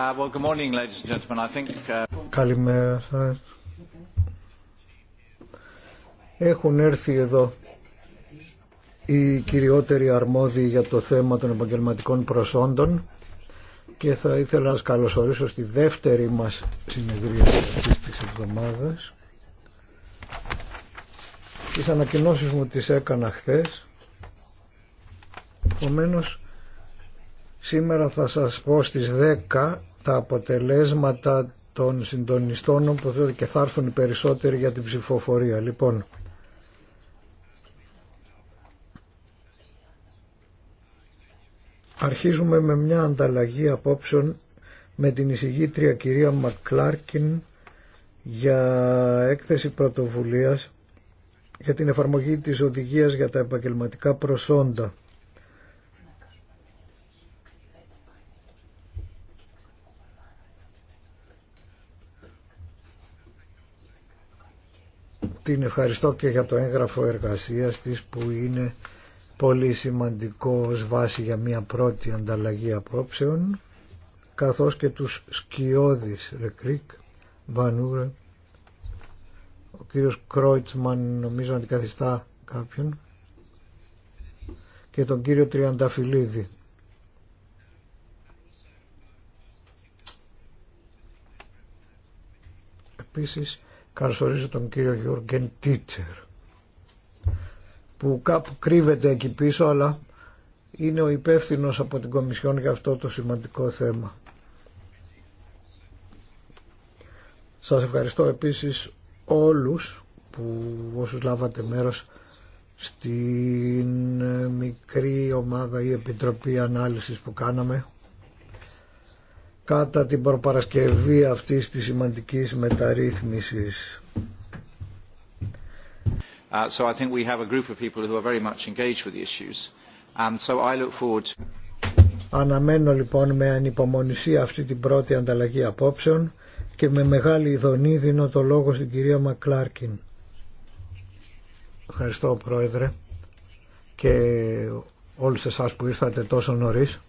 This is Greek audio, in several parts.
Uh, uh, Καλημέρα σα. Έχουν έρθει εδώ οι κυριότεροι αρμόδιοι για το θέμα των επαγγελματικών προσόντων και θα ήθελα να σας καλωσορίσω στη δεύτερη μας συνεδρία της εβδομάδας. Τις ανακοινώσεις μου τις έκανα χθες. Σήμερα θα σας πω στις 10 τα αποτελέσματα των συντονιστών που και θα έρθουν οι περισσότεροι για την ψηφοφορία. Λοιπόν, αρχίζουμε με μια ανταλλαγή απόψεων με την εισηγήτρια κυρία Μακκλάρκιν για έκθεση πρωτοβουλίας για την εφαρμογή της οδηγίας για τα επαγγελματικά προσόντα. την ευχαριστώ και για το έγγραφο εργασίας της που είναι πολύ σημαντικό ως βάση για μια πρώτη ανταλλαγή απόψεων καθώς και τους σκιώδεις Ρεκρίκ, Βανούρε, ο κύριος Κρόιτσμαν νομίζω αντικαθιστά κάποιον και τον κύριο Τριανταφυλλίδη. Επίσης καλωσορίζω τον κύριο Γιούργεν Τίτσερ που κάπου κρύβεται εκεί πίσω αλλά είναι ο υπεύθυνο από την Κομισιόν για αυτό το σημαντικό θέμα. Σας ευχαριστώ επίσης όλους που όσους λάβατε μέρος στην μικρή ομάδα ή επιτροπή ανάλυσης που κάναμε κατά την προπαρασκευή αυτής της σημαντικής μεταρρύθμισης. Αναμένω λοιπόν με ανυπομονησία αυτή την πρώτη ανταλλαγή απόψεων και με μεγάλη ειδονή δίνω το λόγο στην κυρία Μακλάρκιν. Ευχαριστώ Πρόεδρε και όλους εσάς που ήρθατε τόσο νωρίς.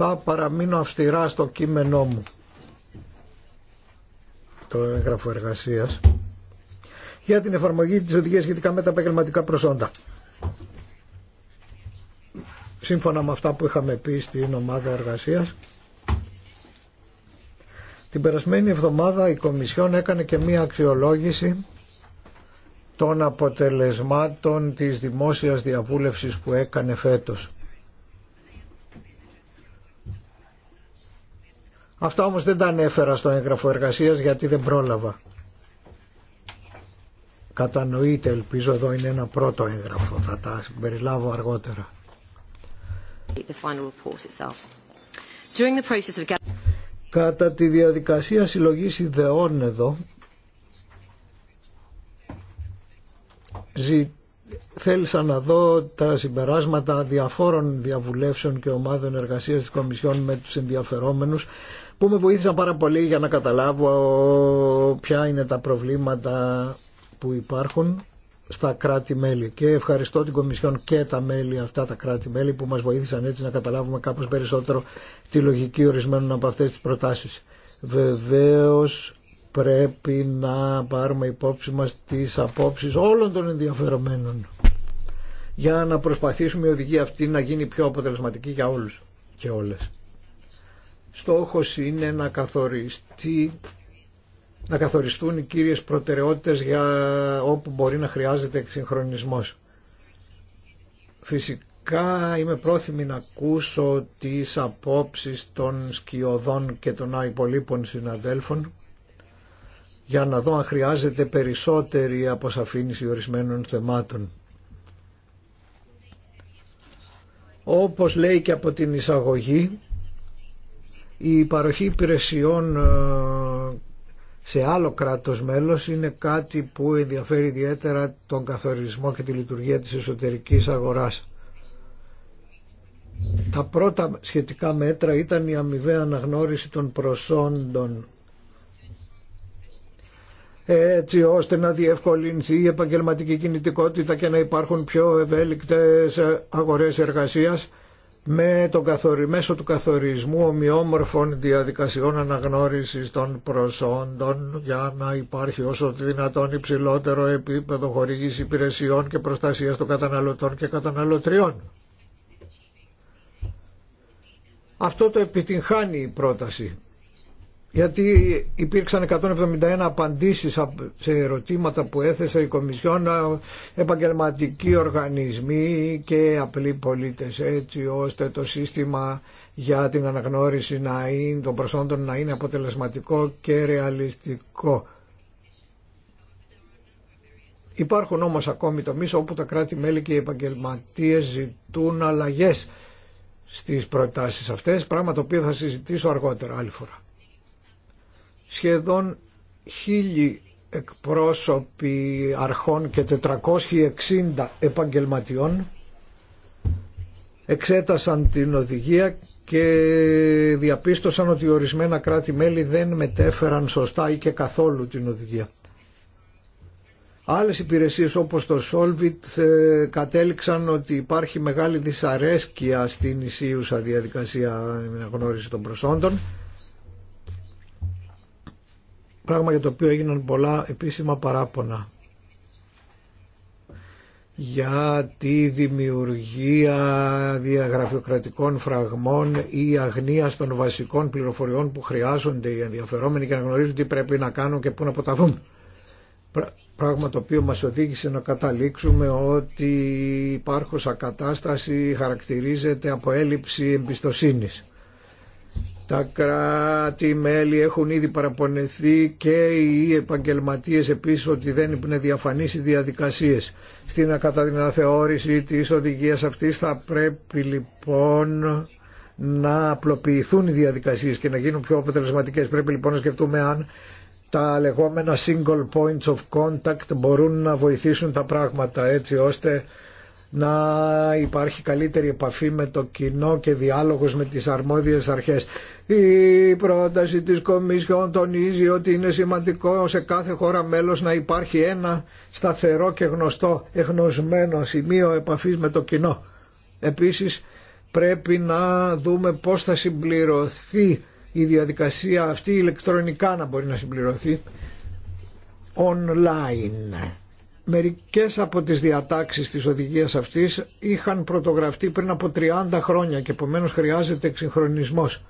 θα παραμείνω αυστηρά στο κείμενό μου το έγγραφο εργασίας για την εφαρμογή της οδηγίας σχετικά με τα επαγγελματικά προσόντα. Σύμφωνα με αυτά που είχαμε πει στην ομάδα εργασίας, την περασμένη εβδομάδα η Κομισιόν έκανε και μία αξιολόγηση των αποτελεσμάτων της δημόσιας διαβούλευσης που έκανε φέτος. Αυτά όμως δεν τα ανέφερα στο έγγραφο εργασίας γιατί δεν πρόλαβα. Κατανοείτε, ελπίζω, εδώ είναι ένα πρώτο έγγραφο, θα τα περιλάβω αργότερα. Κατά τη διαδικασία συλλογής ιδεών εδώ, θέλησα να δω τα συμπεράσματα διαφόρων διαβουλεύσεων και ομάδων εργασίας της Κομισιόν με τους ενδιαφερόμενους που με βοήθησαν πάρα πολύ για να καταλάβω ποια είναι τα προβλήματα που υπάρχουν στα κράτη-μέλη. Και ευχαριστώ την Κομισιόν και τα μέλη αυτά, τα κράτη-μέλη που μας βοήθησαν έτσι να καταλάβουμε κάπως περισσότερο τη λογική ορισμένων από αυτές τις προτάσεις. Βεβαίως πρέπει να πάρουμε υπόψη μας τις απόψεις όλων των ενδιαφερομένων για να προσπαθήσουμε η οδηγία αυτή να γίνει πιο αποτελεσματική για όλους και όλες. Στόχος είναι να, καθοριστεί, να καθοριστούν οι κύριες προτεραιότητες για όπου μπορεί να χρειάζεται συγχρονισμός. Φυσικά είμαι πρόθυμη να ακούσω τις απόψεις των σκιωδών και των υπολείπων συναδέλφων για να δω αν χρειάζεται περισσότερη αποσαφήνιση ορισμένων θεμάτων. Όπως λέει και από την εισαγωγή, η παροχή υπηρεσιών ε, σε άλλο κράτος μέλος είναι κάτι που ενδιαφέρει ιδιαίτερα τον καθορισμό και τη λειτουργία της εσωτερικής αγοράς. Τα πρώτα σχετικά μέτρα ήταν η αμοιβαία αναγνώριση των προσόντων έτσι ώστε να διευκολυνθεί η επαγγελματική κινητικότητα και να υπάρχουν πιο ευέλικτες αγορές εργασίας με τον καθορι... μέσω του καθορισμού ομοιόμορφων διαδικασιών αναγνώρισης των προσόντων για να υπάρχει όσο δυνατόν υψηλότερο επίπεδο χορηγής υπηρεσιών και προστασίας των καταναλωτών και καταναλωτριών. Αυτό το επιτυγχάνει η πρόταση γιατί υπήρξαν 171 απαντήσεις σε ερωτήματα που έθεσε η Κομισιόν ε, επαγγελματικοί οργανισμοί και απλοί πολίτες έτσι ώστε το σύστημα για την αναγνώριση να είναι, των προσόντων να είναι αποτελεσματικό και ρεαλιστικό. Υπάρχουν όμως ακόμη τομείς όπου τα κράτη-μέλη και οι επαγγελματίες ζητούν αλλαγές στις προτάσεις αυτές, πράγμα το οποίο θα συζητήσω αργότερα άλλη φορά σχεδόν χίλιοι εκπρόσωποι αρχών και 460 επαγγελματιών εξέτασαν την οδηγία και διαπίστωσαν ότι ορισμένα κράτη-μέλη δεν μετέφεραν σωστά ή και καθόλου την οδηγία. Άλλες υπηρεσίες όπως το Solvit ε, κατέληξαν ότι υπάρχει μεγάλη δυσαρέσκεια στην ισίουσα διαδικασία αναγνώριση ε, των προσόντων πράγμα για το οποίο έγιναν πολλά επίσημα παράπονα για τη δημιουργία διαγραφειοκρατικών φραγμών ή αγνία των βασικών πληροφοριών που χρειάζονται οι ενδιαφερόμενοι για να γνωρίζουν τι πρέπει να κάνουν και πού να αποταθούν. Πράγμα το οποίο μας οδήγησε να καταλήξουμε ότι η υπάρχουσα κατάσταση χαρακτηρίζεται από έλλειψη εμπιστοσύνης. Τα κράτη-μέλη έχουν ήδη παραπονεθεί και οι επαγγελματίες επίσης ότι δεν είναι διαφανείς οι διαδικασίες. Στην θεώρηση της οδηγίας αυτής θα πρέπει λοιπόν να απλοποιηθούν οι διαδικασίες και να γίνουν πιο αποτελεσματικές. Πρέπει λοιπόν να σκεφτούμε αν τα λεγόμενα single points of contact μπορούν να βοηθήσουν τα πράγματα έτσι ώστε να υπάρχει καλύτερη επαφή με το κοινό και διάλογος με τις αρμόδιες αρχές. Η πρόταση της Κομισιόν τονίζει ότι είναι σημαντικό σε κάθε χώρα μέλος να υπάρχει ένα σταθερό και γνωστό εγνωσμένο σημείο επαφής με το κοινό. Επίσης πρέπει να δούμε πώς θα συμπληρωθεί η διαδικασία αυτή ηλεκτρονικά να μπορεί να συμπληρωθεί online Μερικές από τις διατάξεις της οδηγίας αυτής είχαν πρωτογραφτεί πριν από 30 χρόνια και επομένω χρειάζεται εξυγχρονισμός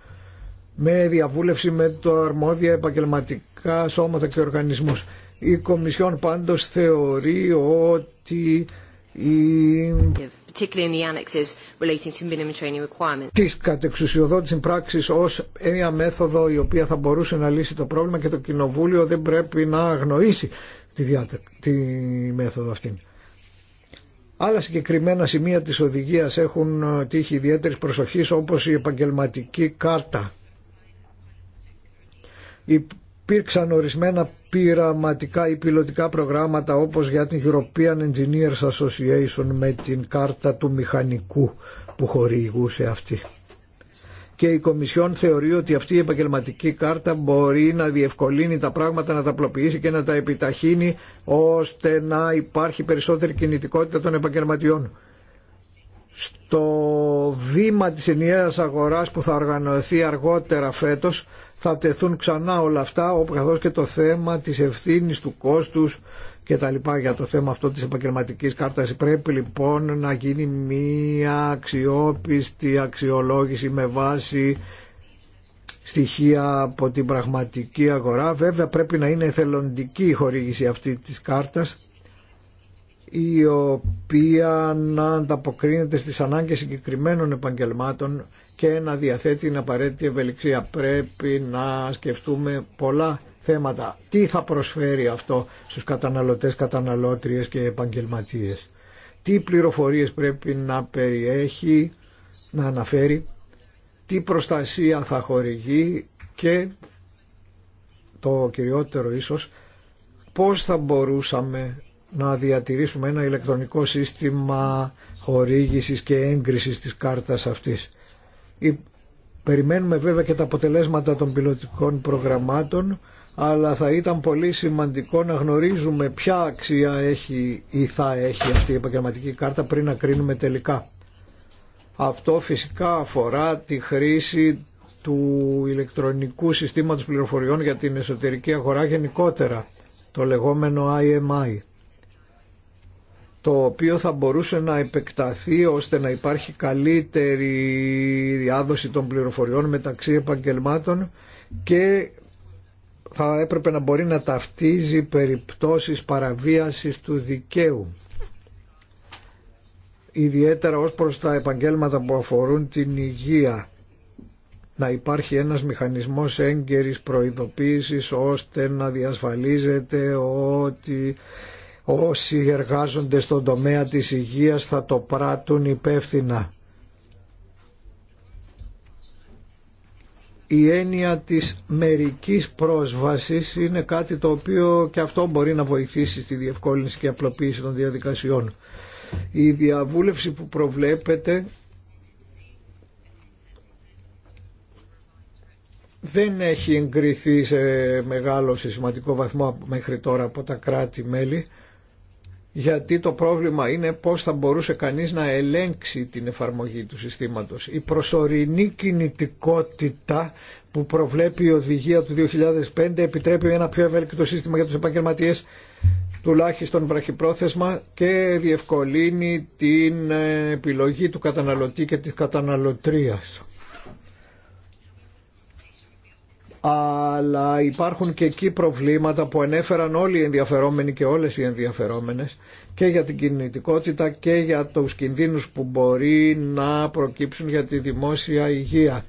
με διαβούλευση με το αρμόδια επαγγελματικά σώματα και οργανισμούς. Η Κομισιόν πάντως θεωρεί ότι της κατεξουσιοδότηση πράξη ω μια μέθοδο η οποία θα μπορούσε να λύσει το πρόβλημα και το Κοινοβούλιο δεν πρέπει να αγνοήσει τη, τη μέθοδο αυτήν. Άλλα συγκεκριμένα σημεία της οδηγίας έχουν ε, τύχει ιδιαίτερη προσοχής όπως η επαγγελματική κάρτα. Υπήρξαν ορισμένα πειραματικά ή πιλωτικά προγράμματα όπως για την European Engineers Association με την κάρτα του μηχανικού που χορηγούσε αυτή και η Κομισιόν θεωρεί ότι αυτή η επαγγελματική κάρτα μπορεί να διευκολύνει τα πράγματα, να τα απλοποιήσει και να τα επιταχύνει ώστε να υπάρχει περισσότερη κινητικότητα των επαγγελματιών. Στο βήμα της ενιαίας αγοράς που θα οργανωθεί αργότερα φέτος θα τεθούν ξανά όλα αυτά καθώς και το θέμα της ευθύνης του κόστους και τα λοιπά για το θέμα αυτό της επαγγελματικής κάρτας. Πρέπει λοιπόν να γίνει μία αξιόπιστη αξιολόγηση με βάση στοιχεία από την πραγματική αγορά. Βέβαια πρέπει να είναι εθελοντική η χορήγηση αυτή της κάρτας η οποία να ανταποκρίνεται στις ανάγκες συγκεκριμένων επαγγελμάτων και να διαθέτει την απαραίτητη ευελιξία. Πρέπει να σκεφτούμε πολλά θέματα. Τι θα προσφέρει αυτό στους καταναλωτές, καταναλώτριες και επαγγελματίες. Τι πληροφορίες πρέπει να περιέχει, να αναφέρει, τι προστασία θα χορηγεί και το κυριότερο ίσως πώς θα μπορούσαμε να διατηρήσουμε ένα ηλεκτρονικό σύστημα χορήγησης και έγκρισης της κάρτας αυτής. Περιμένουμε βέβαια και τα αποτελέσματα των πιλωτικών προγραμμάτων αλλά θα ήταν πολύ σημαντικό να γνωρίζουμε ποια αξία έχει ή θα έχει αυτή η επαγγελματική κάρτα πριν να κρίνουμε τελικά. Αυτό φυσικά αφορά τη χρήση του ηλεκτρονικού συστήματος πληροφοριών για την εσωτερική αγορά γενικότερα, το λεγόμενο IMI, το οποίο θα μπορούσε να επεκταθεί ώστε να υπάρχει καλύτερη διάδοση των πληροφοριών μεταξύ επαγγελμάτων και θα έπρεπε να μπορεί να ταυτίζει περιπτώσεις παραβίασης του δικαίου ιδιαίτερα ως προς τα επαγγέλματα που αφορούν την υγεία να υπάρχει ένας μηχανισμός έγκαιρης προειδοποίησης ώστε να διασφαλίζεται ότι όσοι εργάζονται στον τομέα της υγείας θα το πράττουν υπεύθυνα η έννοια της μερικής πρόσβασης είναι κάτι το οποίο και αυτό μπορεί να βοηθήσει στη διευκόλυνση και απλοποίηση των διαδικασιών. Η διαβούλευση που προβλέπεται δεν έχει εγκριθεί σε μεγάλο συστηματικό βαθμό μέχρι τώρα από τα κράτη-μέλη γιατί το πρόβλημα είναι πώς θα μπορούσε κανείς να ελέγξει την εφαρμογή του συστήματος. Η προσωρινή κινητικότητα που προβλέπει η οδηγία του 2005 επιτρέπει ένα πιο ευέλικτο σύστημα για τους επαγγελματίες τουλάχιστον βραχυπρόθεσμα και διευκολύνει την επιλογή του καταναλωτή και της καταναλωτρίας. αλλά υπάρχουν και εκεί προβλήματα που ενέφεραν όλοι οι ενδιαφερόμενοι και όλες οι ενδιαφερόμενες και για την κινητικότητα και για τους κινδύνους που μπορεί να προκύψουν για τη δημόσια υγεία.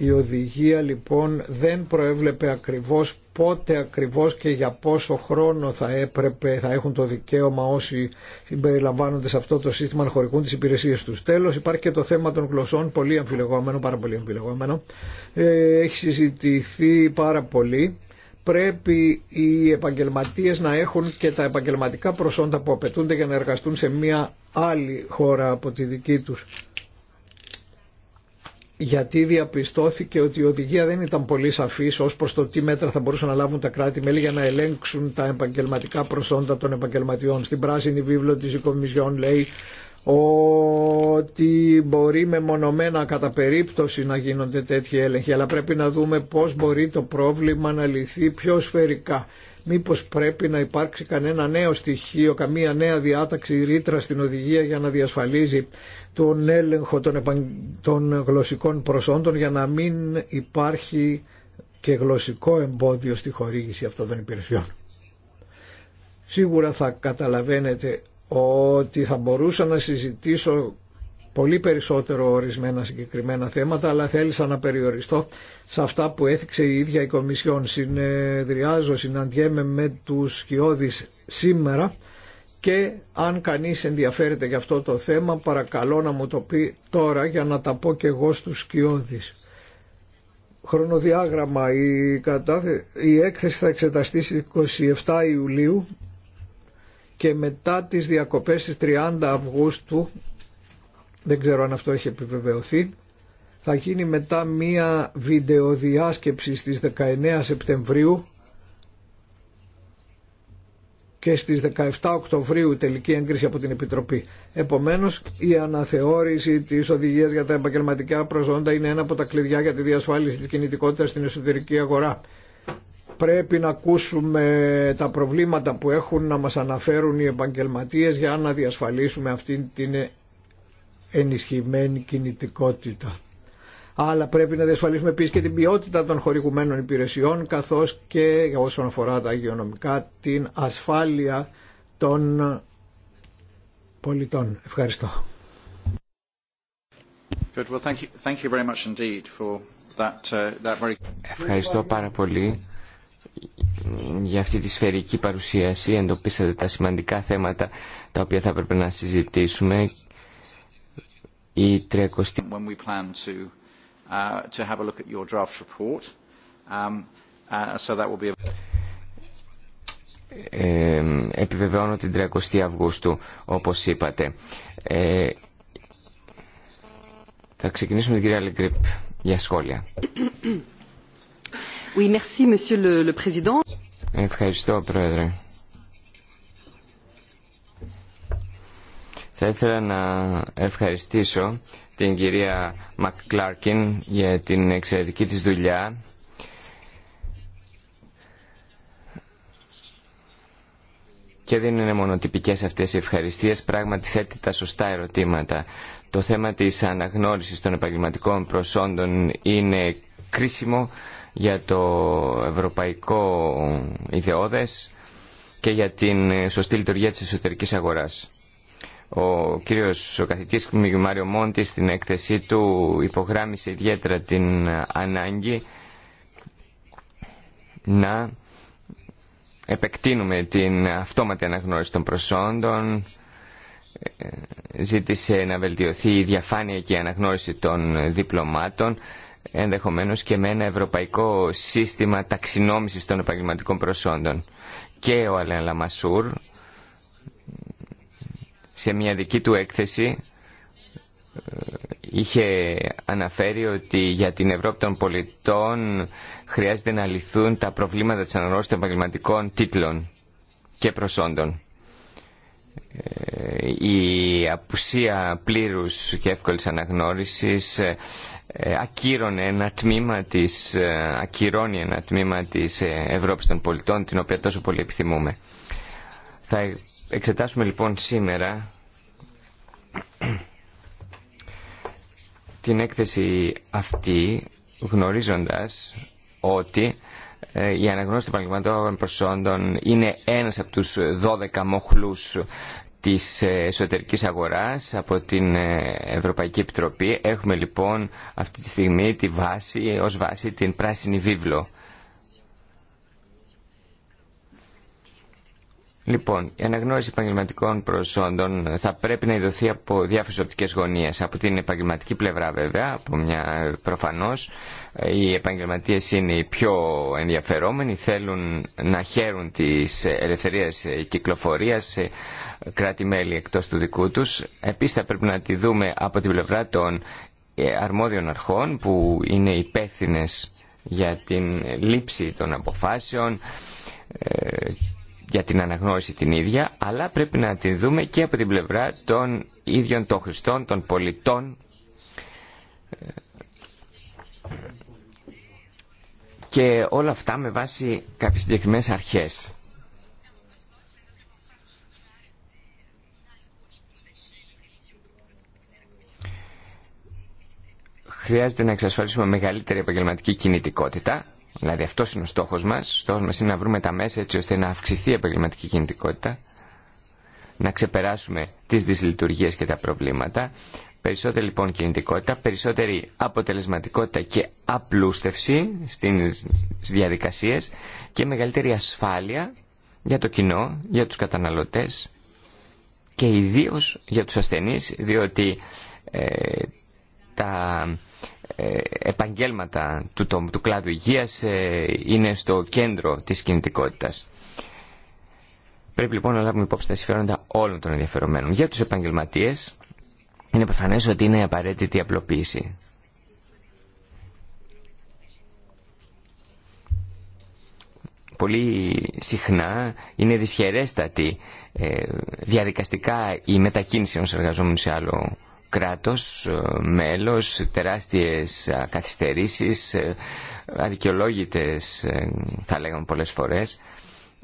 Η οδηγία λοιπόν δεν προέβλεπε ακριβώς πότε ακριβώς και για πόσο χρόνο θα έπρεπε, θα έχουν το δικαίωμα όσοι συμπεριλαμβάνονται σε αυτό το σύστημα να χωρικούν τις υπηρεσίες τους. Τέλος υπάρχει και το θέμα των γλωσσών, πολύ αμφιλεγόμενο, πάρα πολύ αμφιλεγόμενο. Ε, έχει συζητηθεί πάρα πολύ. Πρέπει οι επαγγελματίες να έχουν και τα επαγγελματικά προσόντα που απαιτούνται για να εργαστούν σε μια άλλη χώρα από τη δική τους γιατί διαπιστώθηκε ότι η οδηγία δεν ήταν πολύ σαφής ως προς το τι μέτρα θα μπορούσαν να λάβουν τα κράτη-μέλη για να ελέγξουν τα επαγγελματικά προσόντα των επαγγελματιών. Στην πράσινη βίβλο της Οικομισιόν λέει ότι μπορεί μεμονωμένα κατά περίπτωση να γίνονται τέτοιοι έλεγχοι αλλά πρέπει να δούμε πώς μπορεί το πρόβλημα να λυθεί πιο σφαιρικά μήπως πρέπει να υπάρξει κανένα νέο στοιχείο, καμία νέα διάταξη ρήτρα στην οδηγία για να διασφαλίζει τον έλεγχο των, γλωσσικών προσόντων για να μην υπάρχει και γλωσσικό εμπόδιο στη χορήγηση αυτών των υπηρεσιών. Σίγουρα θα καταλαβαίνετε ότι θα μπορούσα να συζητήσω πολύ περισσότερο ορισμένα συγκεκριμένα θέματα, αλλά θέλησα να περιοριστώ σε αυτά που έθιξε η ίδια η Κομισιόν. Συνεδριάζω, συναντιέμαι με τους σκιώδεις σήμερα και αν κανείς ενδιαφέρεται για αυτό το θέμα παρακαλώ να μου το πει τώρα για να τα πω και εγώ στους σκιώδεις. Χρονοδιάγραμμα, η, η έκθεση θα εξεταστεί στις 27 Ιουλίου και μετά τις διακοπές στις 30 Αυγούστου δεν ξέρω αν αυτό έχει επιβεβαιωθεί, θα γίνει μετά μία βιντεοδιάσκεψη στις 19 Σεπτεμβρίου και στις 17 Οκτωβρίου τελική έγκριση από την Επιτροπή. Επομένως, η αναθεώρηση της οδηγίας για τα επαγγελματικά προσόντα είναι ένα από τα κλειδιά για τη διασφάλιση της κινητικότητας στην εσωτερική αγορά. Πρέπει να ακούσουμε τα προβλήματα που έχουν να μας αναφέρουν οι επαγγελματίες για να διασφαλίσουμε αυτή την ενισχυμένη κινητικότητα. Αλλά πρέπει να διασφαλίσουμε επίση και την ποιότητα των χορηγουμένων υπηρεσιών καθώ και όσον αφορά τα υγειονομικά, την ασφάλεια των πολιτών. Ευχαριστώ. Ευχαριστώ πάρα πολύ για αυτή τη σφαιρική παρουσίαση. Εντοπίσατε τα σημαντικά θέματα τα οποία θα έπρεπε να συζητήσουμε η 30... When we plan to, uh, to have a look at your draft report, um, uh, so that will be a... Ε, επιβεβαιώνω την 30 Αυγούστου, όπως είπατε. Ε, θα ξεκινήσουμε την κυρία Λεγκρίπ για σχόλια. Oui, merci, monsieur le, le Président. Ευχαριστώ, Πρόεδρε. Θα ήθελα να ευχαριστήσω την κυρία Μακκλάρκιν για την εξαιρετική της δουλειά. Και δεν είναι μονοτυπικές αυτές οι ευχαριστίες, πράγματι θέτει τα σωστά ερωτήματα. Το θέμα της αναγνώρισης των επαγγελματικών προσόντων είναι κρίσιμο για το ευρωπαϊκό ιδεώδες και για την σωστή λειτουργία της εσωτερικής αγοράς. Ο κύριος ο καθητής Μόντι στην έκθεσή του υπογράμμισε ιδιαίτερα την ανάγκη να επεκτείνουμε την αυτόματη αναγνώριση των προσόντων, ζήτησε να βελτιωθεί η διαφάνεια και η αναγνώριση των διπλωμάτων, ενδεχομένως και με ένα ευρωπαϊκό σύστημα ταξινόμησης των επαγγελματικών προσόντων. Και ο Αλέν Λαμασούρ σε μια δική του έκθεση ε, είχε αναφέρει ότι για την Ευρώπη των πολιτών χρειάζεται να λυθούν τα προβλήματα της αναγνώρισης των επαγγελματικών τίτλων και προσόντων. Ε, η απουσία πλήρους και εύκολης αναγνώρισης ε, ακύρωνε ένα τμήμα της, ακυρώνει ένα τμήμα της Ευρώπης των πολιτών την οποία τόσο πολύ επιθυμούμε. Θα εξετάσουμε λοιπόν σήμερα την έκθεση αυτή γνωρίζοντας ότι ε, η αναγνώριση των παραγγελματών προσόντων είναι ένας από τους 12 μοχλούς της εσωτερικής αγοράς από την ε, Ευρωπαϊκή Επιτροπή. Έχουμε λοιπόν αυτή τη στιγμή τη βάση, ως βάση την πράσινη βίβλο. Λοιπόν, η αναγνώριση επαγγελματικών προσόντων θα πρέπει να ιδωθεί από διάφορες οπτικές γωνίες. Από την επαγγελματική πλευρά βέβαια, από μια προφανώς, οι επαγγελματίες είναι οι πιο ενδιαφερόμενοι, θέλουν να χαίρουν της ελευθερίες κυκλοφορίας σε κράτη-μέλη εκτός του δικού τους. Επίσης θα πρέπει να τη δούμε από την πλευρά των ε, αρμόδιων αρχών που είναι υπεύθυνε για την λήψη των αποφάσεων, ε, για την αναγνώριση την ίδια, αλλά πρέπει να την δούμε και από την πλευρά των ίδιων των χρηστών, των πολιτών και όλα αυτά με βάση κάποιες συγκεκριμένε αρχές. Χρειάζεται να εξασφαλίσουμε μεγαλύτερη επαγγελματική κινητικότητα Δηλαδή αυτό είναι ο στόχος μας. Ο στόχος μας είναι να βρούμε τα μέσα έτσι ώστε να αυξηθεί η επαγγελματική κινητικότητα, να ξεπεράσουμε τις δυσλειτουργίες και τα προβλήματα. Περισσότερη λοιπόν κινητικότητα, περισσότερη αποτελεσματικότητα και απλούστευση στις διαδικασίες και μεγαλύτερη ασφάλεια για το κοινό, για τους καταναλωτές και ιδίως για τους ασθενείς, διότι ε, τα επαγγέλματα του, του κλάδου υγείας ε, είναι στο κέντρο της κινητικότητας. Πρέπει λοιπόν να λάβουμε υπόψη τα συμφέροντα όλων των ενδιαφερομένων. Για τους επαγγελματίες είναι προφανές ότι είναι απαραίτητη η απλοποίηση. Πολύ συχνά είναι δυσχερέστατη ε, διαδικαστικά η μετακίνηση ενός εργαζόμενου σε άλλο κράτος, ε, μέλος, τεράστιες ε, καθυστερήσεις, ε, αδικαιολόγητες θα λέγαμε πολλές φορές.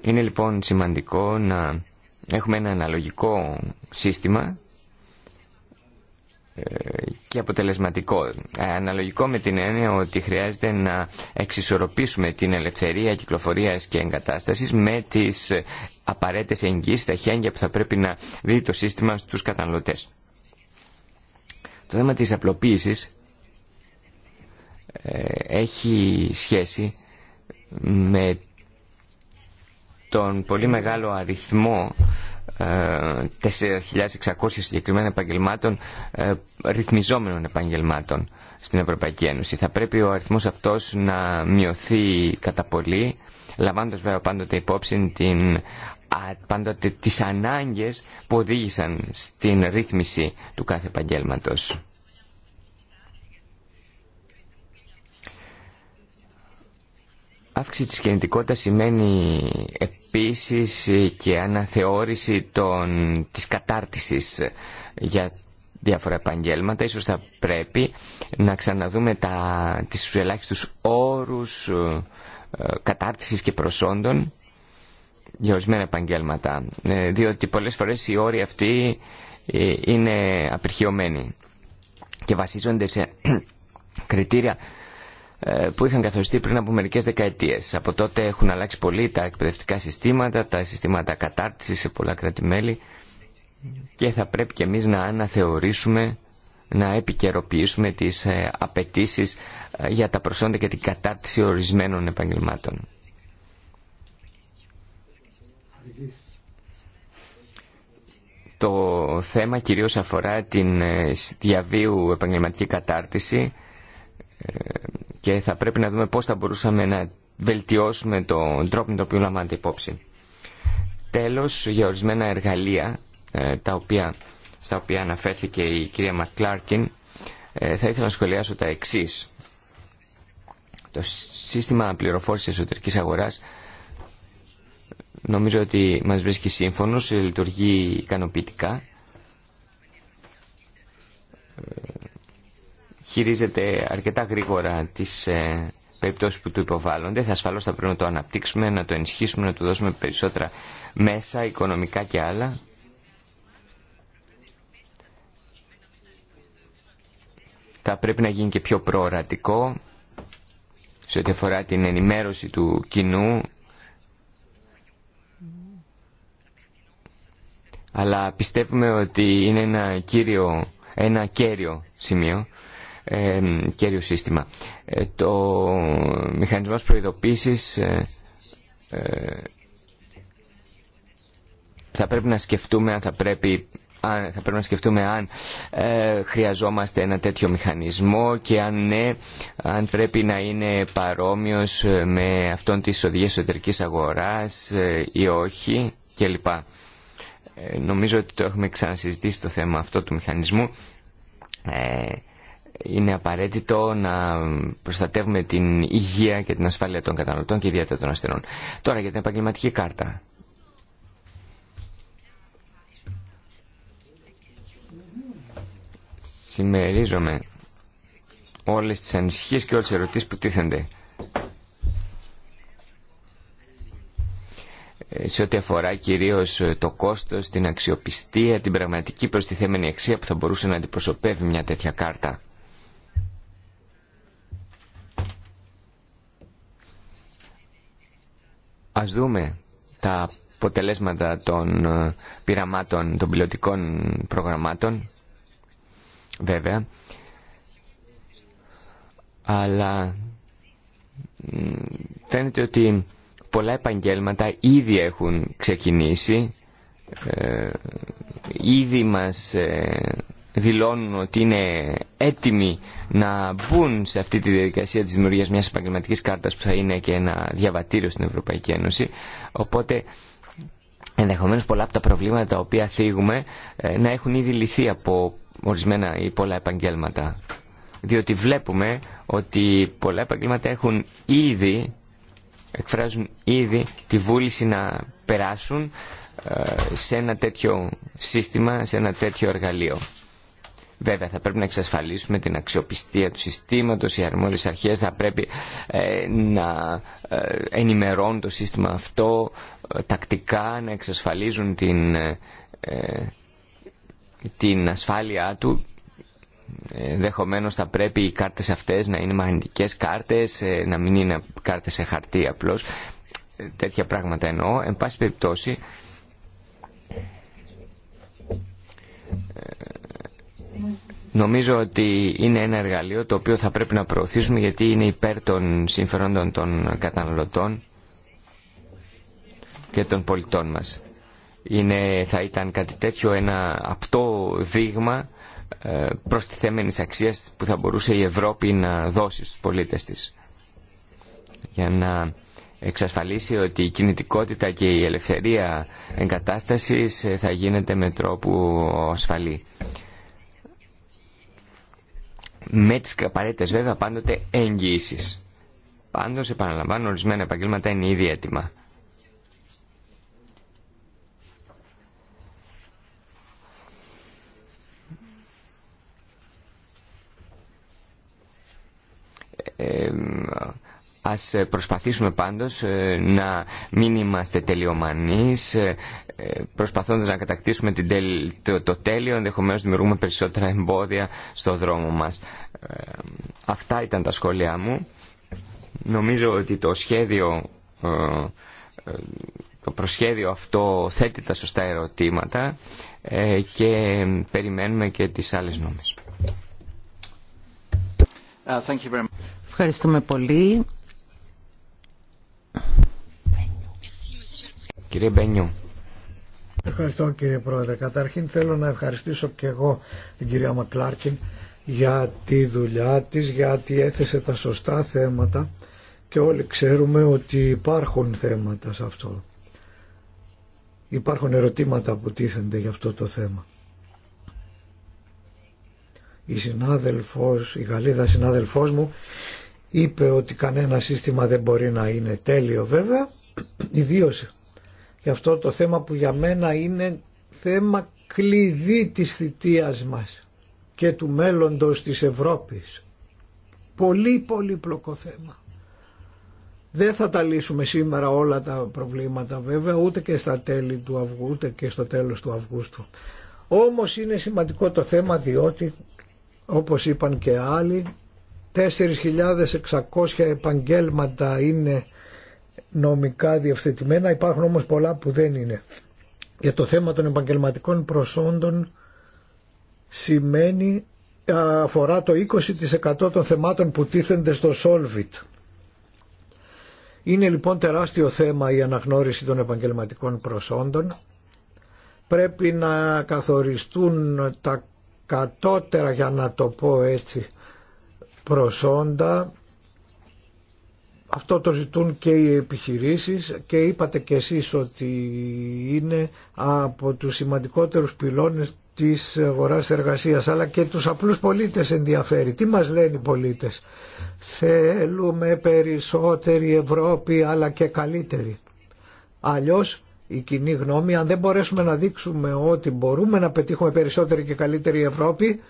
Είναι λοιπόν σημαντικό να έχουμε ένα αναλογικό σύστημα και αποτελεσματικό. Αναλογικό με την έννοια ότι χρειάζεται να εξισορροπήσουμε την ελευθερία κυκλοφορίας και εγκατάστασης με τις απαραίτητες εγγύσεις τα χέρια που θα πρέπει να δει το σύστημα στους καταναλωτές. Το θέμα της απλοποίησης ε, έχει σχέση με τον πολύ μεγάλο αριθμό 4.600 ε, συγκεκριμένων επαγγελμάτων ε, ρυθμιζόμενων επαγγελμάτων στην Ευρωπαϊκή Ένωση. Θα πρέπει ο αριθμός αυτός να μειωθεί κατά πολύ λαμβάνοντας βέβαια πάντοτε υπόψη την πάντοτε τις ανάγκες που οδήγησαν στην ρύθμιση του κάθε επαγγέλματο. Αύξηση της κινητικότητας σημαίνει επίσης και αναθεώρηση των, της κατάρτισης για διάφορα επαγγέλματα. Ίσως θα πρέπει να ξαναδούμε τα, τις ελάχιστους όρους ε, κατάρτισης και προσόντων για ορισμένα επαγγέλματα, ε, διότι πολλές φορές οι όροι αυτοί ε, είναι απερχιωμένοι και βασίζονται σε κριτήρια ε, που είχαν καθοριστεί πριν από μερικές δεκαετίες. Από τότε έχουν αλλάξει πολύ τα εκπαιδευτικά συστήματα, τα συστήματα κατάρτισης σε πολλά κράτη-μέλη και θα πρέπει και εμείς να αναθεωρήσουμε, να επικαιροποιήσουμε τις απαιτήσει για τα προσόντα και την κατάρτιση ορισμένων επαγγελμάτων. Το θέμα κυρίως αφορά την ε, διαβίου επαγγελματική κατάρτιση ε, και θα πρέπει να δούμε πώς θα μπορούσαμε να βελτιώσουμε τον τρόπο με τον οποίο λαμβάνεται υπόψη. Τέλος, για ορισμένα εργαλεία ε, τα οποία, στα οποία αναφέρθηκε η κυρία Μακλάρκιν, θα ήθελα να σχολιάσω τα εξής. Το σύστημα πληροφόρησης εσωτερικής αγοράς Νομίζω ότι μας βρίσκει σύμφωνος, λειτουργεί ικανοποιητικά. Ε, χειρίζεται αρκετά γρήγορα τις ε, περιπτώσεις που του υποβάλλονται. Θα ασφαλώς θα πρέπει να το αναπτύξουμε, να το ενισχύσουμε, να του δώσουμε περισσότερα μέσα, οικονομικά και άλλα. Θα πρέπει να γίνει και πιο προορατικό σε ό,τι αφορά την ενημέρωση του κοινού αλλά πιστεύουμε ότι είναι ένα, κύριο, ένα κέριο σημείο, ε, κέριο σύστημα. Ε, το μηχανισμός προειδοποίησης ε, θα πρέπει να σκεφτούμε αν θα πρέπει θα πρέπει να σκεφτούμε αν χρειαζόμαστε ένα τέτοιο μηχανισμό και αν ναι, αν πρέπει να είναι παρόμοιος με αυτόν της οδηγίας εσωτερικής αγοράς ή όχι κλπ. Ε, νομίζω ότι το έχουμε ξανασυζητήσει το θέμα αυτό του μηχανισμού. Ε, είναι απαραίτητο να προστατεύουμε την υγεία και την ασφάλεια των καταναλωτών και ιδιαίτερα των ασθενών. Τώρα για την επαγγελματική κάρτα. Συμμερίζομαι όλες τις ανησυχίες και όλες τις ερωτήσεις που τίθενται σε ό,τι αφορά κυρίως ε, το κόστος, την αξιοπιστία, την πραγματική προστιθέμενη αξία που θα μπορούσε να αντιπροσωπεύει μια τέτοια κάρτα. Ας δούμε τα αποτελέσματα των ε, πειραμάτων, των πιλωτικών προγραμμάτων, βέβαια, αλλά φαίνεται ότι πολλά επαγγέλματα ήδη έχουν ξεκινήσει, ε, ήδη μας ε, δηλώνουν ότι είναι έτοιμοι να μπουν σε αυτή τη διαδικασία της δημιουργίας μιας επαγγελματικής κάρτας που θα είναι και ένα διαβατήριο στην Ευρωπαϊκή Ένωση. Οπότε ενδεχομένως πολλά από τα προβλήματα τα οποία θίγουμε ε, να έχουν ήδη λυθεί από ορισμένα ή πολλά επαγγέλματα. Διότι βλέπουμε ότι πολλά επαγγέλματα έχουν ήδη εκφράζουν ήδη τη βούληση να περάσουν ε, σε ένα τέτοιο σύστημα, σε ένα τέτοιο εργαλείο. Βέβαια θα πρέπει να εξασφαλίσουμε την αξιοπιστία του συστήματος, οι αρμόδιες αρχές θα πρέπει ε, να ε, ενημερώνουν το σύστημα αυτό τακτικά, να εξασφαλίζουν την, την ασφάλειά του Ενδεχομένω θα πρέπει οι κάρτες αυτές να είναι μαγνητικές κάρτες, ε, να μην είναι κάρτες σε χαρτί απλώς. Ε, τέτοια πράγματα εννοώ. Εν πάση περιπτώσει, ε, νομίζω ότι είναι ένα εργαλείο το οποίο θα πρέπει να προωθήσουμε γιατί είναι υπέρ των συμφερόντων των καταναλωτών και των πολιτών μας. Είναι, θα ήταν κάτι τέτοιο ένα απτό δείγμα ε, προστιθέμενης αξίας που θα μπορούσε η Ευρώπη να δώσει στους πολίτες της. Για να εξασφαλίσει ότι η κινητικότητα και η ελευθερία εγκατάστασης ε, θα γίνεται με τρόπο ασφαλή. Με τις απαραίτητες βέβαια πάντοτε εγγυήσεις. Πάντως επαναλαμβάνω ορισμένα επαγγέλματα είναι ήδη έτοιμα. Ας προσπαθήσουμε πάντως ε, να μην είμαστε τελειομανείς, ε, προσπαθώντας να κατακτήσουμε την το... το τέλειο, ενδεχομένως δημιουργούμε περισσότερα εμπόδια στο δρόμο μας. Ε, αυτά ήταν τα σχόλιά μου. Νομίζω ότι το σχέδιο, το προσχέδιο αυτό θέτει τα σωστά ερωτήματα και περιμένουμε και τις άλλες νόμες. Uh, Ευχαριστούμε πολύ. Κύριε Μπένιου. Ευχαριστώ κύριε Πρόεδρε. Καταρχήν θέλω να ευχαριστήσω και εγώ την κυρία Μακλάρκιν για τη δουλειά της, γιατί έθεσε τα σωστά θέματα και όλοι ξέρουμε ότι υπάρχουν θέματα σε αυτό. Υπάρχουν ερωτήματα που τίθενται για αυτό το θέμα. Η συνάδελφος, η Γαλλίδα συνάδελφός μου είπε ότι κανένα σύστημα δεν μπορεί να είναι τέλειο βέβαια, ιδίω για αυτό το θέμα που για μένα είναι θέμα κλειδί της θητείας μας και του μέλλοντος της Ευρώπης. Πολύ πολύπλοκο θέμα. Δεν θα τα λύσουμε σήμερα όλα τα προβλήματα βέβαια, ούτε και στα τέλη του Αυγού, ούτε και στο τέλος του Αυγούστου. Όμως είναι σημαντικό το θέμα διότι, όπως είπαν και άλλοι, 4.600 επαγγέλματα είναι νομικά διευθετημένα, υπάρχουν όμως πολλά που δεν είναι. Για το θέμα των επαγγελματικών προσόντων σημαίνει αφορά το 20% των θεμάτων που τίθενται στο Solvit. Είναι λοιπόν τεράστιο θέμα η αναγνώριση των επαγγελματικών προσόντων. Πρέπει να καθοριστούν τα κατώτερα, για να το πω έτσι, προσόντα. Αυτό το ζητούν και οι επιχειρήσεις και είπατε και εσείς ότι είναι από τους σημαντικότερους πυλώνες της αγοράς εργασίας αλλά και τους απλούς πολίτες ενδιαφέρει. Τι μας λένε οι πολίτες. Θέλουμε περισσότερη Ευρώπη αλλά και καλύτερη. Αλλιώς η κοινή γνώμη αν δεν μπορέσουμε να δείξουμε ότι μπορούμε να πετύχουμε περισσότερη και καλύτερη Ευρώπη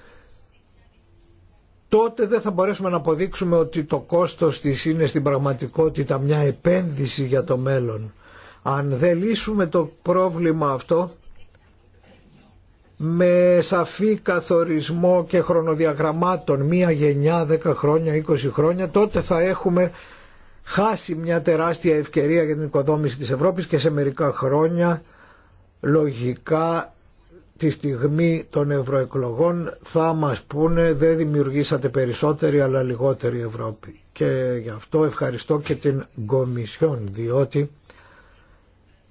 τότε δεν θα μπορέσουμε να αποδείξουμε ότι το κόστος της είναι στην πραγματικότητα μια επένδυση για το μέλλον. Αν δεν λύσουμε το πρόβλημα αυτό με σαφή καθορισμό και χρονοδιαγραμμάτων μία γενιά, 10 χρόνια, 20 χρόνια, τότε θα έχουμε χάσει μια γενια δεκα χρονια εικοσι χρονια τοτε ευκαιρία για την οικοδόμηση της Ευρώπης και σε μερικά χρόνια λογικά τη στιγμή των ευρωεκλογών θα μας πούνε δεν δημιουργήσατε περισσότερη αλλά λιγότερη Ευρώπη. Και γι' αυτό ευχαριστώ και την Κομισιόν διότι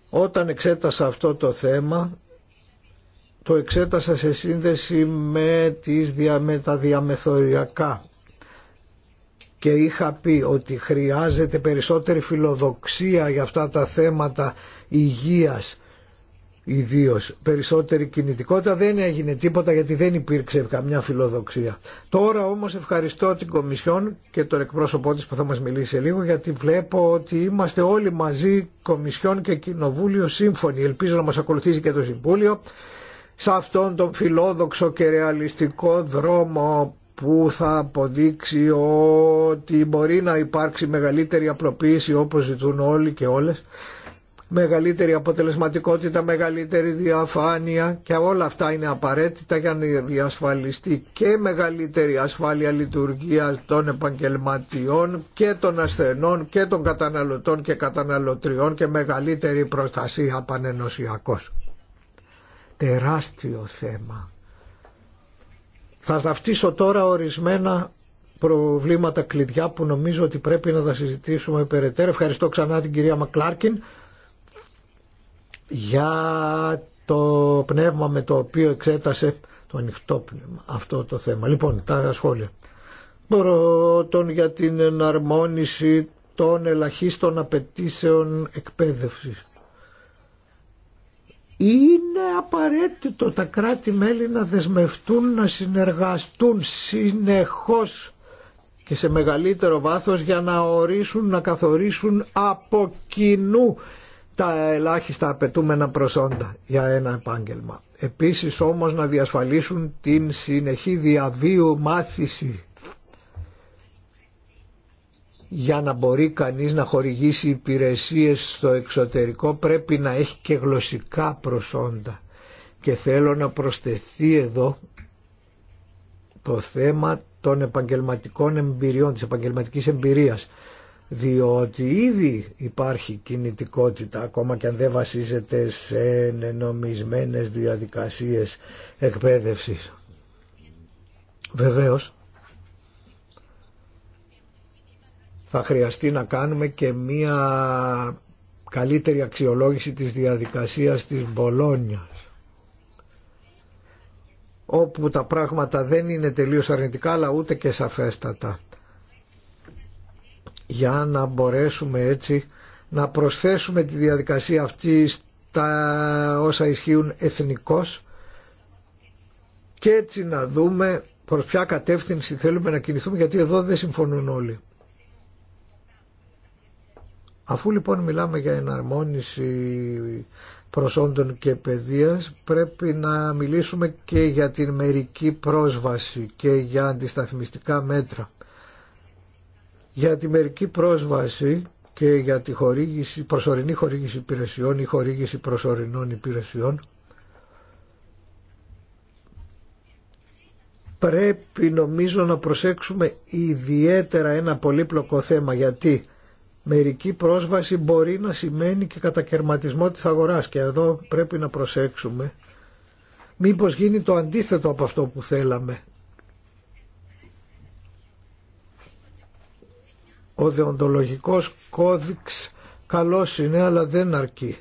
όταν εξέτασα αυτό το θέμα το εξέτασα σε σύνδεση με, τις, με τα διαμεθοριακά και είχα πει ότι χρειάζεται περισσότερη φιλοδοξία για αυτά τα θέματα υγείας ιδίω περισσότερη κινητικότητα δεν έγινε τίποτα γιατί δεν υπήρξε καμιά φιλοδοξία. Τώρα όμως ευχαριστώ την Κομισιόν και τον εκπρόσωπό τη που θα μας μιλήσει λίγο γιατί βλέπω ότι είμαστε όλοι μαζί Κομισιόν και Κοινοβούλιο σύμφωνοι. Ελπίζω να μας ακολουθήσει και το Συμβούλιο σε αυτόν τον φιλόδοξο και ρεαλιστικό δρόμο που θα αποδείξει ότι μπορεί να υπάρξει μεγαλύτερη απλοποίηση όπως ζητούν όλοι και όλες μεγαλύτερη αποτελεσματικότητα, μεγαλύτερη διαφάνεια και όλα αυτά είναι απαραίτητα για να διασφαλιστεί και μεγαλύτερη ασφάλεια λειτουργία των επαγγελματιών και των ασθενών και των καταναλωτών και καταναλωτριών και μεγαλύτερη προστασία πανενοσιακώς. Τεράστιο θέμα. Θα ταυτίσω τώρα ορισμένα προβλήματα κλειδιά που νομίζω ότι πρέπει να τα συζητήσουμε περαιτέρω. Ευχαριστώ ξανά την κυρία Μακλάρκιν για το πνεύμα με το οποίο εξέτασε το ανοιχτό πνεύμα αυτό το θέμα. Λοιπόν, τα σχόλια. Πρώτον για την εναρμόνιση των ελαχίστων απαιτήσεων εκπαίδευσης. Είναι απαραίτητο τα κράτη-μέλη να δεσμευτούν, να συνεργαστούν συνεχώς και σε μεγαλύτερο βάθος για να ορίσουν, να καθορίσουν από κοινού τα ελάχιστα απαιτούμενα προσόντα για ένα επάγγελμα. Επίσης όμως να διασφαλίσουν την συνεχή διαβίου μάθηση για να μπορεί κανείς να χορηγήσει υπηρεσίες στο εξωτερικό πρέπει να έχει και γλωσσικά προσόντα. Και θέλω να προσθεθεί εδώ το θέμα των επαγγελματικών εμπειριών, της επαγγελματικής εμπειρίας διότι ήδη υπάρχει κινητικότητα ακόμα και αν δεν βασίζεται σε νομισμένες διαδικασίες εκπαίδευσης. Βεβαίως θα χρειαστεί να κάνουμε και μία καλύτερη αξιολόγηση της διαδικασίας της Μπολόνιας όπου τα πράγματα δεν είναι τελείως αρνητικά αλλά ούτε και σαφέστατα για να μπορέσουμε έτσι να προσθέσουμε τη διαδικασία αυτή στα όσα ισχύουν εθνικώς και έτσι να δούμε προς ποια κατεύθυνση θέλουμε να κινηθούμε γιατί εδώ δεν συμφωνούν όλοι. Αφού λοιπόν μιλάμε για εναρμόνιση προσόντων και παιδείας πρέπει να μιλήσουμε και για την μερική πρόσβαση και για αντισταθμιστικά μέτρα για τη μερική πρόσβαση και για τη χορήγηση, προσωρινή χορήγηση υπηρεσιών ή χορήγηση προσωρινών υπηρεσιών πρέπει νομίζω να προσέξουμε ιδιαίτερα ένα πολύπλοκο θέμα γιατί μερική πρόσβαση μπορεί να σημαίνει και κατακαιρματισμό της αγοράς και εδώ πρέπει να προσέξουμε μήπως γίνει το αντίθετο από αυτό που θέλαμε Ο δεοντολογικός κώδικς καλός είναι αλλά δεν αρκεί.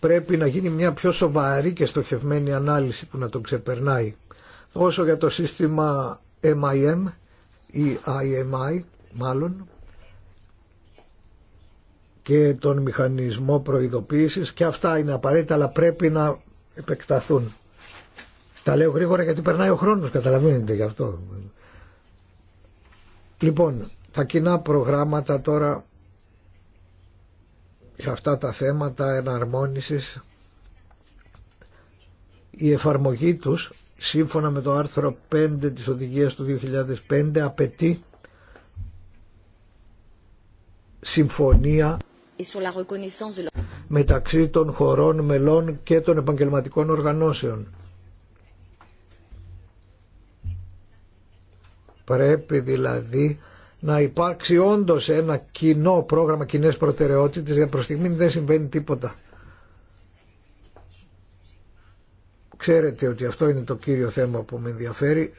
Πρέπει να γίνει μια πιο σοβαρή και στοχευμένη ανάλυση που να τον ξεπερνάει. Όσο για το σύστημα MIM ή IMI μάλλον και τον μηχανισμό προειδοποίησης και αυτά είναι απαραίτητα αλλά πρέπει να επεκταθούν. Τα λέω γρήγορα γιατί περνάει ο χρόνος, καταλαβαίνετε γι' αυτό. Λοιπόν, τα κοινά προγράμματα τώρα για αυτά τα θέματα εναρμόνισης η εφαρμογή τους σύμφωνα με το άρθρο 5 της οδηγίας του 2005 απαιτεί συμφωνία μεταξύ των χωρών μελών και των επαγγελματικών οργανώσεων. Πρέπει δηλαδή να υπάρξει όντω ένα κοινό πρόγραμμα, κοινέ προτεραιότητε για προ στιγμή δεν συμβαίνει τίποτα. Ξέρετε ότι αυτό είναι το κύριο θέμα που με ενδιαφέρει.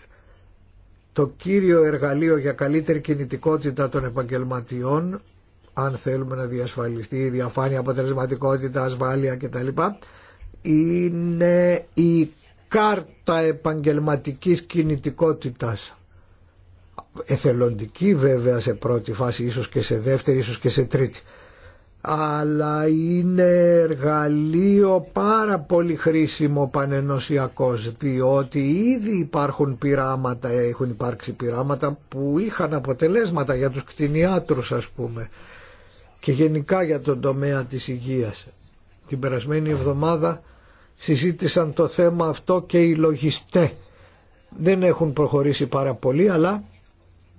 Το κύριο εργαλείο για καλύτερη κινητικότητα των επαγγελματιών, αν θέλουμε να διασφαλιστεί η διαφάνεια, αποτελεσματικότητα, ασφάλεια κτλ, είναι η κάρτα επαγγελματικής κινητικότητας εθελοντική βέβαια σε πρώτη φάση, ίσως και σε δεύτερη, ίσως και σε τρίτη. Αλλά είναι εργαλείο πάρα πολύ χρήσιμο πανενοσιακός, διότι ήδη υπάρχουν πειράματα, έχουν υπάρξει πειράματα που είχαν αποτελέσματα για τους κτηνιάτρους ας πούμε και γενικά για τον τομέα της υγείας. Την περασμένη εβδομάδα συζήτησαν το θέμα αυτό και οι λογιστέ. Δεν έχουν προχωρήσει πάρα πολύ αλλά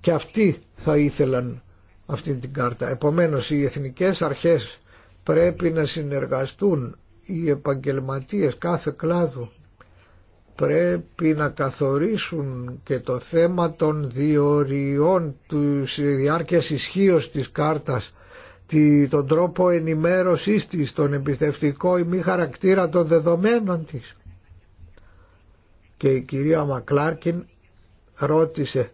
και αυτοί θα ήθελαν αυτή την κάρτα. Επομένως οι εθνικές αρχές πρέπει να συνεργαστούν, οι επαγγελματίες κάθε κλάδου πρέπει να καθορίσουν και το θέμα των διοριών του διάρκεια ισχύω της κάρτας τον τρόπο ενημέρωσής της, τον εμπιστευτικό ή μη χαρακτήρα των δεδομένων της. Και η κυρία Μακλάρκιν ρώτησε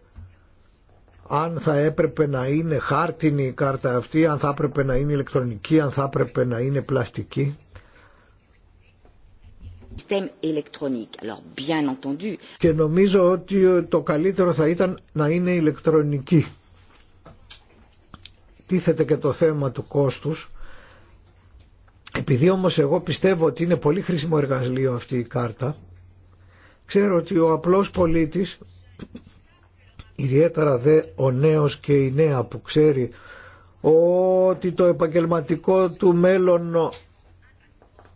αν θα έπρεπε να είναι χάρτινη η κάρτα αυτή, αν θα έπρεπε να είναι ηλεκτρονική, αν θα έπρεπε να είναι πλαστική. Και νομίζω ότι το καλύτερο θα ήταν να είναι ηλεκτρονική. Τίθεται και το θέμα του κόστους. Επειδή όμως εγώ πιστεύω ότι είναι πολύ χρήσιμο εργαλείο αυτή η κάρτα, ξέρω ότι ο απλός πολίτης Ιδιαίτερα δε ο νέος και η νέα που ξέρει ότι το επαγγελματικό του μέλλον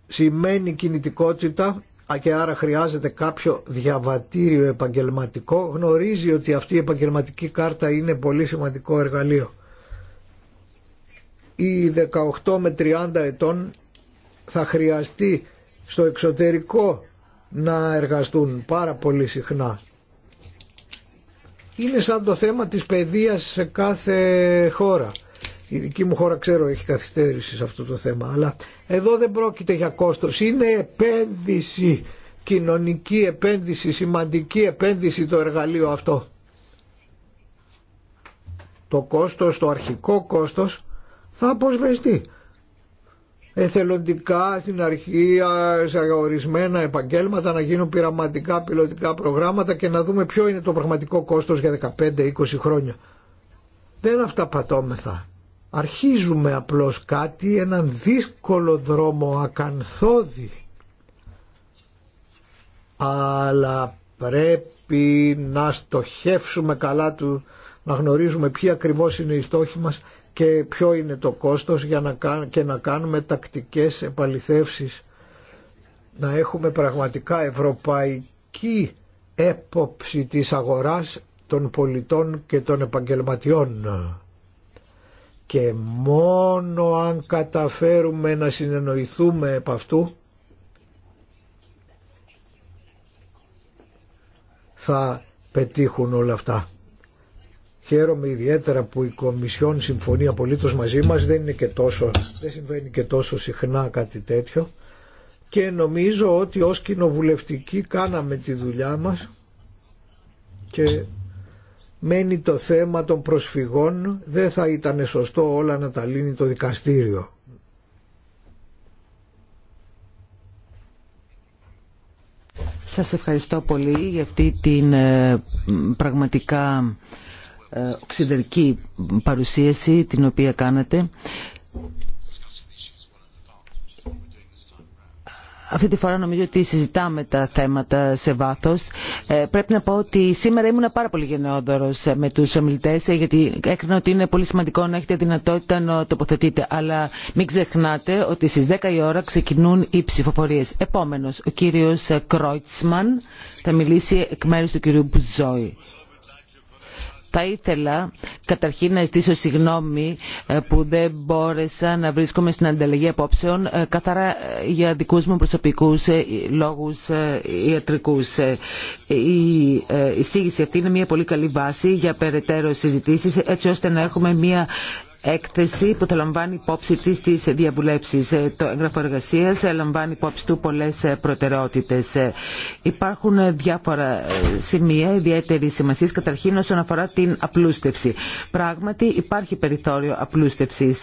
σημαίνει κινητικότητα και άρα χρειάζεται κάποιο διαβατήριο επαγγελματικό γνωρίζει ότι αυτή η επαγγελματική κάρτα είναι πολύ σημαντικό εργαλείο. Οι 18 με 30 ετών θα χρειαστεί στο εξωτερικό να εργαστούν πάρα πολύ συχνά είναι σαν το θέμα της παιδείας σε κάθε χώρα. Η δική μου χώρα ξέρω έχει καθυστέρηση σε αυτό το θέμα, αλλά εδώ δεν πρόκειται για κόστος, είναι επένδυση, κοινωνική επένδυση, σημαντική επένδυση το εργαλείο αυτό. Το κόστος, το αρχικό κόστος θα αποσβεστεί εθελοντικά στην αρχή σε ορισμένα επαγγέλματα να γίνουν πειραματικά πιλωτικά προγράμματα και να δούμε ποιο είναι το πραγματικό κόστος για 15-20 χρόνια. Δεν αυτά πατώμεθα. Αρχίζουμε απλώς κάτι, έναν δύσκολο δρόμο ακανθόδη. Αλλά πρέπει να στοχεύσουμε καλά του, να γνωρίζουμε ποιοι ακριβώς είναι οι στόχοι μας και ποιο είναι το κόστος για να, και να κάνουμε τακτικές επαληθεύσεις να έχουμε πραγματικά ευρωπαϊκή έποψη της αγοράς των πολιτών και των επαγγελματιών. Και μόνο αν καταφέρουμε να συνεννοηθούμε επ' αυτού θα πετύχουν όλα αυτά. Χαίρομαι ιδιαίτερα που η Κομισιόν συμφωνεί απολύτως μαζί μας, δεν, είναι και τόσο, δεν συμβαίνει και τόσο συχνά κάτι τέτοιο και νομίζω ότι ως κοινοβουλευτικοί κάναμε τη δουλειά μας και μένει το θέμα των προσφυγών, δεν θα ήταν σωστό όλα να τα λύνει το δικαστήριο. Σας ευχαριστώ πολύ για αυτή την ε, πραγματικά ε, οξυδερκή παρουσίαση την οποία κάνατε. Αυτή τη φορά νομίζω ότι συζητάμε τα θέματα σε βάθος. Ε, πρέπει να πω ότι σήμερα ήμουν πάρα πολύ γενναιόδωρος ε, με τους ομιλητές γιατί έκρινα ότι είναι πολύ σημαντικό να έχετε δυνατότητα να τοποθετείτε. Αλλά μην ξεχνάτε ότι στις 10 η ώρα ξεκινούν οι ψηφοφορίες. Επόμενος, ο κύριος Κρόιτσμαν θα μιλήσει εκ μέρους του κυρίου Μπουζόη. Θα ήθελα καταρχήν να ζητήσω συγγνώμη ε, που δεν μπόρεσα να βρίσκομαι στην ανταλλαγή απόψεων ε, καθαρά ε, για δικούς μου προσωπικούς λόγους ιατρικούς. Η εισήγηση αυτή είναι μια πολύ καλή βάση για περαιτέρω συζητήσεις έτσι ώστε να έχουμε μια έκθεση που θα λαμβάνει υπόψη τη τις ε, Το έγγραφο εργασία ε, λαμβάνει υπόψη του πολλέ ε, προτεραιότητες. Υπάρχουν διάφορα σημεία ιδιαίτερη σημασία καταρχήν όσον αφορά την απλούστευση. Πράγματι υπάρχει περιθώριο απλούστευση.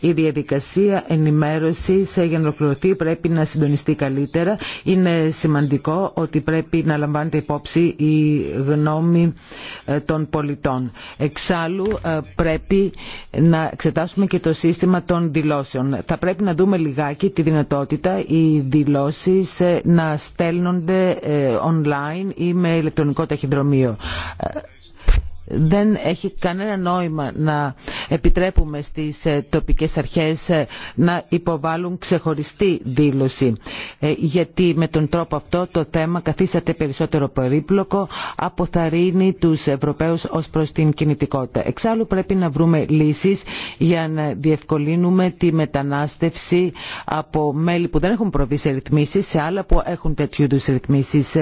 Η διαδικασία ενημέρωση για να πρέπει να συντονιστεί καλύτερα. Είναι σημαντικό ότι πρέπει να λαμβάνεται υπόψη η γνώμη των πολιτών. Εξάλλου πρέπει να να εξετάσουμε και το σύστημα των δηλώσεων. Θα πρέπει να δούμε λιγάκι τη δυνατότητα οι δηλώσεις ε, να στέλνονται ε, online ή με ηλεκτρονικό ταχυδρομείο. Ε, δεν έχει κανένα νόημα να επιτρέπουμε στις ε, τοπικές αρχές ε, να υποβάλουν ξεχωριστή δήλωση ε, γιατί με τον τρόπο αυτό το θέμα καθίσταται περισσότερο περίπλοκο αποθαρρύνει τους Ευρωπαίους ως προς την κινητικότητα. Εξάλλου πρέπει να βρούμε λύσεις για να διευκολύνουμε τη μετανάστευση από μέλη που δεν έχουν προβεί σε ρυθμίσεις σε άλλα που έχουν τέτοιου είδους ρυθμίσεις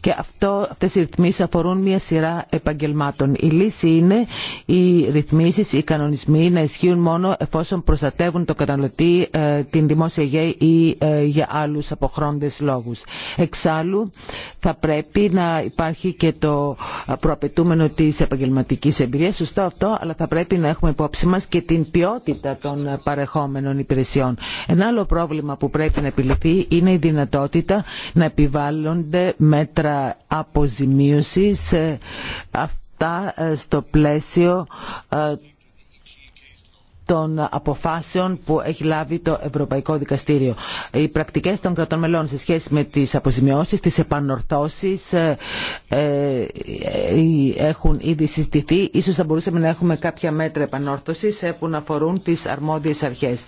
και αυτό, αυτές οι ρυθμίσεις αφορούν μια σειρά επαγγελμάτων λύση είναι οι ρυθμίσει, οι κανονισμοί να ισχύουν μόνο εφόσον προστατεύουν το καταναλωτή, ε, την δημόσια υγεία ή ε, για άλλους αποχρόντες λόγους. Εξάλλου θα πρέπει να υπάρχει και το προαπαιτούμενο τη επαγγελματική εμπειρία, Σωστό αυτό, αλλά θα πρέπει να έχουμε υπόψη μα και την ποιότητα των παρεχόμενων υπηρεσιών. Ένα άλλο πρόβλημα που πρέπει να επιληθεί είναι η δυνατότητα να επιβάλλονται μέτρα αποζημίωσης. Ε, αυτά ε, στο πλαίσιο ε, των αποφάσεων που έχει λάβει το Ευρωπαϊκό Δικαστήριο. Οι πρακτικές των κρατών μελών σε σχέση με τις αποζημιώσεις, τις επανορθώσεις ε, ε έχουν ήδη συζητηθεί. Ίσως θα μπορούσαμε να έχουμε κάποια μέτρα επανόρθωσης που να αφορούν τις αρμόδιες αρχές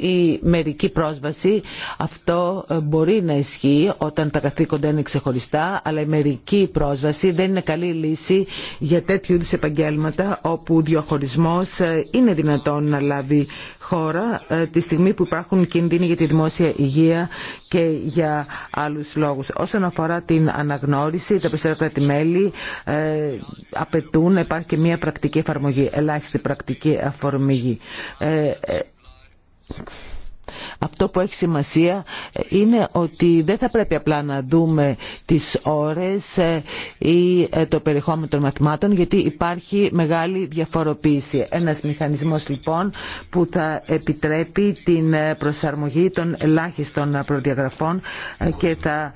η μερική πρόσβαση. Αυτό ε, μπορεί να ισχύει όταν τα καθήκοντα είναι ξεχωριστά, αλλά η μερική πρόσβαση δεν είναι καλή λύση για τέτοιου είδους επαγγέλματα όπου ο διοχωρισμός ε, είναι δυνατόν να λάβει χώρα ε, τη στιγμή που υπάρχουν κίνδυνοι για τη δημόσια υγεία και για άλλους λόγους. Όσον αφορά την αναγνώριση, τα περισσότερα κράτη-μέλη απαιτούν να υπάρχει και μια πρακτική εφαρμογή, ελάχιστη πρακτική αφορμή Σωστά. Αυτό που έχει σημασία ε, είναι ότι δεν θα πρέπει απλά να δούμε τις ώρες ε, ή ε, το περιεχόμενο των μαθημάτων γιατί υπάρχει μεγάλη διαφοροποίηση. Ένας μηχανισμός λοιπόν που θα επιτρέπει την προσαρμογή των ελάχιστων προδιαγραφών και θα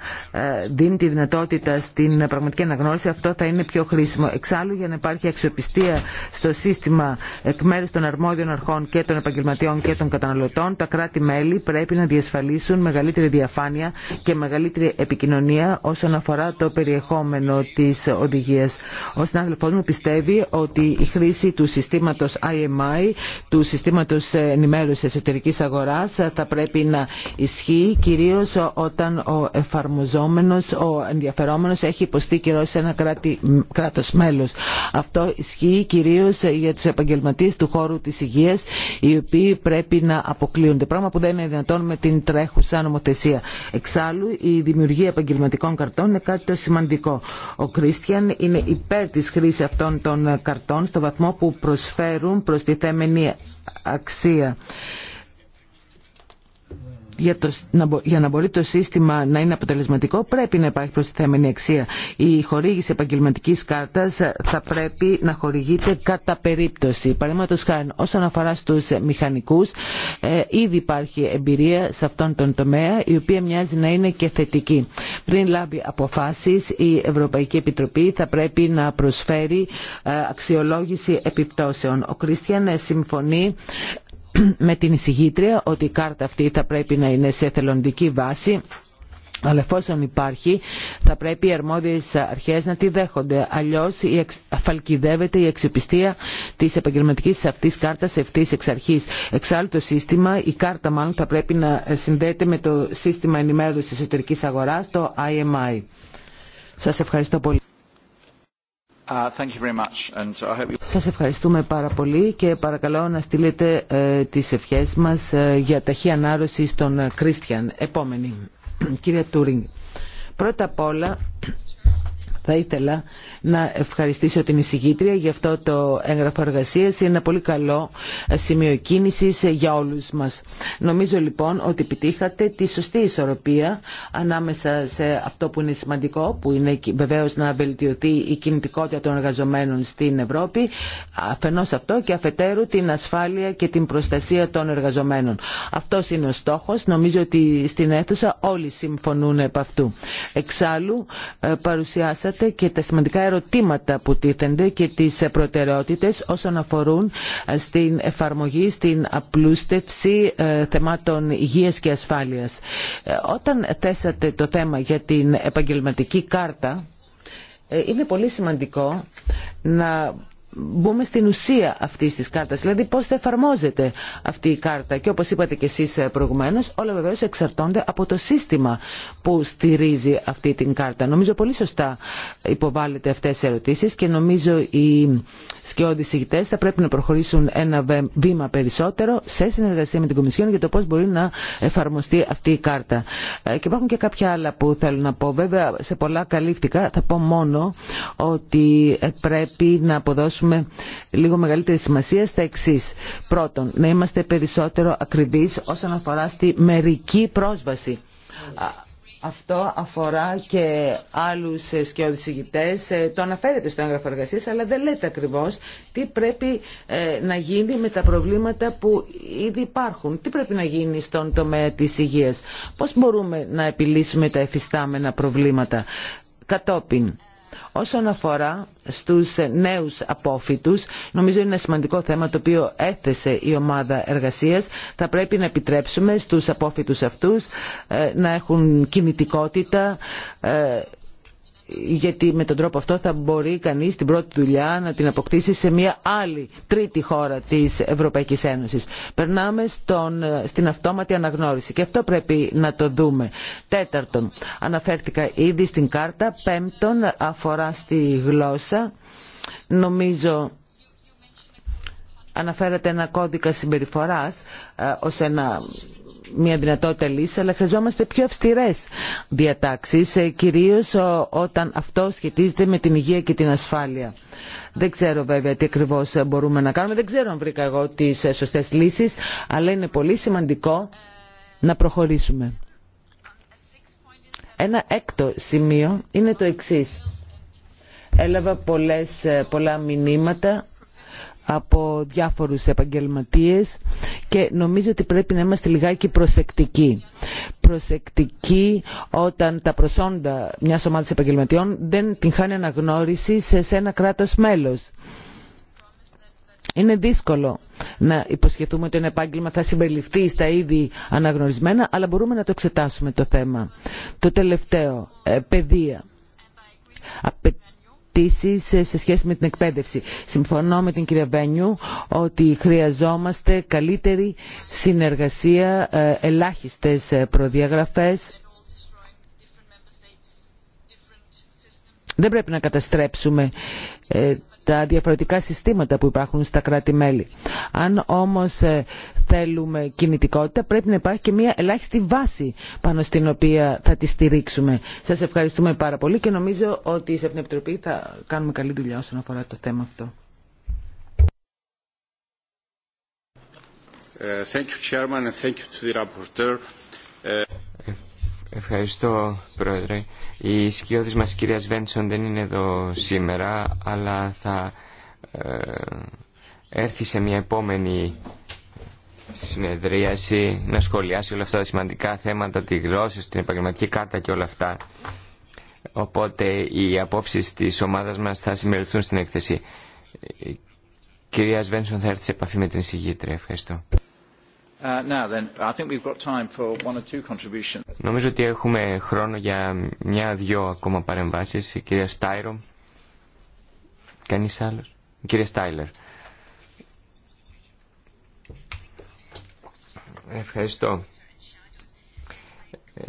δίνει τη δυνατότητα στην πραγματική αναγνώριση. Αυτό θα είναι πιο χρήσιμο. Εξάλλου για να υπάρχει αξιοπιστία στο σύστημα εκ μέρους των αρμόδιων αρχών και των επαγγελματιών και των καταναλωτών, τα κράτη μελη πρέπει να διασφαλίσουν μεγαλύτερη διαφάνεια και μεγαλύτερη επικοινωνία όσον αφορά το περιεχόμενο της οδηγίας. Ο συνάδελφός μου πιστεύει ότι η χρήση του συστήματος IMI, του συστήματος ενημέρωσης εσωτερικής αγοράς, θα πρέπει να ισχύει κυρίως όταν ο εφαρμοζόμενος, ο ενδιαφερόμενος έχει υποστεί καιρό σε ένα κράτο κράτος μέλος. Αυτό ισχύει κυρίως για τους επαγγελματίες του χώρου της υγείας, οι οποίοι πρέπει να αποκλείονται πράγμα που δεν είναι δυνατόν με την τρέχουσα νομοθεσία. Εξάλλου, η δημιουργία επαγγελματικών καρτών είναι κάτι το σημαντικό. Ο Κρίστιαν είναι υπέρ τη χρήση αυτών των καρτών στο βαθμό που προσφέρουν προστιθέμενη αξία για, για να μπορεί το σύστημα να είναι αποτελεσματικό πρέπει να υπάρχει προστιθέμενη αξία. Η χορήγηση επαγγελματική κάρτα θα πρέπει να χορηγείται κατά περίπτωση. Παραδείγματο χάρη, όσον αφορά στου μηχανικού, ε, ήδη υπάρχει εμπειρία σε αυτόν τον τομέα, η οποία μοιάζει να είναι και θετική. Πριν λάβει αποφάσει, η Ευρωπαϊκή Επιτροπή θα πρέπει να προσφέρει ε, αξιολόγηση επιπτώσεων. Ο Κριστιαν συμφωνεί με την εισηγήτρια ότι η κάρτα αυτή θα πρέπει να είναι σε εθελοντική βάση αλλά εφόσον υπάρχει θα πρέπει οι αρμόδιες αρχές να τη δέχονται. Αλλιώς αφαλκιδεύεται η εξοπιστία της επαγγελματική αυτής κάρτας ευθύς εξ αρχής. Εξάλλου το σύστημα, η κάρτα μάλλον θα πρέπει να συνδέεται με το σύστημα ενημέρωσης εσωτερικής αγοράς, το IMI. Σας ευχαριστώ πολύ. Uh, Σας ευχαριστούμε πάρα πολύ και παρακαλώ να στείλετε ε, τις ευχές μας ε, για ταχύ ανάρρωση στον Κρίστιαν. Ε, Επόμενη, Κύριε Τούρινγκ. Πρώτα απ' όλα θα ήθελα να ευχαριστήσω την εισηγήτρια για αυτό το έγγραφο εργασία. Είναι ένα πολύ καλό ε, σημείο κίνηση ε, για όλου μα. Νομίζω λοιπόν ότι επιτύχατε τη σωστή ισορροπία ανάμεσα σε αυτό που είναι σημαντικό, που είναι βεβαίω να βελτιωθεί η κινητικότητα των εργαζομένων στην Ευρώπη, αφενό αυτό και αφετέρου την ασφάλεια και την προστασία των εργαζομένων. Αυτό είναι ο στόχο. Νομίζω ότι στην αίθουσα όλοι συμφωνούν επ' αυτού. Εξάλλου ε, παρουσιάσατε και τα σημαντικά ερωτήματα που τίθενται και τις προτεραιότητες όσον αφορούν ε, στην εφαρμογή, στην απλούστευση ε, θεμάτων υγείας και ασφάλειας. Ε, όταν θέσατε το θέμα για την επαγγελματική κάρτα, είναι πολύ σημαντικό να μπούμε στην ουσία αυτή τη κάρτα, δηλαδή πώ θα εφαρμόζεται αυτή η κάρτα. Και όπω είπατε και εσεί ε, προηγουμένω, όλα βεβαίω εξαρτώνται από το σύστημα που στηρίζει αυτή την κάρτα. Νομίζω πολύ σωστά υποβάλλεται αυτέ τις ερωτήσει και νομίζω οι σκιώδει ηγητέ θα πρέπει να προχωρήσουν ένα βήμα περισσότερο σε συνεργασία με την Κομισιόν για το πώ μπορεί να εφαρμοστεί αυτή η κάρτα. Ε, και υπάρχουν και κάποια άλλα που θέλω να πω. Βέβαια σε πολλά καλύφθηκα. Θα πω μόνο ότι ε, πρέπει να αποδώσουμε δώσουμε λίγο μεγαλύτερη σημασία στα εξή. Πρώτον, να είμαστε περισσότερο ακριβείς όσον αφορά στη μερική πρόσβαση. Αυτό αφορά και άλλου ηγητέ. Ε, το αναφέρετε στο έγγραφο εργασία, αλλά δεν λέτε ακριβώ τι πρέπει ε, να γίνει με τα προβλήματα που ήδη υπάρχουν. Τι πρέπει να γίνει στον τομέα τη υγεία. Πώ μπορούμε να επιλύσουμε τα εφιστάμενα προβλήματα. Κατόπιν, Όσον αφορά στους νέους απόφοιτους, νομίζω είναι ένα σημαντικό θέμα το οποίο έθεσε η ομάδα εργασίας. Θα πρέπει να επιτρέψουμε στους απόφοιτους αυτούς ε, να έχουν κινητικότητα, ε, γιατί με τον τρόπο αυτό θα μπορεί κανείς την πρώτη δουλειά να την αποκτήσει σε μια άλλη τρίτη χώρα της Ευρωπαϊκής Ένωσης. Περνάμε στον, στην αυτόματη αναγνώριση και αυτό πρέπει να το δούμε. Τέταρτον, αναφέρθηκα ήδη στην κάρτα. Πέμπτον, αφορά στη γλώσσα. Νομίζω αναφέρεται ένα κώδικα συμπεριφοράς ε, ως ένα μια δυνατότητα λύση, αλλά χρειαζόμαστε πιο αυστηρές διατάξει. Ε, Κυρίω όταν αυτό σχετίζεται με την υγεία και την ασφάλεια. Δεν ξέρω βέβαια τι ακριβώς μπορούμε να κάνουμε, δεν ξέρω αν βρήκα εγώ τι ε, σωστέ λύσει, αλλά είναι πολύ σημαντικό να προχωρήσουμε. Ένα έκτο σημείο είναι το εξής. Έλαβα ε, πολλά μηνύματα από διάφορους επαγγελματίες και νομίζω ότι πρέπει να είμαστε λιγάκι προσεκτικοί. Προσεκτικοί όταν τα προσόντα μια ομάδας επαγγελματιών δεν την χάνει αναγνώριση σε ένα κράτος μέλος. Είναι δύσκολο να υποσχεθούμε ότι ένα επάγγελμα θα συμπεριληφθεί στα ήδη αναγνωρισμένα, αλλά μπορούμε να το εξετάσουμε το θέμα. Το τελευταίο, ε, παιδεία σε σχέση με την εκπαίδευση. Συμφωνώ με την κυρία Μπένιου ότι χρειαζόμαστε καλύτερη συνεργασία, ε, ελάχιστες ε, προδιαγραφές. Δεν πρέπει να καταστρέψουμε ε, τα διαφορετικά συστήματα που υπάρχουν στα κράτη-μέλη. Αν όμως ε, θέλουμε κινητικότητα πρέπει να υπάρχει και μια ελάχιστη βάση πάνω στην οποία θα τη στηρίξουμε. Σας ευχαριστούμε πάρα πολύ και νομίζω ότι σε την Επιτροπή θα κάνουμε καλή δουλειά όσον αφορά το θέμα αυτό. Ευχαριστώ, Πρόεδρε. Η σκιώδης μας κυρία Σβέντσον, δεν είναι εδώ σήμερα, αλλά θα ε, έρθει σε μια επόμενη συνεδρίαση να σχολιάσει όλα αυτά τα σημαντικά θέματα, τη γλώσσα, την επαγγελματική κάρτα και όλα αυτά. Οπότε οι απόψεις της ομάδας μας θα συμμεριθούν στην έκθεση. κυρία Βένσον θα έρθει σε επαφή με την εισηγήτρια. Ευχαριστώ. Νομίζω ότι έχουμε χρόνο για μια-δυο ακόμα παρεμβάσεις. Η κυρία Στάιρο. Κανείς άλλος. Η κυρία Στάιλερ. Ευχαριστώ. Ε,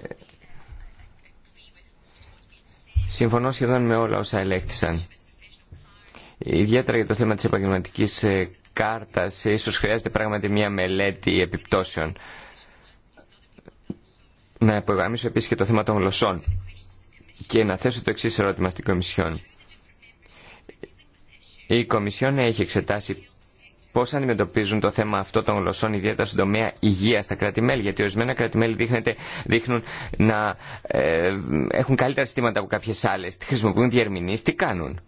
συμφωνώ σχεδόν με όλα όσα ελέγχθησαν. Ιδιαίτερα για το θέμα της επαγγελματικής ε, κάρτας ίσω χρειάζεται πράγματι μια μελέτη επιπτώσεων. Να υπογραμμίσω επίση και το θέμα των γλωσσών και να θέσω το εξή ερώτημα στην Κομισιόν. Η Κομισιόν έχει εξετάσει πώ αντιμετωπίζουν το θέμα αυτό των γλωσσών, ιδιαίτερα στον τομέα υγεία στα κράτη-μέλη. Γιατί ορισμένα κράτη-μέλη δείχνουν να ε, έχουν καλύτερα συστήματα από κάποιε άλλε. Τι χρησιμοποιούν διερμηνεί, τι κάνουν.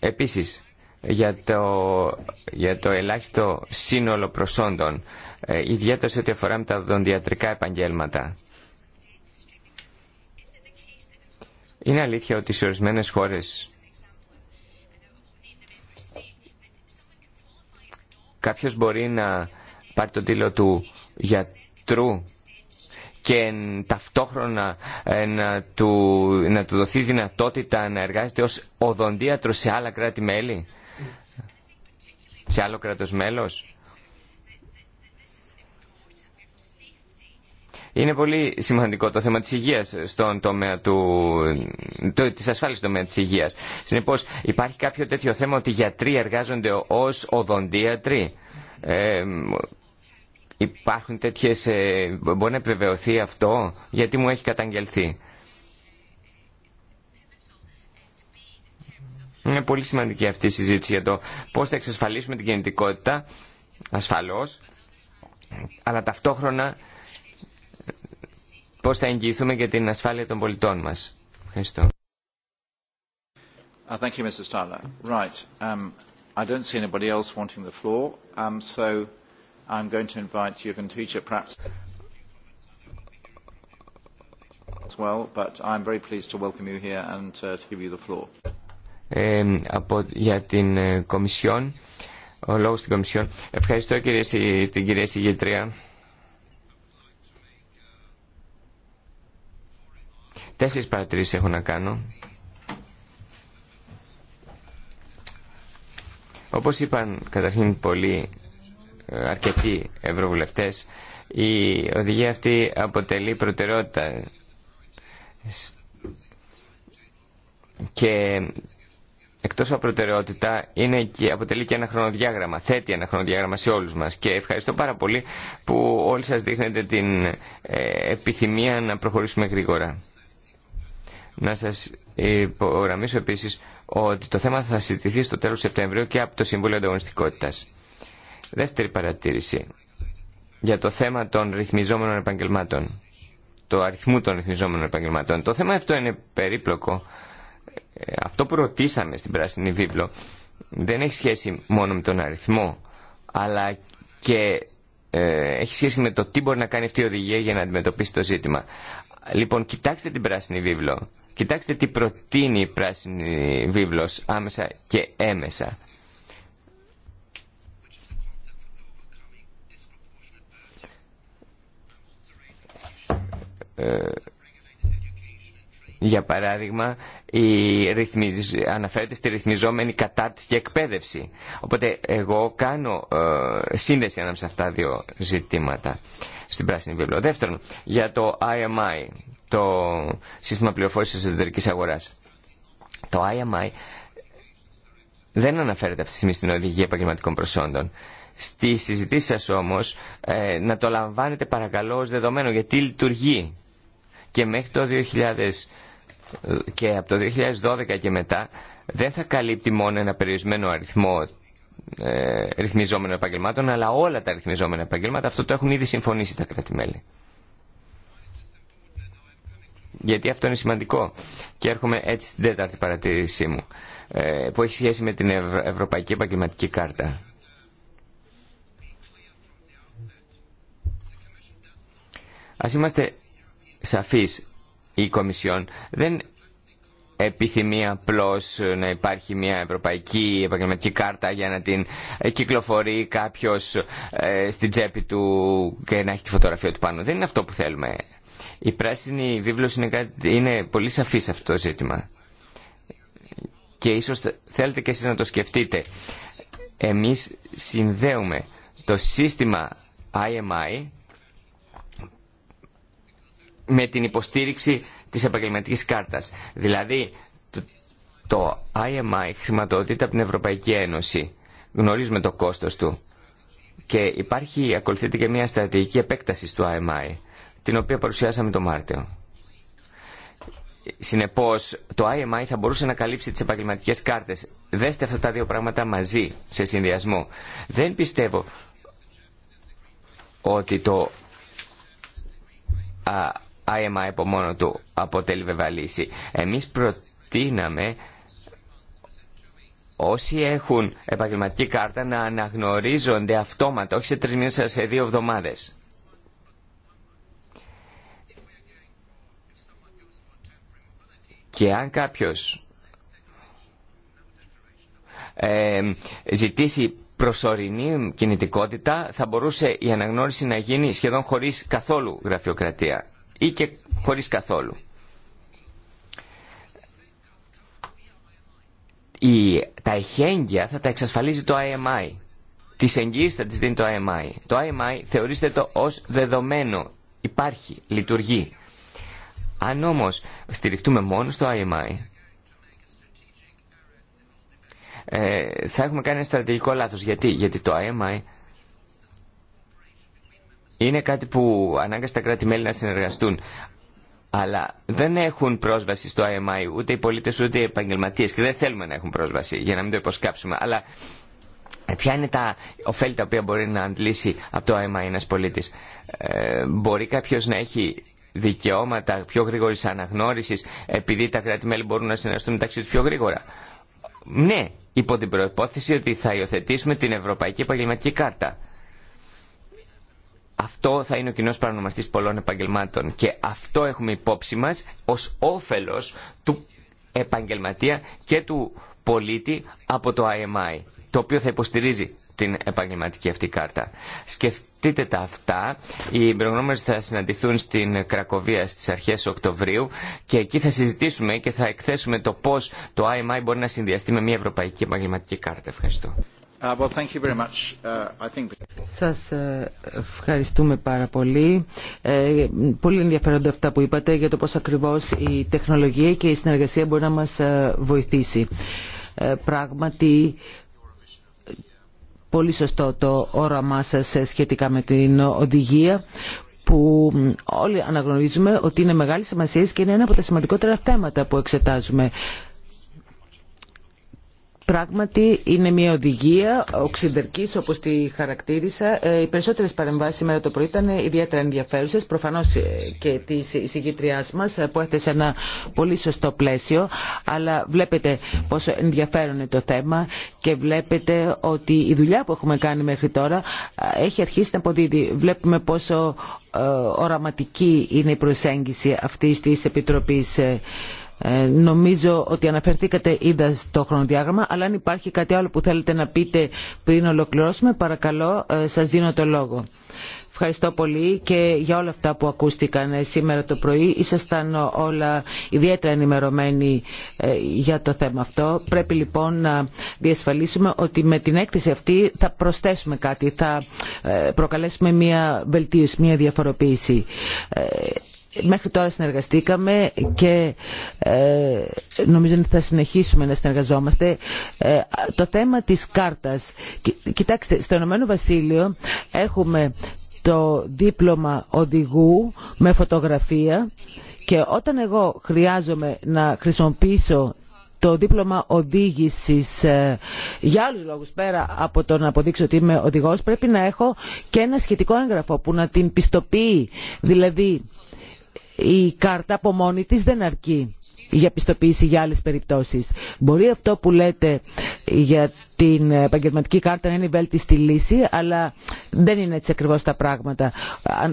Επίση, για το, για το ελάχιστο σύνολο προσόντων, ε, ιδιαίτερα σε ό,τι αφορά με τα δοντιατρικά επαγγέλματα. Είναι αλήθεια ότι σε ορισμένε χώρε. Κάποιο μπορεί να πάρει τον τίτλο του γιατρού και ταυτόχρονα ε, να του, να του δοθεί δυνατότητα να εργάζεται ως οδοντίατρο σε άλλα κράτη-μέλη σε άλλο κράτος μέλος. Είναι πολύ σημαντικό το θέμα της υγείας στον τομέα του, το, της ασφάλισης τομέα της υγείας. Συνεπώς υπάρχει κάποιο τέτοιο θέμα ότι οι γιατροί εργάζονται ως οδοντίατροι. Ε, υπάρχουν τέτοιες, ε, μπορεί να επιβεβαιωθεί αυτό γιατί μου έχει καταγγελθεί. Είναι πολύ σημαντική αυτή η συζήτηση για το πώ θα εξασφαλίσουμε την κινητικότητα, ασφαλώς, αλλά ταυτόχρονα πώς θα εγγυηθούμε για την ασφάλεια των πολιτών μας. Ευχαριστώ. Thank you, Mr. Styler. Right. Um, I don't see anybody else wanting the floor, um, so I'm going to invite teach it perhaps as well, but I'm very pleased to welcome you here and uh, to give you the floor. Ε, από, για την ε, Κομισιόν. Ο λόγος στην Κομισιόν. Ευχαριστώ την κυρία Συγγετρία. Τέσσερις παρατηρήσεις έχω να κάνω. Όπως είπαν καταρχήν πολλοί ε, αρκετοί ευρωβουλευτές, η οδηγία αυτή αποτελεί προτεραιότητα και Εκτό από προτεραιότητα είναι και, αποτελεί και ένα χρονοδιάγραμμα, θέτει ένα χρονοδιάγραμμα σε όλου μα. και ευχαριστώ πάρα πολύ που όλοι σα δείχνετε την ε, επιθυμία να προχωρήσουμε γρήγορα. Να σα υπογραμμίσω επίση ότι το θέμα θα συζητηθεί στο τέλο Σεπτεμβρίου και από το Συμβούλιο ανταγωνιστικότητα. Δεύτερη παρατήρηση για το θέμα των ρυθμιζόμενων επαγγελμάτων, το αριθμού των ρυθμιζόμενων επαγγελμάτων. Το θέμα αυτό είναι περίπλοκο αυτό που ρωτήσαμε στην Πράσινη Βίβλο δεν έχει σχέση μόνο με τον αριθμό, αλλά και ε, έχει σχέση με το τι μπορεί να κάνει αυτή η οδηγία για να αντιμετωπίσει το ζήτημα. Λοιπόν, κοιτάξτε την Πράσινη Βίβλο. Κοιτάξτε τι προτείνει η Πράσινη Βίβλος άμεσα και έμεσα. Ε, για παράδειγμα, η ρυθμιζ... αναφέρεται στη ρυθμιζόμενη κατάρτιση και εκπαίδευση. Οπότε εγώ κάνω ε, σύνδεση ανάμεσα σε αυτά δύο ζητήματα στην Πράσινη Βίβλο. Δεύτερον, για το IMI, το Σύστημα Πληροφόρησης Εσωτερικής Αγοράς. Το IMI δεν αναφέρεται αυτή τη στιγμή στην Οδηγία Επαγγελματικών Προσόντων. Στη συζητήση σας όμως ε, να το λαμβάνετε παρακαλώ ως δεδομένο γιατί λειτουργεί. Και μέχρι το 2000 και από το 2012 και μετά δεν θα καλύπτει μόνο ένα περιορισμένο αριθμό ε, ρυθμιζόμενων επαγγελμάτων, αλλά όλα τα ρυθμιζόμενα επαγγέλματα. Αυτό το έχουν ήδη συμφωνήσει τα κράτη-μέλη. Γιατί αυτό είναι σημαντικό. Και έρχομαι έτσι στην τέταρτη παρατήρησή μου, ε, που έχει σχέση με την Ευρωπαϊκή Επαγγελματική Κάρτα. Ας είμαστε σαφείς η Κομισιόν δεν επιθυμεί απλώ να υπάρχει μια ευρωπαϊκή επαγγελματική κάρτα για να την ε, κυκλοφορεί κάποιο ε, στην τσέπη του και να έχει τη φωτογραφία του πάνω. Δεν είναι αυτό που θέλουμε. Η πράσινη βίβλος είναι, είναι πολύ σαφή αυτό το ζήτημα. Και ίσως θέλετε και εσείς να το σκεφτείτε. Εμείς συνδέουμε το σύστημα IMI με την υποστήριξη της επαγγελματικής κάρτας. Δηλαδή, το IMI χρηματοδοτείται από την Ευρωπαϊκή Ένωση. Γνωρίζουμε το κόστος του. Και υπάρχει, ακολουθείται και μια στρατηγική επέκταση του IMI, την οποία παρουσιάσαμε το Μάρτιο. Συνεπώς, το IMI θα μπορούσε να καλύψει τις επαγγελματικέ κάρτες. Δέστε αυτά τα δύο πράγματα μαζί, σε συνδυασμό. Δεν πιστεύω ότι το IMI από μόνο του αποτελεί βεβαλήση. Εμείς προτείναμε όσοι έχουν επαγγελματική κάρτα να αναγνωρίζονται αυτόματα, όχι σε τρεις μήνες, σε δύο εβδομάδες. Και αν κάποιος ζητήσει προσωρινή κινητικότητα, θα μπορούσε η αναγνώριση να γίνει σχεδόν χωρίς καθόλου γραφειοκρατία ή και χωρίς καθόλου. Η, τα εχέγγυα θα τα εξασφαλίζει το IMI. Τις εγγύης θα τις δίνει το IMI. Το IMI θεωρήστε το ως δεδομένο. Υπάρχει, λειτουργεί. Αν όμως στηριχτούμε μόνο στο IMI, ε, θα έχουμε κάνει ένα στρατηγικό λάθος. Γιατί, Γιατί το IMI είναι κάτι που ανάγκασε τα κράτη-μέλη να συνεργαστούν. Αλλά δεν έχουν πρόσβαση στο IMI ούτε οι πολίτε ούτε οι επαγγελματίε και δεν θέλουμε να έχουν πρόσβαση για να μην το υποσκάψουμε. Αλλά ε, ποια είναι τα ωφέλη τα οποία μπορεί να αντλήσει από το IMI ένα πολίτη. Ε, μπορεί κάποιο να έχει δικαιώματα πιο γρήγορη αναγνώριση επειδή τα κράτη-μέλη μπορούν να συνεργαστούν μεταξύ του πιο γρήγορα. Ναι, υπό την προπόθεση ότι θα υιοθετήσουμε την Ευρωπαϊκή Επαγγελματική Κάρτα. Αυτό θα είναι ο κοινό παρανομαστή πολλών επαγγελμάτων και αυτό έχουμε υπόψη μα ω όφελο του επαγγελματία και του πολίτη από το IMI, το οποίο θα υποστηρίζει την επαγγελματική αυτή κάρτα. Σκεφτείτε τα αυτά. Οι εμπειρογνώμονες θα συναντηθούν στην Κρακοβία στις αρχές Οκτωβρίου και εκεί θα συζητήσουμε και θα εκθέσουμε το πώ το IMI μπορεί να συνδυαστεί με μια ευρωπαϊκή επαγγελματική κάρτα. Ευχαριστώ. Uh, uh, σας ε, ευχαριστούμε πάρα πολύ. Ε, πολύ ενδιαφέροντα αυτά που είπατε για το πώς ακριβώς η τεχνολογία και η συνεργασία μπορεί να μας ε, βοηθήσει. Ε, πράγματι, πολύ σωστό το όραμά σας σχετικά με την οδηγία που όλοι αναγνωρίζουμε ότι είναι μεγάλη σημασία και είναι ένα από τα σημαντικότερα θέματα που εξετάζουμε. Πράγματι είναι μια οδηγία οξυδερκής όπως τη χαρακτήρισα. Ε, οι περισσότερες παρεμβάσεις σήμερα το πρωί ήταν ιδιαίτερα ενδιαφέρουσες. Προφανώς ε, και τη εισηγήτριάς μας ε, που έθεσε ένα πολύ σωστό πλαίσιο. Αλλά βλέπετε πόσο ενδιαφέρον είναι το θέμα και βλέπετε ότι η δουλειά που έχουμε κάνει μέχρι τώρα έχει αρχίσει να αποδίδει. Βλέπουμε πόσο οραματική είναι η προσέγγιση αυτής της Επιτροπής ε, νομίζω ότι αναφερθήκατε είδα στο χρονοδιάγραμμα, αλλά αν υπάρχει κάτι άλλο που θέλετε να πείτε πριν ολοκληρώσουμε, παρακαλώ, ε, σας δίνω το λόγο. Ευχαριστώ πολύ και για όλα αυτά που ακούστηκαν ε, σήμερα το πρωί. Ήσασταν όλα ιδιαίτερα ενημερωμένοι για το θέμα αυτό. Πρέπει λοιπόν να διασφαλίσουμε ότι με την έκθεση αυτή θα προσθέσουμε κάτι, θα προκαλέσουμε μια βελτίωση, μια διαφοροποίηση. Μέχρι τώρα συνεργαστήκαμε και ε, νομίζω ότι θα συνεχίσουμε να συνεργαζόμαστε. Ε, το θέμα της κάρτας. Κοιτάξτε, στο Ηνωμένο Βασίλειο έχουμε το δίπλωμα οδηγού με φωτογραφία και όταν εγώ χρειάζομαι να χρησιμοποιήσω το δίπλωμα οδήγησης ε, για άλλους λόγους πέρα από το να αποδείξω ότι είμαι οδηγός πρέπει να έχω και ένα σχετικό έγγραφο που να την πιστοποιεί. Δηλαδή η κάρτα από μόνη της δεν αρκεί για πιστοποίηση για άλλες περιπτώσεις. Μπορεί αυτό που λέτε για την επαγγελματική κάρτα να είναι η βέλτιστη λύση, αλλά δεν είναι έτσι ακριβώς τα πράγματα.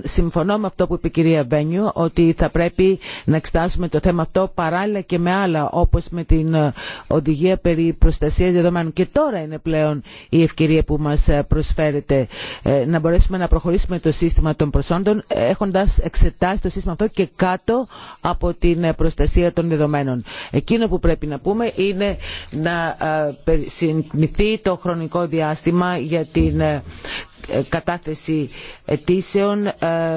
Συμφωνώ με αυτό που είπε η κυρία Βένιου, ότι θα πρέπει να εξετάσουμε το θέμα αυτό παράλληλα και με άλλα, όπως με την ε, οδηγία περί προστασία δεδομένων. Και τώρα είναι πλέον η ευκαιρία που μας ε, προσφέρεται ε, να μπορέσουμε να προχωρήσουμε το σύστημα των προσόντων, έχοντας εξετάσει το σύστημα αυτό και κάτω από την προστασία των δεδομένων. Εκείνο που πρέπει να πούμε είναι να το χρονικό διάστημα για την ε, κατάθεση αιτήσεων ε,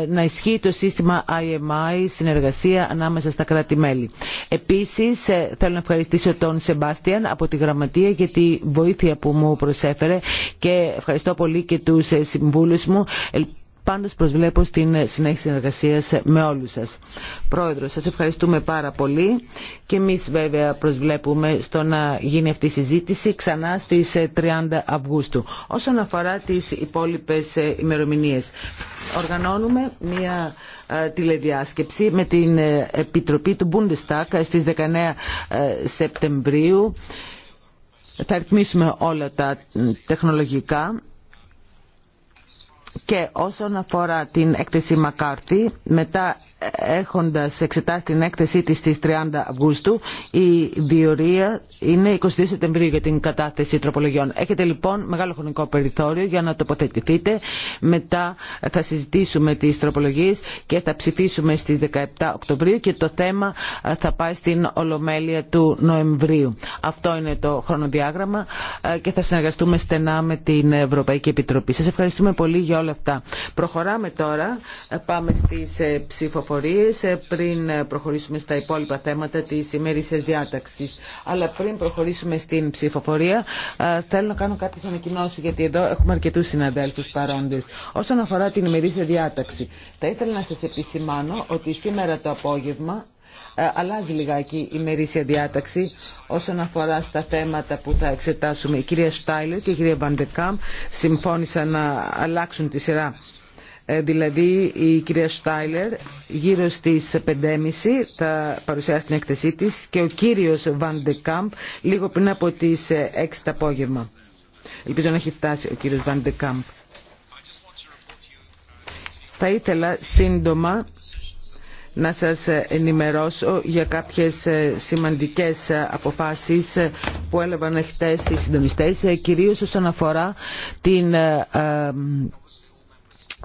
να ισχύει το σύστημα IMI, συνεργασία ανάμεσα στα κράτη-μέλη. Επίσης, ε, θέλω να ευχαριστήσω τον Σεμπάστιαν από τη Γραμματεία για τη βοήθεια που μου προσέφερε και ευχαριστώ πολύ και τους συμβούλους μου. Πάντως προσβλέπω στην συνέχιση συνεργασία με όλους σας. Πρόεδρο, σας ευχαριστούμε πάρα πολύ και εμείς βέβαια προσβλέπουμε στο να γίνει αυτή η συζήτηση ξανά στις 30 ε, Αυγούστου. Όσον αφορά τις υπόλοιπες ε, ημερομηνίες, οργανώνουμε μια ε, τηλεδιάσκεψη με την Επιτροπή του Bundestag στις 19 Σεπτεμβρίου. Θα ρυθμίσουμε όλα τα τεχνολογικά και όσον αφορά την έκθεση Μακάρθη, μετά έχοντας εξετάσει την έκθεσή της στις 30 Αυγούστου η διορία είναι 22 Σεπτεμβρίου για την κατάθεση τροπολογιών. Έχετε λοιπόν μεγάλο χρονικό περιθώριο για να τοποθετηθείτε. Μετά θα συζητήσουμε τις τροπολογίες και θα ψηφίσουμε στις 17 Οκτωβρίου και το θέμα θα πάει στην Ολομέλεια του Νοεμβρίου. Αυτό είναι το χρονοδιάγραμμα ε, και θα συνεργαστούμε στενά με την Ευρωπαϊκή Επιτροπή. Σας ευχαριστούμε πολύ για όλα αυτά. Προχωράμε τώρα. Ε, πάμε στις ε, ψηφοφορίες πληροφορίες ε, πριν προχωρήσουμε στα υπόλοιπα θέματα της ημέρησης διάταξης. Αλλά πριν προχωρήσουμε στην ψηφοφορία, ε, θέλω να κάνω κάποιες ανακοινώσεις, γιατί εδώ έχουμε αρκετούς συναδέλφους παρόντες. Όσον αφορά την ημερήσια διάταξη, θα ήθελα να σας επισημάνω ότι σήμερα το απόγευμα ε, αλλάζει λιγάκι η ημερήσια διάταξη όσον αφορά στα θέματα που θα εξετάσουμε. Η κυρία Στάιλερ και η κυρία Βαντεκάμ συμφώνησαν να αλλάξουν τη σειρά ε, δηλαδή η κυρία Στάιλερ γύρω στις 5.30 θα παρουσιάσει την έκθεσή της και ο κύριος Βαντεκάμπ λίγο πριν από τις 6 ε, το απόγευμα. Ελπίζω να έχει φτάσει ο κύριος Βαντεκάμπ. Θα ήθελα σύντομα να σας ε, ενημερώσω για κάποιες σημαντικές αποφάσεις που έλαβαν χτες οι συντονιστές, κυρίως όσον αφορά την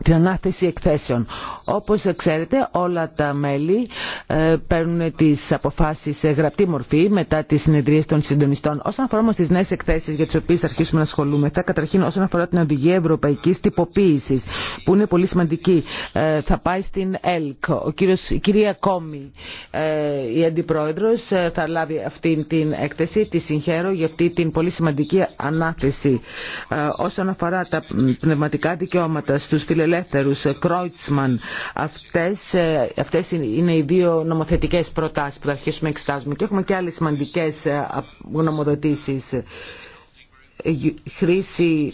την ανάθεση εκθέσεων. Όπως ξέρετε όλα τα μέλη ε, παίρνουν τις αποφάσεις σε γραπτή μορφή μετά τις συνεδρίες των συντονιστών. Όσον αφορά όμως τις νέες εκθέσεις για τις οποίες θα αρχίσουμε να θα καταρχήν όσον αφορά την οδηγία ευρωπαϊκής τυποποίησης που είναι πολύ σημαντική, ε, θα πάει στην ΕΛΚ. Ο κύριος, η κυρία Κόμη, ε, η αντιπρόεδρος, θα λάβει αυτή την έκθεση. Τη συγχαίρω για αυτή την πολύ σημαντική ανάθεση. όσον αφορά τα πνευματικά δικαιώματα στους φιλελεύθερους, φιλελεύθερους ε, Κρόιτσμαν. Αυτές, ε, είναι οι δύο νομοθετικές προτάσεις που θα αρχίσουμε να εξετάζουμε και έχουμε και άλλες σημαντικές ε, γνωμοδοτήσεις. Χρήση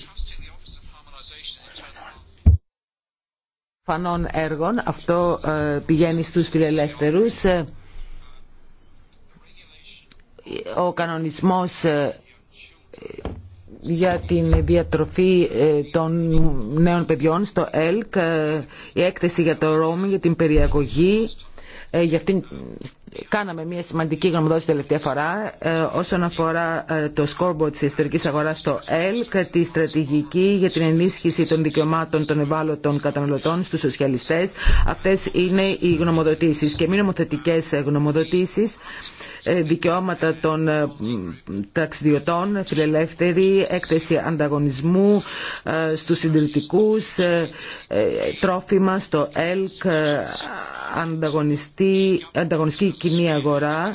φανών έργων, αυτό πηγαίνει στους φιλελεύθερους. Ο κανονισμός για την διατροφή ε, των νέων παιδιών στο ΕΛΚ, ε, η έκθεση για το ρόμι, για την περιαγωγή, ε, για αυτήν κάναμε μια σημαντική γνωμοδότηση τελευταία φορά ε, όσον αφορά ε, το scoreboard της ιστορικής αγοράς στο ΕΛΚ, τη στρατηγική για την ενίσχυση των δικαιωμάτων των ευάλωτων καταναλωτών στους σοσιαλιστές. Αυτές είναι οι γνωμοδοτήσεις και μη νομοθετικές γνωμοδοτήσεις ε, δικαιώματα των ταξιδιωτών, φιλελεύθερη, έκθεση ανταγωνισμού στους συντηρητικούς, τρόφιμα στο ΕΛΚ, ανταγωνιστική κοινή αγορά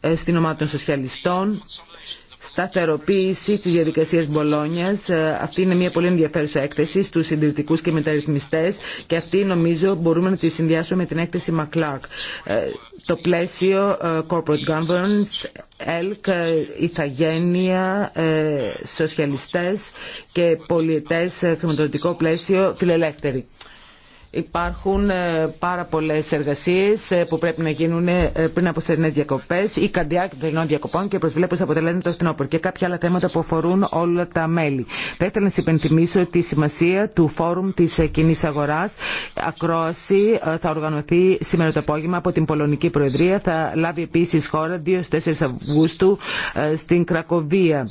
ε, στην ομάδα των σοσιαλιστών, σταθεροποίηση της διαδικασίας Μπολόνιας. Ε, αυτή είναι μια πολύ ενδιαφέρουσα έκθεση στους συντηρητικούς και μεταρρυθμιστές και αυτή νομίζω μπορούμε να τη συνδυάσουμε με την έκθεση Μακλάκ. Ε, το πλαίσιο Corporate Governance, ΕΛΚ, Ιθαγένεια, Σοσιαλιστές και Πολιετές Χρηματοδοτικό Πλαίσιο φιλελεύθεροι. Υπάρχουν ε, πάρα πολλές εργασίες ε, που πρέπει να γίνουν ε, πριν από σερινές διακοπές ή καντιά των διακοπών και προσβλέπω σε αποτελέσματα στην όπορ και κάποια άλλα θέματα που αφορούν όλα τα μέλη. Θα ήθελα να σας υπενθυμίσω τη σημασία του Φόρουμ της κοινή Αγοράς. Ακρόαση θα οργανωθεί σήμερα το απόγευμα από την Πολωνική Προεδρία. Θα λάβει επίσης χώρα 2-4 Αυγούστου στην Κρακοβία.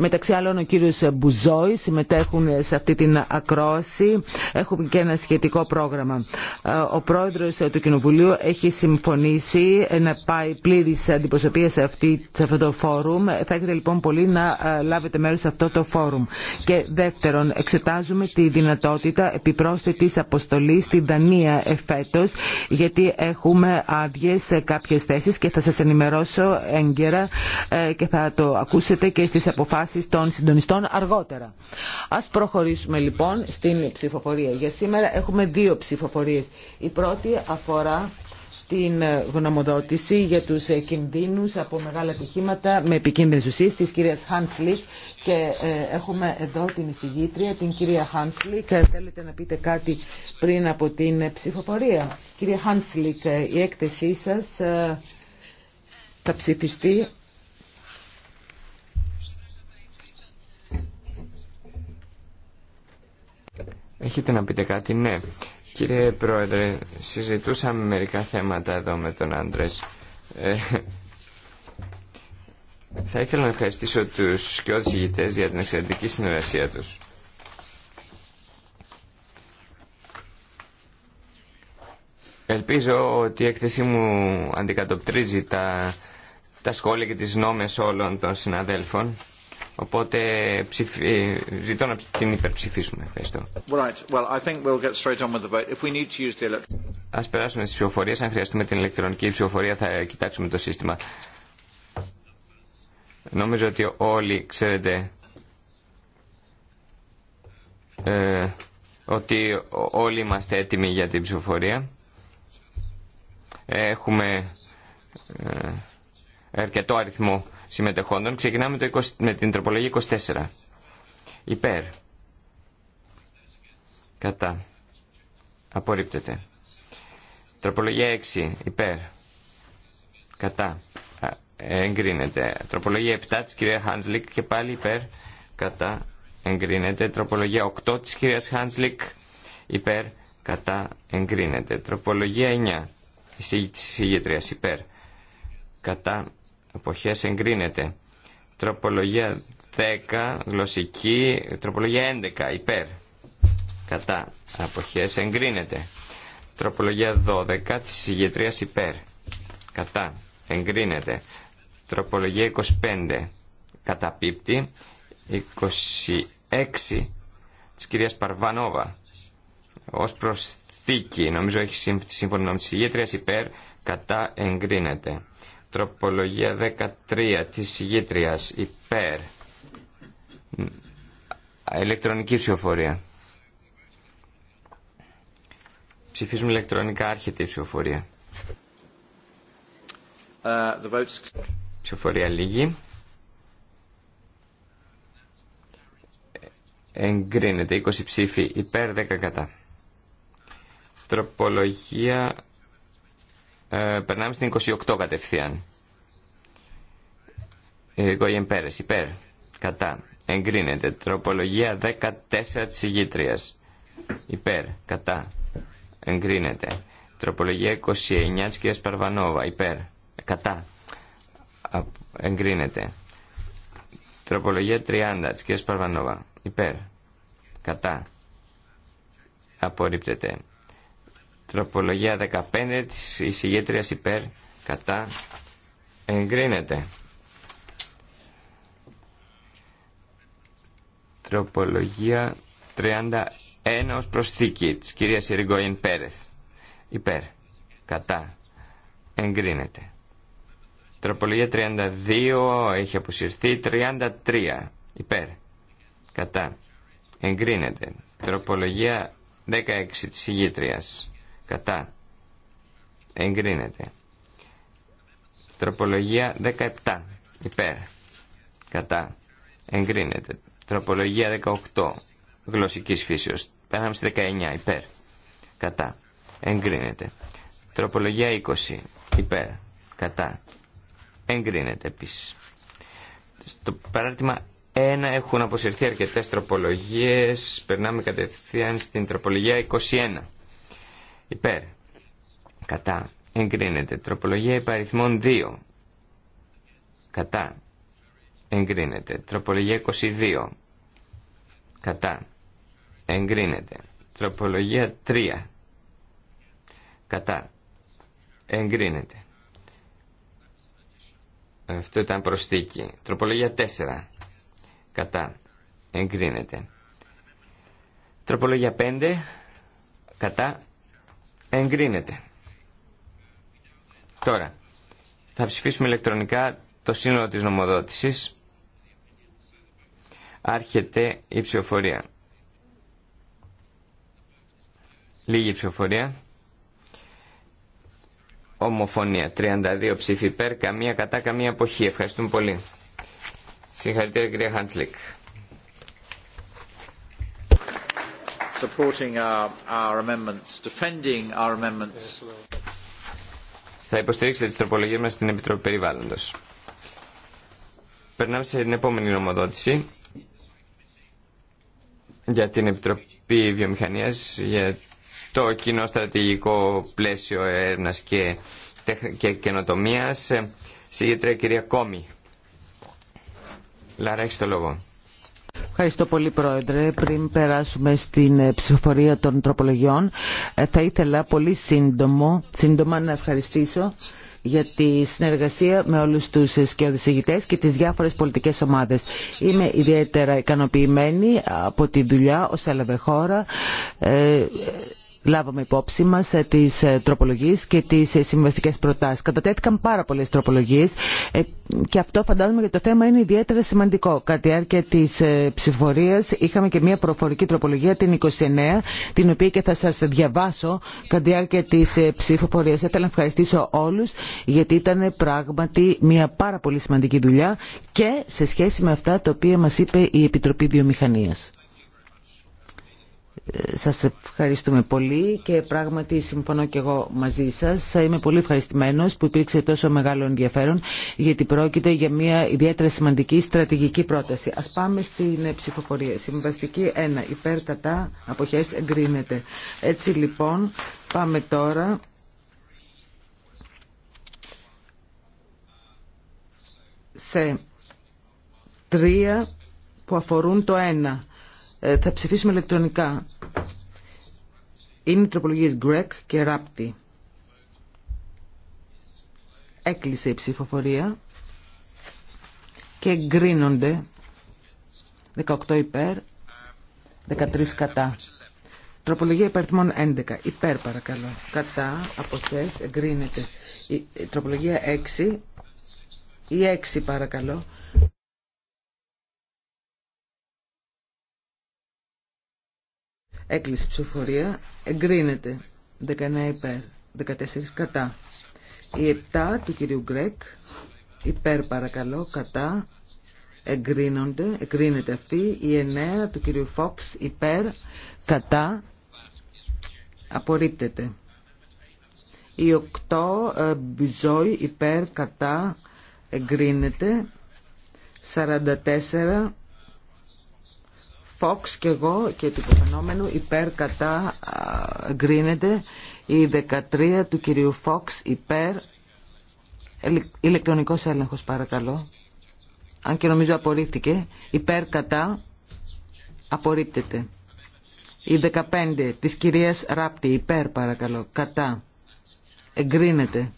Μεταξύ άλλων ο κύριος Μπουζόη συμμετέχουν σε αυτή την ακρόαση. Έχουμε και ένα σχετικό πρόγραμμα. Ε, ο πρόεδρος του Κοινοβουλίου έχει συμφωνήσει να πάει πλήρης αντιπροσωπεία σε, αυτή, σε αυτό το φόρουμ. Θα έχετε λοιπόν πολύ να ε, λάβετε μέρος σε αυτό το φόρουμ. Και δεύτερον, εξετάζουμε τη δυνατότητα επιπρόσθετης αποστολής στην Δανία εφέτος, γιατί έχουμε άδειε σε κάποιες θέσεις και θα σας ενημερώσω έγκαιρα ε, και θα το ακούσετε και στις αποφάσεις προτάσεις των συντονιστών αργότερα. Ας προχωρήσουμε λοιπόν στην ψηφοφορία. Για σήμερα έχουμε δύο ψηφοφορίες. Η πρώτη αφορά την γνωμοδότηση για τους κινδύνους από μεγάλα ατυχήματα με επικίνδυνες ουσίες της κυρίας Χάνσλικ και ε, έχουμε εδώ την εισηγήτρια, την κυρία Και ε, Θέλετε να πείτε κάτι πριν από την ψηφοφορία. Κυρία Χάνσλικ, ε, η έκθεσή σας θα ψηφιστεί Έχετε να πείτε κάτι, ναι. Κύριε Πρόεδρε, συζητούσαμε μερικά θέματα εδώ με τον Άντρες. Ε, θα ήθελα να ευχαριστήσω τους όλους ηγητές για την εξαιρετική συνεργασία τους. Ελπίζω ότι η έκθεσή μου αντικατοπτρίζει τα, τα σχόλια και τις νόμες όλων των συναδέλφων. Οπότε ε, ζητώ να την υπερψηφίσουμε. Ευχαριστώ. Right. Ας περάσουμε στις ψηφοφορίες. Αν χρειαστούμε την ηλεκτρονική ψηφοφορία θα κοιτάξουμε το σύστημα. Νομίζω ότι όλοι ξέρετε ε, ότι όλοι είμαστε έτοιμοι για την ψηφοφορία. Έχουμε ε, αρκετό αριθμό συμμετεχόντων. Ξεκινάμε με, το 20, με την τροπολογία 24. Υπέρ. Κατά. Απορρίπτεται. Τροπολογία 6. Υπέρ. Κατά. Εγκρίνεται. Τροπολογία 7 της κυρία Χάνσλικ και πάλι υπέρ. Κατά. Εγκρίνεται. Τροπολογία 8 της κυρίας Χάνσλικ. Υπέρ. Κατά. Εγκρίνεται. Τροπολογία 9. Της ηγετρίας υπέρ. Κατά. Εποχές εγκρίνεται. Τροπολογία 10, γλωσσική, τροπολογία 11, υπέρ, κατά, εποχές εγκρίνεται. Τροπολογία 12, της ηγετρίας υπέρ, κατά, εγκρίνεται. Τροπολογία 25, καταπίπτει. 26, της κυρίας Παρβανόβα, ως προσθήκη, νομίζω έχει σύμφωνη με τις ηγετρίας υπέρ, κατά, εγκρίνεται. Τροπολογία 13 της ηγήτριας υπέρ. Ηλεκτρονική ψηφοφορία. Ψηφίζουμε ηλεκτρονικά άρχεται η ψηφοφορία. Uh, the votes... Ψηφοφορία λίγη. Εγκρίνεται 20 ψήφοι υπέρ 10 κατά. Τροπολογία ε, περνάμε στην 28 κατευθείαν. Ε, Γκόγεν Πέρες, υπέρ, κατά, εγκρίνεται. Τροπολογία 14 της ηγήτριας, υπέρ, κατά, εγκρίνεται. Τροπολογία 29 της κυρίας Παρβανόβα, υπέρ, κατά, εγκρίνεται. Τροπολογία 30 της κυρίας Παρβανόβα, υπέρ, κατά, απορρίπτεται. Τροπολογία 15 της εισηγήτριας υπέρ κατά εγκρίνεται. Τροπολογία 31 ως προσθήκη της κυρίας Ιργκοϊν Πέρεθ. Υπέρ. Κατά. Εγκρίνεται. Τροπολογία 32 έχει αποσυρθεί. 33. Υπέρ. Κατά. Εγκρίνεται. Τροπολογία 16 της ηγήτριας. Κατά. Εγκρίνεται. Τροπολογία 17. Υπέρ. Κατά. Εγκρίνεται. Τροπολογία 18. Γλωσσικής φύσεως. Πέραμε στη 19. Υπέρ. Κατά. Εγκρίνεται. Τροπολογία 20. Υπέρ. Κατά. Εγκρίνεται επίσης. Στο παράρτημα 1 έχουν αποσυρθεί αρκετές τροπολογίες. Περνάμε κατευθείαν στην τροπολογία 21. Υπέρ. Κατά. Εγκρίνεται. Τροπολογία υπαριθμών 2. Κατά. Εγκρίνεται. Τροπολογία 22. Κατά. Εγκρίνεται. Τροπολογία 3. Κατά. Εγκρίνεται. Αυτό ήταν προστίκη. Τροπολογία 4. Κατά. Εγκρίνεται. Τροπολογία 5. Κατά. Εγκρίνεται. Τώρα, θα ψηφίσουμε ηλεκτρονικά το σύνολο της νομοδότησης. Άρχεται η ψηφοφορία. Λίγη ψηφοφορία. Ομοφωνία. 32 ψήφοι υπέρ, καμία κατά, καμία αποχή. Ευχαριστούμε πολύ. Συγχαρητήρια κυρία Χάντσλικ. Θα υποστηρίξετε τις τροπολογίες μας στην Επιτροπή Περιβάλλοντος. Περνάμε σε την επόμενη νομοδότηση για την Επιτροπή Βιομηχανίας για το κοινό στρατηγικό πλαίσιο έρευνας και, και καινοτομίας. Συγγετρία κυρία Κόμη. Λάρα, έχεις το λόγο. Ευχαριστώ πολύ Πρόεδρε. Πριν περάσουμε στην ε, ψηφοφορία των τροπολογιών, ε, θα ήθελα πολύ σύντομο, σύντομα να ευχαριστήσω για τη συνεργασία με όλους τους σκιοδησηγητές και τις διάφορες πολιτικές ομάδες. Είμαι ιδιαίτερα ικανοποιημένη από τη δουλειά ως έλαβε χώρα. Ε, λάβαμε υπόψη μα ε, τι ε, τροπολογίε και τι ε, συμβαστικέ προτάσει. Κατατέθηκαν πάρα πολλέ τροπολογίε και αυτό φαντάζομαι για το θέμα είναι ιδιαίτερα σημαντικό. Κατά τη διάρκεια τη ψηφορία είχαμε και μια προφορική τροπολογία, την 29, την οποία και θα σα διαβάσω κατά τη διάρκεια τη ψηφοφορία. Θέλω να ευχαριστήσω όλου γιατί ήταν πράγματι μια πάρα πολύ σημαντική δουλειά και σε σχέση με αυτά τα οποία μα είπε η Επιτροπή Βιομηχανία. Σας ευχαριστούμε πολύ και πράγματι συμφωνώ και εγώ μαζί σας. Είμαι πολύ ευχαριστημένος που υπήρξε τόσο μεγάλο ενδιαφέρον γιατί πρόκειται για μια ιδιαίτερα σημαντική στρατηγική πρόταση. Ας πάμε στην ψηφοφορία. Συμβαστική 1. Υπέρτατα αποχές εγκρίνεται. Έτσι λοιπόν πάμε τώρα... σε τρία που αφορούν το ένα. Ε, θα ψηφίσουμε ηλεκτρονικά. Είναι οι τροπολογίες Γκρέκ και Ράπτη. Έκλεισε η ψηφοφορία και εγκρίνονται 18 υπέρ, 13 κατά. Τροπολογία υπερθμών 11. Υπέρ παρακαλώ. Κατά, αποθές, εγκρίνεται. Η, τροπολογία 6. Η 6 παρακαλώ. Έκλεισε ψηφοφορία. Εγκρίνεται. 19 υπέρ. 14 κατά. Η 7 του κυρίου Γκρέκ. Υπέρ παρακαλώ. Κατά. Εγκρίνονται. Εγκρίνεται αυτή. Η 9 του κυρίου Φόξ. Υπέρ. Κατά. Απορρίπτεται. Η 8 ε, Μπιζόη. Υπέρ. Κατά. Εγκρίνεται. 44 Fox και εγώ και του υποφαινόμενου υπέρ κατά γκρίνεται η 13 του κυρίου Φόξ υπέρ ηλεκτρονικός έλεγχος παρακαλώ αν και νομίζω απορρίφθηκε υπέρ κατά απορρίπτεται η 15 της κυρίας Ράπτη υπέρ παρακαλώ κατά εγκρίνεται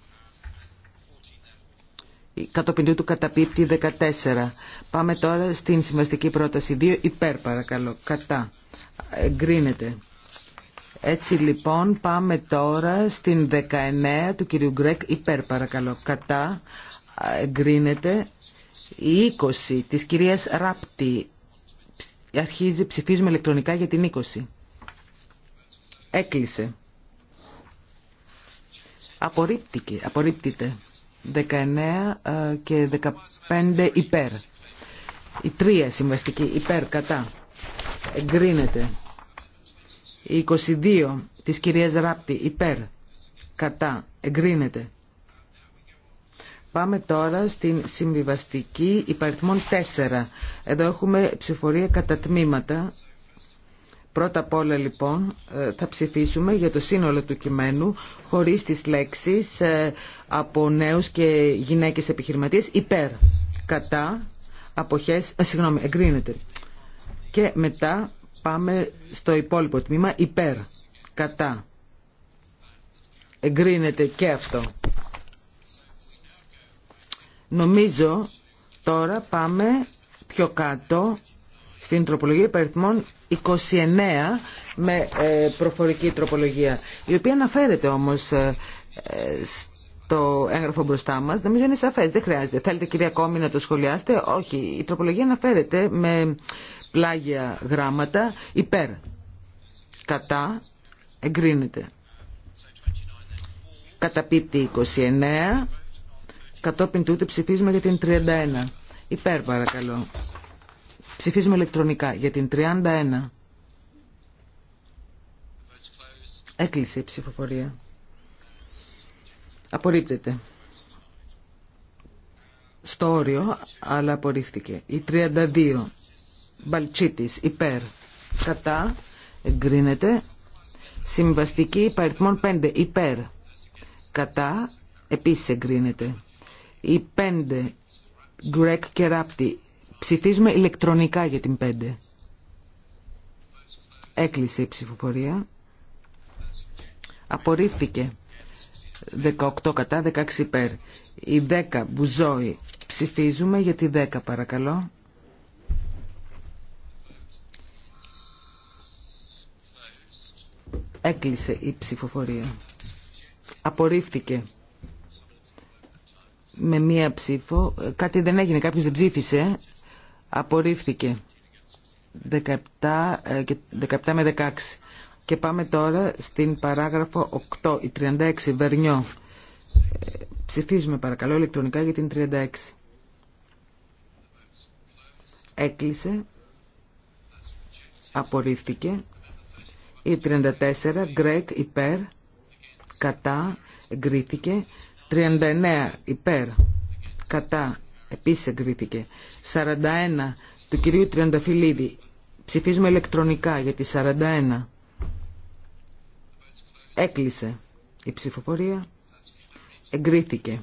κατόπιν του καταπίπτει 14. Πάμε τώρα στην σημαντική πρόταση 2 υπέρ παρακαλώ. Κατά. Εγκρίνεται. Έτσι λοιπόν πάμε τώρα στην 19 του κυρίου Γκρέκ υπέρ παρακαλώ. Κατά. Εγκρίνεται. Η 20 της κυρίας Ράπτη αρχίζει ψηφίζουμε ηλεκτρονικά για την 20. Έκλεισε. Απορρίπτηκε. απορρίπτηται. 19 ε, και 15 υπέρ. Η 3 συμβαστική υπέρ κατά. Εγκρίνεται. Η 22 της κυρίας Ράπτη υπέρ κατά. Εγκρίνεται. Πάμε τώρα στην συμβιβαστική υπαριθμών 4. Εδώ έχουμε ψηφορία κατά τμήματα. Πρώτα απ' όλα λοιπόν ε, θα ψηφίσουμε για το σύνολο του κειμένου χωρίς τις λέξεις ε, από νέους και γυναίκες επιχειρηματίες υπέρ, κατά, αποχές, ε, συγγνώμη, εγκρίνεται. Και μετά πάμε στο υπόλοιπο τμήμα υπέρ, κατά. Εγκρίνεται και αυτό. Νομίζω τώρα πάμε πιο κάτω στην τροπολογία υπεριθμών 29 με ε, προφορική τροπολογία, η οποία αναφέρεται όμως ε, ε, στο έγγραφο μπροστά μας Νομίζω είναι σαφέ, δεν χρειάζεται. Θέλετε, κυρία Κόμη, να το σχολιάσετε. Όχι, η τροπολογία αναφέρεται με πλάγια γράμματα υπέρ. Κατά εγκρίνεται. Καταπίπτει 29. Κατόπιν τούτου ψηφίζουμε για την 31. Υπέρ παρακαλώ. Ψηφίζουμε ηλεκτρονικά για την 31. Έκλεισε η ψηφοφορία. Απορρίπτεται. Στο όριο, αλλά απορρίφθηκε. Η 32. Μπαλτσίτης, υπέρ. Κατά. Εγκρίνεται. Συμβαστική υπαριθμών 5. Υπέρ. Κατά. Επίσης εγκρίνεται. Η 5. Γκρέκ και Ράπτη. Ψηφίζουμε ηλεκτρονικά για την 5. Έκλεισε η ψηφοφορία. Απορρίφθηκε. 18 κατά, 16 υπέρ. Η 10 Μπουζόη. Ψηφίζουμε για τη 10 παρακαλώ. Έκλεισε η ψηφοφορία. Απορρίφθηκε με μία ψήφο. Κάτι δεν έγινε, κάποιος δεν ψήφισε. Απορρίφθηκε. 17, ε, με 16. Και πάμε τώρα στην παράγραφο 8, η 36, Βερνιό. Ε, ψηφίζουμε παρακαλώ ηλεκτρονικά για την 36. Έκλεισε. Απορρίφθηκε. Η 34, Γκρέκ, υπέρ. Κατά. Εγκρίθηκε. 39, υπέρ. Κατά. Επίσης εγκρίθηκε. 41 του κυρίου Τριανταφυλλίδη. Ψηφίζουμε ηλεκτρονικά για τη 41. Έκλεισε η ψηφοφορία. Εγκρίθηκε.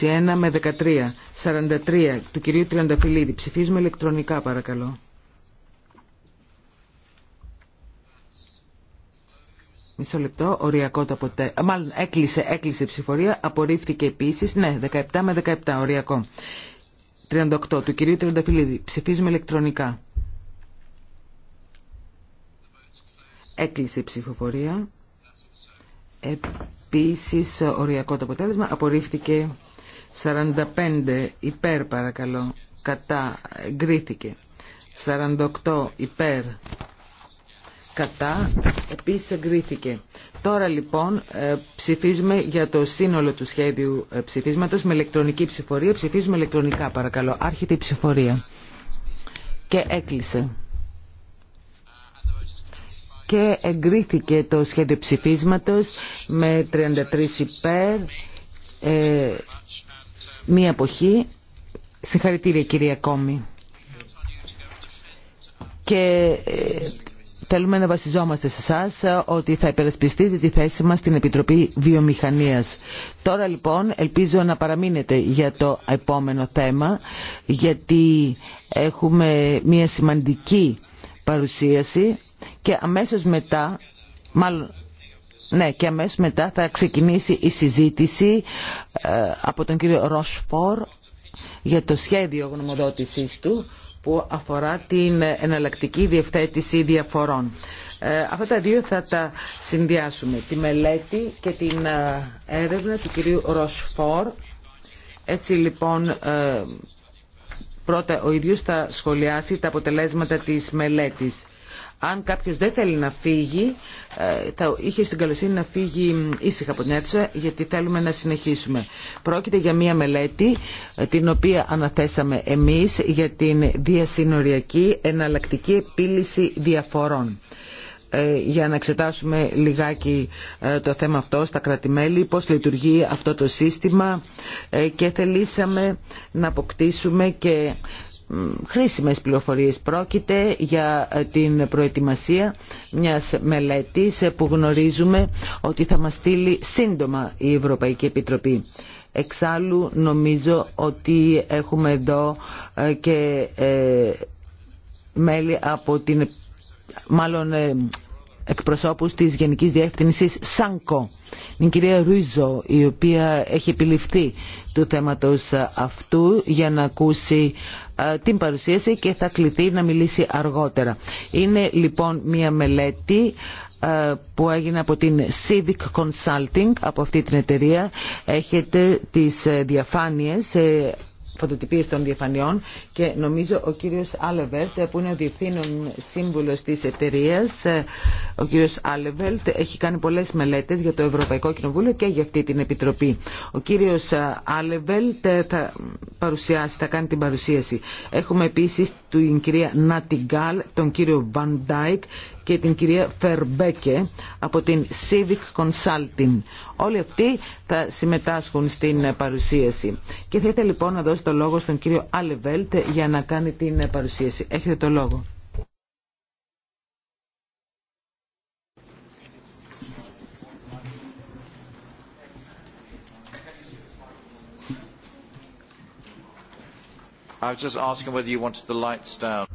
21 με 13. 43 του κυρίου Τριανταφυλλίδη. Ψηφίζουμε ηλεκτρονικά παρακαλώ. Μισό λεπτό, οριακό το αποτέλεσμα. Μάλλον έκλεισε, έκλεισε η ψηφορία. Απορρίφθηκε επίση. Ναι, 17 με 17, οριακό. 38 του κυρίου Τριανταφυλλίδη. Ψηφίζουμε ηλεκτρονικά. Έκλεισε η ψηφοφορία. Επίση οριακό το αποτέλεσμα. Απορρίφθηκε 45 υπέρ παρακαλώ. Κατά εγκρίθηκε. 48 υπέρ κατά, επίσης εγκρίθηκε. Τώρα λοιπόν ε, ψηφίζουμε για το σύνολο του σχέδιου ε, ψηφίσματος με ηλεκτρονική ψηφορία. Ψηφίζουμε ηλεκτρονικά παρακαλώ. Άρχεται η ψηφορία. Και έκλεισε. Και εγκρίθηκε το σχέδιο ψηφίσματος με 33 υπέρ, ε, μία εποχή. Συγχαρητήρια κυρία Κόμη. Και Θέλουμε να βασιζόμαστε σε εσά ε, ότι θα υπερασπιστείτε τη θέση μας στην Επιτροπή Βιομηχανίας. Τώρα λοιπόν ελπίζω να παραμείνετε για το επόμενο θέμα γιατί έχουμε μια σημαντική παρουσίαση και αμέσως μετά, ναι, και αμέσως μετά θα ξεκινήσει η συζήτηση ε, από τον κύριο Ροσφόρ για το σχέδιο γνωμοδότησής του που αφορά την εναλλακτική διευθέτηση διαφορών. Ε, αυτά τα δύο θα τα συνδυάσουμε, τη μελέτη και την ε, έρευνα του κυρίου Ροσφόρ. Έτσι λοιπόν ε, πρώτα ο ίδιος θα σχολιάσει τα αποτελέσματα της μελέτης αν κάποιος δεν θέλει να φύγει, ε, θα είχε στην καλοσύνη να φύγει ήσυχα από την αίθουσα, γιατί θέλουμε να συνεχίσουμε. Πρόκειται για μία μελέτη, ε, την οποία αναθέσαμε εμείς για την διασυνοριακή εναλλακτική επίλυση διαφορών ε, για να εξετάσουμε λιγάκι το θέμα αυτό στα κρατημέλη, πώς λειτουργεί αυτό το σύστημα και θελήσαμε να αποκτήσουμε και χρήσιμες πληροφορίες. Πρόκειται για ε, την προετοιμασία μιας μελέτης ε, που γνωρίζουμε ότι θα μας στείλει σύντομα η Ευρωπαϊκή Επιτροπή. Εξάλλου νομίζω ότι έχουμε εδώ ε, και μέλη από την μάλλον εκπροσώπους της Γενικής Διεύθυνσης ΣΑΝΚΟ, την κυρία Ρουίζο, η οποία έχει επιληφθεί του θέματος αυτού για να ακούσει ε, την παρουσίαση και θα κληθεί να μιλήσει αργότερα. Είναι λοιπόν μια μελέτη ε, που έγινε από την Civic Consulting, από αυτή την εταιρεία. Έχετε τις ε, διαφάνειες φωτοτυπίες των διαφανειών και νομίζω ο κύριος Αλεβελτ που είναι ο διευθύνων σύμβουλος της εταιρεία. ο κύριος Άλεβελτ έχει κάνει πολλές μελέτες για το Ευρωπαϊκό Κοινοβούλιο και για αυτή την Επιτροπή. Ο κύριος Άλεβερτ θα παρουσιάσει, θα κάνει την παρουσίαση. Έχουμε επίσης την κυρία Νατιγκάλ, τον κύριο Βαν και την κυρία Φερμπέκε από την Civic Consulting. Όλοι αυτοί θα συμμετάσχουν στην παρουσίαση. Και θα ήθελα λοιπόν να δώσω το λόγο στον κύριο Άλεβελτ για να κάνει την παρουσίαση. Έχετε το λόγο.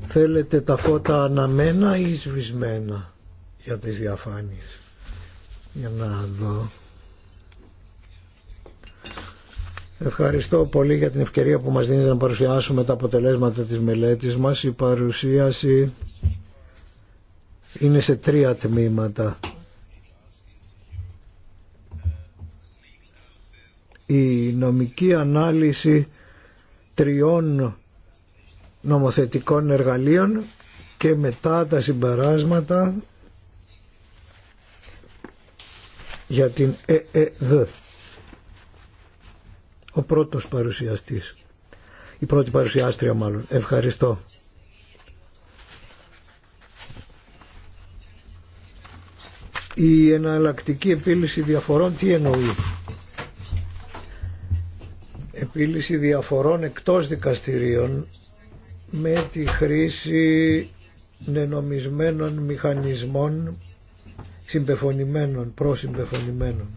Θέλετε τα φώτα αναμένα ή σβησμένα για τις διαφάνειες. Για να δω. Ευχαριστώ πολύ για την ευκαιρία που μας δίνετε να παρουσιάσουμε τα αποτελέσματα της μελέτης μας. Η παρουσίαση είναι σε τρία τμήματα. Η νομική ανάλυση τριών νομοθετικών εργαλείων και μετά τα συμπεράσματα για την ΕΕΔ. Ο πρώτος παρουσιαστής. Η πρώτη παρουσιάστρια μάλλον. Ευχαριστώ. Η εναλλακτική επίλυση διαφορών τι εννοεί επίλυση διαφορών εκτός δικαστηρίων με τη χρήση νενομισμένων μηχανισμών συμπεφωνημένων, προσυμπεφωνημένων.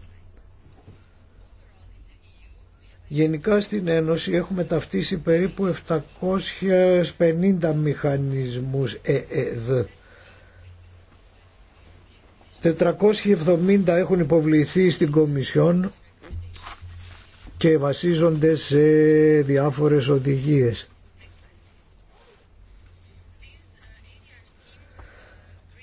Γενικά στην Ένωση έχουμε ταυτίσει περίπου 750 μηχανισμούς ΕΕΔ. 470 έχουν υποβληθεί στην Κομισιόν και βασίζονται σε διάφορες οδηγίες.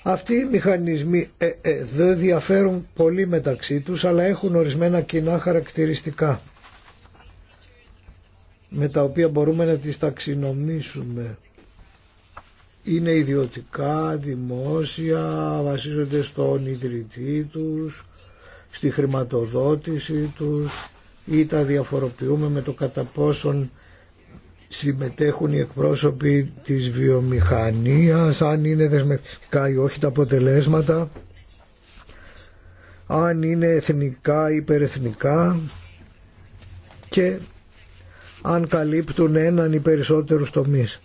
Αυτοί οι μηχανισμοί ε, ε, δεν διαφέρουν πολύ μεταξύ τους αλλά έχουν ορισμένα κοινά χαρακτηριστικά με τα οποία μπορούμε να τις ταξινομήσουμε. Είναι ιδιωτικά, δημόσια, βασίζονται στον ιδρυτή τους, στη χρηματοδότηση τους ή τα διαφοροποιούμε με το κατά πόσον συμμετέχουν οι εκπρόσωποι της βιομηχανίας, αν είναι δεσμευτικά ή όχι τα αποτελέσματα, αν είναι εθνικά ή υπερεθνικά και αν καλύπτουν έναν ή περισσότερους τομείς.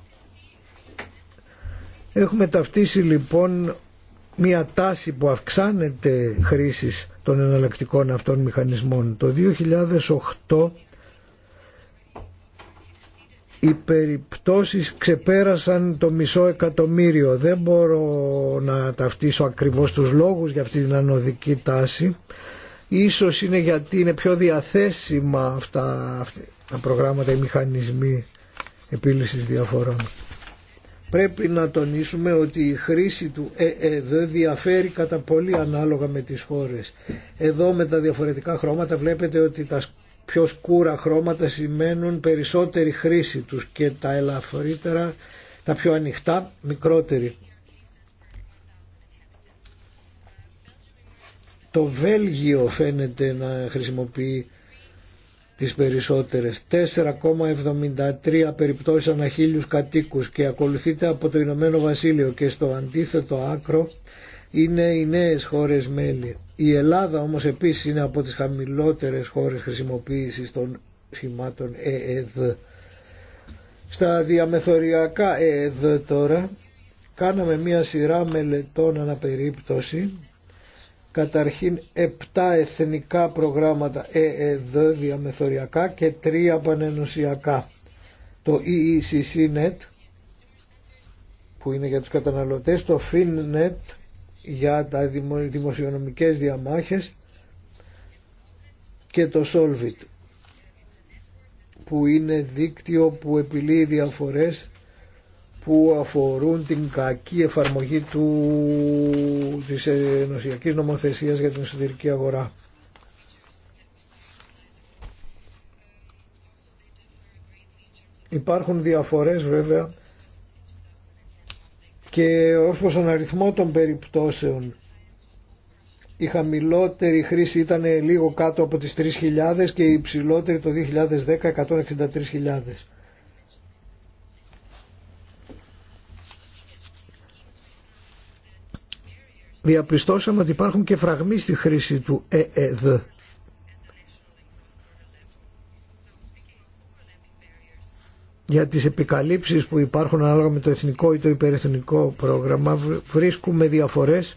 Έχουμε ταυτίσει λοιπόν μια τάση που αυξάνεται χρήσης των εναλλακτικών αυτών μηχανισμών. Το 2008 οι περιπτώσεις ξεπέρασαν το μισό εκατομμύριο. Δεν μπορώ να ταυτίσω ακριβώς τους λόγους για αυτή την ανωδική τάση. Ίσως είναι γιατί είναι πιο διαθέσιμα αυτά τα προγράμματα, οι μηχανισμοί επίλυσης διαφορών. Πρέπει να τονίσουμε ότι η χρήση του ΕΕΔ διαφέρει κατά πολύ ανάλογα με τις χώρες. Εδώ με τα διαφορετικά χρώματα βλέπετε ότι τα πιο σκούρα χρώματα σημαίνουν περισσότερη χρήση τους και τα ελαφρύτερα, τα πιο ανοιχτά, μικρότερη. Το Βέλγιο φαίνεται να χρησιμοποιεί τις περισσότερες 4,73 περιπτώσεις ανά χίλιους κατοίκους και ακολουθείται από το Ηνωμένο Βασίλειο και στο αντίθετο άκρο είναι οι νέες χώρες μέλη. Η Ελλάδα όμως επίσης είναι από τις χαμηλότερες χώρες χρησιμοποίησης των σχημάτων ΕΕΔ. Στα διαμεθοριακά ΕΕΔ τώρα κάναμε μία σειρά μελετών αναπερίπτωση καταρχήν 7 εθνικά προγράμματα ΕΕΔ διαμεθοριακά και τρία πανενουσιακά. Το EECCNet που είναι για τους καταναλωτές, το FinNet για τα δημοσιονομικές διαμάχες και το Solvit που είναι δίκτυο που επιλύει διαφορές που αφορούν την κακή εφαρμογή του, της ενωσιακής νομοθεσίας για την εσωτερική αγορά. Υπάρχουν διαφορές βέβαια και ως προς τον αριθμό των περιπτώσεων η χαμηλότερη χρήση ήταν λίγο κάτω από τις 3.000 και η υψηλότερη το 2010 163.000. διαπιστώσαμε ότι υπάρχουν και φραγμοί στη χρήση του ΕΕΔ. Για τις επικαλύψεις που υπάρχουν ανάλογα με το εθνικό ή το υπερεθνικό πρόγραμμα βρίσκουμε διαφορές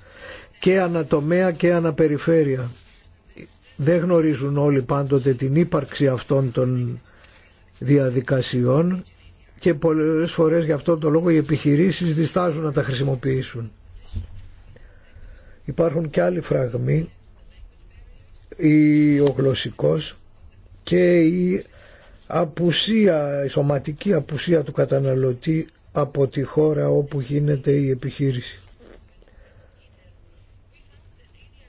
και ανατομέα και αναπεριφέρεια. Δεν γνωρίζουν όλοι πάντοτε την ύπαρξη αυτών των διαδικασιών και πολλές φορές γι' αυτόν τον λόγο οι επιχειρήσεις διστάζουν να τα χρησιμοποιήσουν. Υπάρχουν και άλλοι φραγμοί, η, ο γλωσσικός και η απουσία, η σωματική απουσία του καταναλωτή από τη χώρα όπου γίνεται η επιχείρηση.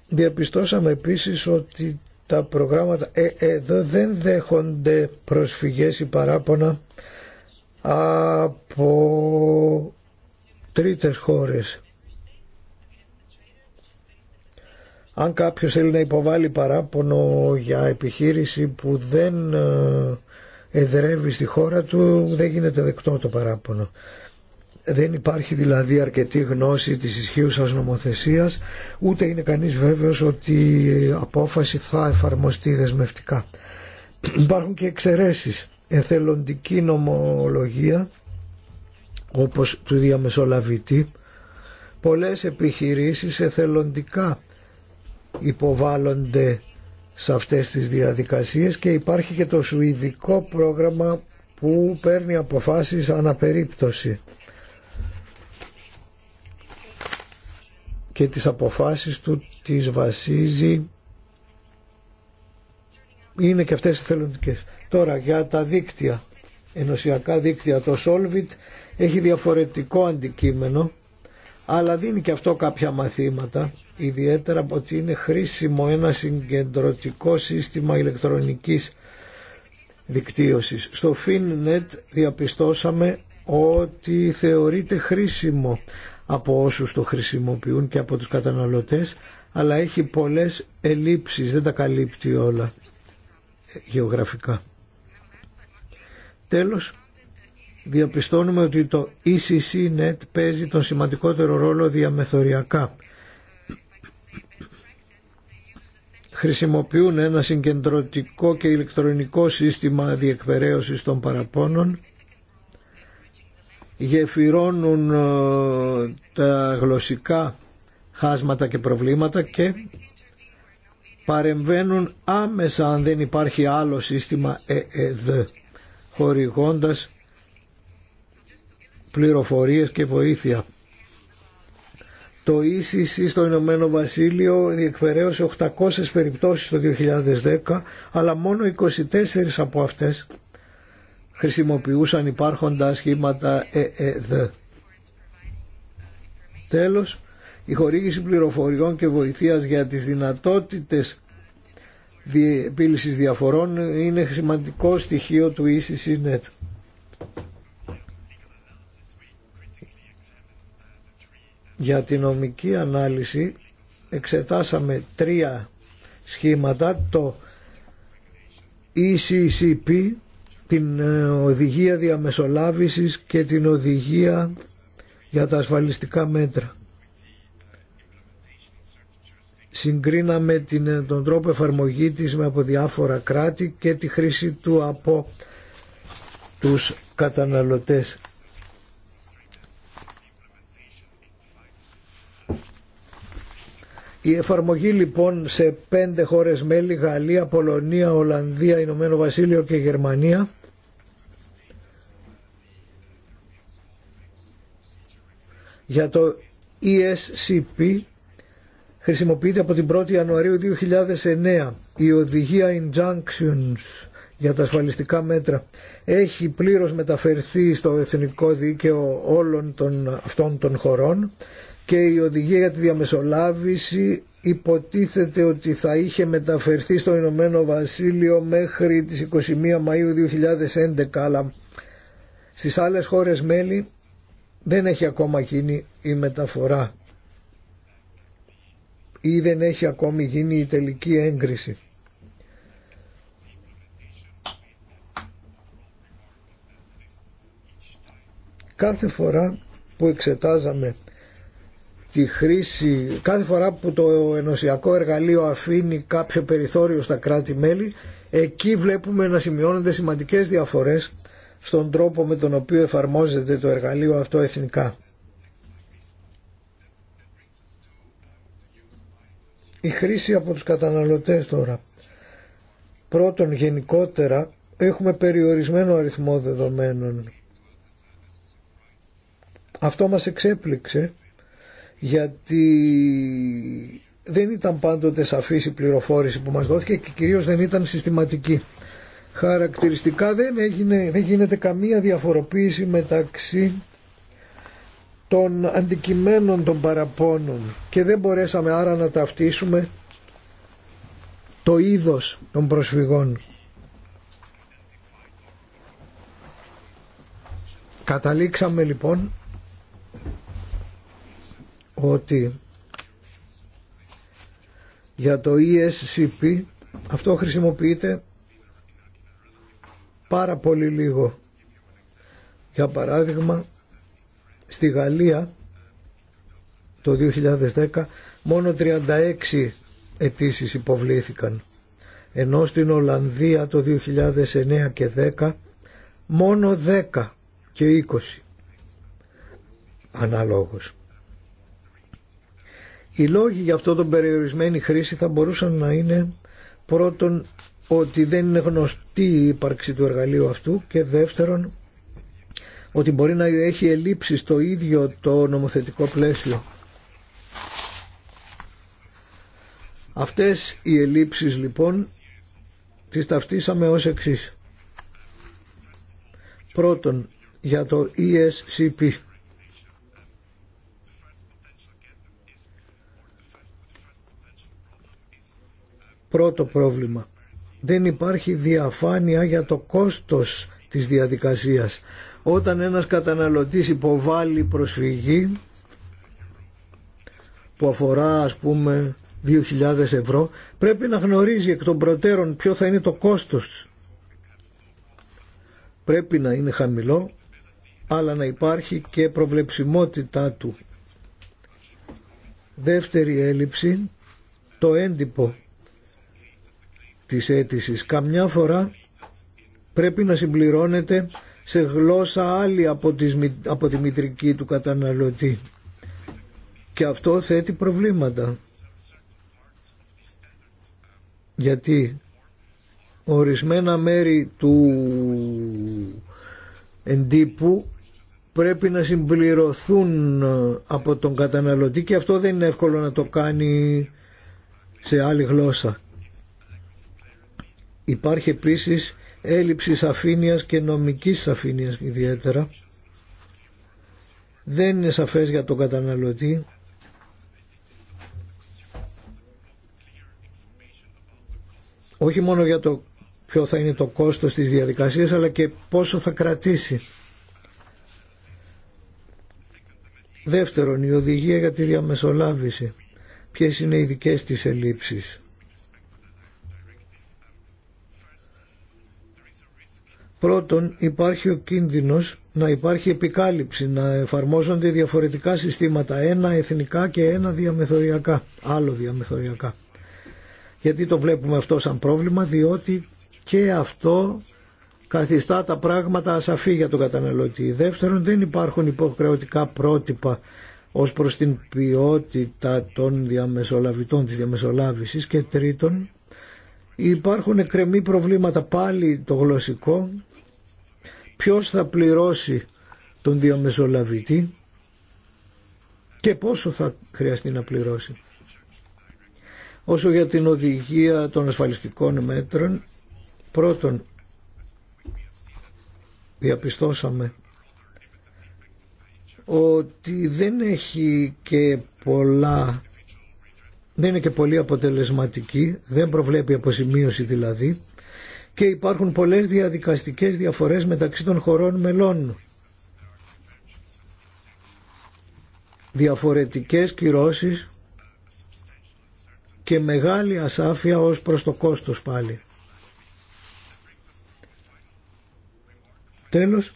Διαπιστώσαμε επίσης ότι τα προγράμματα ε, ε, εδώ δεν δέχονται προσφυγές ή παράπονα από τρίτες χώρες. Αν κάποιο θέλει να υποβάλει παράπονο για επιχείρηση που δεν ε, εδρεύει στη χώρα του, δεν γίνεται δεκτό το παράπονο. Δεν υπάρχει δηλαδή αρκετή γνώση της ισχύουσας νομοθεσίας, ούτε είναι κανείς βέβαιος ότι η απόφαση θα εφαρμοστεί δεσμευτικά. Υπάρχουν και εξαιρέσεις. Εθελοντική νομολογία, όπως του διαμεσολαβητή, πολλές επιχειρήσεις εθελοντικά υποβάλλονται σε αυτές τις διαδικασίες και υπάρχει και το σουηδικό πρόγραμμα που παίρνει αποφάσεις αναπερίπτωση και τις αποφάσεις του τις βασίζει είναι και αυτές θελοντικές. τώρα για τα δίκτυα ενωσιακά δίκτυα το Solvit έχει διαφορετικό αντικείμενο αλλά δίνει και αυτό κάποια μαθήματα ιδιαίτερα από ότι είναι χρήσιμο ένα συγκεντρωτικό σύστημα ηλεκτρονικής δικτύωσης. Στο FinNet διαπιστώσαμε ότι θεωρείται χρήσιμο από όσους το χρησιμοποιούν και από τους καταναλωτές αλλά έχει πολλές ελλείψεις, δεν τα καλύπτει όλα γεωγραφικά. Τέλος, διαπιστώνουμε ότι το ECC Net παίζει τον σημαντικότερο ρόλο διαμεθοριακά χρησιμοποιούν ένα συγκεντρωτικό και ηλεκτρονικό σύστημα διεκπεραίωσης των παραπώνων γεφυρώνουν ε, τα γλωσσικά χάσματα και προβλήματα και παρεμβαίνουν άμεσα αν δεν υπάρχει άλλο σύστημα ΕΕΔ χορηγώντας πληροφορίες και βοήθεια. Το ECC στο Ηνωμένο Βασίλειο διεκπαιρέωσε 800 περιπτώσεις το 2010, αλλά μόνο 24 από αυτές χρησιμοποιούσαν υπάρχοντα σχήματα ΕΕΔ. Τέλος, η χορήγηση πληροφοριών και βοηθείας για τις δυνατότητες επίλυσης διαφορών είναι σημαντικό στοιχείο του ECCNet. Για την νομική ανάλυση εξετάσαμε τρία σχήματα, το ECCP, την ε, οδηγία διαμεσολάβησης και την οδηγία για τα ασφαλιστικά μέτρα. Συγκρίναμε την, ε, τον τρόπο εφαρμογή της με από διάφορα κράτη και τη χρήση του από τους καταναλωτές. Η εφαρμογή λοιπόν σε πέντε χώρες μέλη, Γαλλία, Πολωνία, Ολλανδία, Ηνωμένο Βασίλειο και Γερμανία, για το ESCP χρησιμοποιείται από την 1η Ιανουαρίου 2009. Η οδηγία Injunctions για τα ασφαλιστικά μέτρα έχει πλήρως μεταφερθεί στο εθνικό δίκαιο όλων των, αυτών των χωρών και η οδηγία για τη διαμεσολάβηση υποτίθεται ότι θα είχε μεταφερθεί στο Ηνωμένο Βασίλειο μέχρι τις 21 Μαΐου 2011 αλλά στις άλλες χώρες μέλη δεν έχει ακόμα γίνει η μεταφορά ή δεν έχει ακόμη γίνει η τελική έγκριση. Κάθε φορά που εξετάζαμε τη χρήση, κάθε φορά που το ενωσιακό εργαλείο αφήνει κάποιο περιθώριο στα κράτη-μέλη, εκεί βλέπουμε να σημειώνονται σημαντικές διαφορές στον τρόπο με τον οποίο εφαρμόζεται το εργαλείο αυτό εθνικά. Η χρήση από τους καταναλωτές τώρα. Πρώτον, γενικότερα, έχουμε περιορισμένο αριθμό δεδομένων. Αυτό μας εξέπληξε γιατί δεν ήταν πάντοτε σαφής η πληροφόρηση που μας δόθηκε και κυρίως δεν ήταν συστηματική. Χαρακτηριστικά δεν, έγινε, δεν γίνεται καμία διαφοροποίηση μεταξύ των αντικειμένων των παραπώνων και δεν μπορέσαμε άρα να ταυτίσουμε το είδος των προσφυγών. Καταλήξαμε λοιπόν ότι για το ESCP αυτό χρησιμοποιείται πάρα πολύ λίγο. Για παράδειγμα, στη Γαλλία το 2010 μόνο 36 αιτήσει υποβλήθηκαν, ενώ στην Ολλανδία το 2009 και 10 μόνο 10 και 20 αναλόγως. Οι λόγοι για αυτό τον περιορισμένη χρήση θα μπορούσαν να είναι πρώτον ότι δεν είναι γνωστή η ύπαρξη του εργαλείου αυτού και δεύτερον ότι μπορεί να έχει ελλείψει το ίδιο το νομοθετικό πλαίσιο. Αυτές οι ελλείψεις λοιπόν τις ταυτίσαμε ως εξής. Πρώτον για το ESCP Πρώτο πρόβλημα. Δεν υπάρχει διαφάνεια για το κόστος της διαδικασίας. Όταν ένας καταναλωτής υποβάλλει προσφυγή που αφορά ας πούμε 2.000 ευρώ πρέπει να γνωρίζει εκ των προτέρων ποιο θα είναι το κόστος. Πρέπει να είναι χαμηλό αλλά να υπάρχει και προβλεψιμότητά του. Δεύτερη έλλειψη, το έντυπο της Καμιά φορά πρέπει να συμπληρώνεται σε γλώσσα άλλη από, από τη μητρική του καταναλωτή. Και αυτό θέτει προβλήματα. Γιατί ορισμένα μέρη του εντύπου πρέπει να συμπληρωθούν από τον καταναλωτή και αυτό δεν είναι εύκολο να το κάνει σε άλλη γλώσσα. Υπάρχει επίσης έλλειψη σαφήνειας και νομικής σαφήνειας ιδιαίτερα. Δεν είναι σαφές για τον καταναλωτή όχι μόνο για το ποιο θα είναι το κόστος της διαδικασίας αλλά και πόσο θα κρατήσει. Δεύτερον, η οδηγία για τη διαμεσολάβηση. Ποιες είναι οι δικές της ελλείψεις. Πρώτον, υπάρχει ο κίνδυνος να υπάρχει επικάλυψη, να εφαρμόζονται διαφορετικά συστήματα, ένα εθνικά και ένα διαμεθοριακά, άλλο διαμεθοριακά. Γιατί το βλέπουμε αυτό σαν πρόβλημα, διότι και αυτό καθιστά τα πράγματα ασαφή για τον καταναλωτή. Δεύτερον, δεν υπάρχουν υποχρεωτικά πρότυπα ως προς την ποιότητα των διαμεσολαβητών της διαμεσολάβησης και τρίτον υπάρχουν εκκρεμή προβλήματα πάλι το γλωσσικό ποιος θα πληρώσει τον διαμεσολαβητή και πόσο θα χρειαστεί να πληρώσει. Όσο για την οδηγία των ασφαλιστικών μέτρων, πρώτον διαπιστώσαμε ότι δεν έχει και πολλά δεν είναι και πολύ αποτελεσματική, δεν προβλέπει αποσημείωση δηλαδή και υπάρχουν πολλές διαδικαστικές διαφορές μεταξύ των χωρών μελών. Διαφορετικές κυρώσεις και μεγάλη ασάφεια ως προς το κόστος πάλι. Τέλος,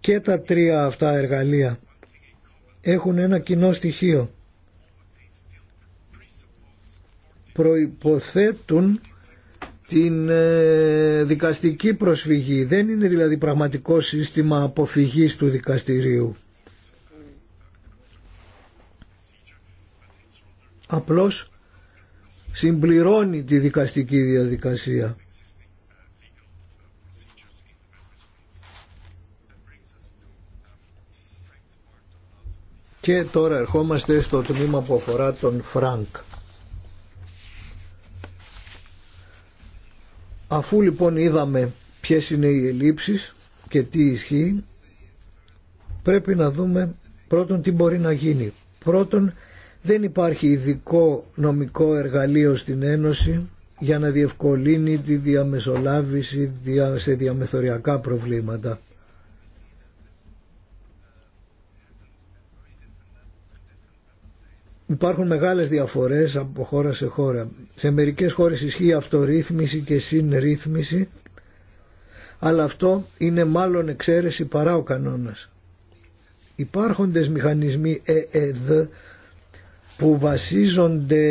και τα τρία αυτά εργαλεία έχουν ένα κοινό στοιχείο. προϋποθέτουν την ε, δικαστική προσφυγή. Δεν είναι δηλαδή πραγματικό σύστημα αποφυγής του δικαστηρίου. Απλώς συμπληρώνει τη δικαστική διαδικασία. Και τώρα ερχόμαστε στο τμήμα που αφορά τον Φρανκ. Αφού λοιπόν είδαμε ποιες είναι οι ελλείψεις και τι ισχύει, πρέπει να δούμε πρώτον τι μπορεί να γίνει. Πρώτον, δεν υπάρχει ειδικό νομικό εργαλείο στην Ένωση για να διευκολύνει τη διαμεσολάβηση σε διαμεθοριακά προβλήματα. Υπάρχουν μεγάλες διαφορές από χώρα σε χώρα. Σε μερικές χώρες ισχύει αυτορύθμιση και συνρύθμιση, αλλά αυτό είναι μάλλον εξαίρεση παρά ο κανόνας. Υπάρχοντες μηχανισμοί ΕΕΔ που βασίζονται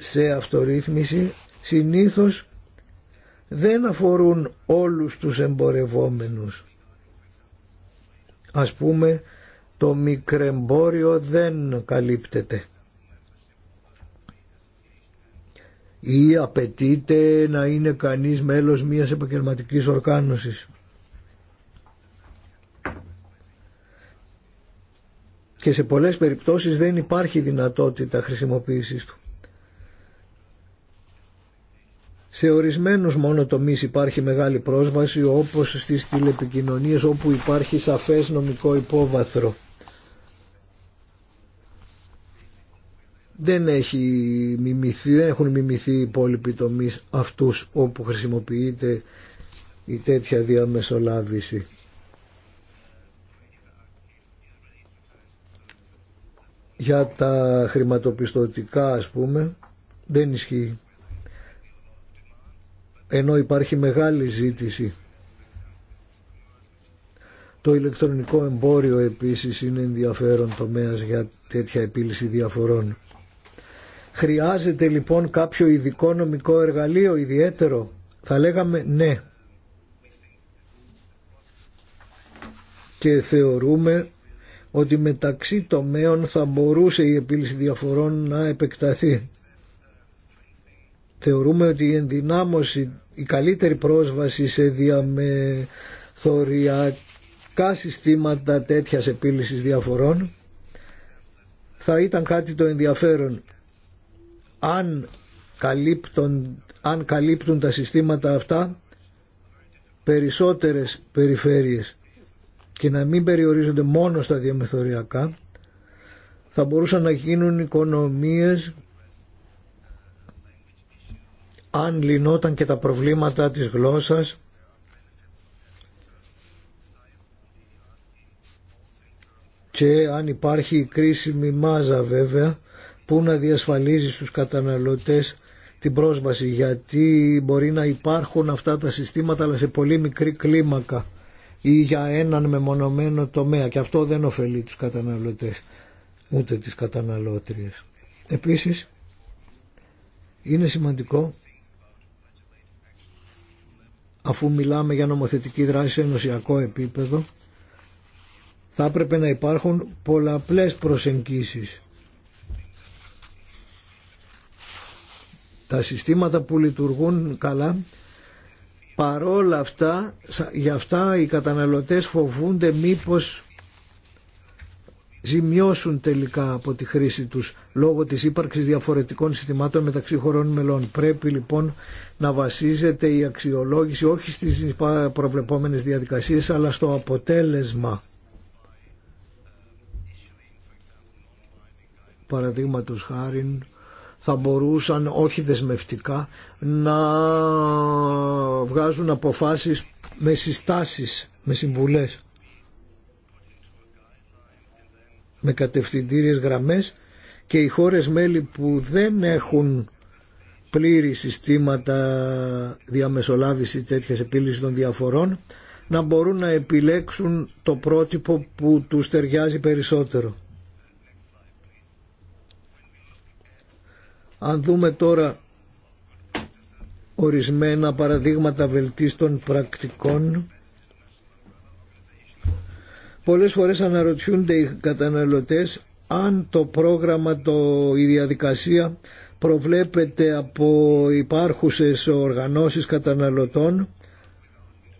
σε αυτορύθμιση συνήθως δεν αφορούν όλους τους εμπορευόμενους. Ας πούμε το μικρεμπόριο δεν καλύπτεται. ή απαιτείται να είναι κανείς μέλος μιας επαγγελματικής οργάνωσης. Και σε πολλές περιπτώσεις δεν υπάρχει δυνατότητα χρησιμοποίησης του. Σε ορισμένους μόνο τομείς υπάρχει μεγάλη πρόσβαση όπως στις τηλεπικοινωνίες όπου υπάρχει σαφές νομικό υπόβαθρο. δεν, έχει μιμηθεί, δεν έχουν μιμηθεί οι υπόλοιποι τομείς αυτούς όπου χρησιμοποιείται η τέτοια διαμεσολάβηση. Για τα χρηματοπιστωτικά ας πούμε δεν ισχύει ενώ υπάρχει μεγάλη ζήτηση. Το ηλεκτρονικό εμπόριο επίσης είναι ενδιαφέρον τομέας για τέτοια επίλυση διαφορών. Χρειάζεται λοιπόν κάποιο ειδικό νομικό εργαλείο ιδιαίτερο. Θα λέγαμε ναι. Και θεωρούμε ότι μεταξύ τομέων θα μπορούσε η επίλυση διαφορών να επεκταθεί. Θεωρούμε ότι η ενδυνάμωση, η καλύτερη πρόσβαση σε διαμεθοριακά συστήματα τέτοιας επίλυσης διαφορών θα ήταν κάτι το ενδιαφέρον αν καλύπτουν, αν καλύπτουν τα συστήματα αυτά περισσότερες περιφέρειες και να μην περιορίζονται μόνο στα διαμεθοριακά θα μπορούσαν να γίνουν οικονομίες αν λυνόταν και τα προβλήματα της γλώσσας και αν υπάρχει κρίσιμη μάζα βέβαια που να διασφαλίζει στους καταναλωτές την πρόσβαση γιατί μπορεί να υπάρχουν αυτά τα συστήματα αλλά σε πολύ μικρή κλίμακα ή για έναν μεμονωμένο τομέα και αυτό δεν ωφελεί τους καταναλωτές ούτε τις καταναλώτριες. Επίσης είναι σημαντικό αφού μιλάμε για νομοθετική δράση σε ενωσιακό επίπεδο θα έπρεπε να υπάρχουν πολλαπλές προσεγγίσεις Τα συστήματα που λειτουργούν καλά παρόλα αυτά, γι' αυτά οι καταναλωτές φοβούνται μήπως ζημιώσουν τελικά από τη χρήση τους λόγω της ύπαρξης διαφορετικών συστημάτων μεταξύ χωρών μελών. Πρέπει λοιπόν να βασίζεται η αξιολόγηση όχι στις προβλεπόμενες διαδικασίες αλλά στο αποτέλεσμα. Παραδείγματος χάριν θα μπορούσαν όχι δεσμευτικά να βγάζουν αποφάσεις με συστάσεις, με συμβουλές, με κατευθυντήριες γραμμές και οι χώρες μέλη που δεν έχουν πλήρη συστήματα διαμεσολάβηση τέτοιας επίλυσης των διαφορών να μπορούν να επιλέξουν το πρότυπο που τους ταιριάζει περισσότερο. Αν δούμε τώρα ορισμένα παραδείγματα βελτίστων πρακτικών, πολλές φορές αναρωτιούνται οι καταναλωτές αν το πρόγραμμα, το, η διαδικασία προβλέπεται από υπάρχουσες οργανώσεις καταναλωτών,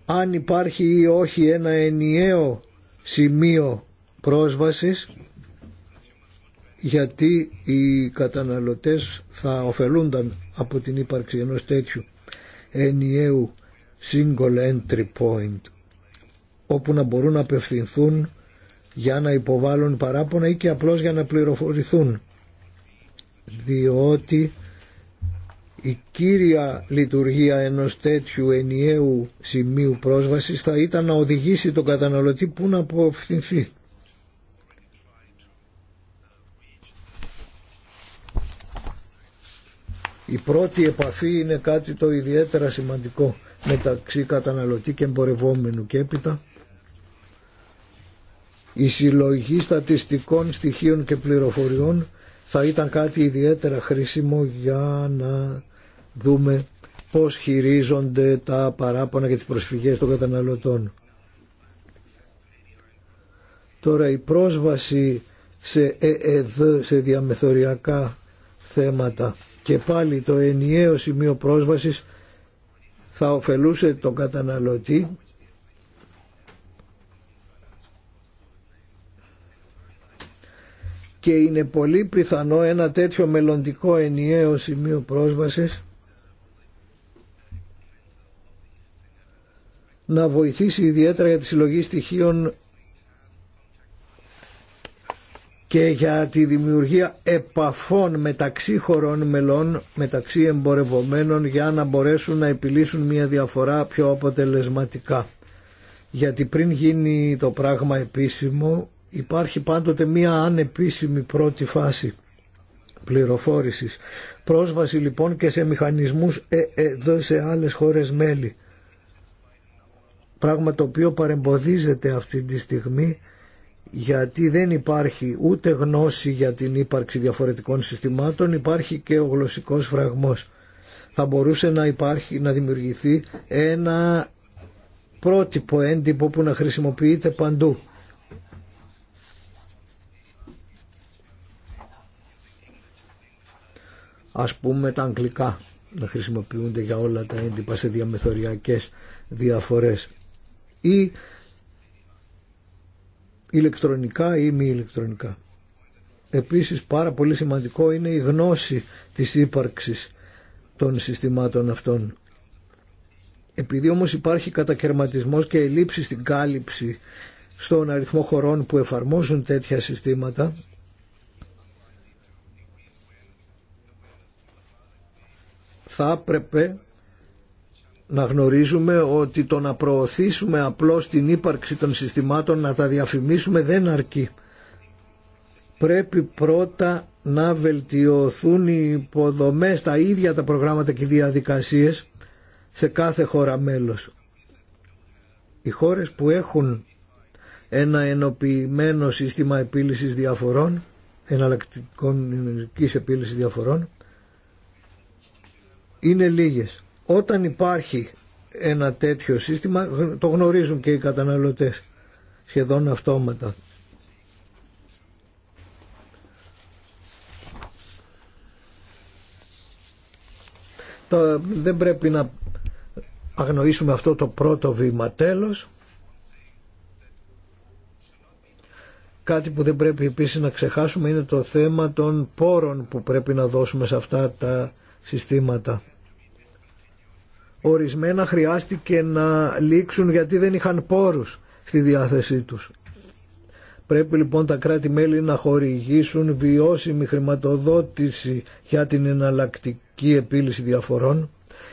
αν υπάρχει ή όχι ένα ενιαίο σημείο πρόσβασης γιατί οι καταναλωτές θα ωφελούνταν από την ύπαρξη ενός τέτοιου ενιαίου single entry point όπου να μπορούν να απευθυνθούν για να υποβάλουν παράπονα ή και απλώς για να πληροφορηθούν διότι η κύρια λειτουργία ενός τέτοιου ενιαίου σημείου πρόσβασης θα ήταν να οδηγήσει τον καταναλωτή που να αποφθυνθεί. Η πρώτη επαφή είναι κάτι το ιδιαίτερα σημαντικό μεταξύ καταναλωτή και εμπορευόμενου και έπειτα η συλλογή στατιστικών στοιχείων και πληροφοριών θα ήταν κάτι ιδιαίτερα χρήσιμο για να δούμε πώς χειρίζονται τα παράπονα και τις προσφυγές των καταναλωτών. Τώρα η πρόσβαση σε ΕΕΔ, σε διαμεθοριακά θέματα και πάλι το ενιαίο σημείο πρόσβασης θα ωφελούσε τον καταναλωτή και είναι πολύ πιθανό ένα τέτοιο μελλοντικό ενιαίο σημείο πρόσβασης να βοηθήσει ιδιαίτερα για τη συλλογή στοιχείων και για τη δημιουργία επαφών μεταξύ χωρών μελών, μεταξύ εμπορευομένων για να μπορέσουν να επιλύσουν μια διαφορά πιο αποτελεσματικά. Γιατί πριν γίνει το πράγμα επίσημο υπάρχει πάντοτε μια ανεπίσημη πρώτη φάση πληροφόρησης. Πρόσβαση λοιπόν και σε μηχανισμούς ε, ε, εδώ σε άλλες χώρες μέλη. Πράγμα το οποίο παρεμποδίζεται αυτή τη στιγμή γιατί δεν υπάρχει ούτε γνώση για την ύπαρξη διαφορετικών συστημάτων, υπάρχει και ο γλωσσικός φραγμός. Θα μπορούσε να, υπάρχει, να δημιουργηθεί ένα πρότυπο έντυπο που να χρησιμοποιείται παντού. Ας πούμε τα αγγλικά να χρησιμοποιούνται για όλα τα έντυπα σε διαμεθοριακές διαφορές ή ηλεκτρονικά ή μη ηλεκτρονικά. Επίσης πάρα πολύ σημαντικό είναι η γνώση της ύπαρξης των συστημάτων αυτών. Επειδή όμως υπάρχει κατακαιρματισμός και ελλείψη στην κάλυψη στον αριθμό χωρών που εφαρμόζουν τέτοια συστήματα, θα έπρεπε να γνωρίζουμε ότι το να προωθήσουμε απλώς την ύπαρξη των συστημάτων να τα διαφημίσουμε δεν αρκεί. Πρέπει πρώτα να βελτιωθούν οι υποδομές, τα ίδια τα προγράμματα και οι διαδικασίες σε κάθε χώρα μέλος. Οι χώρες που έχουν ένα ενοποιημένο σύστημα επίλυσης διαφορών, εναλλακτικών επίλυσης διαφορών, είναι λίγες όταν υπάρχει ένα τέτοιο σύστημα το γνωρίζουν και οι καταναλωτές σχεδόν αυτόματα. Το, δεν πρέπει να αγνοήσουμε αυτό το πρώτο βήμα τέλος. Κάτι που δεν πρέπει επίσης να ξεχάσουμε είναι το θέμα των πόρων που πρέπει να δώσουμε σε αυτά τα συστήματα. Ορισμένα χρειάστηκε να λήξουν γιατί δεν είχαν πόρους στη διάθεσή τους. Πρέπει λοιπόν τα κράτη-μέλη να χορηγήσουν βιώσιμη χρηματοδότηση για την εναλλακτική επίλυση διαφορών,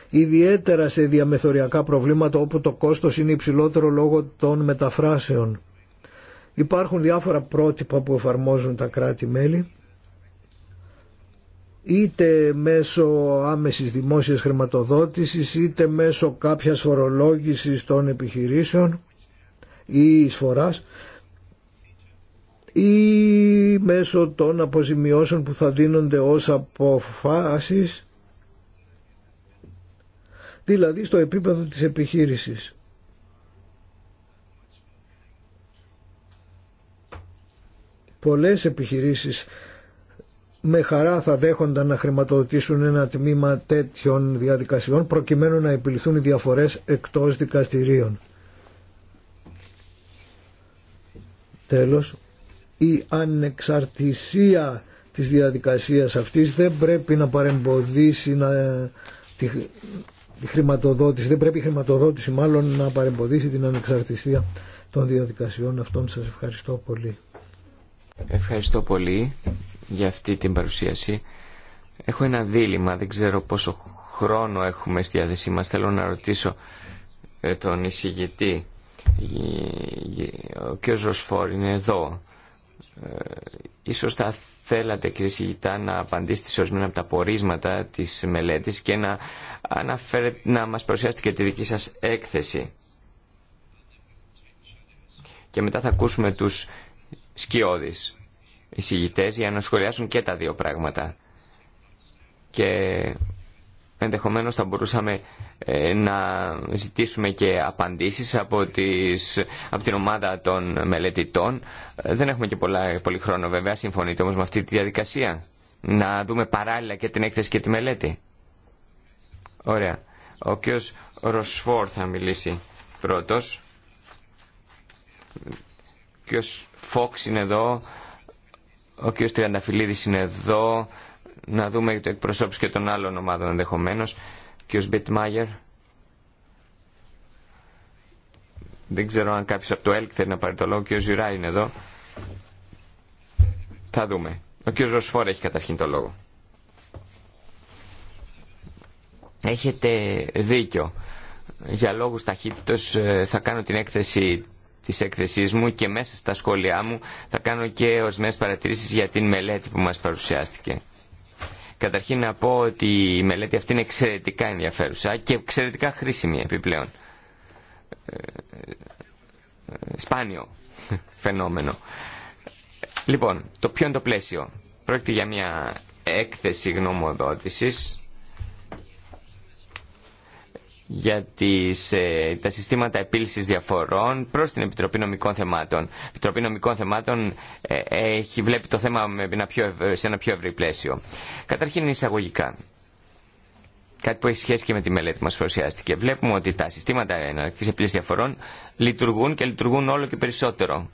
ιδιαίτερα σε διαμεθοριακά προβλήματα όπου το κόστος είναι υψηλότερο λόγω των μεταφράσεων. Υπάρχουν διάφορα πρότυπα που εφαρμόζουν τα κράτη-μέλη είτε μέσω άμεσης δημόσιας χρηματοδότησης είτε μέσω κάποιας φορολόγησης των επιχειρήσεων ή εισφοράς ή μέσω των αποζημιώσεων που θα δίνονται ως αποφάσεις δηλαδή στο επίπεδο της επιχείρησης. Πολλές επιχειρήσεις με χαρά θα δέχονταν να χρηματοδοτήσουν ένα τμήμα τέτοιων διαδικασιών προκειμένου να επιληθούν οι διαφορές εκτός δικαστηρίων. Τέλος, η ανεξαρτησία της διαδικασίας αυτής δεν πρέπει να παρεμποδίσει να, τη, χρηματοδότηση, δεν πρέπει η χρηματοδότηση μάλλον να παρεμποδίσει την ανεξαρτησία των διαδικασιών αυτών. Σας ευχαριστώ πολύ. Ευχαριστώ πολύ για αυτή την παρουσίαση. Έχω ένα δίλημα, δεν ξέρω πόσο χρόνο έχουμε στη διάθεσή μας. Θέλω να ρωτήσω ε, τον εισηγητή. Ε, ο κ. Ροσφόρ είναι εδώ. Ε, ίσως θα θέλατε κ. Σιγητά να απαντήσετε σε ορισμένα από τα πορίσματα της μελέτης και να, αναφέρετε, να μας παρουσιάσετε και τη δική σας έκθεση. Και μετά θα ακούσουμε τους σκιώδεις για να σχολιάσουν και τα δύο πράγματα. Και ενδεχομένως θα μπορούσαμε ε, να ζητήσουμε και απαντήσεις από, τις, από την ομάδα των μελετητών. Ε, δεν έχουμε και πολλά, πολύ χρόνο βέβαια, συμφωνείτε όμως με αυτή τη διαδικασία. Να δούμε παράλληλα και την έκθεση και τη μελέτη. Ωραία. Ο κ. Ροσφόρ θα μιλήσει πρώτος. Ο κ. Φόξ είναι εδώ, ο κ. Τριανταφυλλίδη είναι εδώ. Να δούμε το εκπροσώπηση και των άλλων ομάδων ενδεχομένω. Ο κ. Μπιτμάγερ. Δεν ξέρω αν κάποιο από το ΕΛΚ θέλει να πάρει το λόγο. Ο κ. Ζουρά είναι εδώ. Θα δούμε. Ο κ. Ροσφόρ έχει καταρχήν το λόγο. Έχετε δίκιο. Για λόγους ταχύτητος ε, θα κάνω την έκθεση της έκθεσής μου και μέσα στα σχόλιά μου θα κάνω και ορισμένες παρατηρήσεις για την μελέτη που μας παρουσιάστηκε. Καταρχήν να πω ότι η μελέτη αυτή είναι εξαιρετικά ενδιαφέρουσα και εξαιρετικά χρήσιμη επιπλέον. Ε, σπάνιο φαινόμενο. Λοιπόν, το ποιο είναι το πλαίσιο. Πρόκειται για μια έκθεση γνωμοδότησης για τις, ε, τα συστήματα επίλυσης διαφορών προς την Επιτροπή Νομικών Θεμάτων. Η Επιτροπή Νομικών Θεμάτων ε, έχει, βλέπει το θέμα με ένα πιο, σε ένα πιο ευρύ πλαίσιο. Καταρχήν εισαγωγικά. Κάτι που έχει σχέση και με τη μελέτη που μας παρουσιάστηκε. Βλέπουμε ότι τα συστήματα εναλλακτικής επίλυσης διαφορών λειτουργούν και λειτουργούν όλο και περισσότερο.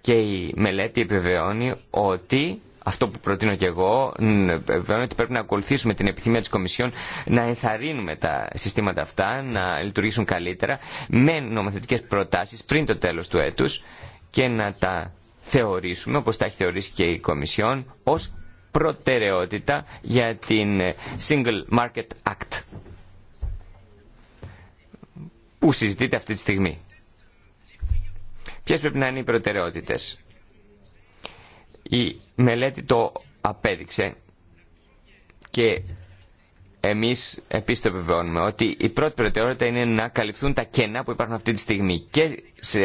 Και η μελέτη επιβεβαιώνει ότι αυτό που προτείνω και εγώ, ε, βέβαια ότι πρέπει να ακολουθήσουμε την επιθυμία της Κομισιόν να ενθαρρύνουμε τα συστήματα αυτά, να λειτουργήσουν καλύτερα με νομοθετικές προτάσεις πριν το τέλος του έτους και να τα θεωρήσουμε, όπως τα έχει θεωρήσει και η Κομισιόν, ως προτεραιότητα για την ε, Single Market Act που συζητείται αυτή τη στιγμή. Ποιες πρέπει να είναι οι προτεραιότητες. Η μελέτη το απέδειξε και εμείς επίσης το επιβεβαιώνουμε ότι η πρώτη προτεραιότητα είναι να καλυφθούν τα κενά που υπάρχουν αυτή τη στιγμή και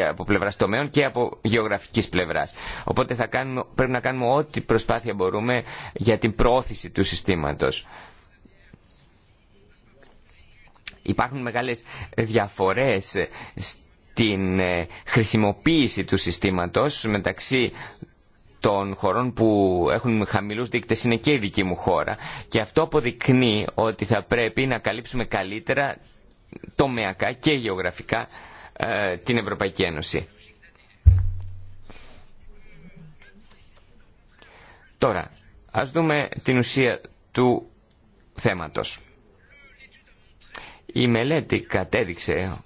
από πλευρά τομέων και από γεωγραφικής πλευράς. Οπότε θα κάνουμε, πρέπει να κάνουμε ό,τι προσπάθεια μπορούμε για την προώθηση του συστήματος. Υπάρχουν μεγάλες διαφορές στην ε, χρησιμοποίηση του συστήματος μεταξύ των χωρών που έχουν χαμηλούς δείκτες είναι και η δική μου χώρα. Και αυτό αποδεικνύει ότι θα πρέπει να καλύψουμε καλύτερα τομεακά και γεωγραφικά ε, την Ευρωπαϊκή Ένωση. Τώρα, ας δούμε την ουσία του θέματος. Η μελέτη κατέδειξε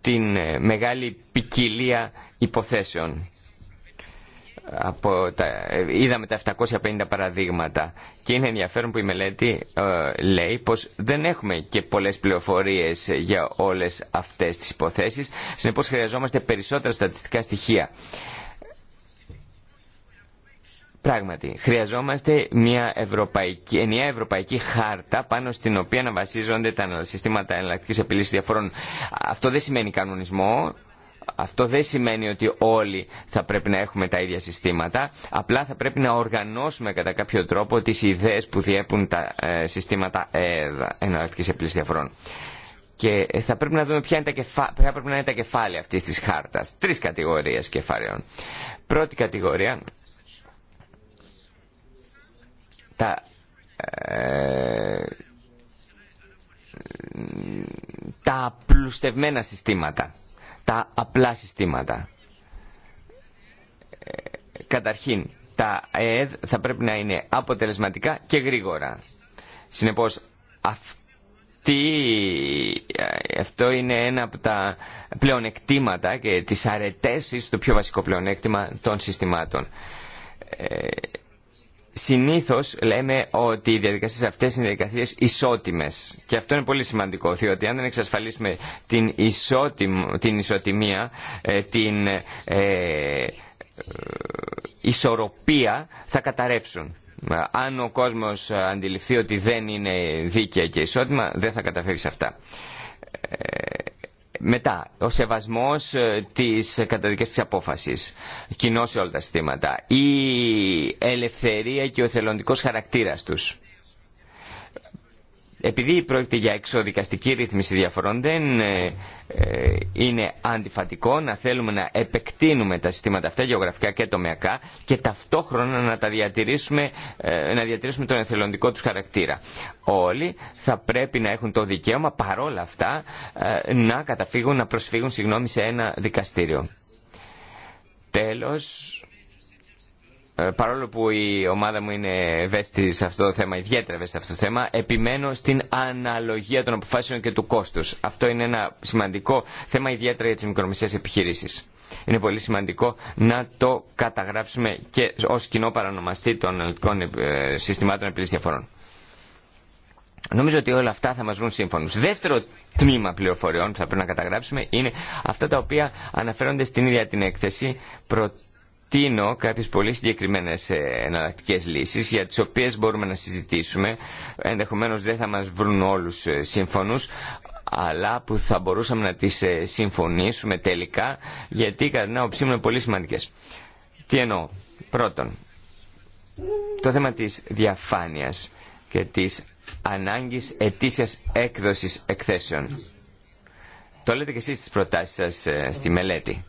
την ε, μεγάλη ποικιλία υποθέσεων από τα, είδαμε τα 750 παραδείγματα και είναι ενδιαφέρον που η μελέτη ε, λέει πως δεν έχουμε και πολλές πληροφορίες για όλες αυτές τις υποθέσεις συνεπώς χρειαζόμαστε περισσότερα στατιστικά στοιχεία Πράγματι, χρειαζόμαστε μια ευρωπαϊκή, ενιαία ευρωπαϊκή χάρτα πάνω στην οποία να βασίζονται τα συστήματα εναλλακτική επιλύση διαφορών. Αυτό δεν σημαίνει κανονισμό, αυτό δεν σημαίνει ότι όλοι θα πρέπει να έχουμε τα ίδια συστήματα, απλά θα πρέπει να οργανώσουμε κατά κάποιο τρόπο τις ιδέες που διέπουν τα ε, συστήματα ε, εναλλακτικής επίλυσης διαφορών. Και ε, θα πρέπει να δούμε ποια είναι τα, πρέπει να είναι τα κεφάλαια αυτής της χάρτας. Τρεις κατηγορίες κεφάλαιων. Πρώτη κατηγορία, τα, ε, τα απλουστευμένα συστήματα τα απλά συστήματα. Ε, καταρχήν, τα ΕΕΔ θα πρέπει να είναι αποτελεσματικά και γρήγορα. Συνεπώς, αυτή, ε, αυτό είναι ένα από τα πλεονεκτήματα και τις αρετές, ίσως το πιο βασικό πλεονέκτημα των συστημάτων. Ε, Συνήθω λέμε ότι οι διαδικασίε αυτές είναι διαδικασίε ισότιμε. και αυτό είναι πολύ σημαντικό διότι αν δεν εξασφαλίσουμε την, ισότιμ, την ισοτιμία, ε, την ε, ε, ισορροπία θα καταρρεύσουν. Αν ο κόσμος αντιληφθεί ότι δεν είναι δίκαια και ισότιμα δεν θα καταφέρει σε αυτά. Ε, μετά, ο σεβασμός ε, της καταδικής τη απόφαση, κοινό σε όλα τα συστήματα, η ελευθερία και ο θελοντικός χαρακτήρας τους. Επειδή πρόκειται για εξοδικαστική ρύθμιση διαφορών, δεν ε, ε, είναι αντιφατικό να θέλουμε να επεκτείνουμε τα συστήματα αυτά γεωγραφικά και τομεακά και ταυτόχρονα να, τα διατηρήσουμε, ε, να διατηρήσουμε τον εθελοντικό τους χαρακτήρα. Όλοι θα πρέπει να έχουν το δικαίωμα παρόλα αυτά να καταφύγουν, να προσφύγουν συγγνώμη, σε ένα δικαστήριο. Τέλος, ε, παρόλο που η ομάδα μου είναι ευαίσθητη σε αυτό το θέμα, ιδιαίτερα ευαίσθητη σε αυτό το θέμα, επιμένω στην αναλογία των αποφάσεων και του κόστου. Αυτό είναι ένα σημαντικό θέμα ιδιαίτερα για τι μικρομεσαίε επιχειρήσει. Είναι πολύ σημαντικό να το καταγράψουμε και ω κοινό παρανομαστή των αναλυτικών ε, συστημάτων επίλυσης διαφορών. Νομίζω ότι όλα αυτά θα μας βρουν σύμφωνους. Δεύτερο τμήμα πληροφοριών που θα πρέπει να καταγράψουμε είναι αυτά τα οποία αναφέρονται στην ίδια την έκθεση προτείνω κάποιες πολύ συγκεκριμένες ε, εναλλακτικέ λύσεις για τις οποίες μπορούμε να συζητήσουμε. Ενδεχομένως δεν θα μας βρουν όλους ε, σύμφωνους, αλλά που θα μπορούσαμε να τις ε, συμφωνήσουμε τελικά, γιατί κατά την άποψή μου είναι πολύ σημαντικές. Τι εννοώ. Πρώτον, το θέμα της διαφάνειας και της ανάγκης ετήσιας έκδοσης εκθέσεων. Το λέτε και εσείς στις προτάσεις σας στη μελέτη.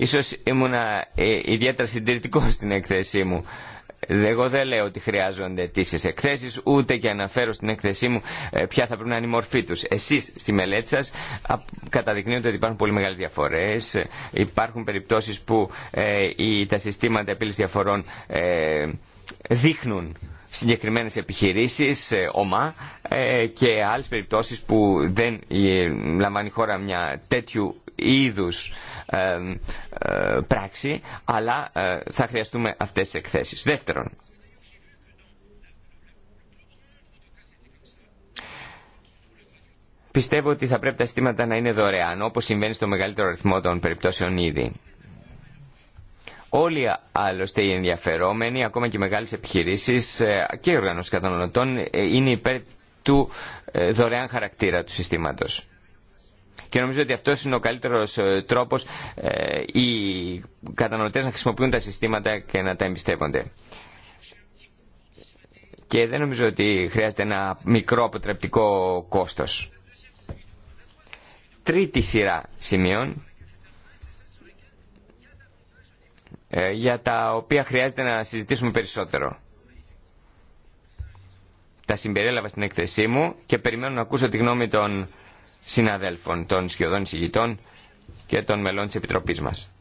Ίσως ήμουνα ε, ιδιαίτερα συντηρητικό στην εκθέσή μου. Εγώ δεν λέω ότι χρειάζονται αιτήσει εκθέσει, ούτε και αναφέρω στην έκθεσή μου ε, ποια θα πρέπει να είναι η μορφή του. Εσεί στη μελέτη σα καταδεικνύονται ότι υπάρχουν πολύ μεγάλε διαφορέ. Ε, υπάρχουν περιπτώσει που τα συστήματα επίλυση διαφορών δείχνουν συγκεκριμένες επιχειρήσεις, ΟΜΑ ε, και άλλες περιπτώσεις που δεν ε, λαμβάνει η χώρα μια τέτοιου είδους ε, πράξη, αλλά θα χρειαστούμε αυτές τις εκθέσεις. Δεύτερον, πιστεύω ότι θα πρέπει τα συστήματα να είναι δωρεάν, όπως συμβαίνει στο μεγαλύτερο αριθμό των περιπτώσεων ήδη. Όλοι άλλωστε οι ενδιαφερόμενοι, ακόμα και οι μεγάλες επιχειρήσεις ε, και οι οργανώσεις καταναλωτών ε, είναι υπέρ του ε, δωρεάν χαρακτήρα του συστήματος. Και νομίζω ότι αυτός είναι ο καλύτερο τρόπο οι καταναλωτές να χρησιμοποιούν τα συστήματα και να τα εμπιστεύονται. Και δεν νομίζω ότι χρειάζεται ένα μικρό αποτρεπτικό κόστος. Τρίτη σειρά σημείων Ε, για τα οποία χρειάζεται να συζητήσουμε περισσότερο. Τα συμπεριέλαβα στην έκθεσή μου και περιμένω να ακούσω τη γνώμη των συναδέλφων, των σχεδόν εισηγητών και των μελών της Επιτροπής μας.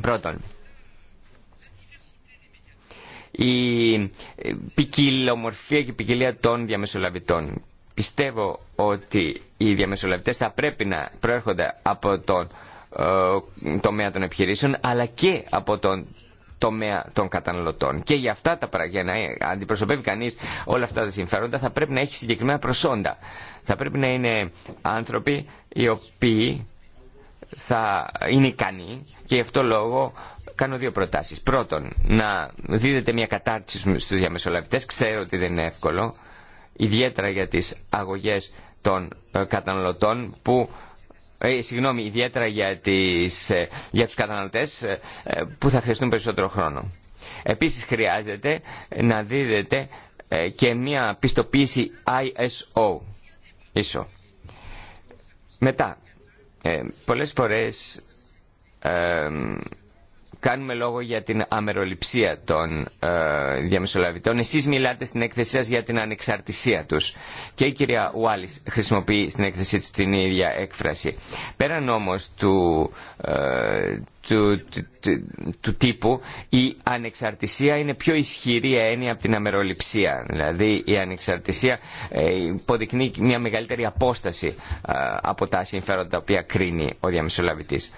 Πρώτον, η ποικιλομορφία και η ποικιλία των διαμεσολαβητών. Πιστεύω ότι οι διαμεσολαβητές θα πρέπει να προέρχονται από τον ε, τομέα των επιχειρήσεων αλλά και από τον τομέα των καταναλωτών. Και για αυτά τα για να αντιπροσωπεύει κανείς όλα αυτά τα συμφέροντα θα πρέπει να έχει συγκεκριμένα προσόντα. Θα πρέπει να είναι άνθρωποι οι οποίοι θα είναι ικανοί και γι' αυτό λόγο κάνω δύο προτάσεις. Πρώτον, να δίδεται μια κατάρτιση στους διαμεσολαβητές. Ξέρω ότι δεν είναι εύκολο, ιδιαίτερα για τις αγωγές των ε, καταναλωτών που ε, συγγνώμη, ιδιαίτερα για, τις, ε, για τους καταναλωτές ε, που θα χρειαστούν περισσότερο χρόνο. Επίσης χρειάζεται να δίδεται και μια πιστοποίηση ISO. ISO. Μετά, πολλές φορές κάνουμε λόγο για την αμεροληψία των ε, διαμεσολαβητών. Εσείς μιλάτε στην έκθεσή σας για την ανεξαρτησία τους. Και η κυρία Ουάλης χρησιμοποιεί στην έκθεσή της την ίδια έκφραση. Πέραν όμως ε, του, του, τύπου, η ανεξαρτησία είναι πιο ισχυρή έννοια από την αμεροληψία. Δηλαδή η ανεξαρτησία ε, υποδεικνύει μια μεγαλύτερη απόσταση από τα συμφέροντα τα οποία κρίνει ο διαμεσολαβητής.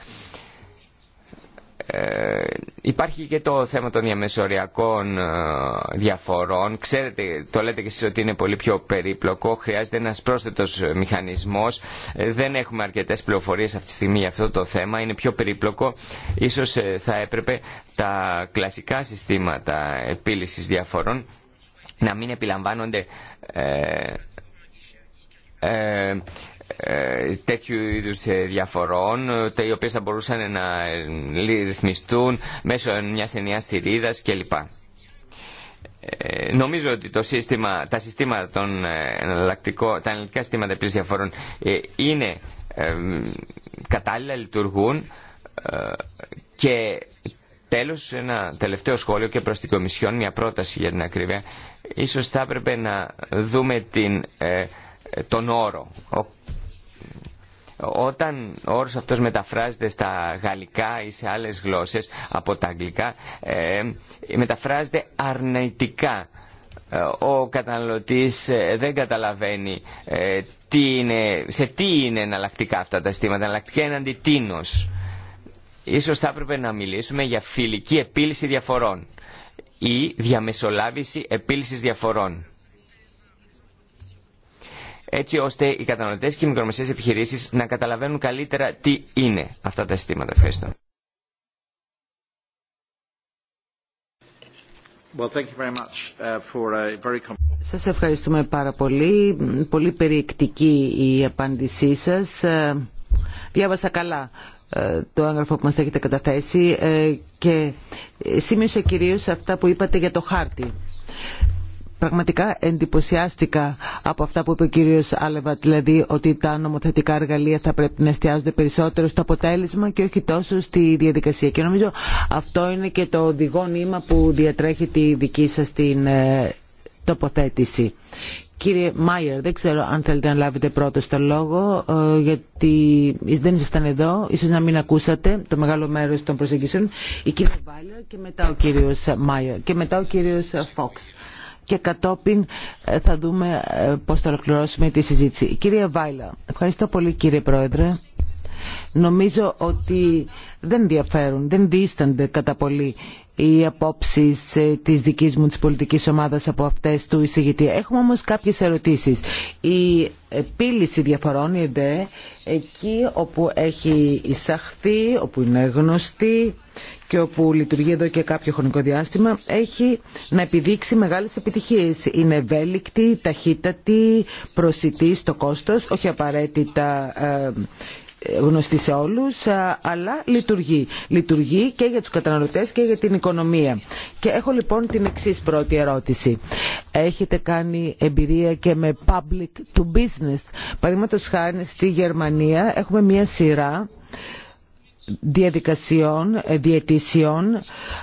Ε, υπάρχει και το θέμα των διαμεσοριακών ε, διαφορών. Ξέρετε, το λέτε και εσείς ότι είναι πολύ πιο περίπλοκο. Χρειάζεται ένας πρόσθετος μηχανισμός. Ε, δεν έχουμε αρκετές πληροφορίες αυτή τη στιγμή για αυτό το θέμα. Είναι πιο περίπλοκο. Ίσως θα έπρεπε τα κλασικά συστήματα επίλυσης διαφορών να μην επιλαμβάνονται ε, τέτοιου είδου ε, διαφορών ε, τα οι οποίες θα μπορούσαν να ρυθμιστούν μέσω μιας ενιαίας στηρίδας κλπ. νομίζω ότι τα συστήματα των τα αναλυτικά συστήματα επίση διαφορών είναι κατάλληλα, λειτουργούν και τέλος ένα τελευταίο σχόλιο και προς την Κομισιόν μια πρόταση για την ακρίβεια ίσως θα έπρεπε να δούμε την, τον όρο όταν ο όρος αυτός μεταφράζεται στα γαλλικά ή σε άλλες γλώσσες από τα αγγλικά, ε, μεταφράζεται αρνητικά. Ε, ο καταναλωτής ε, δεν καταλαβαίνει τι είναι, σε τι είναι εναλλακτικά αυτά τα αισθήματα, εναλλακτικά είναι τίνος. Ίσως θα έπρεπε να μιλήσουμε για φιλική επίλυση διαφορών ή διαμεσολάβηση επίλυσης διαφορών έτσι ώστε οι κατανοητέ και οι μικρομεσαίες επιχειρήσεις να καταλαβαίνουν καλύτερα τι είναι αυτά τα συστήματα. Ευχαριστώ. Σα uh, Σας ευχαριστούμε πάρα πολύ. Πολύ περιεκτική η απάντησή σας. Ε, διάβασα καλά ε, το έγγραφο που μας έχετε καταθέσει ε, και σήμειωσα κυρίως αυτά που είπατε για το χάρτη πραγματικά εντυπωσιάστηκα από αυτά που είπε ο κύριος Άλεβα, δηλαδή ότι τα νομοθετικά εργαλεία θα πρέπει να εστιάζονται περισσότερο στο αποτέλεσμα και όχι τόσο στη διαδικασία. Και νομίζω αυτό είναι και το οδηγό νήμα που διατρέχει τη δική σας την ε, τοποθέτηση. Κύριε Μάιερ, δεν ξέρω αν θέλετε να λάβετε πρώτο το λόγο, ε, γιατί δεν ήσασταν εδώ, ίσως να μην ακούσατε το μεγάλο μέρος των προσεγγίσεων. Η κύριε Βάιλερ και μετά ο κύριος Μάιερ και μετά ο κύριος Φόξ και κατόπιν ε, θα δούμε ε, πώς θα ολοκληρώσουμε τη συζήτηση. Κυρία Βάιλα, ευχαριστώ πολύ κύριε Πρόεδρε. Νομίζω ότι δεν ενδιαφέρουν, δεν δίστανται κατά πολύ οι απόψει ε, της δικής μου της πολιτικής ομάδας από αυτές του εισηγητή. Έχουμε όμως κάποιες ερωτήσεις. Η πύληση διαφορών, η εκεί όπου έχει εισαχθεί, όπου είναι γνωστή και όπου λειτουργεί εδώ και κάποιο χρονικό διάστημα, έχει να επιδείξει μεγάλες επιτυχίες. Είναι ευέλικτη, ταχύτατη, προσιτή στο κόστος, όχι απαραίτητα ε, γνωστή σε όλους, αλλά λειτουργεί. Λειτουργεί και για τους καταναλωτές και για την οικονομία. Και έχω λοιπόν την εξής πρώτη ερώτηση. Έχετε κάνει εμπειρία και με public to business. Παραδείγματος χάρη στη Γερμανία έχουμε μία σειρά διαδικασιών, ε, διαιτησιών ε,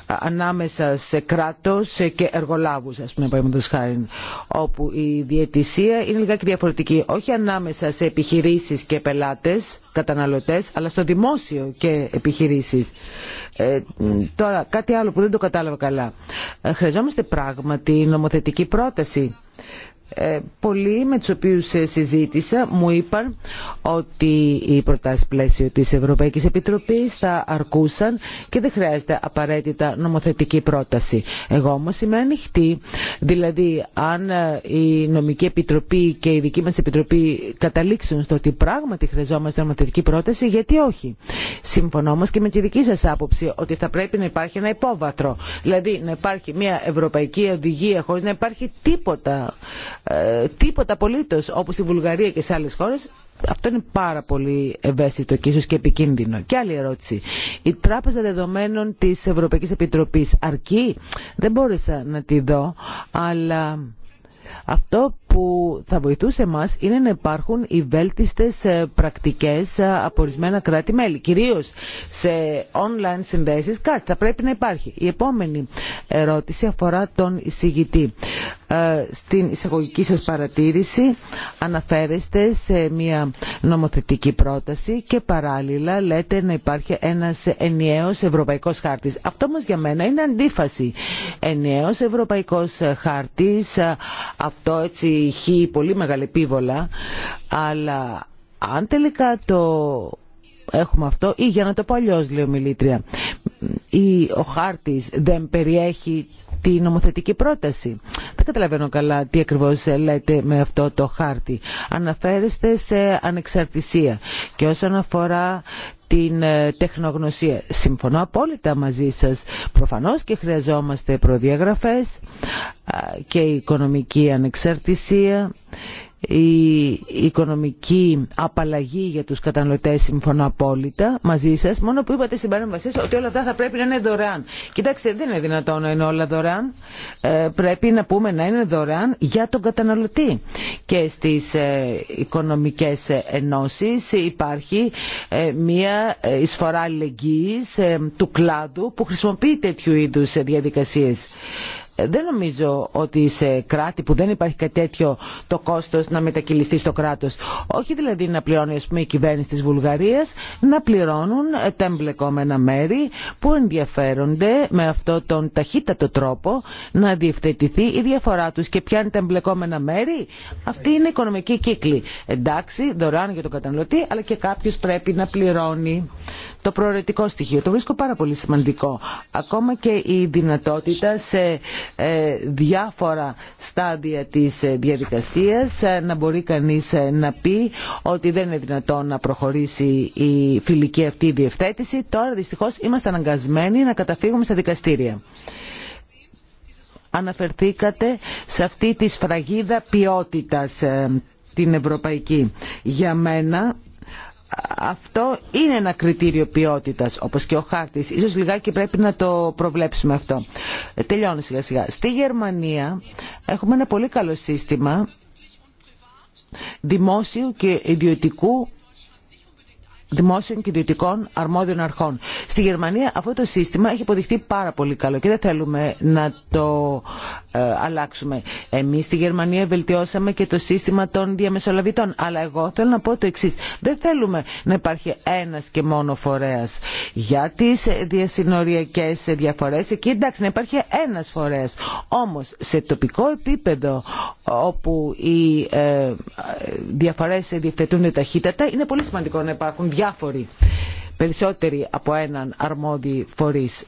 ανάμεσα σε κράτος ε, και εργολάβους, ας πούμε, παραδείγματος χάρη, όπου η διαιτησία είναι λιγάκι διαφορετική, όχι ανάμεσα σε επιχειρήσεις και πελάτες, καταναλωτές, αλλά στο δημόσιο και επιχειρήσεις. τώρα, κάτι άλλο που δεν το κατάλαβα καλά. Χρειαζόμαστε πράγματι νομοθετική πρόταση ε, πολλοί με τους οποίους ε, συζήτησα μου είπαν ότι οι προτάσεις πλαίσιο της Ευρωπαϊκής Επιτροπής θα αρκούσαν και δεν χρειάζεται απαραίτητα νομοθετική πρόταση. Εγώ όμως είμαι ανοιχτή, δηλαδή αν ε, η Νομική Επιτροπή και η δική μας Επιτροπή καταλήξουν στο ότι πράγματι χρειαζόμαστε νομοθετική πρόταση, γιατί όχι. Συμφωνώ όμως και με τη δική σας άποψη ότι θα πρέπει να υπάρχει ένα υπόβαθρο, δηλαδή να υπάρχει μια ευρωπαϊκή οδηγία χωρίς να υπάρχει τίποτα ε, τίποτα απολύτω όπως στη Βουλγαρία και σε άλλες χώρες αυτό είναι πάρα πολύ ευαίσθητο και ίσω και επικίνδυνο. Και άλλη ερώτηση. Η Τράπεζα Δεδομένων της Ευρωπαϊκής Επιτροπής αρκεί. Δεν μπόρεσα να τη δω, αλλά αυτό που θα βοηθούσε εμά είναι να υπάρχουν οι βέλτιστες ε, πρακτικές ε, από ορισμένα κράτη-μέλη, κυρίως σε online συνδέσεις, κάτι θα πρέπει να υπάρχει. Η επόμενη ερώτηση αφορά τον εισηγητή. Ε, στην εισαγωγική σας παρατήρηση αναφέρεστε σε μια νομοθετική πρόταση και παράλληλα λέτε να υπάρχει ένας ενιαίος ευρωπαϊκός χάρτης. Αυτό όμως για μένα είναι αντίφαση. Ενιαίος ευρωπαϊκός χάρτης, αυτό έτσι πολύ μεγάλη επίβολα, αλλά αν τελικά το έχουμε αυτό ή για να το πω αλλιώς λέει ο Μιλήτρια, ή ο χάρτης δεν περιέχει τη νομοθετική πρόταση. Δεν καταλαβαίνω καλά τι ακριβώς λέτε με αυτό το χάρτη. Αναφέρεστε σε ανεξαρτησία. Και όσον αφορά την ε, τεχνογνωσία. Συμφωνώ απόλυτα μαζί σας. Προφανώς και χρειαζόμαστε προδιαγραφές και οικονομική ανεξαρτησία η οικονομική απαλλαγή για τους καταναλωτές συμφωνώ απόλυτα μαζί σας μόνο που είπατε στην παρέμβασή ότι όλα αυτά θα πρέπει να είναι δωρεάν κοιτάξτε δεν είναι δυνατόν να είναι όλα δωρεάν ε, πρέπει να πούμε να είναι δωρεάν για τον καταναλωτή και στις ε, οικονομικές ενώσεις υπάρχει ε, μια ε, εισφορά αλληλεγγύης του κλάδου που χρησιμοποιεί τέτοιου είδους διαδικασίες δεν νομίζω ότι σε κράτη που δεν υπάρχει κάτι τέτοιο το κόστος να μετακυλιστεί στο κράτος. Όχι δηλαδή να πληρώνει ας πούμε, η κυβέρνηση της Βουλγαρίας, να πληρώνουν τα εμπλεκόμενα μέρη που ενδιαφέρονται με αυτόν τον ταχύτατο τρόπο να διευθετηθεί η διαφορά τους. Και ποια είναι τα εμπλεκόμενα μέρη, αυτή είναι η οικονομική κύκλη. Εντάξει, δωρεάν για τον καταναλωτή, αλλά και κάποιο πρέπει να πληρώνει το προαιρετικό στοιχείο. Το βρίσκω πάρα πολύ σημαντικό. Ακόμα και η δυνατότητα σε ε, διάφορα στάδια της ε, διαδικασίας ε, να μπορεί κανείς να πει ότι δεν είναι δυνατόν να προχωρήσει η φιλική αυτή διευθέτηση. Τώρα δυστυχώς είμαστε αναγκασμένοι να καταφύγουμε στα δικαστήρια αναφερθήκατε σε αυτή τη σφραγίδα ποιότητας την ευρωπαϊκή. Για μένα αυτό είναι ένα κριτήριο ποιότητας, όπως και ο χάρτης. Ίσως λιγάκι πρέπει να το προβλέψουμε αυτό. Ε, τελειώνω σιγά σιγά. Στη Γερμανία έχουμε ένα πολύ καλό σύστημα δημόσιου και ιδιωτικού δημόσιων και ιδιωτικών αρμόδιων αρχών. Στη Γερμανία αυτό το σύστημα έχει αποδειχθεί πάρα πολύ καλό και δεν θέλουμε να το ε, αλλάξουμε. Εμείς στη Γερμανία βελτιώσαμε και το σύστημα των διαμεσολαβητών. Αλλά εγώ θέλω να πω το εξής. Δεν θέλουμε να υπάρχει ένας και μόνο φορέας. Για τις διασυνοριακές διαφορές, εκεί εντάξει να υπάρχει ένας φορέας. Όμως σε τοπικό επίπεδο όπου οι ε, ε διαφορές διευθετούν ταχύτατα είναι πολύ σημαντικό να υπάρχουν διάφοροι, περισσότεροι από έναν αρμόδιοι φορείς.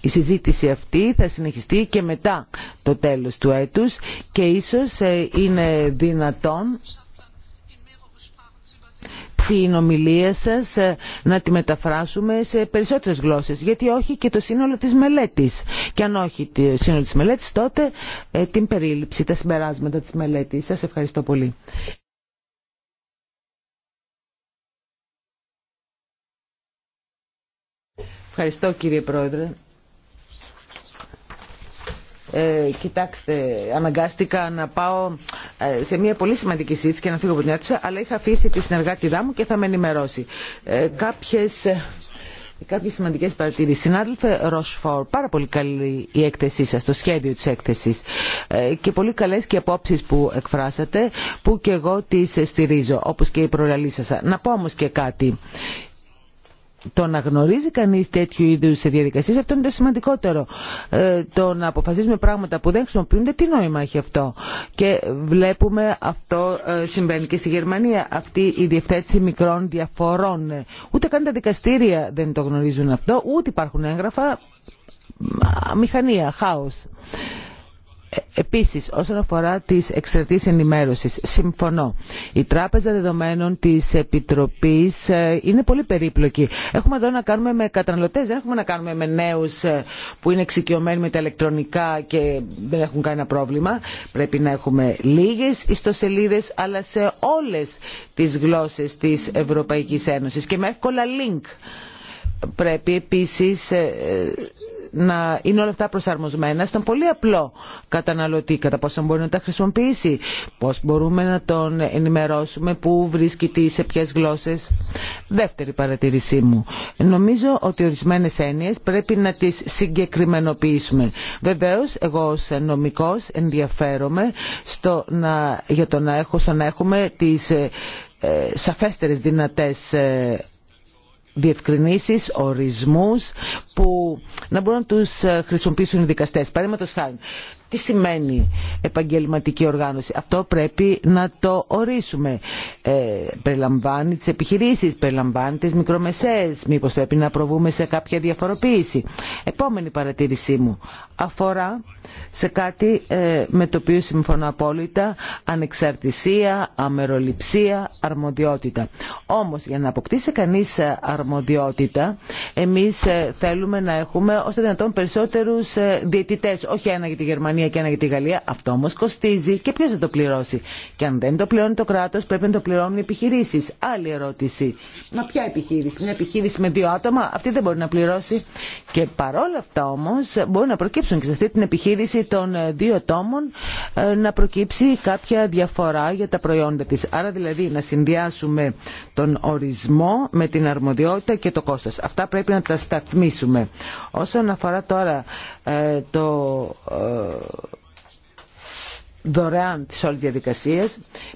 Η συζήτηση αυτή θα συνεχιστεί και μετά το τέλος του έτους και ίσως ε, είναι δυνατόν την ομιλία σας ε, να τη μεταφράσουμε σε περισσότερες γλώσσες γιατί όχι και το σύνολο της μελέτης και αν όχι το σύνολο της μελέτης τότε ε, την περίληψη, τα συμπεράσματα της μελέτης. Σας ευχαριστώ πολύ. Ευχαριστώ κύριε Πρόεδρε. Ε, κοιτάξτε, αναγκάστηκα να πάω ε, σε μια πολύ σημαντική συζήτηση και να φύγω από την αίθουσα, αλλά είχα αφήσει τη συνεργάτη μου και θα με ενημερώσει. Ε, κάποιες, ε, κάποιες σημαντικές παρατηρήσεις. Συνάδελφε Ροσφόρ, πάρα πολύ καλή η έκθεσή σας, το σχέδιο της έκθεσης ε, και πολύ καλές και απόψεις που εκφράσατε, που και εγώ τις στηρίζω, όπως και η προλαλή σας. Να πω όμως και κάτι το να γνωρίζει κανείς τέτοιου είδους διαδικασίες, αυτό είναι το σημαντικότερο. Ε, το να αποφασίζουμε πράγματα που δεν χρησιμοποιούνται, τι νόημα έχει αυτό. Και βλέπουμε αυτό ε, συμβαίνει και στη Γερμανία, αυτή η διευθέτηση μικρών διαφορών. Ε, ούτε καν τα δικαστήρια δεν το γνωρίζουν αυτό, ούτε υπάρχουν έγγραφα, μηχανία, χάος. Επίσης, όσον αφορά τις εξαιρετήσεις ενημέρωσης, συμφωνώ. Η Τράπεζα Δεδομένων της Επιτροπής ε, είναι πολύ περίπλοκη. Έχουμε εδώ να κάνουμε με καταναλωτές, δεν έχουμε να κάνουμε με νέους ε, που είναι εξοικειωμένοι με τα ηλεκτρονικά και δεν έχουν κανένα πρόβλημα. Πρέπει να έχουμε λίγες ιστοσελίδες, αλλά σε όλες τις γλώσσες της Ευρωπαϊκής Ένωσης και με εύκολα link. Πρέπει επίσης ε, να είναι όλα αυτά προσαρμοσμένα στον πολύ απλό καταναλωτή, κατά πόσο μπορεί να τα χρησιμοποιήσει, πώ μπορούμε να τον ενημερώσουμε, πού βρίσκεται, σε ποιες γλώσσες. Δεύτερη παρατηρήσή μου. Νομίζω ότι ορισμένες έννοιες πρέπει να τις συγκεκριμενοποιήσουμε. Βεβαίω, εγώ ως νομικός ενδιαφέρομαι στο να, για το να, έχω, να έχουμε τις ε, ε, σαφέστερες δυνατές ε, διευκρινήσει, ορισμού που να μπορούν να του ε, χρησιμοποιήσουν οι δικαστέ. Παραδείγματο χάρη, τι σημαίνει επαγγελματική οργάνωση. Αυτό πρέπει να το ορίσουμε. Ε, περιλαμβάνει τις επιχειρήσεις, περιλαμβάνει τις μικρομεσαίες. Μήπως πρέπει να προβούμε σε κάποια διαφοροποίηση. Επόμενη παρατήρησή μου αφορά σε κάτι ε, με το οποίο συμφωνώ απόλυτα. Ανεξαρτησία, αμεροληψία, αρμοδιότητα. Όμως για να αποκτήσει κανείς ε, αρμοδιότητα εμείς ε, θέλουμε να έχουμε ω δυνατόν περισσότερους διαιτητές. Όχι ένα για τη Γερμανία Γερμανία και ένα για τη Γαλλία, αυτό όμω κοστίζει και ποιο θα το πληρώσει. Και αν δεν το πληρώνει το κράτο, πρέπει να το πληρώνουν οι επιχειρήσει. Άλλη ερώτηση. Μα ποια επιχείρηση, μια επιχείρηση με δύο άτομα, αυτή δεν μπορεί να πληρώσει. Και παρόλα αυτά όμω μπορεί να προκύψουν και σε αυτή την επιχείρηση των ε, δύο τόμων ε, να προκύψει κάποια διαφορά για τα προϊόντα τη. Άρα δηλαδή να συνδυάσουμε τον ορισμό με την αρμοδιότητα και το κόστο. Αυτά πρέπει να τα σταθμίσουμε. Όσον αφορά τώρα ε, το δωρεάν τη όλη διαδικασία.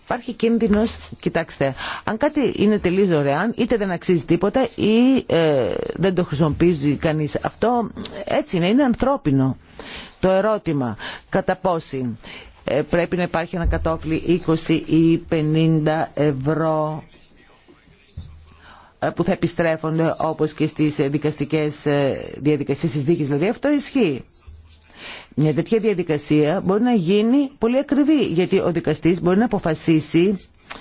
υπάρχει κίνδυνο, κοιτάξτε αν κάτι είναι τελείω δωρεάν είτε δεν αξίζει τίποτα ή ε, δεν το χρησιμοποιεί κανεί. αυτό έτσι είναι, είναι ανθρώπινο το ερώτημα κατά πόση ε, πρέπει να υπάρχει ένα κατόφλι 20 ή 50 ευρώ ε, που θα επιστρέφονται όπως και στις δικαστικές διαδικασίες της δίκης δηλαδή αυτό ισχύει μια τέτοια διαδικασία μπορεί να γίνει πολύ ακριβή, γιατί ο δικαστής μπορεί να αποφασίσει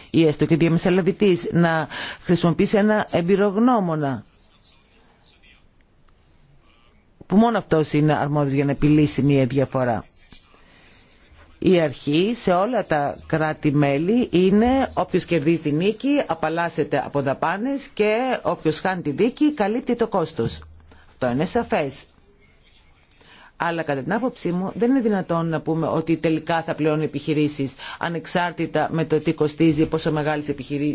ή έστω και διαμεσαλαβητής να χρησιμοποιήσει ένα εμπειρογνώμονα που μόνο αυτός είναι αρμόδιος για να επιλύσει μια διαφορά. Η αρχή σε όλα τα κράτη-μέλη είναι όποιος κερδίζει τη νίκη απαλλάσσεται από δαπάνες και όποιος χάνει τη δίκη καλύπτει το κόστος. Αυτό είναι σαφές. Αλλά κατά την άποψή μου δεν είναι δυνατόν να πούμε ότι τελικά θα πλέον επιχειρήσεις ανεξάρτητα με το τι κοστίζει, πόσο μεγάλες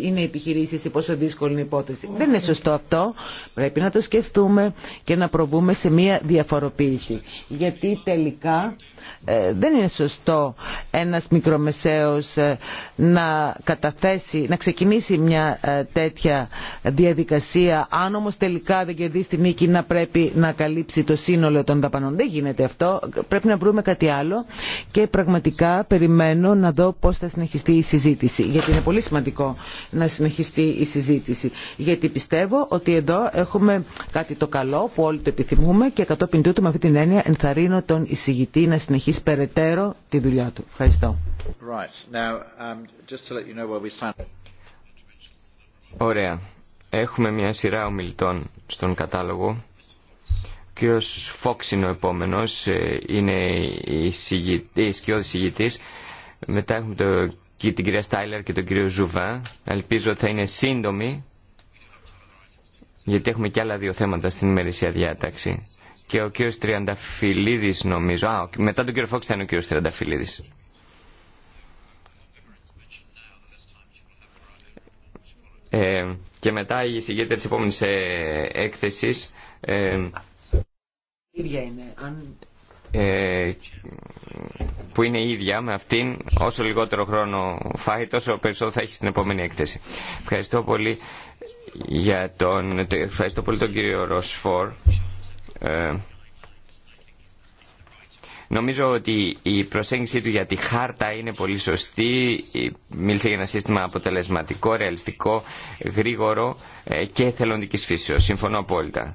είναι οι επιχειρήσεις ή πόσο δύσκολη είναι η υπόθεση. Δεν είναι σωστό αυτό. Πρέπει να το σκεφτούμε και να προβούμε σε μια διαφοροποίηση. Γιατί τελικά ε, δεν είναι σωστό ένας μικρομεσαίος ε, να καταθέσει, να ξεκινήσει μια ε, τέτοια διαδικασία αν όμως τελικά δεν κερδίσει τη νίκη να πρέπει να καλύψει το σύνολο των δαπανών. Δεν αυτό. Πρέπει να βρούμε κάτι άλλο και πραγματικά περιμένω να δω πώς θα συνεχιστεί η συζήτηση. Γιατί είναι πολύ σημαντικό να συνεχιστεί η συζήτηση. Γιατί πιστεύω ότι εδώ έχουμε κάτι το καλό που όλοι το επιθυμούμε και κατόπιν τούτου με αυτή την έννοια ενθαρρύνω τον εισηγητή να συνεχίσει περαιτέρω τη δουλειά του. Ευχαριστώ. Ωραία. Έχουμε μια σειρά ομιλητών στον κατάλογο κύριος Φόξ είναι ο επόμενος, ε, είναι η σκιώδη συγητής. Μετά έχουμε το, την κυρία Στάιλερ και τον κύριο Ζουβά. Ελπίζω ότι θα είναι σύντομη, γιατί έχουμε και άλλα δύο θέματα στην ημερησία διάταξη. Και ο κύριος Τριανταφυλλίδης νομίζω. Α, μετά τον κύριο Φόξ θα είναι ο κύριος Τριανταφυλλίδης. Ε, και μετά η συγγένεια τη επόμενη ε, ε είναι. Ε, που είναι ίδια με αυτήν όσο λιγότερο χρόνο φάει τόσο περισσότερο θα έχει στην επόμενη έκθεση ευχαριστώ πολύ για τον, ευχαριστώ πολύ τον κύριο Ροσφόρ ε, Νομίζω ότι η προσέγγιση του για τη χάρτα είναι πολύ σωστή. Μίλησε για ένα σύστημα αποτελεσματικό, ρεαλιστικό, γρήγορο ε, και θελοντικής φύσεως. Συμφωνώ απόλυτα.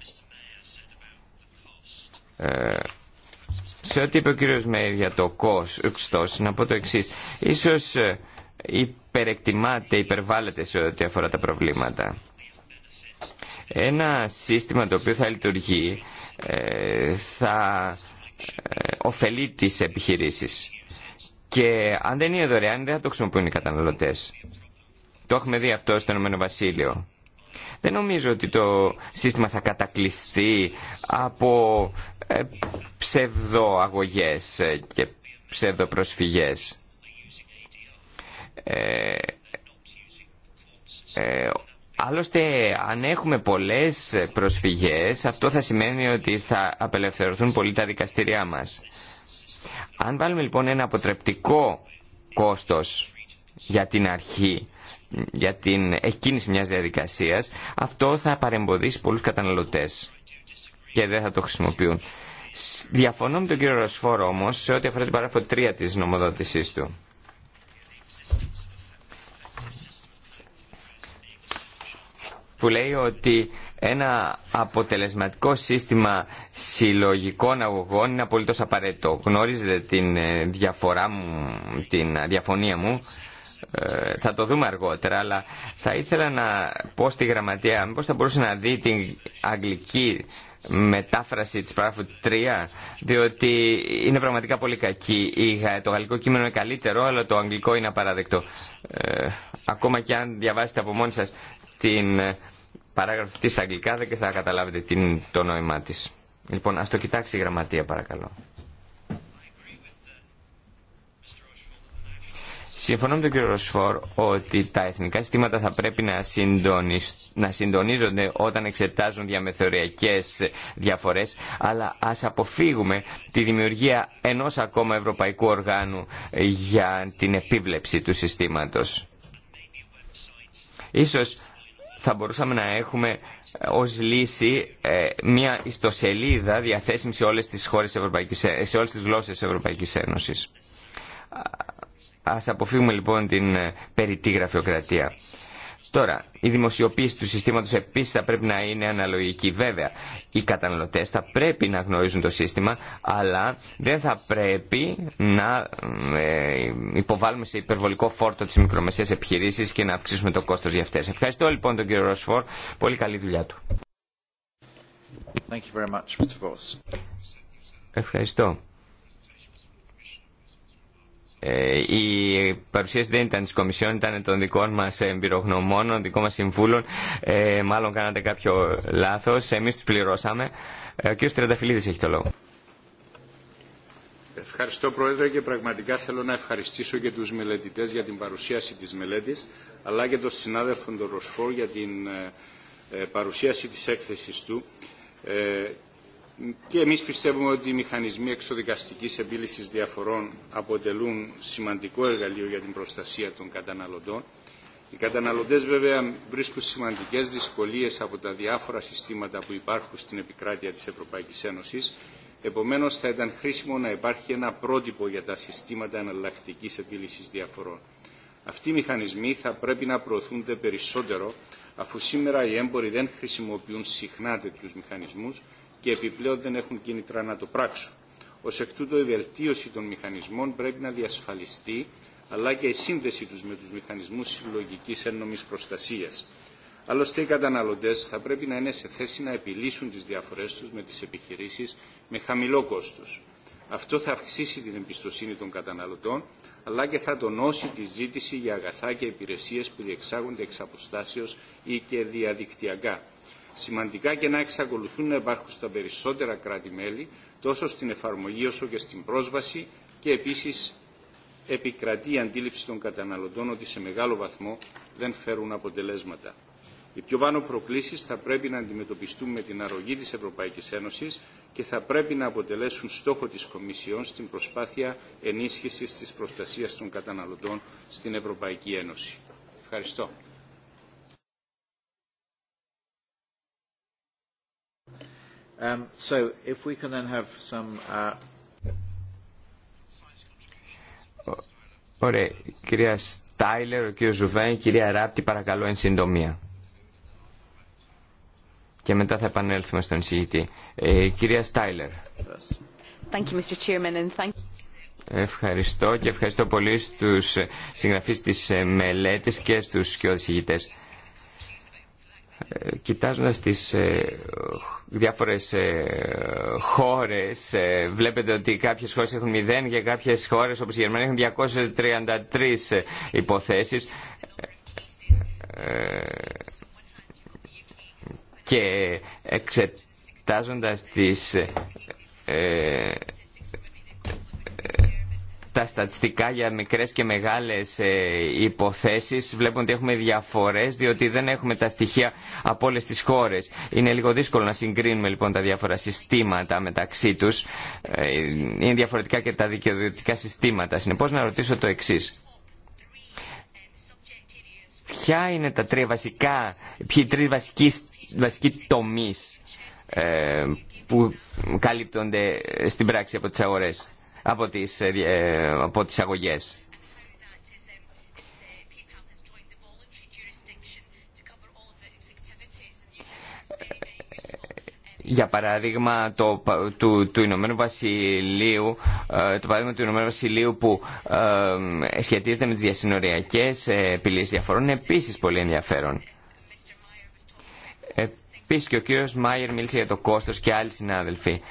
Ε, σε ό,τι είπε ο κύριος Μέιρ για το κόστος, να πω το εξή. Ίσως ε, υπερεκτιμάται, υπερβάλλεται σε ό,τι αφορά τα προβλήματα. Ένα σύστημα το οποίο θα λειτουργεί ε, θα ε, ωφελεί τις επιχειρήσεις. Και αν δεν είναι δωρεάν δεν θα το χρησιμοποιούν οι καταναλωτές. Το έχουμε δει αυτό στο Ηνωμένο Βασίλειο. Δεν νομίζω ότι το σύστημα θα κατακλειστεί από ε, ψευδοαγωγές ε, και ψευδοπροσφυγές. Ε, ε, άλλωστε, αν έχουμε πολλές προσφυγές, αυτό θα σημαίνει ότι θα απελευθερωθούν πολύ τα δικαστήριά μας. Αν βάλουμε λοιπόν ένα αποτρεπτικό κόστος για την αρχή για την εκκίνηση μιας διαδικασίας, αυτό θα παρεμποδίσει πολλούς καταναλωτές και δεν θα το χρησιμοποιούν. Διαφωνώ με τον κύριο Ροσφόρο όμως σε ό,τι αφορά την παράγραφο 3 της νομοδότησής του. που λέει ότι ένα αποτελεσματικό σύστημα συλλογικών αγωγών είναι απολύτως απαραίτητο. Γνωρίζετε την ε, διαφορά μου, την ε, διαφωνία μου ε, θα το δούμε αργότερα, αλλά θα ήθελα να πω στη γραμματεία, μήπως θα μπορούσε να δει την αγγλική μετάφραση της παράγραφου 3, διότι είναι πραγματικά πολύ κακή. Το γαλλικό κείμενο είναι καλύτερο, αλλά το αγγλικό είναι απαράδεκτο. Ε, ακόμα και αν διαβάσετε από μόνοι σας την ε, παράγραφη της στα αγγλικά, δεν θα καταλάβετε το νόημά της. Λοιπόν, ας το κοιτάξει η γραμματεία παρακαλώ. Συμφωνώ με τον κύριο Ροσφόρ ότι τα εθνικά συστήματα θα πρέπει να, να συντονίζονται όταν εξετάζουν διαμεθοριακές διαφορές, αλλά ας αποφύγουμε τη δημιουργία ενός ακόμα ευρωπαϊκού οργάνου για την επίβλεψη του συστήματος. Ίσως θα μπορούσαμε να έχουμε ε, ως λύση ε, μια ιστοσελίδα διαθέσιμη σε όλες τις, χώρες Ευρωπαϊκής, ε, σε όλες τις γλώσσες της Ευρωπαϊκής Ένωσης Ας αποφύγουμε λοιπόν την ε, περιττή γραφειοκρατία. Τώρα, η δημοσιοποίηση του συστήματος επίσης θα πρέπει να είναι αναλογική. Βέβαια, οι καταναλωτές θα πρέπει να γνωρίζουν το σύστημα, αλλά δεν θα πρέπει να ε, υποβάλουμε σε υπερβολικό φόρτο τις μικρομεσαίες επιχειρήσεις και να αυξήσουμε το κόστος για αυτές. Ευχαριστώ λοιπόν τον κύριο Ροσφόρ. Πολύ καλή δουλειά του. Thank you very much, Mr. Ευχαριστώ. Ε, η παρουσίαση δεν ήταν τη Κομισιόν, ήταν των δικών μας των δικών μα συμβούλων. Ε, μάλλον κάνατε κάποιο λάθο. Εμεί τους πληρώσαμε. Ε, ο κ. Τρενταφυλλίδη έχει το λόγο. Ευχαριστώ Πρόεδρε και πραγματικά θέλω να ευχαριστήσω και τους μελετήτε για την παρουσίαση της μελέτη, αλλά και τον συνάδελφο τον Ροσφόρ για την παρουσίαση τη έκθεση του και εμείς πιστεύουμε ότι οι μηχανισμοί εξοδικαστικής επίλυσης διαφορών αποτελούν σημαντικό εργαλείο για την προστασία των καταναλωτών. Οι καταναλωτές βέβαια βρίσκουν σημαντικές δυσκολίες από τα διάφορα συστήματα που υπάρχουν στην επικράτεια της Ευρωπαϊκής Ένωσης. Επομένως θα ήταν χρήσιμο να υπάρχει ένα πρότυπο για τα συστήματα εναλλακτική επίλυσης διαφορών. Αυτοί οι μηχανισμοί θα πρέπει να προωθούνται περισσότερο αφού σήμερα οι έμποροι δεν χρησιμοποιούν συχνά τέτοιου μηχανισμούς και επιπλέον δεν έχουν κίνητρα να το πράξουν. Ω εκ τούτου η βελτίωση των μηχανισμών πρέπει να διασφαλιστεί αλλά και η σύνδεση του με του μηχανισμού συλλογική έννομη προστασία. Άλλωστε οι καταναλωτέ θα πρέπει να είναι σε θέση να επιλύσουν τι διαφορέ του με τι επιχειρήσει με χαμηλό κόστο. Αυτό θα αυξήσει την εμπιστοσύνη των καταναλωτών, αλλά και θα τονώσει τη ζήτηση για αγαθά και υπηρεσίε που διεξάγονται εξ αποστάσεω ή και διαδικτυακά σημαντικά και να εξακολουθούν να υπάρχουν στα περισσότερα κράτη-μέλη, τόσο στην εφαρμογή όσο και στην πρόσβαση και επίσης επικρατεί η αντίληψη των καταναλωτών ότι σε μεγάλο βαθμό δεν φέρουν αποτελέσματα. Οι πιο πάνω προκλήσεις θα πρέπει να αντιμετωπιστούν με την αρρωγή της Ευρωπαϊκής Ένωσης και θα πρέπει να αποτελέσουν στόχο της Κομισιόν στην προσπάθεια ενίσχυσης της προστασίας των καταναλωτών στην Ευρωπαϊκή Ένωση. Ευχαριστώ. Um, uh, Ωραία. Κυρία Στάιλερ, ο κύριο Ζουβέν, κυρία Ράπτη, παρακαλώ εν συντομία. Και μετά θα επανέλθουμε στον εισηγητή. Ε, κυρία Στάιλερ. Ευχαριστώ και ευχαριστώ πολύ στους συγγραφείς της ε, μελέτης και στους σκιώδης ηγητές. Κοιτάζοντας τις ε, διάφορες ε, χώρες, ε, βλέπετε ότι κάποιες χώρες έχουν 0 και κάποιες χώρες όπως η Γερμανία έχουν 233 υποθέσεις. Και εξετάζοντας τις τα στατιστικά για μικρές και μεγάλες ε, υποθέσεις βλέπουν ότι έχουμε διαφορές διότι δεν έχουμε τα στοιχεία από όλε τις χώρες. Είναι λίγο δύσκολο να συγκρίνουμε λοιπόν τα διάφορα συστήματα μεταξύ τους. Ε, είναι διαφορετικά και τα δικαιοδοτικά συστήματα. Συνεπώς να ρωτήσω το εξή. Ποια είναι τα τρία βασικά, ποιοι τρεις βασικοί, βασικοί τομείς ε, που καλύπτονται στην πράξη από τις αγορές από τις, ε, ε, από τις αγωγές. για παράδειγμα το, του, του Ηνωμένου Βασιλείου ε, το παράδειγμα του Ηνωμένου Βασιλείου που σχετίζεται με τις διασυνοριακές επιλύσεις διαφορών είναι επίσης πολύ ενδιαφέρον. Επίσης και ο κύριος Μάιερ μίλησε για το κόστος και άλλοι συνάδελφοι.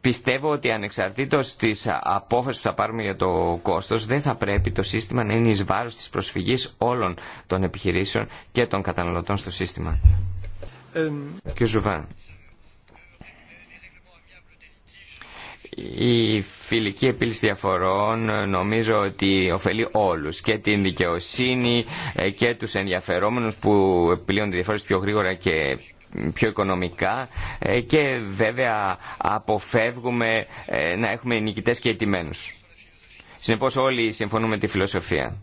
Πιστεύω ότι ανεξαρτήτως της απόφασης που θα πάρουμε για το κόστος δεν θα πρέπει το σύστημα να είναι εις βάρος της προσφυγής όλων των επιχειρήσεων και των καταναλωτών στο σύστημα. Ε... Ζουβάν. η φιλική επίλυση διαφορών νομίζω ότι ωφελεί όλους και την δικαιοσύνη ε, και τους ενδιαφερόμενους που επιλύονται διαφορές πιο γρήγορα και πιο οικονομικά ε, και βέβαια αποφεύγουμε ε, να έχουμε νικητές και ετημένους. Συνεπώς όλοι συμφωνούμε με τη φιλοσοφία.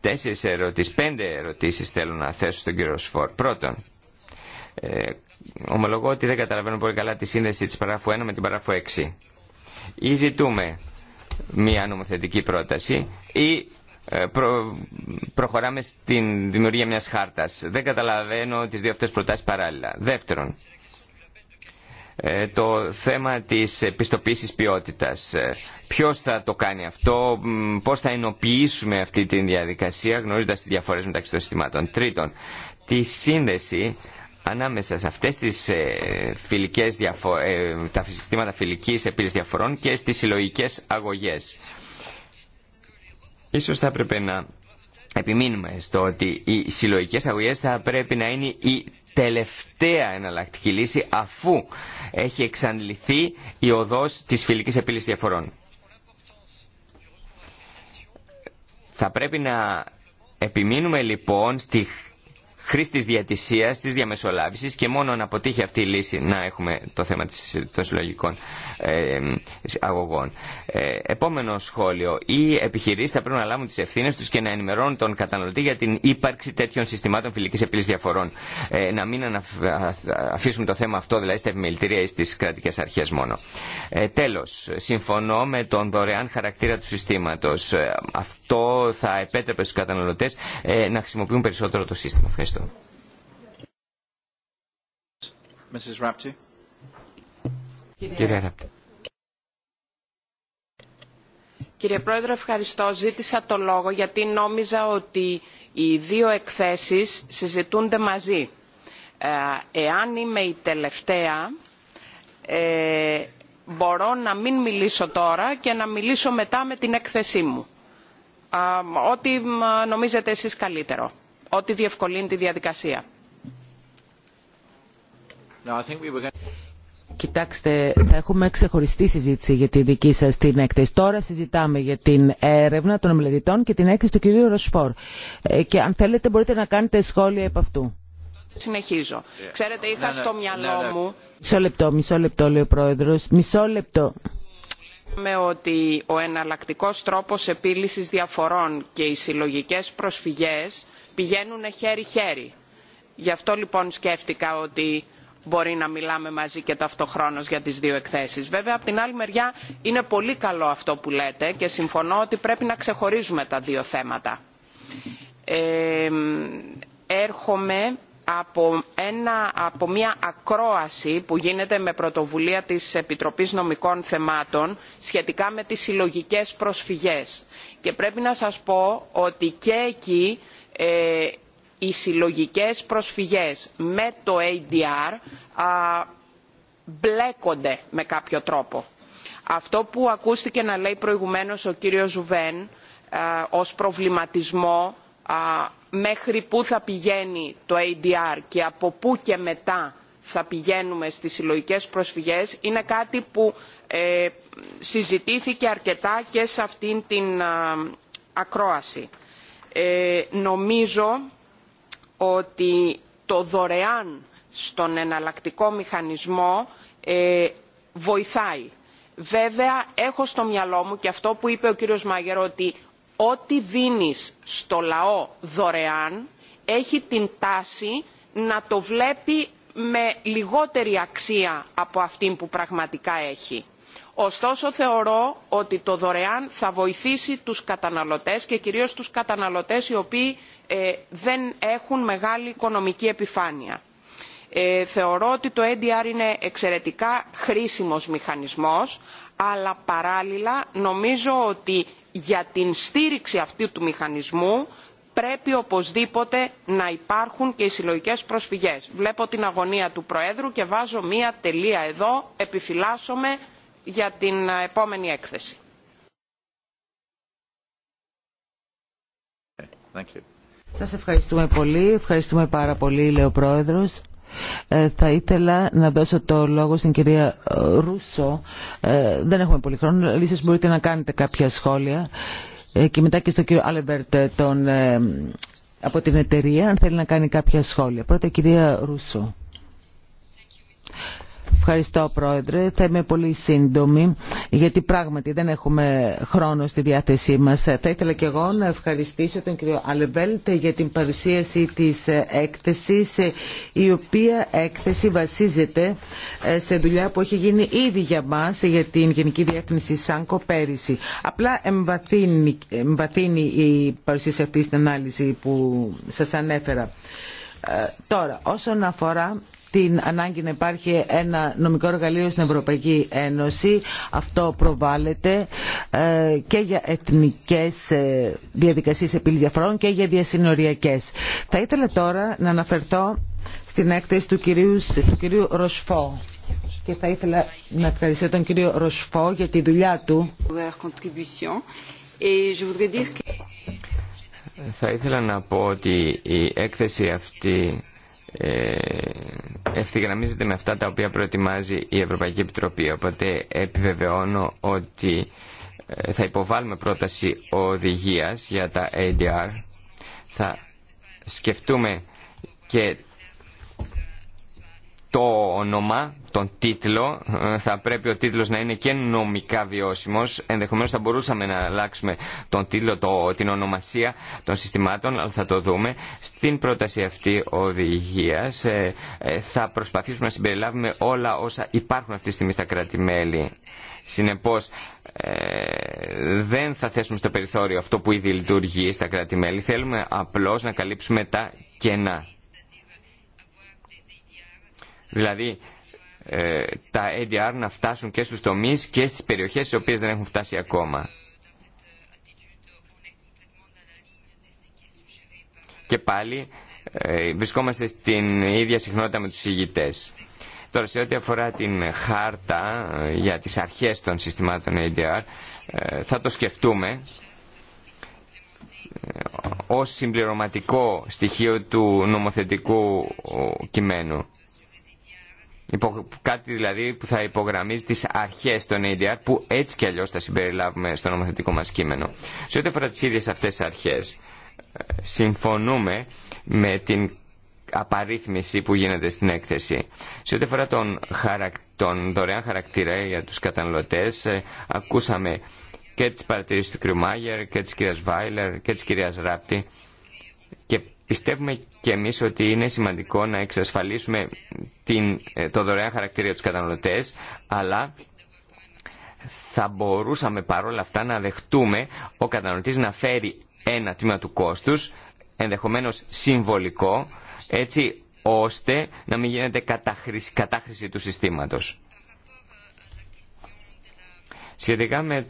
Τέσσερις ερωτήσεις, πέντε ερωτήσεις θέλω να θέσω στον κύριο Σφόρ. Πρώτον, ε, ομολογώ ότι δεν καταλαβαίνω πολύ καλά τη σύνδεση της παράφου 1 με την παράφου 6. Ή ζητούμε μια νομοθετική πρόταση ή ε, προχωράμε στην δημιουργία μιας χάρτας. Δεν καταλαβαίνω τις δύο αυτές προτάσεις παράλληλα. Δεύτερον, ε, το θέμα της πιστοποίησης ποιότητας. Ε, ποιος θα το κάνει αυτό, πώς θα ενοποιήσουμε αυτή τη διαδικασία γνωρίζοντας τις διαφορές μεταξύ των συστημάτων. Τρίτον, τη σύνδεση ανάμεσα σε αυτές τις φιλικές τα συστήματα φιλικής επίλυσης διαφορών και στις συλλογικές αγωγές. Ίσως θα έπρεπε να επιμείνουμε στο ότι οι συλλογικές αγωγές θα πρέπει να είναι η τελευταία εναλλακτική λύση αφού έχει εξαντληθεί η οδός της φιλικής επίλυσης διαφορών. Θα πρέπει να επιμείνουμε λοιπόν στη χρήση τη διατησίας, της διαμεσολάβησης και μόνο να αποτύχει αυτή η λύση να έχουμε το θέμα των συλλογικών ε, αγωγών. Ε, επόμενο σχόλιο. Οι επιχειρήσει θα πρέπει να λάβουν τι ευθύνε του και να ενημερώνουν τον καταναλωτή για την ύπαρξη τέτοιων συστημάτων φιλική επίλυση διαφορών. Ε, να μην αφήσουμε το θέμα αυτό δηλαδή στα επιμελητήρια ή στι κρατικέ αρχέ μόνο. Ε, τέλος, συμφωνώ με τον δωρεάν χαρακτήρα του συστήματος. αυτό θα επέτρεπε στους καταναλωτές να χρησιμοποιούν περισσότερο το σύστημα. Mrs. Κύριε Πρόεδρε, ευχαριστώ. Ζήτησα το λόγο γιατί νόμιζα ότι οι δύο εκθέσεις συζητούνται μαζί. Ε, εάν είμαι η τελευταία, ε, μπορώ να μην μιλήσω τώρα και να μιλήσω μετά με την έκθεσή μου. ό,τι νομίζετε εσείς καλύτερο ό,τι διευκολύνει τη διαδικασία. Κοιτάξτε, θα έχουμε ξεχωριστή συζήτηση για τη δική σας την έκθεση. Τώρα συζητάμε για την έρευνα των μελετητών και την έκθεση του κυρίου Ροσφόρ. Ε, και αν θέλετε μπορείτε να κάνετε σχόλια επ' αυτού. Συνεχίζω. Yeah. Ξέρετε, είχα στο μυαλό μου... Μισό λεπτό, μισό λεπτό, λέει ο Πρόεδρος. Μισό λεπτό. Λέμε ότι ο εναλλακτικός τρόπος επίλυσης διαφορών και οι συλλογικές προσφυγέ πηγαίνουν χέρι-χέρι. Γι' αυτό λοιπόν σκέφτηκα ότι μπορεί να μιλάμε μαζί και ταυτοχρόνως για τις δύο εκθέσεις. Βέβαια, από την άλλη μεριά είναι πολύ καλό αυτό που λέτε και συμφωνώ ότι πρέπει να ξεχωρίζουμε τα δύο θέματα. έρχομαι από, από μια ακρόαση που γίνεται με πρωτοβουλία της επιτροπής νομικών θεμάτων σχετικά με τις συλλογικές προσφυγές και πρέπει να σας πω ότι και εκεί ε, οι συλλογικές προσφυγές με το ADR μπλέκονται με κάποιο τρόπο. Αυτό που ακούστηκε να λέει προηγουμένως ο κύριος Ζουβέν ως προβληματισμό μέχρι πού θα πηγαίνει το ADR και από πού και μετά θα πηγαίνουμε στις συλλογικές προσφυγές είναι κάτι που ε, συζητήθηκε αρκετά και σε αυτήν την ακρόαση. Ε, νομίζω ότι το δωρεάν στον εναλλακτικό μηχανισμό ε, βοηθάει. Βέβαια, έχω στο μυαλό μου και αυτό που είπε ο κύριος Μάγερ, ότι ό,τι δίνεις στο λαό δωρεάν έχει την τάση να το βλέπει με λιγότερη αξία από αυτήν που πραγματικά έχει ωστόσο θεωρώ ότι το δωρεάν θα βοηθήσει τους καταναλωτές και κυρίως τους καταναλωτές οι οποίοι ε, δεν έχουν μεγάλη οικονομική επιφάνεια. Ε, θεωρώ ότι το ADR είναι εξαιρετικά χρήσιμος μηχανισμός αλλά παράλληλα νομίζω ότι για την στήριξη αυτού του μηχανισμού πρέπει οπωσδήποτε να υπάρχουν και οι συλλογικές προσφυγές. Βλέπω την αγωνία του Προέδρου και βάζω μία τελεία εδώ, επιφυλάσσομαι για την ε, επόμενη έκθεση. Thank ευχαριστούμε πολύ. Ευχαριστούμε πάρα πολύ, λέει ο Πρόεδρος. Ε, θα ήθελα να δώσω το λόγο στην κυρία ε, Ρούσο. δεν έχουμε πολύ χρόνο. Ίσως μπορείτε να κάνετε κάποια σχόλια. και μετά και στον κύριο Άλεμπερτ τον, από την εταιρεία, αν θέλει να κάνει κάποια σχόλια. Πρώτα, κυρία Ρούσο. Ευχαριστώ Πρόεδρε. Θα είμαι πολύ σύντομη γιατί πράγματι δεν έχουμε χρόνο στη διάθεσή μας. Θα ήθελα και εγώ να ευχαριστήσω τον κύριο Αλεβέλτ για την παρουσίαση της έκθεσης η οποία έκθεση βασίζεται ε, σε δουλειά που έχει γίνει ήδη για μας για την Γενική Διεύθυνση ΣΑΝΚΟ πέρυσι. Απλά εμβαθύνει, η παρουσίαση αυτή στην ανάλυση που σας ανέφερα. Ε, τώρα, όσον αφορά την ανάγκη να υπάρχει ένα νομικό εργαλείο στην Ευρωπαϊκή Ένωση. Αυτό προβάλλεται ε, και για εθνικές ε, διαδικασίες επίλυσης διαφορών και για διασυνοριακές. Θα ήθελα τώρα να αναφερθώ στην έκθεση του κυρίου, του κυρίου Ροσφό και θα ήθελα να ευχαριστήσω τον κύριο Ροσφό για τη δουλειά του. Θα ήθελα να πω ότι η έκθεση αυτή ε, ευθυγραμμίζεται με αυτά τα οποία προετοιμάζει η Ευρωπαϊκή Επιτροπή. Οπότε επιβεβαιώνω ότι ε, θα υποβάλουμε πρόταση οδηγίας για τα ADR. Θα σκεφτούμε και το όνομα, τον τίτλο. Ε, θα πρέπει ο τίτλος να είναι και νομικά βιώσιμος. Ενδεχομένως θα μπορούσαμε να αλλάξουμε τον τίτλο, το, την ονομασία των συστημάτων, αλλά θα το δούμε. Στην πρόταση αυτή οδηγίας ε, ε, θα προσπαθήσουμε να συμπεριλάβουμε όλα όσα υπάρχουν αυτή τη στιγμή στα κράτη-μέλη. Συνεπώς, δεν θα θέσουμε στο περιθώριο αυτό που ήδη λειτουργεί στα κράτη-μέλη. Θέλουμε απλώς να καλύψουμε τα κενά. Δηλαδή ε, τα ADR να φτάσουν και στους τομείς και στις περιοχές στις οποίες δεν έχουν φτάσει ακόμα. Και πάλι ε, βρισκόμαστε στην ίδια συχνότητα με τους ηγητές. Τώρα σε ό,τι αφορά την χάρτα ε, για τις αρχές των συστημάτων ADR ε, θα το σκεφτούμε ως συμπληρωματικό στοιχείο του νομοθετικού κειμένου κάτι δηλαδή που θα υπογραμμίζει τις αρχές των ADR που έτσι και αλλιώς θα συμπεριλάβουμε στο νομοθετικό μας κείμενο. Σε ό,τι αφορά τις ίδιες αυτές τις αρχές, συμφωνούμε με την απαρίθμηση που γίνεται στην έκθεση. Σε ό,τι αφορά τον, χαρακ... τον δωρεάν χαρακτήρα για τους καταναλωτές, ε, ακούσαμε και τις παρατηρήσεις του κ. Μάγερ και της κ. Βάιλερ και της κ. Ράπτη Πιστεύουμε και εμείς ότι είναι σημαντικό να εξασφαλίσουμε την, ε, το δωρεάν χαρακτηρίο του καταναλωτέ, αλλά θα μπορούσαμε παρόλα αυτά να δεχτούμε ο καταναλωτή να φέρει ένα τμήμα του κόστους, ενδεχομένως συμβολικό, έτσι ώστε να μην γίνεται κατάχρηση, κατάχρηση του συστήματος. Σχετικά με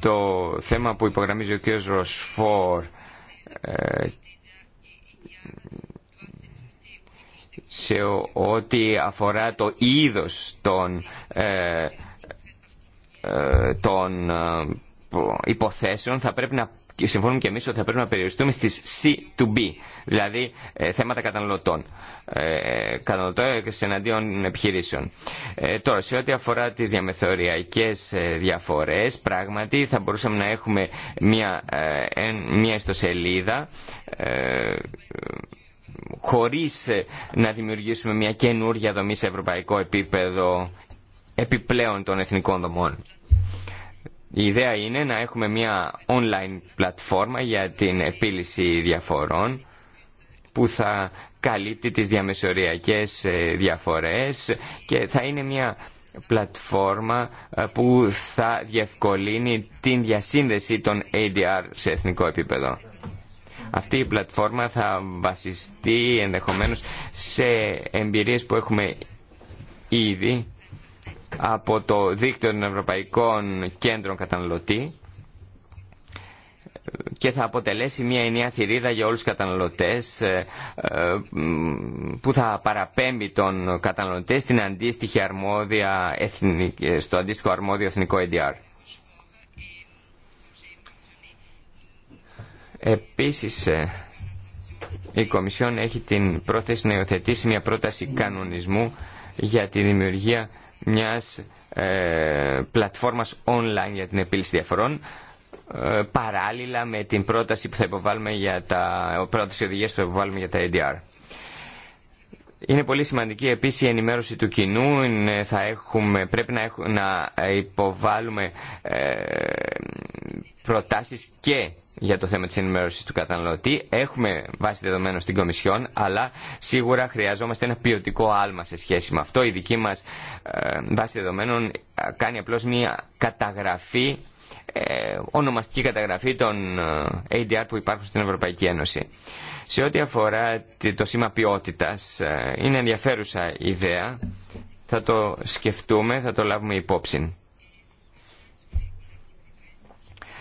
το θέμα που υπογραμμίζει ο κ. Ροσφόρ σε ό,τι αφορά το είδος των, ε, ε, των ε, υποθέσεων θα πρέπει να και συμφωνούμε και εμεί ότι θα πρέπει να περιοριστούμε στις C2B, δηλαδή ε, θέματα καταναλωτών, ε, καταναλωτών εναντίον επιχειρήσεων. Ε, τώρα, σε ό,τι αφορά τις διαμεθοριακές ε, διαφορέ, πράγματι θα μπορούσαμε να έχουμε μια, μια ιστοσελίδα χωρίς να δημιουργήσουμε μια καινούργια δομή σε ευρωπαϊκό επίπεδο επιπλέον των εθνικών δομών. Η ιδέα είναι να έχουμε μια online πλατφόρμα για την επίλυση διαφορών που θα καλύπτει τις διαμεσοριακές ε, διαφορές και θα είναι μια πλατφόρμα ε, που θα διευκολύνει την διασύνδεση των ADR σε εθνικό επίπεδο. Αυτή η πλατφόρμα θα βασιστεί ενδεχομένως σε εμπειρίες που έχουμε ήδη από το δίκτυο των Ευρωπαϊκών Κέντρων Καταναλωτή και θα αποτελέσει μια ενιαία θηρίδα για όλους τους καταναλωτές ε, ε, που θα παραπέμπει τον καταναλωτή στην αντίστοιχη αρμόδια, στο αντίστοιχο αρμόδιο εθνικό EDR. Επίσης, ε, η Κομισιόν έχει την πρόθεση να υιοθετήσει μια πρόταση κανονισμού για τη δημιουργία μιας ε, πλατφόρμας online για την επίλυση διαφορών ε, παράλληλα με την πρόταση που θα υποβάλουμε για τα πρόταση οδηγίας που θα υποβάλουμε για τα ADR. Είναι πολύ σημαντική επίσης η ενημέρωση του κοινού, θα έχουμε, πρέπει να, έχουμε, να υποβάλουμε ε, προτάσεις και για το θέμα της ενημέρωσης του καταναλωτή. Έχουμε βάση δεδομένων στην Κομισιόν, αλλά σίγουρα χρειαζόμαστε ένα ποιοτικό άλμα σε σχέση με αυτό. Η δική μας ε, βάση δεδομένων κάνει απλώς μια καταγραφή ε, ονομαστική καταγραφή των ε, ADR που υπάρχουν στην Ευρωπαϊκή Ένωση. Σε ό,τι αφορά το σήμα ποιότητας, ε, είναι ενδιαφέρουσα ιδέα. Θα το σκεφτούμε, θα το λάβουμε υπόψη.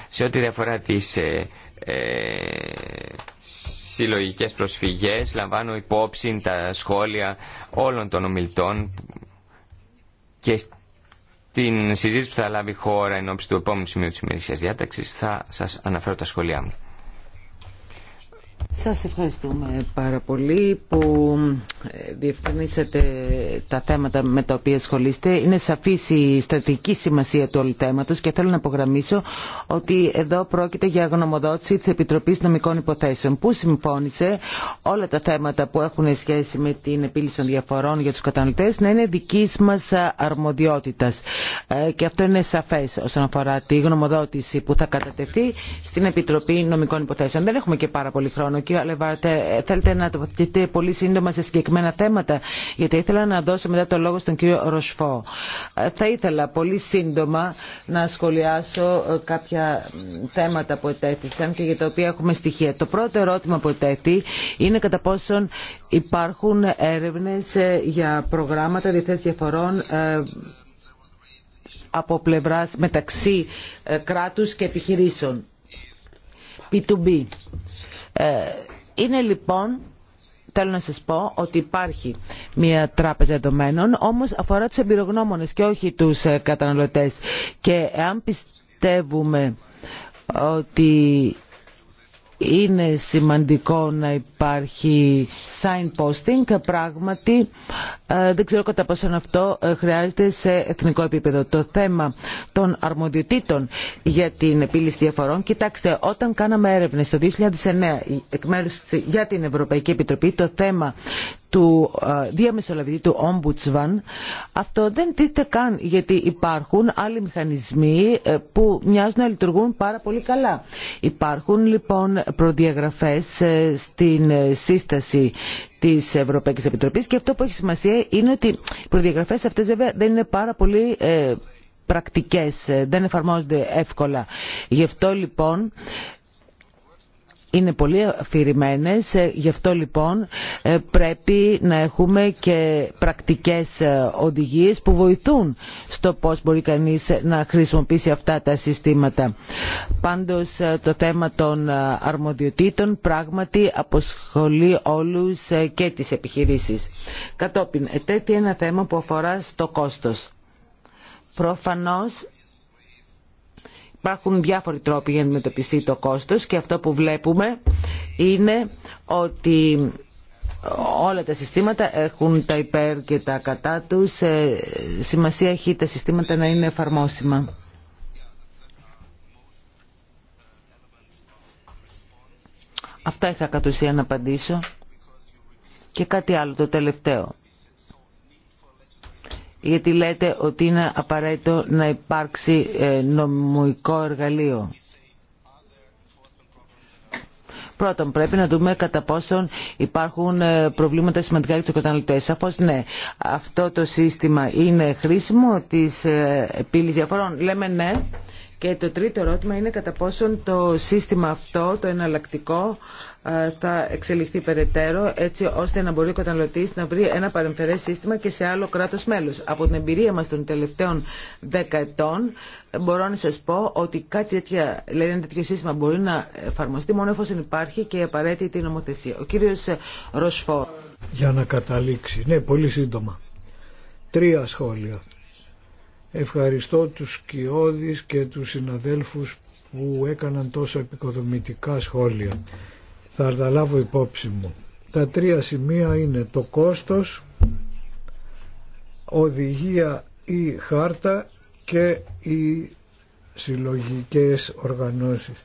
Σε ό,τι αφορά τις ε, ε, συλλογικές προσφυγές, λαμβάνω υπόψη τα σχόλια όλων των ομιλητών και την συζήτηση που θα λάβει η χώρα εν ώψη του επόμενου σημείου της ημερησίας διάταξης θα σας αναφέρω τα σχόλιά μου. Σας ευχαριστούμε πάρα πολύ που ε, διευκρινίσατε τα θέματα με τα οποία ασχολείστε. Είναι σαφής η στρατηγική σημασία του όλου θέματος και θέλω να απογραμμίσω ότι εδώ πρόκειται για γνωμοδότηση της Επιτροπής Νομικών Υποθέσεων που συμφώνησε όλα τα θέματα που έχουν σχέση με την επίλυση των διαφορών για τους καταναλωτές να είναι δικής μας αρμοδιότητας. Ε, και αυτό είναι σαφές όσον αφορά τη γνωμοδότηση που θα κατατεθεί στην Επιτροπή Νομικών Υποθέσεων. Δεν έχουμε και πάρα πολύ χρόνο Κύριε Αλεβάρτε, ε, θέλετε να τοποθετηθείτε πολύ σύντομα σε συγκεκριμένα θέματα, γιατί ήθελα να δώσω μετά το λόγο στον κύριο Ροσφό. Ε, θα ήθελα πολύ σύντομα να σχολιάσω ε, κάποια θέματα που ετέθησαν και για τα οποία έχουμε στοιχεία. Το πρώτο ερώτημα που ετέθη είναι κατά πόσον υπάρχουν έρευνες για προγράμματα διαθέσεις διαφορών από πλευράς μεταξύ κράτους και επιχειρησεων b P2B. Ε, είναι λοιπόν θέλω να σας πω ότι υπάρχει μια τράπεζα δεδομένων, όμως αφορά τους εμπειρογνώμονες και όχι τους ε, καταναλωτές. Και εάν πιστεύουμε ότι είναι σημαντικό να υπάρχει signposting. Πράγματι, ε, δεν ξέρω κατά πόσο αυτό ε, χρειάζεται σε εθνικό επίπεδο. Το θέμα των αρμοδιοτήτων για την επίλυση διαφορών. Κοιτάξτε, όταν κάναμε έρευνες το 2009 ε, εκ μέρους για την Ευρωπαϊκή Επιτροπή, το θέμα του ε, διαμεσολαβητή του Ombudsman αυτό δεν τίθεται καν γιατί υπάρχουν άλλοι μηχανισμοί ε, που μοιάζουν να λειτουργούν πάρα πολύ καλά. Υπάρχουν λοιπόν προδιαγραφές ε, στην σύσταση τη Ευρωπαϊκή Επιτροπή και αυτό που έχει σημασία είναι ότι οι προδιαγραφέ αυτέ βέβαια δεν είναι πάρα πολύ πρακτικές, δεν εφαρμόζονται εύκολα. Γι' αυτό λοιπόν είναι πολύ αφηρημένες, ε, γι' αυτό λοιπόν ε, πρέπει να έχουμε και πρακτικές ε, οδηγίες που βοηθούν στο πώς μπορεί κανείς να χρησιμοποιήσει αυτά τα συστήματα. Πάντως το θέμα των αρμοδιοτήτων πράγματι αποσχολεί όλους και τις επιχειρήσεις. Κατόπιν, τέτοιο ένα θέμα που αφορά στο κόστος. Προφανώς Υπάρχουν διάφοροι τρόποι για να αντιμετωπιστεί το κόστος και αυτό που βλέπουμε είναι ότι όλα τα συστήματα έχουν τα υπέρ και τα κατά τους. Ε, σημασία έχει τα συστήματα να είναι εφαρμόσιμα. Αυτά είχα κατ' ουσία να απαντήσω. Και κάτι άλλο, το τελευταίο γιατί λέτε ότι είναι απαραίτητο να υπάρξει ε, νομικό εργαλείο. Πρώτον, πρέπει να δούμε κατά πόσον υπάρχουν ε, προβλήματα σημαντικά για του καταναλωτέ. Σαφώ ναι, αυτό το σύστημα είναι χρήσιμο τη ε, επίλυση διαφορών. Λέμε ναι, και το τρίτο ερώτημα είναι κατά πόσον το σύστημα αυτό, το εναλλακτικό, θα εξελιχθεί περαιτέρω έτσι ώστε να μπορεί ο καταναλωτή να βρει ένα παρεμφερέ σύστημα και σε άλλο κράτο μέλο. Από την εμπειρία μα των τελευταίων δέκα ετών, μπορώ να σα πω ότι κάτι τέτοια, δηλαδή ένα τέτοιο σύστημα μπορεί να εφαρμοστεί μόνο εφόσον υπάρχει και η απαραίτητη νομοθεσία. Ο κύριο Ροσφόρ. Για να καταλήξει. Ναι, πολύ σύντομα. Τρία σχόλια. Ευχαριστώ τους Κιώδης και τους συναδέλφους που έκαναν τόσο επικοδομητικά σχόλια. Θα τα λάβω υπόψη μου. Τα τρία σημεία είναι το κόστος, οδηγία ή χάρτα και οι συλλογικές οργανώσεις.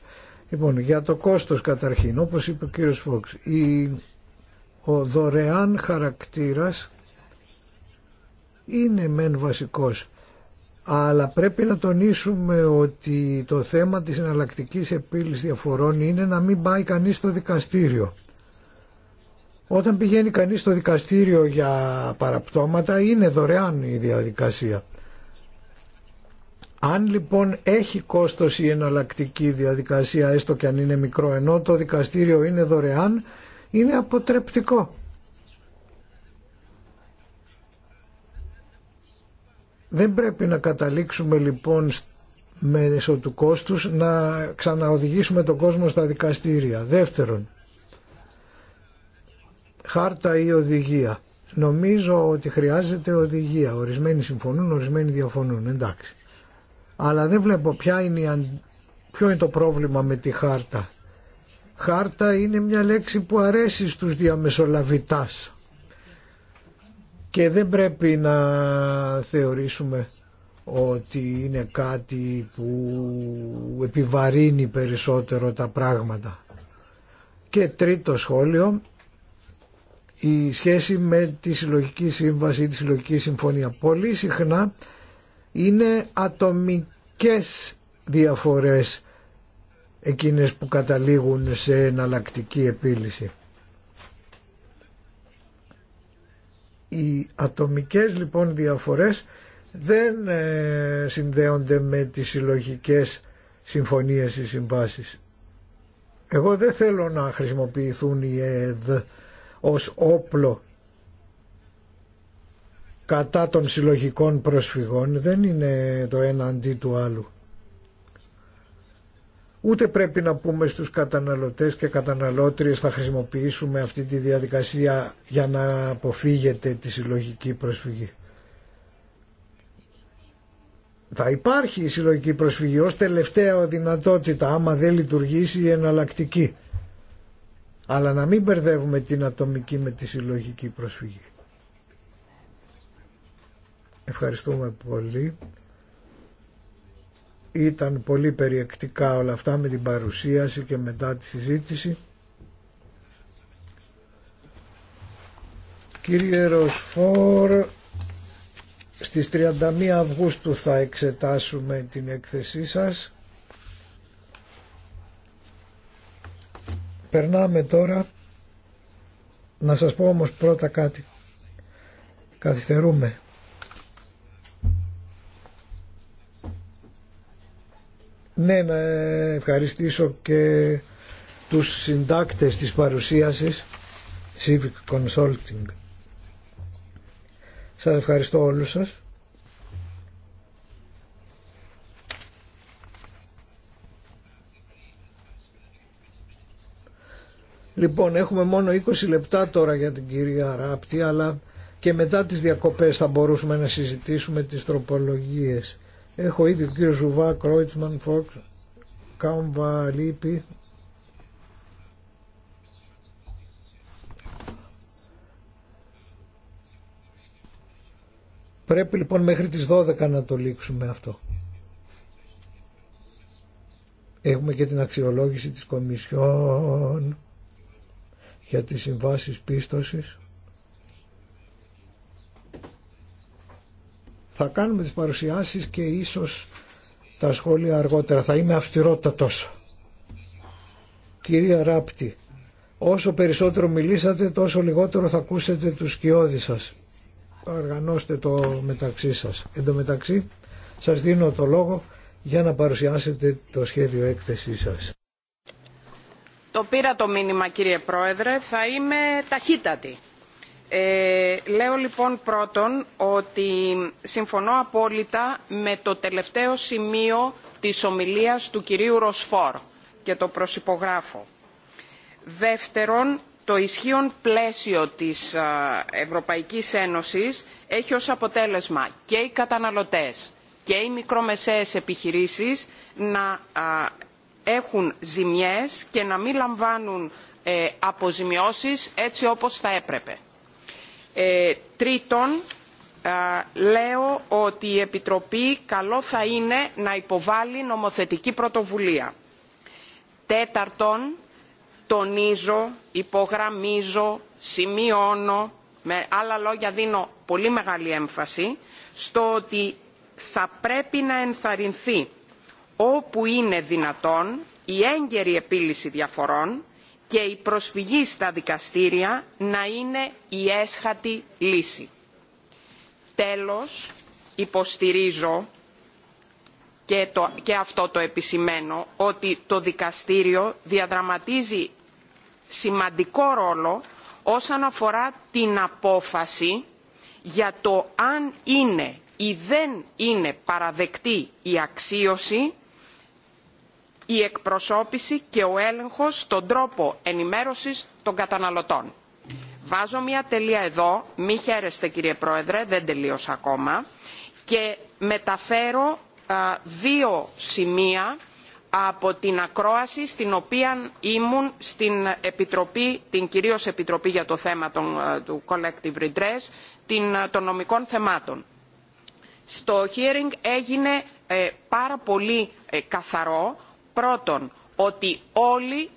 Λοιπόν, για το κόστος καταρχήν, όπως είπε ο κύριος Φόξ, ο δωρεάν χαρακτήρας είναι μεν βασικός, αλλά πρέπει να τονίσουμε ότι το θέμα της εναλλακτική επίλυσης διαφορών είναι να μην πάει κανείς στο δικαστήριο. Όταν πηγαίνει κανείς στο δικαστήριο για παραπτώματα είναι δωρεάν η διαδικασία. Αν λοιπόν έχει κόστος η εναλλακτική διαδικασία, έστω και αν είναι μικρό, ενώ το δικαστήριο είναι δωρεάν, είναι αποτρεπτικό. Δεν πρέπει να καταλήξουμε λοιπόν μέσω του κόστους να ξαναοδηγήσουμε τον κόσμο στα δικαστήρια. Δεύτερον, χάρτα ή οδηγία. Νομίζω ότι χρειάζεται οδηγία. Ορισμένοι συμφωνούν, ορισμένοι διαφωνούν. Εντάξει. Αλλά δεν βλέπω είναι ποιο είναι το πρόβλημα με τη χάρτα. Χάρτα είναι μια λέξη που αρέσει στους διαμεσολαβητάς. Και δεν πρέπει να θεωρήσουμε ότι είναι κάτι που επιβαρύνει περισσότερο τα πράγματα. Και τρίτο σχόλιο, η σχέση με τη συλλογική σύμβαση ή τη συλλογική συμφωνία. Πολύ συχνά είναι ατομικές διαφορές εκείνες που καταλήγουν σε εναλλακτική επίλυση. Οι ατομικές λοιπόν διαφορές δεν ε, συνδέονται με τις συλλογικέ συμφωνίες ή συμβάσεις. Εγώ δεν θέλω να χρησιμοποιηθούν οι ΕΔ ως όπλο κατά των συλλογικών προσφυγών. Δεν είναι το ένα αντί του άλλου. Ούτε πρέπει να πούμε στους καταναλωτές και καταναλώτριες θα χρησιμοποιήσουμε αυτή τη διαδικασία για να αποφύγετε τη συλλογική προσφυγή. Θα υπάρχει η συλλογική προσφυγή ως τελευταία δυνατότητα άμα δεν λειτουργήσει η εναλλακτική. Αλλά να μην μπερδεύουμε την ατομική με τη συλλογική προσφυγή. Ευχαριστούμε πολύ. Ήταν πολύ περιεκτικά όλα αυτά με την παρουσίαση και μετά τη συζήτηση. Κύριε Ροσφόρ, στις 31 Αυγούστου θα εξετάσουμε την έκθεσή σας. Περνάμε τώρα, να σας πω όμως πρώτα κάτι. Καθυστερούμε. Ναι, να ευχαριστήσω και τους συντάκτες της παρουσίασης Civic Consulting. Σας ευχαριστώ όλους σας. Λοιπόν, έχουμε μόνο 20 λεπτά τώρα για την κυρία Ράπτη, αλλά και μετά τις διακοπές θα μπορούσαμε να συζητήσουμε τις τροπολογίες. Έχω ήδη τον κύριο Ζουβά, Κρόιτσμαν, Φορκ, Κάμβα, Λίπη. Πρέπει λοιπόν μέχρι τις 12 να το λήξουμε αυτό. Έχουμε και την αξιολόγηση της Κομισιόν για τις συμβάσεις πίστοσης. Θα κάνουμε τις παρουσιάσεις και ίσως τα σχόλια αργότερα. Θα είμαι αυστηρότατος. Κυρία Ράπτη, όσο περισσότερο μιλήσατε τόσο λιγότερο θα ακούσετε τους σκιώδεις σας. Αργανώστε το μεταξύ σας. Εν τω μεταξύ σας δίνω το λόγο για να παρουσιάσετε το σχέδιο έκθεσή σας. Το πήρα το μήνυμα κύριε Πρόεδρε, θα είμαι ταχύτατη. Ε, λέω λοιπόν πρώτον ότι συμφωνώ απόλυτα με το τελευταίο σημείο της ομιλίας του κυρίου Ροσφόρ και το προσυπογράφω. Δεύτερον, το ισχύον πλαίσιο της Ευρωπαϊκής Ένωσης έχει ως αποτέλεσμα και οι καταναλωτές και οι μικρομεσαίες επιχειρήσεις να έχουν ζημιές και να μην λαμβάνουν ε, αποζημιώσεις έτσι όπως θα έπρεπε ε, τρίτον, λέω ότι η Επιτροπή καλό θα είναι να υποβάλει νομοθετική πρωτοβουλία. Τέταρτον, τονίζω, υπογραμμίζω, σημειώνω, με άλλα λόγια δίνω πολύ μεγάλη έμφαση, στο ότι θα πρέπει να ενθαρρυνθεί όπου είναι δυνατόν η έγκαιρη επίλυση διαφορών και η προσφυγή στα δικαστήρια να είναι η έσχατη λύση. Τέλος, υποστηρίζω και, και αυτό το επισημαίνω ότι το δικαστήριο διαδραματίζει σημαντικό ρόλο όσον αφορά την απόφαση για το αν είναι ή δεν είναι παραδεκτή η αξίωση η εκπροσώπηση και ο έλεγχος στον τρόπο ενημέρωσης των καταναλωτών. Βάζω μια τελεία εδώ, μη χαίρεστε κύριε Πρόεδρε, δεν τελείωσα ακόμα, και μεταφέρω δύο σημεία από την ακρόαση στην οποία ήμουν στην Επιτροπή, την κυρίως Επιτροπή για το θέμα του Collective Redress, των νομικών θεμάτων. Στο hearing έγινε ε, πάρα πολύ ε, καθαρό Πρώτον, ότι όλοι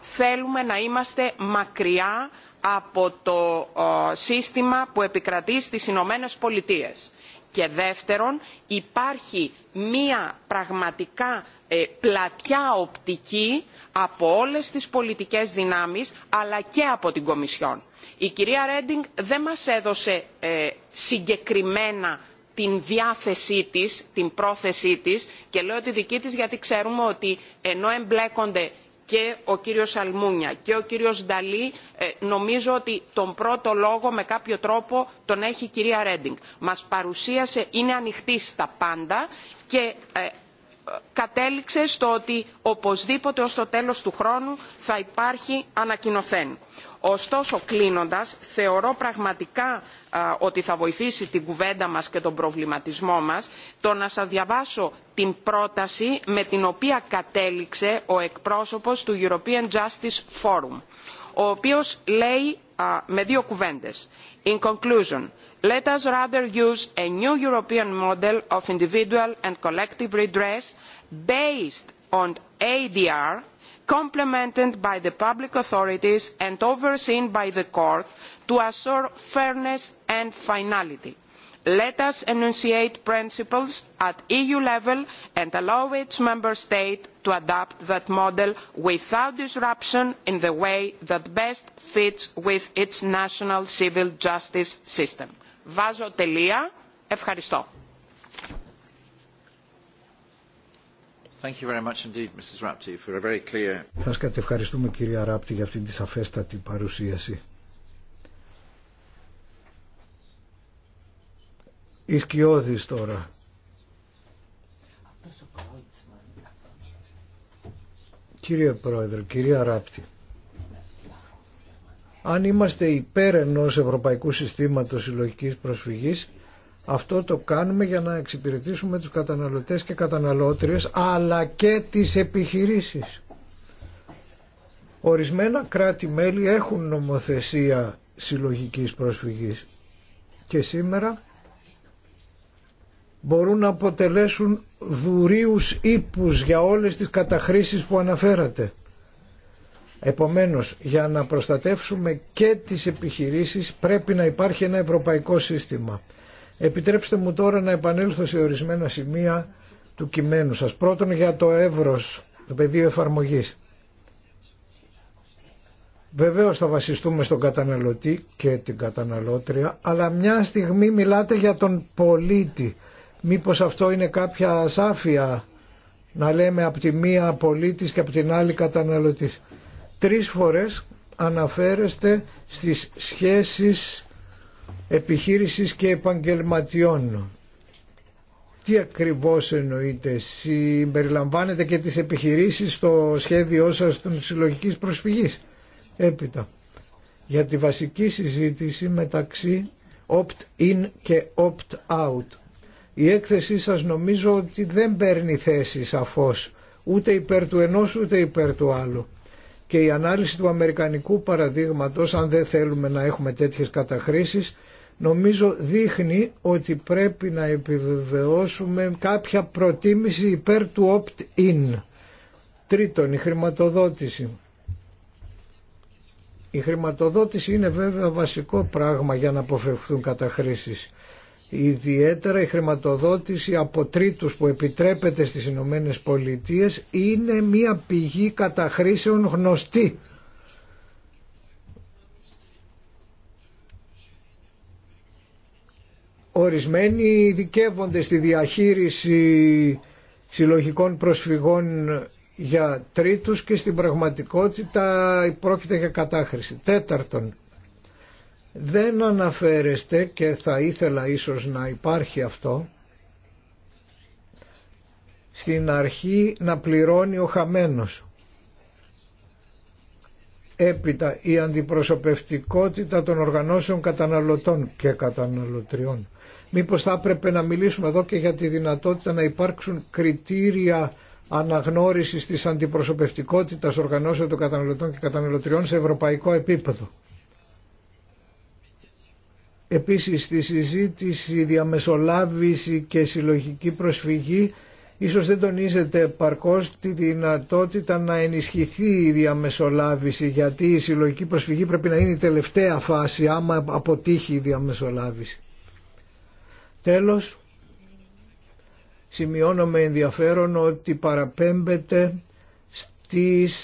θέλουμε να είμαστε μακριά από το σύστημα που επικρατεί στις Ηνωμένες Πολιτείες. Και δεύτερον, υπάρχει μία πραγματικά ε, πλατιά οπτική από όλες τις πολιτικές δυνάμεις, αλλά και από την Κομισιόν. Η κυρία Ρέντινγκ δεν μας έδωσε ε, συγκεκριμένα την διάθεσή της, την πρόθεσή της και λέω τη δική της γιατί ξέρουμε ότι ενώ εμπλέκονται και ο κύριος Αλμούνια και ο κύριος Νταλή ε, νομίζω ότι τον πρώτο λόγο με κάποιο τρόπο τον έχει η κυρία Ρέντινγκ. Μας παρουσίασε, είναι ανοιχτή στα πάντα και ε, κατέληξε στο ότι οπωσδήποτε ως το τέλος του χρόνου θα υπάρχει ανακοινοθέν ωστόσο κλείνοντας θεωρώ πραγματικά ότι θα βοηθήσει την κουβέντα μας και τον προβληματισμό μας το να σας διαβάσω την πρόταση με την οποία κατέληξε ο εκπρόσωπος του European Justice Forum ο οποίος λέει με δύο κουβέντες In conclusion, let us rather use a new European model of individual and collective redress based on ADR complemented by the public authorities and overseen by the court to assure fairness and finality. let us enunciate principles at eu level and allow each member state to adapt that model without disruption in the way that best fits with its national civil justice system. Βάζω τελεία. Ευχαριστώ. Thank Σας κατευχαριστούμε κυρία Ράπτη για αυτήν τη σαφέστατη παρουσίαση. τώρα. Κύριε Πρόεδρε, κυρία Ράπτη, αν είμαστε υπέρ ενός ευρωπαϊκού συστήματος συλλογικής προσφυγής, αυτό το κάνουμε για να εξυπηρετήσουμε τους καταναλωτές και καταναλώτριες αλλά και τις επιχειρήσεις. Ορισμένα κράτη-μέλη έχουν νομοθεσία συλλογικής προσφυγής και σήμερα μπορούν να αποτελέσουν δουρίους ύπους για όλες τις καταχρήσεις που αναφέρατε. Επομένως, για να προστατεύσουμε και τις επιχειρήσεις πρέπει να υπάρχει ένα ευρωπαϊκό σύστημα. Επιτρέψτε μου τώρα να επανέλθω σε ορισμένα σημεία του κειμένου σας. Πρώτον για το εύρος, το πεδίο εφαρμογής. Βεβαίως θα βασιστούμε στον καταναλωτή και την καταναλώτρια, αλλά μια στιγμή μιλάτε για τον πολίτη. Μήπως αυτό είναι κάποια ασάφεια να λέμε από τη μία πολίτης και από την άλλη καταναλωτής. Τρεις φορές αναφέρεστε στις σχέσεις επιχείρησης και επαγγελματιών. Τι ακριβώς εννοείτε, συμπεριλαμβάνετε και τις επιχειρήσεις στο σχέδιό σας των συλλογικής προσφυγής. Έπειτα, για τη βασική συζήτηση μεταξύ opt-in και opt-out. Η έκθεσή σας νομίζω ότι δεν παίρνει θέση σαφώς, ούτε υπέρ του ενός ούτε υπέρ του άλλου και η ανάλυση του αμερικανικού παραδείγματος, αν δεν θέλουμε να έχουμε τέτοιες καταχρήσεις, νομίζω δείχνει ότι πρέπει να επιβεβαιώσουμε κάποια προτίμηση υπέρ του opt-in. Τρίτον, η χρηματοδότηση. Η χρηματοδότηση είναι βέβαια βασικό πράγμα για να αποφευχθούν καταχρήσεις. Ιδιαίτερα η χρηματοδότηση από τρίτους που επιτρέπεται στις Ηνωμένε Πολιτείε είναι μια πηγή καταχρήσεων γνωστή. Ορισμένοι ειδικεύονται στη διαχείριση συλλογικών προσφυγών για τρίτους και στην πραγματικότητα πρόκειται για κατάχρηση. Τέταρτον, δεν αναφέρεστε και θα ήθελα ίσως να υπάρχει αυτό στην αρχή να πληρώνει ο χαμένος. Έπειτα η αντιπροσωπευτικότητα των οργανώσεων καταναλωτών και καταναλωτριών. Μήπως θα έπρεπε να μιλήσουμε εδώ και για τη δυνατότητα να υπάρξουν κριτήρια αναγνώρισης της αντιπροσωπευτικότητας οργανώσεων των καταναλωτών και καταναλωτριών σε ευρωπαϊκό επίπεδο. Επίσης στη συζήτηση διαμεσολάβηση και συλλογική προσφυγή ίσως δεν τονίζεται παρκώς τη δυνατότητα να ενισχυθεί η διαμεσολάβηση γιατί η συλλογική προσφυγή πρέπει να είναι η τελευταία φάση άμα αποτύχει η διαμεσολάβηση. Τέλος, σημειώνω με ενδιαφέρον ότι παραπέμπεται στις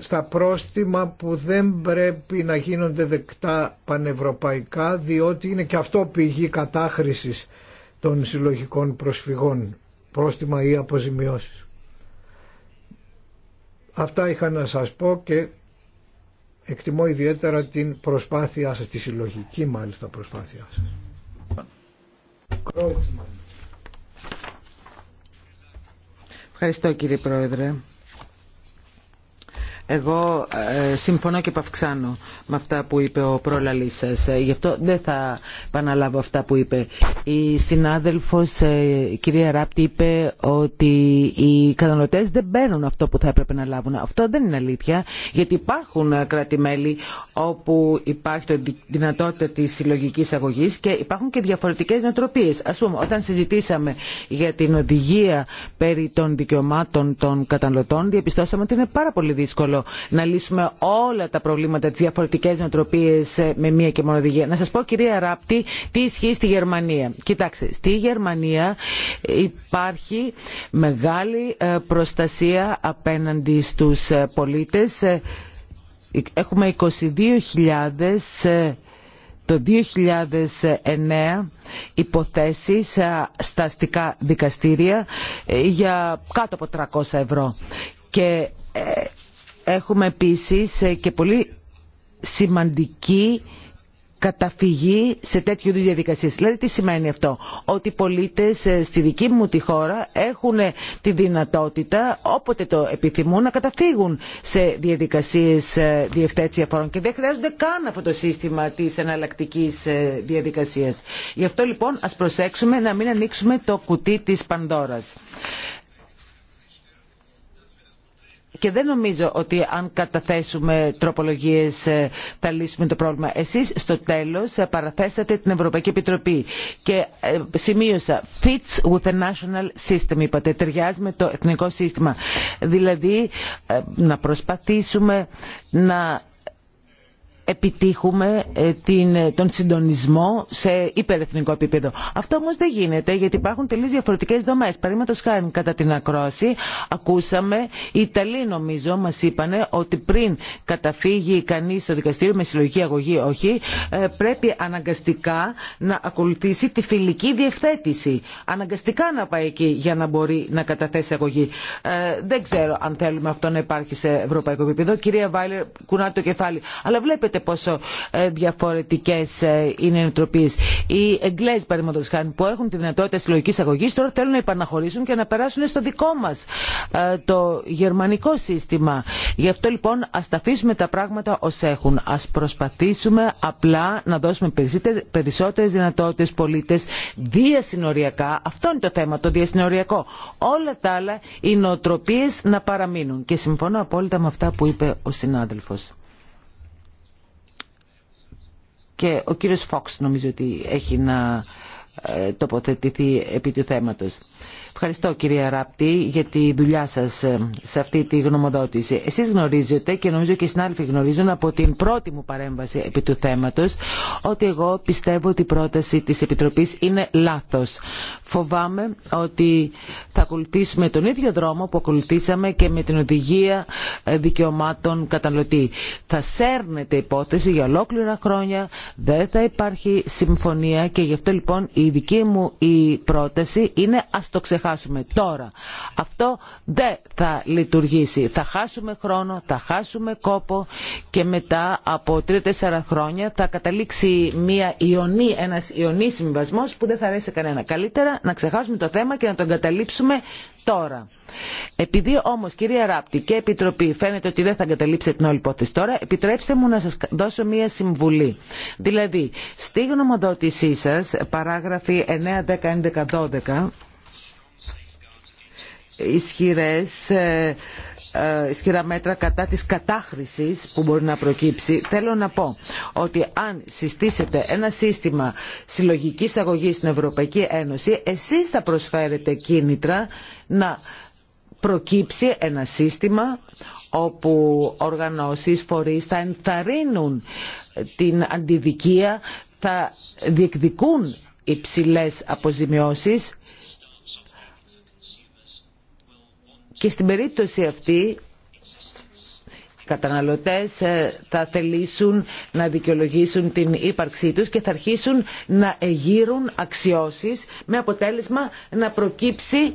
στα πρόστιμα που δεν πρέπει να γίνονται δεκτά πανευρωπαϊκά διότι είναι και αυτό πηγή κατάχρησης των συλλογικών προσφυγών, πρόστιμα ή αποζημιώσεις. Αυτά είχα να σας πω και εκτιμώ ιδιαίτερα την προσπάθειά σας, τη συλλογική μάλιστα προσπάθειά σας. Ευχαριστώ κύριε Πρόεδρε. Εγώ ε, συμφωνώ και παυξάνω με αυτά που είπε ο πρόλαλή σα. Ε, γι' αυτό δεν θα επαναλάβω αυτά που είπε. Η συνάδελφος ε, η κυρία Ράπτη είπε ότι οι καταναλωτέ δεν παίρνουν αυτό που θα έπρεπε να λάβουν. Αυτό δεν είναι αλήθεια, γιατί υπάρχουν κράτη-μέλη όπου υπάρχει το δυνατότητα τη συλλογική αγωγή και υπάρχουν και διαφορετικέ νοοτροπίε. Α πούμε, όταν συζητήσαμε για την οδηγία περί των δικαιωμάτων των καταναλωτών, διαπιστώσαμε ότι είναι πάρα πολύ δύσκολο να λύσουμε όλα τα προβλήματα, τη διαφορετικέ νοοτροπίε ε, με μία και μόνο οδηγία. Να σα πω, κυρία Ράπτη, τι ισχύει στη Γερμανία. Κοιτάξτε, στη Γερμανία υπάρχει μεγάλη ε, προστασία απέναντι στου ε, πολίτε. Έχουμε 22.000 το 2009 υποθέσεις στα αστικά δικαστήρια για κάτω από 300 ευρώ. Και Έχουμε επίσης ε, και πολύ σημαντική καταφυγή σε τέτοιου είδου διαδικασίε. Δηλαδή τι σημαίνει αυτό. Ότι οι πολίτε ε, στη δική μου τη χώρα έχουν ε, τη δυνατότητα όποτε το επιθυμούν να καταφύγουν σε διαδικασίε διευθέτηση αφορών. και δεν χρειάζονται καν αυτό το σύστημα τη εναλλακτική διαδικασία. Γι' αυτό λοιπόν α προσέξουμε να μην ανοίξουμε το κουτί της Πανδώρα και δεν νομίζω ότι αν καταθέσουμε τροπολογίες ε, θα λύσουμε το πρόβλημα. Εσείς στο τέλος ε, παραθέσατε την Ευρωπαϊκή Επιτροπή και ε, σημείωσα fits with the national system είπατε, ταιριάζει με το εθνικό σύστημα. Δηλαδή να προσπαθήσουμε να επιτύχουμε ε, ε, τον συντονισμό σε υπερεθνικό επίπεδο. Αυτό όμως δεν γίνεται γιατί υπάρχουν τελείως διαφορετικές δομές. Παραδείγματος χάρη κατά την ακρόαση ακούσαμε, οι Ιταλοί νομίζω μας είπανε ότι πριν καταφύγει κανείς στο δικαστήριο με συλλογική αγωγή όχι, ε, πρέπει αναγκαστικά να ακολουθήσει τη φιλική διευθέτηση. Αναγκαστικά να πάει εκεί για να μπορεί να καταθέσει αγωγή. δεν ξέρω αν θέλουμε αυτό να υπάρχει σε ευρωπαϊκό επίπεδο. Κυρία Βάιλερ, κουνάτε το κεφάλι. Αλλά βλέπετε βλέπετε πόσο ε, διαφορετικέ ε, είναι οι νοοτροπίε. Οι Εγγλέζοι, παραδείγματο χάρη, που έχουν τη δυνατότητα συλλογική αγωγή, τώρα θέλουν να επαναχωρήσουν και να περάσουν στο δικό μα ε, το γερμανικό σύστημα. Γι' αυτό λοιπόν α τα αφήσουμε τα πράγματα ω έχουν. Α προσπαθήσουμε απλά να δώσουμε περισσότερε δυνατότητε πολίτε διασυνοριακά. Αυτό είναι το θέμα, το διασυνοριακό. Όλα τα άλλα οι νοοτροπίε να παραμείνουν. Και συμφωνώ απόλυτα με αυτά που είπε ο συνάδελφος. Και ο κύριος Φόξ νομίζω ότι έχει να ε, τοποθετηθεί επί του θέματος. Ευχαριστώ κυρία Ράπτη για τη δουλειά σας ε, σε αυτή τη γνωμοδότηση. Εσείς γνωρίζετε και νομίζω και οι συνάδελφοι γνωρίζουν από την πρώτη μου παρέμβαση επί του θέματος ότι εγώ πιστεύω ότι η πρόταση της Επιτροπής είναι λάθος. Φοβάμαι ότι θα ακολουθήσουμε τον ίδιο δρόμο που ακολουθήσαμε και με την οδηγία ε, δικαιωμάτων καταναλωτή. Θα σέρνεται υπόθεση για ολόκληρα χρόνια, δεν θα υπάρχει συμφωνία και γι' αυτό λοιπόν η δική μου η πρόταση είναι ας το ξεχάσουμε τώρα. Αυτό δεν θα λειτουργήσει. Θα χάσουμε χρόνο, θα χάσουμε κόπο και μετά από τρία-τέσσερα χρόνια θα καταλήξει μια ιονή, ένας ιονή που δεν θα αρέσει κανένα. Καλύτερα να ξεχάσουμε το θέμα και να τον καταλήψουμε τώρα. Επειδή όμω, κυρία Ράπτη και Επιτροπή, φαίνεται ότι δεν θα εγκαταλείψετε την όλη υπόθεση τώρα, επιτρέψτε μου να σας δώσω μία συμβουλή. Δηλαδή, στη γνωμοδότησή σας, παράγραφοι 9, 10, 11, 12, ισχυρές, ε, ε, ισχυρά μέτρα κατά της κατάχρησης που μπορεί να προκύψει. Θέλω να πω ότι αν συστήσετε ένα σύστημα συλλογικής αγωγής στην Ευρωπαϊκή Ένωση, εσείς θα προσφέρετε κίνητρα να προκύψει ένα σύστημα όπου οργανώσεις, φορείς θα ενθαρρύνουν την αντιδικία, θα διεκδικούν υψηλές αποζημιώσεις και στην περίπτωση αυτή οι καταναλωτές ε, θα θελήσουν να δικαιολογήσουν την ύπαρξή τους και θα αρχίσουν να εγείρουν αξιώσεις με αποτέλεσμα να προκύψει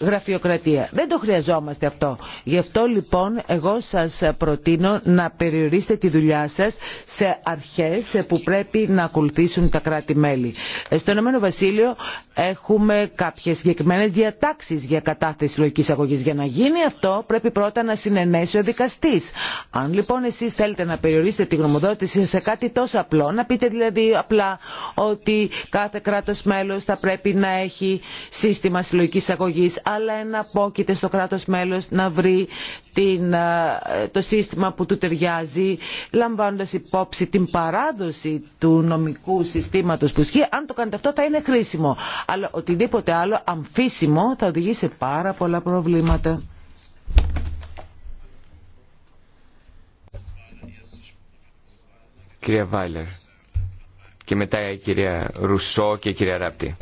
γραφειοκρατία. Δεν το χρειαζόμαστε αυτό. Γι' αυτό λοιπόν εγώ σας προτείνω να περιορίσετε τη δουλειά σας σε αρχές που πρέπει να ακολουθήσουν τα κράτη-μέλη. Στο Ηνωμένο Βασίλειο έχουμε κάποιες συγκεκριμένε διατάξεις για κατάθεση λογικής αγωγής. Για να γίνει αυτό πρέπει πρώτα να συνενέσει ο δικαστής. Αν λοιπόν εσείς θέλετε να περιορίσετε τη γνωμοδότηση σε κάτι τόσο απλό, να πείτε δηλαδή απλά ότι κάθε κράτος μέλος θα πρέπει να έχει σύστημα συλλογικής αγωγής αλλά εναπόκειται στο κράτος μέλος να βρει την, ε, το σύστημα που του ταιριάζει, λαμβάνοντας υπόψη την παράδοση του νομικού συστήματος που σχεί. Αν το κάνετε αυτό θα είναι χρήσιμο, αλλά οτιδήποτε άλλο αμφίσιμο θα οδηγεί σε πάρα πολλά προβλήματα. Κυρία Βάιλερ και μετά η κυρία Ρουσό και η κυρία Ράπτη.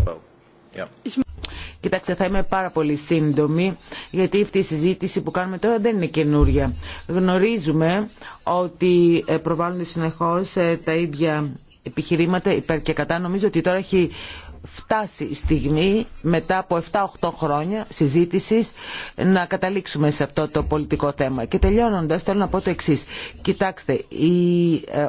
Κοιτάξτε, θα είμαι πάρα πολύ σύντομη, γιατί αυτή η συζήτηση που κάνουμε τώρα δεν είναι καινούρια. Γνωρίζουμε ότι ε, προβάλλονται συνεχώς ε, τα ίδια επιχειρήματα υπέρ και κατά. Νομίζω ότι τώρα έχει φτάσει η στιγμή μετά από 7-8 χρόνια συζήτησης να καταλήξουμε σε αυτό το πολιτικό θέμα. Και τελειώνοντας θέλω να πω το εξής. Κοιτάξτε, η ε,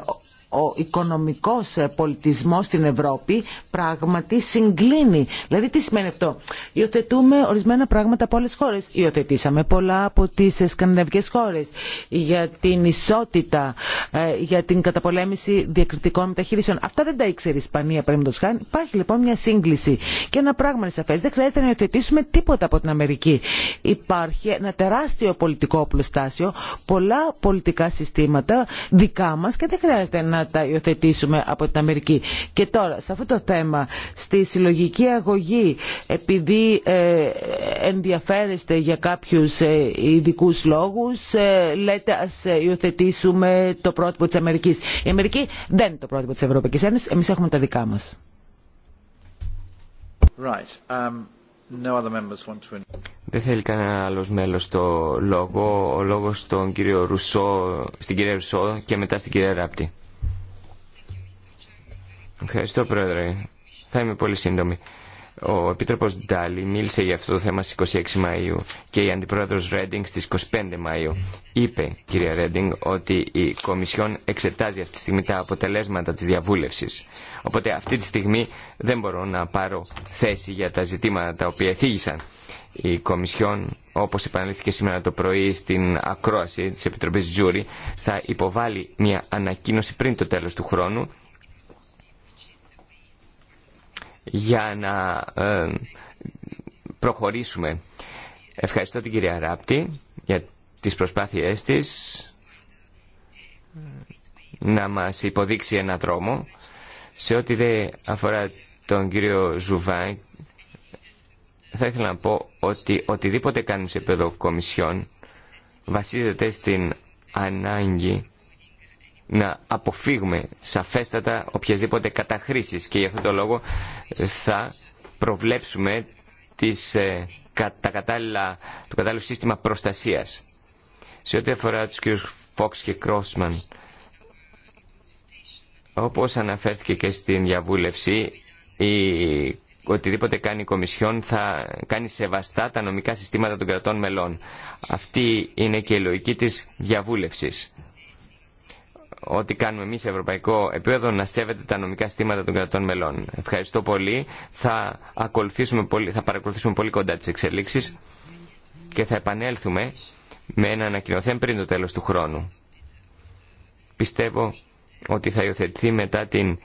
ο οικονομικός ε, πολιτισμός στην Ευρώπη πράγματι συγκλίνει. Δηλαδή τι σημαίνει αυτό. Υιοθετούμε ορισμένα πράγματα από άλλες χώρες. Υιοθετήσαμε πολλά από τις σκανδιναβικές χώρες για την ισότητα, ε, για την καταπολέμηση διακριτικών μεταχειρήσεων. Αυτά δεν τα ήξερε η Ισπανία πριν το κάνει Υπάρχει λοιπόν μια σύγκληση. Και ένα πράγμα είναι σαφές. Δεν χρειάζεται να υιοθετήσουμε τίποτα από την Αμερική. Υπάρχει ένα τεράστιο πολιτικό οπλοστάσιο, πολλά πολιτικά συστήματα δικά μας και δεν χρειάζεται να να τα υιοθετήσουμε από την Αμερική. Και τώρα, σε αυτό το θέμα, στη συλλογική αγωγή, επειδή ε, ενδιαφέρεστε για κάποιους ε, ειδικού λόγους, ε, λέτε ας υιοθετήσουμε το πρότυπο της Αμερικής. Η Αμερική δεν είναι το πρότυπο της Ευρωπαϊκής Ένωσης, εμείς έχουμε τα δικά μας. Right. Um, no other want to... Δεν θέλει κανένα άλλο μέλο το λόγο. Ο λόγο στον κύριο Ρουσό, στην κυρία Ρουσό και μετά στην κυρία Ράπτη. Ευχαριστώ, Πρόεδρε. Θα είμαι πολύ σύντομη. Ο Επίτροπο Ντάλι μίλησε για αυτό το θέμα στι 26 Μαου και η Αντιπρόεδρο Ρέντινγκ στι 25 Μαου. Είπε, κυρία Ρέντινγκ, ότι η Κομισιόν εξετάζει αυτή τη στιγμή τα αποτελέσματα τη διαβούλευση. Οπότε αυτή τη στιγμή δεν μπορώ να πάρω θέση για τα ζητήματα τα οποία εθίγησαν. Η Κομισιόν, όπω επαναλήθηκε σήμερα το πρωί στην ακρόαση τη Επιτροπή Τζούρι, θα υποβάλει μια ανακοίνωση πριν το τέλο του χρόνου για να ε, προχωρήσουμε. Ευχαριστώ την κυρία Ράπτη για τις προσπάθειές της να μας υποδείξει ένα δρόμο. Σε ό,τι δεν αφορά τον κύριο Ζουβάν, θα ήθελα να πω ότι οτιδήποτε κάνουμε σε επίπεδο βασίζεται στην ανάγκη να αποφύγουμε σαφέστατα οποιασδήποτε καταχρήσεις και για αυτόν τον λόγο θα προβλέψουμε τις, ε, τα κατάλληλα, το κατάλληλο σύστημα προστασίας. Σε ό,τι αφορά τους κ. Φόξ και Κρόσμαν, όπως αναφέρθηκε και στην διαβούλευση, η, οτιδήποτε κάνει η Κομισιόν θα κάνει σεβαστά τα νομικά συστήματα των κρατών μελών. Αυτή είναι και η λογική της διαβούλευσης ό,τι κάνουμε εμεί σε ευρωπαϊκό επίπεδο να σέβεται τα νομικά συστήματα των κρατών μελών. Ευχαριστώ πολύ. Θα, ακολουθήσουμε πολύ, θα παρακολουθήσουμε πολύ κοντά τι εξελίξει και θα επανέλθουμε με ένα ανακοινωθέν πριν το τέλο του χρόνου. Πιστεύω ότι θα υιοθετηθεί μετά την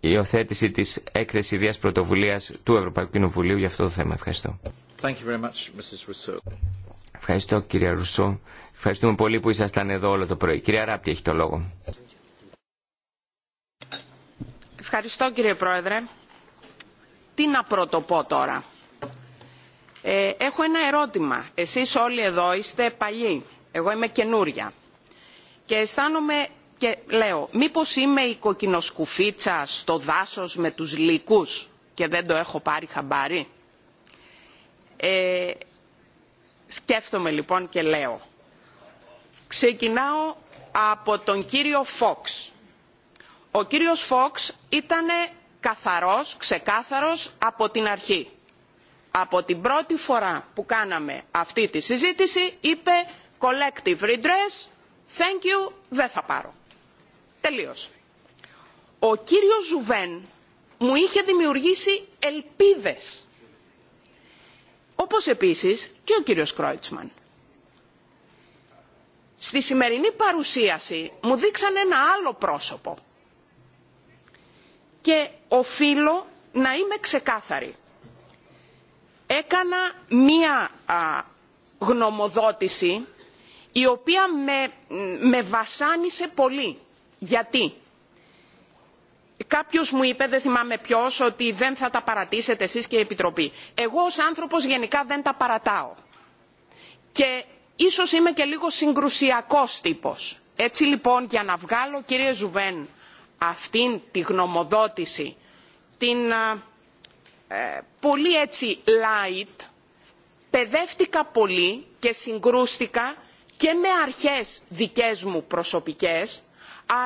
υιοθέτηση της έκθεσης ιδίας πρωτοβουλίας του Ευρωπαϊκού Κοινοβουλίου για αυτό το θέμα. Ευχαριστώ. Ευχαριστώ κύριε Ρουσό. Ευχαριστούμε πολύ που ήσασταν εδώ όλο το πρωί. Κυρία Ράπτη έχει το λόγο. Ευχαριστώ κύριε Πρόεδρε. Τι να πρωτοπώ τώρα. Ε, έχω ένα ερώτημα. Εσείς όλοι εδώ είστε παλιοί. Εγώ είμαι καινούρια. Και αισθάνομαι και λέω μήπως είμαι η κοκκινοσκουφίτσα στο δάσος με τους λύκους και δεν το έχω πάρει χαμπάρι. Ε, σκέφτομαι λοιπόν και λέω Ξεκινάω από τον κύριο Φόξ. Ο κύριος Φόξ ήταν καθαρός, ξεκάθαρος από την αρχή. Από την πρώτη φορά που κάναμε αυτή τη συζήτηση είπε collective redress, thank you, δεν θα πάρω. Τελείως. Ο κύριος Ζουβέν μου είχε δημιουργήσει ελπίδες. Όπως επίσης και ο κύριος Κρόιτσμαν στη σημερινή παρουσίαση μου δείξαν ένα άλλο πρόσωπο. Και οφείλω να είμαι ξεκάθαρη. Έκανα μία γνωμοδότηση η οποία με, με βασάνισε πολύ. Γιατί κάποιος μου είπε, δεν θυμάμαι ποιος, ότι δεν θα τα παρατήσετε εσείς και η Επιτροπή. Εγώ ως άνθρωπος γενικά δεν τα παρατάω. Και Ίσως είμαι και λίγο συγκρουσιακός τύπος. Έτσι λοιπόν για να βγάλω κύριε Ζουβέν αυτήν τη γνωμοδότηση, την ε, πολύ έτσι light, παιδεύτηκα πολύ και συγκρούστηκα και με αρχές δικές μου προσωπικές,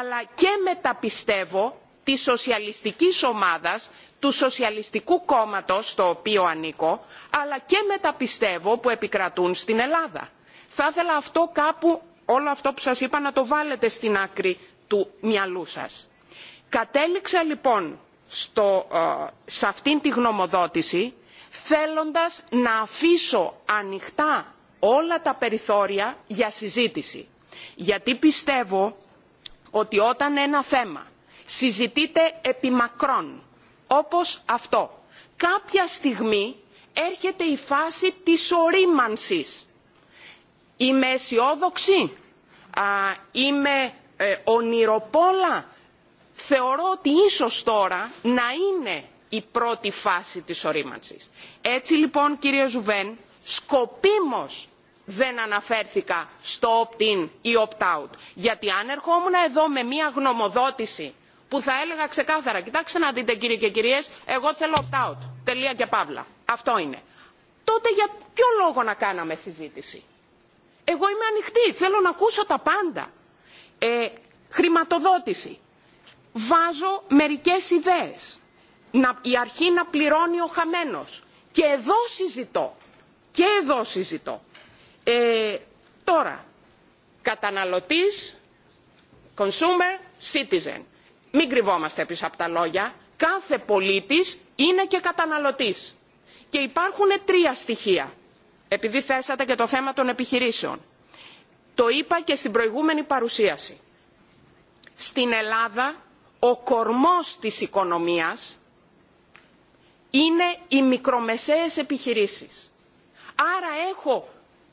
αλλά και με τα πιστεύω τη σοσιαλιστική ομάδας, του σοσιαλιστικού κόμματος στο οποίο ανήκω, αλλά και με τα πιστεύω που επικρατούν στην Ελλάδα θα ήθελα αυτό κάπου όλο αυτό που σας είπα να το βάλετε στην άκρη του μυαλού σας. Κατέληξα λοιπόν στο, ε, σε αυτήν τη γνωμοδότηση θέλοντας να αφήσω ανοιχτά όλα τα περιθώρια για συζήτηση. Γιατί πιστεύω ότι όταν ένα θέμα συζητείται επιμακρών, όπως αυτό, κάποια στιγμή έρχεται η φάση της ορίμανσης Είμαι αισιόδοξη, είμαι ε, ονειροπόλα. Θεωρώ ότι ίσως τώρα να είναι η πρώτη φάση της ορίμανσης. Έτσι λοιπόν κύριε Ζουβέν, σκοπίμως δεν αναφέρθηκα στο opt-in ή opt-out. Γιατί αν ερχόμουν εδώ με μια γνωμοδότηση που θα έλεγα ξεκάθαρα, κοιτάξτε να δείτε κύριε και κυρίες, εγώ θέλω opt-out, τελεία και παύλα. Αυτό είναι. Τότε για ποιο λόγο να κάναμε συζήτηση. Εγώ είμαι ανοιχτή, θέλω να ακούσω τα πάντα. Ε, χρηματοδότηση. Βάζω μερικές ιδέες. Να, η αρχή να πληρώνει ο χαμένος. Και εδώ συζητώ. Και εδώ συζητώ. Ε, τώρα, καταναλωτής, consumer, citizen. Μην κρυβόμαστε πίσω από τα λόγια. Κάθε πολίτης είναι και καταναλωτής. Και υπάρχουν τρία στοιχεία επειδή θέσατε και το θέμα των επιχειρήσεων. Το είπα και στην προηγούμενη παρουσίαση. Στην Ελλάδα ο κορμός της οικονομίας είναι οι μικρομεσαίες επιχειρήσεις. Άρα έχω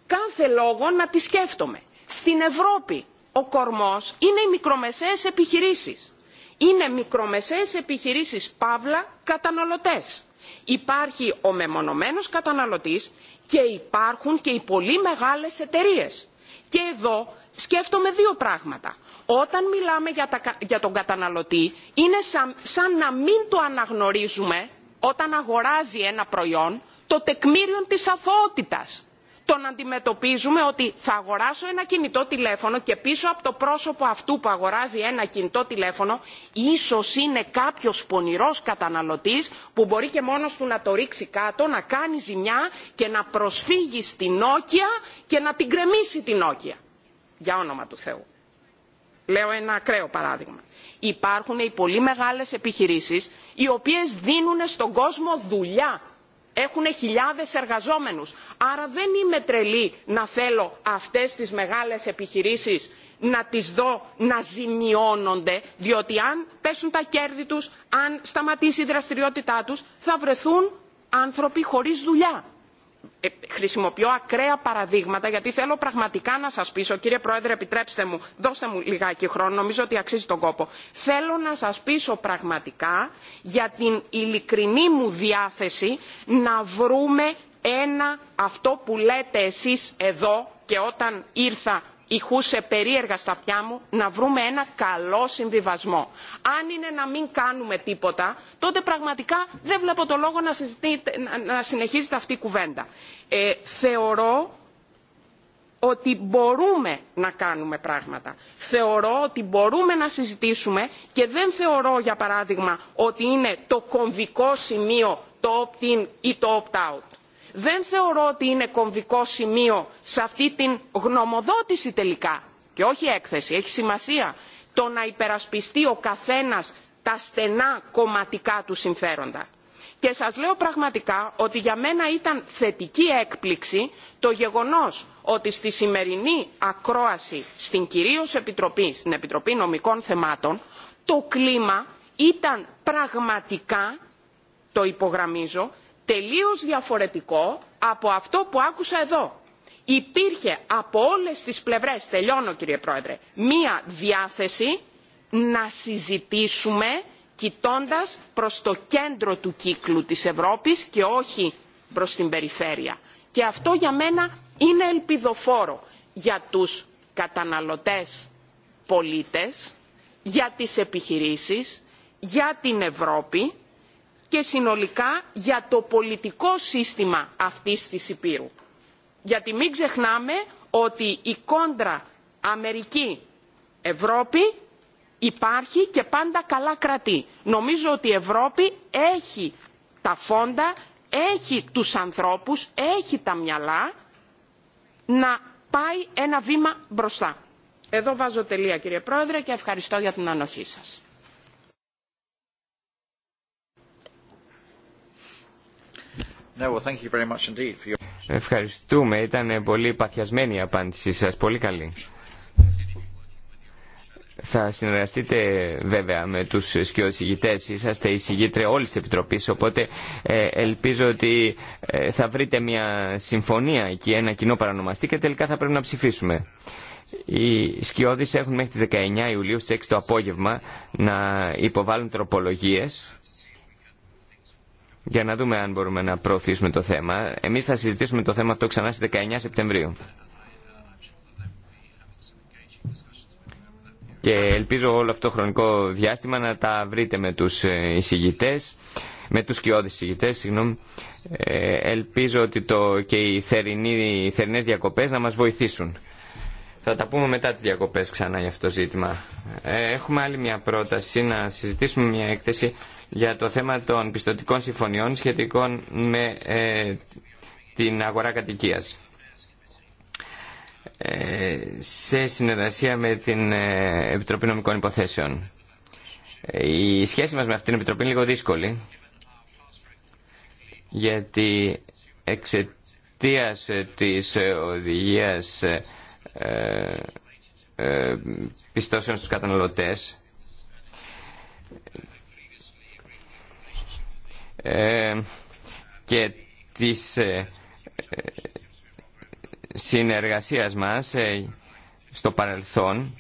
κάθε λόγο να τη σκέφτομαι. Στην Ευρώπη ο κορμός είναι οι μικρομεσαίες επιχειρήσεις. Είναι μικρομεσαίες επιχειρήσεις, παύλα, καταναλωτές. Υπάρχει ο μεμονωμένος καταναλωτής και υπάρχουν και οι πολύ μεγάλες εταιρείες. Και εδώ σκέφτομαι δύο πράγματα. Όταν μιλάμε για, τον καταναλωτή είναι σαν, σαν να μην το αναγνωρίζουμε όταν αγοράζει ένα προϊόν το τεκμήριο της αθωότητας τον αντιμετωπίζουμε ότι θα αγοράσω ένα κινητό τηλέφωνο και πίσω από το πρόσωπο αυτού που αγοράζει ένα κινητό τηλέφωνο ίσως είναι κάποιος πονηρός καταναλωτής που μπορεί και μόνος του να το ρίξει κάτω, να κάνει ζημιά και να προσφύγει στην Νόκια και να την κρεμίσει την Νόκια. Για όνομα του Θεού. Λέω ένα ακραίο παράδειγμα. Υπάρχουν οι πολύ μεγάλες επιχειρήσεις οι οποίες δίνουν στον κόσμο δουλειά έχουν χιλιάδες εργαζόμενους. Άρα δεν είμαι τρελή να θέλω αυτές τις μεγάλες επιχειρήσεις να τις δω να ζημιώνονται, διότι αν πέσουν τα κέρδη τους, αν σταματήσει η δραστηριότητά τους, θα βρεθούν άνθρωποι χωρίς δουλειά. Ε, χρησιμοποιώ ακραία παραδείγματα γιατί θέλω πραγματικά να σας πείσω κύριε πρόεδρε επιτρέψτε μου δώστε μου λιγάκι χρόνο νομίζω ότι αξίζει τον κόπο θέλω να σας πείσω πραγματικά για την ειλικρινή μου διάθεση να βρούμε ένα αυτό που λέτε εσείς εδώ και όταν ήρθα ηχούσε περίεργα στα αυτιά μου να βρούμε ένα καλό συμβιβασμό. Αν είναι να μην κάνουμε τίποτα, τότε πραγματικά δεν βλέπω το λόγο να, να συνεχίζεται αυτή η κουβέντα. Ε, θεωρώ ότι μπορούμε να κάνουμε πράγματα. Θεωρώ ότι μπορούμε να συζητήσουμε και δεν θεωρώ, για παράδειγμα, ότι είναι το κομβικό σημείο το opt-in ή το opt-out δεν θεωρώ ότι είναι κομβικό σημείο σε αυτή την γνωμοδότηση τελικά και όχι έκθεση έχει σημασία το να υπερασπιστεί ο καθένας τα στενά κομματικά του συμφέροντα. Και σας λέω πραγματικά ότι για μένα ήταν θετική έκπληξη το γεγονός ότι στη σημερινή ακρόαση στην κυρίως Επιτροπή, στην Επιτροπή Νομικών Θεμάτων, το κλίμα ήταν πραγματικά, το υπογραμμίζω, τελείως διαφορετικό από αυτό που άκουσα εδώ. Υπήρχε από όλες τις πλευρές, τελειώνω κύριε Πρόεδρε, μία διάθεση να συζητήσουμε κοιτώντας προς το κέντρο του κύκλου της Ευρώπης και όχι προς την περιφέρεια. Και αυτό για μένα είναι ελπιδοφόρο για τους καταναλωτές πολίτες, για τις επιχειρήσεις, για την Ευρώπη και συνολικά για το πολιτικό σύστημα αυτής της Υπήρου. Γιατί μην ξεχνάμε ότι η κόντρα Αμερική-Ευρώπη υπάρχει και πάντα καλά κρατεί. Νομίζω ότι η Ευρώπη έχει τα φόντα, έχει τους ανθρώπους, έχει τα μυαλά να πάει ένα βήμα μπροστά. Εδώ βάζω τελεία κύριε Πρόεδρε και ευχαριστώ για την ανοχή σας. Ευχαριστούμε. Ήταν πολύ παθιασμένη η απάντησή σας. Πολύ καλή. Θα συνεργαστείτε βέβαια με τους σκιοσηγητές. Είσαστε οι συγγήτρια όλης της Επιτροπής, οπότε ε, ελπίζω ότι ε, θα βρείτε μια συμφωνία εκεί, ένα κοινό παρανομαστή και τελικά θα πρέπει να ψηφίσουμε. Οι σκιώδεις έχουν μέχρι τις 19 Ιουλίου στις 6 το απόγευμα να υποβάλουν τροπολογίες για να δούμε αν μπορούμε να προωθήσουμε το θέμα. Εμείς θα συζητήσουμε το θέμα αυτό ξανά στις 19 Σεπτεμβρίου. Και ελπίζω όλο αυτό το χρονικό διάστημα να τα βρείτε με τους ε, εισηγητές, με τους κοιόδης εισηγητές, συγγνώμη. Ε, ελπίζω ότι το, και οι, θερινοί, οι θερινές διακοπές να μας βοηθήσουν. Θα τα πούμε μετά τις διακοπές ξανά για αυτό το ζήτημα. Ε, έχουμε άλλη μια πρόταση να συζητήσουμε μια έκθεση για το θέμα των πιστοτικών συμφωνιών σχετικών με ε, την αγορά κατοικίας. Ε, σε συνεργασία με την ε, Επιτροπή Νομικών Υποθέσεων. Η σχέση μας με αυτήν την Επιτροπή είναι λίγο δύσκολη γιατί εξαιτίας της οδηγίας ε, ε, πιστώσεων στους καταναλωτές. Ε, και της ε, συνεργασίας μας ε, στο παρελθόν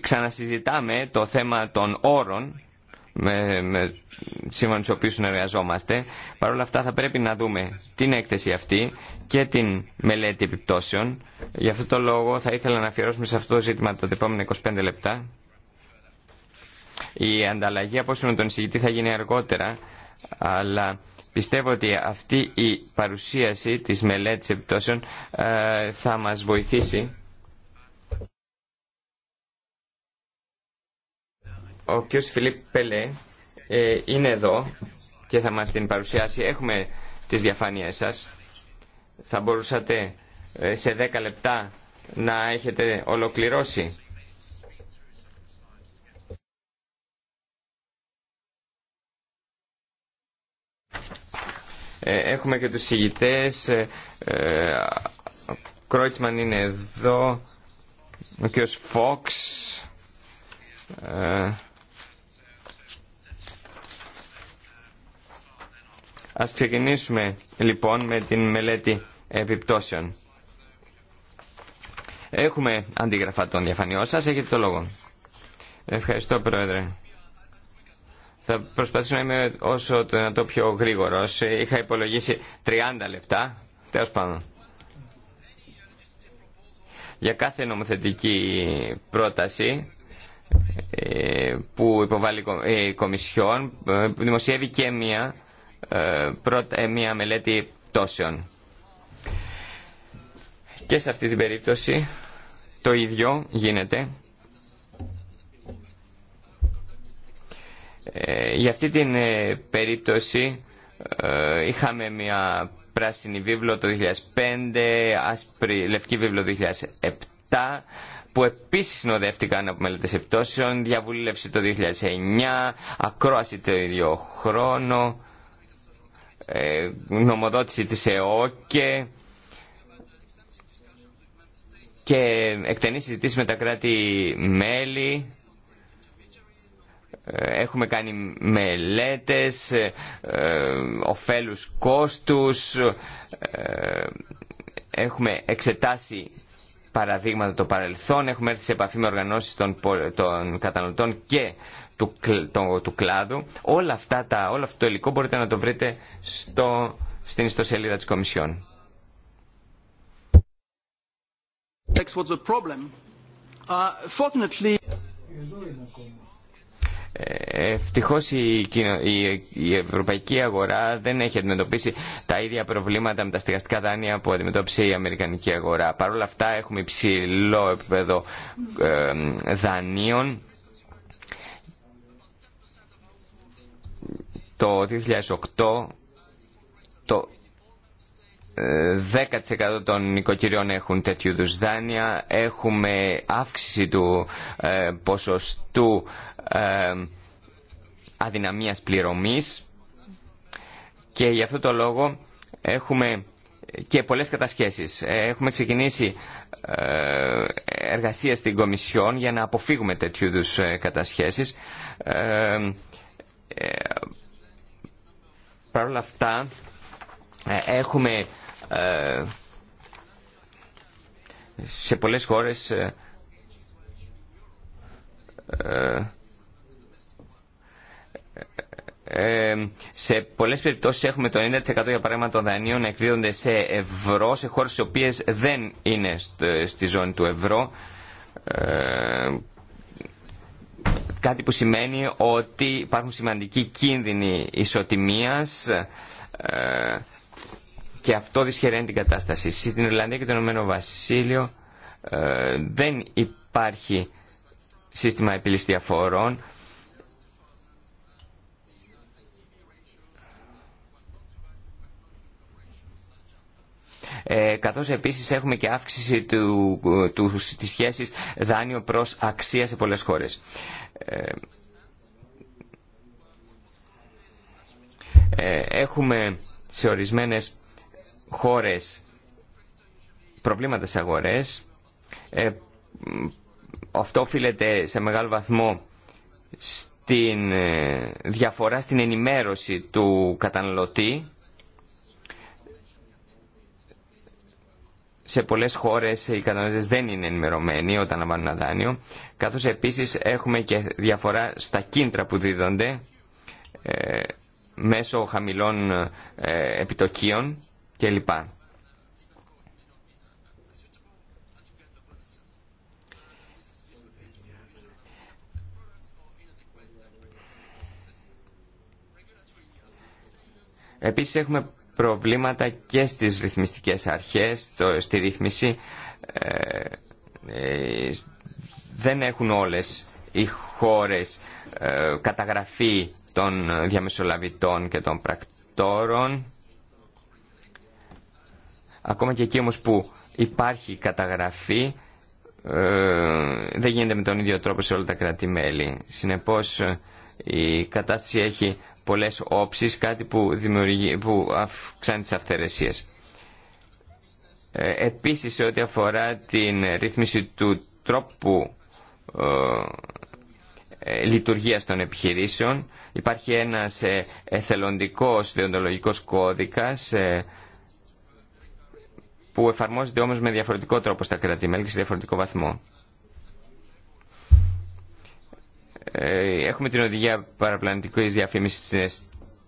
ξανασυζητάμε το θέμα των όρων με, με, σύμφωνα με τους συνεργαζόμαστε. Παρ' όλα αυτά θα πρέπει να δούμε την έκθεση αυτή και την μελέτη επιπτώσεων. Γι' αυτό το λόγο θα ήθελα να αφιερώσουμε σε αυτό το ζήτημα τα επόμενα 25 λεπτά. Η ανταλλαγή απόψεων με τον εισηγητή θα γίνει αργότερα, αλλά πιστεύω ότι αυτή η παρουσίαση της μελέτης επιπτώσεων ε, θα μας βοηθήσει Ο κ. Φιλίπ Πελέ ε, είναι εδώ και θα μας την παρουσιάσει. Έχουμε τις διαφάνειές σας. Θα μπορούσατε ε, σε 10 λεπτά να έχετε ολοκληρώσει. Ε, έχουμε και τους συγητές. Ο Κρόιτσμαν είναι εδώ. Ο κ. Φόξ. Ας ξεκινήσουμε λοιπόν με την μελέτη επιπτώσεων. Έχουμε αντίγραφα των διαφανειών σας, έχετε το λόγο. Ευχαριστώ Πρόεδρε. Θα προσπαθήσω να είμαι όσο το πιο γρήγορο. Είχα υπολογίσει 30 λεπτά, τέλος πάντων. Για κάθε νομοθετική πρόταση ε, που υποβάλλει η Κομισιόν, ε, δημοσιεύει και μία ε μια μελέτη πτώσεων. Και σε αυτή την περίπτωση το ίδιο γίνεται. Ε, για αυτή την ε, περίπτωση ε, είχαμε μια πράσινη βίβλο το 2005, άσπρη λευκή βίβλο 2007 που επίσης συνοδεύτηκαν από μελέτες επιπτώσεων, διαβούλευση το 2009, ακρόαση το ίδιο χρόνο ε, νομοδότηση της ΕΟΚΕ και εκτενή συζητήσει με τα κράτη-μέλη. Ε, έχουμε κάνει μελέτες, οφέλους ε, κόστους, έχουμε εξετάσει παραδείγματα το παρελθόν, έχουμε έρθει σε επαφή με οργανώσεις των, των καταναλωτών και του, το, του κλάδου. Όλα αυτά τα, όλο αυτό το υλικό μπορείτε να το βρείτε στο, στην ιστοσελίδα της Κομισιόν. Uh, ε, Ευτυχώ η, ευρωπαϊκή αγορά δεν έχει αντιμετωπίσει τα ίδια προβλήματα με τα στεγαστικά δάνεια που αντιμετώπισε η αμερικανική αγορά. Παρ' όλα αυτά έχουμε υψηλό επίπεδο ε, δανείων το 2008 το 10% ε, των οικοκυριών έχουν τέτοιου είδους δάνεια. Έχουμε αύξηση του ε, ποσοστού ε, αδυναμίας πληρωμής και γι' αυτό το λόγο έχουμε και πολλές κατασχέσεις. Έχουμε ξεκινήσει εργασία στην Κομισιόν για να αποφύγουμε τέτοιου είδους κατασχέσεις. Παρ' όλα αυτά ε, έχουμε ε, σε πολλές χώρες ε, σε πολλές περιπτώσεις έχουμε το 90% για παράδειγμα των δανείων να εκδίδονται σε ευρώ σε χώρες οι οποίες δεν είναι στη ζώνη του ευρώ Κάτι που σημαίνει ότι υπάρχουν σημαντικοί κίνδυνοι ισοτιμίας ε, και αυτό δυσχεραίνει την κατάσταση. Στην Ιρλανδία και το Ηνωμένο Βασίλειο ε, δεν υπάρχει σύστημα επίλυσης διαφορών ε, καθώς επίσης έχουμε και αύξηση του, σχέση της σχέσης δάνειο προς αξία σε πολλές χώρες. Ε, ε, έχουμε σε ορισμένες χώρες προβλήματα σε αγορές. Ε, αυτό οφείλεται σε μεγάλο βαθμό στην ε, διαφορά στην ενημέρωση του καταναλωτή σε πολλές χώρες οι καταναλωτέ δεν είναι ενημερωμένοι όταν λαμβάνουν ένα δάνειο, Καθώ επίσης έχουμε και διαφορά στα κίντρα που δίδονται ε, μέσω χαμηλών ε, επιτοκίων κλπ. Επίσης έχουμε προβλήματα και στις ρυθμιστικές αρχές, το στη ρύθμιση. Ε, ε, δεν έχουν όλες οι χώρες ε, καταγραφή των διαμεσολαβητών και των πρακτόρων. Ακόμα και εκεί όμως που υπάρχει καταγραφή, δεν γίνεται με τον ίδιο τρόπο σε όλα τα κράτη-μέλη. Συνεπώς η κατάσταση έχει πολλές όψεις, κάτι που, που αυξάνει τις αυθαιρεσίες. Ε, επίσης, σε ό,τι αφορά την ρύθμιση του τρόπου ε, ε λειτουργίας των επιχειρήσεων, υπάρχει ένας ε, εθελοντικός διοντολογικός κώδικας που εφαρμόζεται όμως με διαφορετικό τρόπο στα κρατημέλη και σε διαφορετικό βαθμό. Ε, έχουμε την οδηγία παραπλανητικής διαφήμιση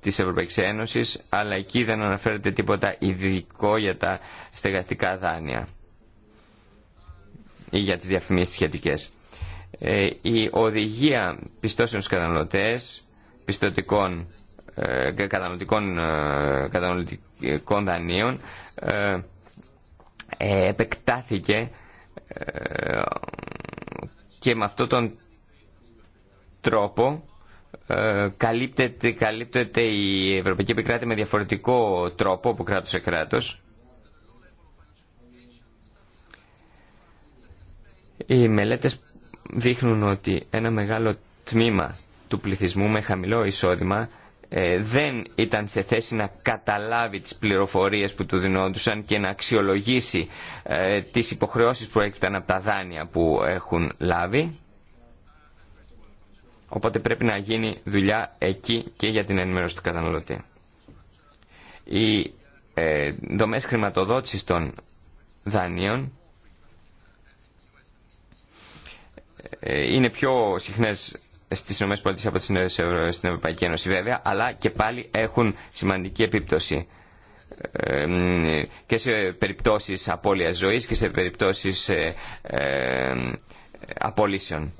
τη Ευρωπαϊκής Ένωσης, αλλά εκεί δεν αναφέρεται τίποτα ειδικό για τα στεγαστικά δάνεια ή για τις διαφημίσεις σχετικές. Ε, η οδηγία πιστώσεων στους πιστωτικών, ε, καταναλωτικών, καταναλωτικών δανείων επεκτάθηκε και με αυτόν τον τρόπο ε, καλύπτεται, καλύπτεται η Ευρωπαϊκή Επικράτη με διαφορετικό τρόπο από κράτος σε κράτος. Οι μελέτες δείχνουν ότι ένα μεγάλο τμήμα του πληθυσμού με χαμηλό εισόδημα ε, δεν ήταν σε θέση να καταλάβει τις πληροφορίες που του δινόντουσαν και να αξιολογήσει ε, τις υποχρεώσεις που έκπταναν από τα δάνεια που έχουν λάβει. Οπότε πρέπει να γίνει δουλειά εκεί και για την ενημέρωση του καταναλωτή. Οι ε, δομές χρηματοδότησης των δανείων ε, είναι πιο συχνές στις ΗΠΑ από τις στην Ευρωπαϊκή Ένωση βέβαια, αλλά και πάλι έχουν σημαντική επίπτωση και σε περιπτώσεις απώλεια ζωής και σε περιπτώσεις ε, ε, απολύσεων.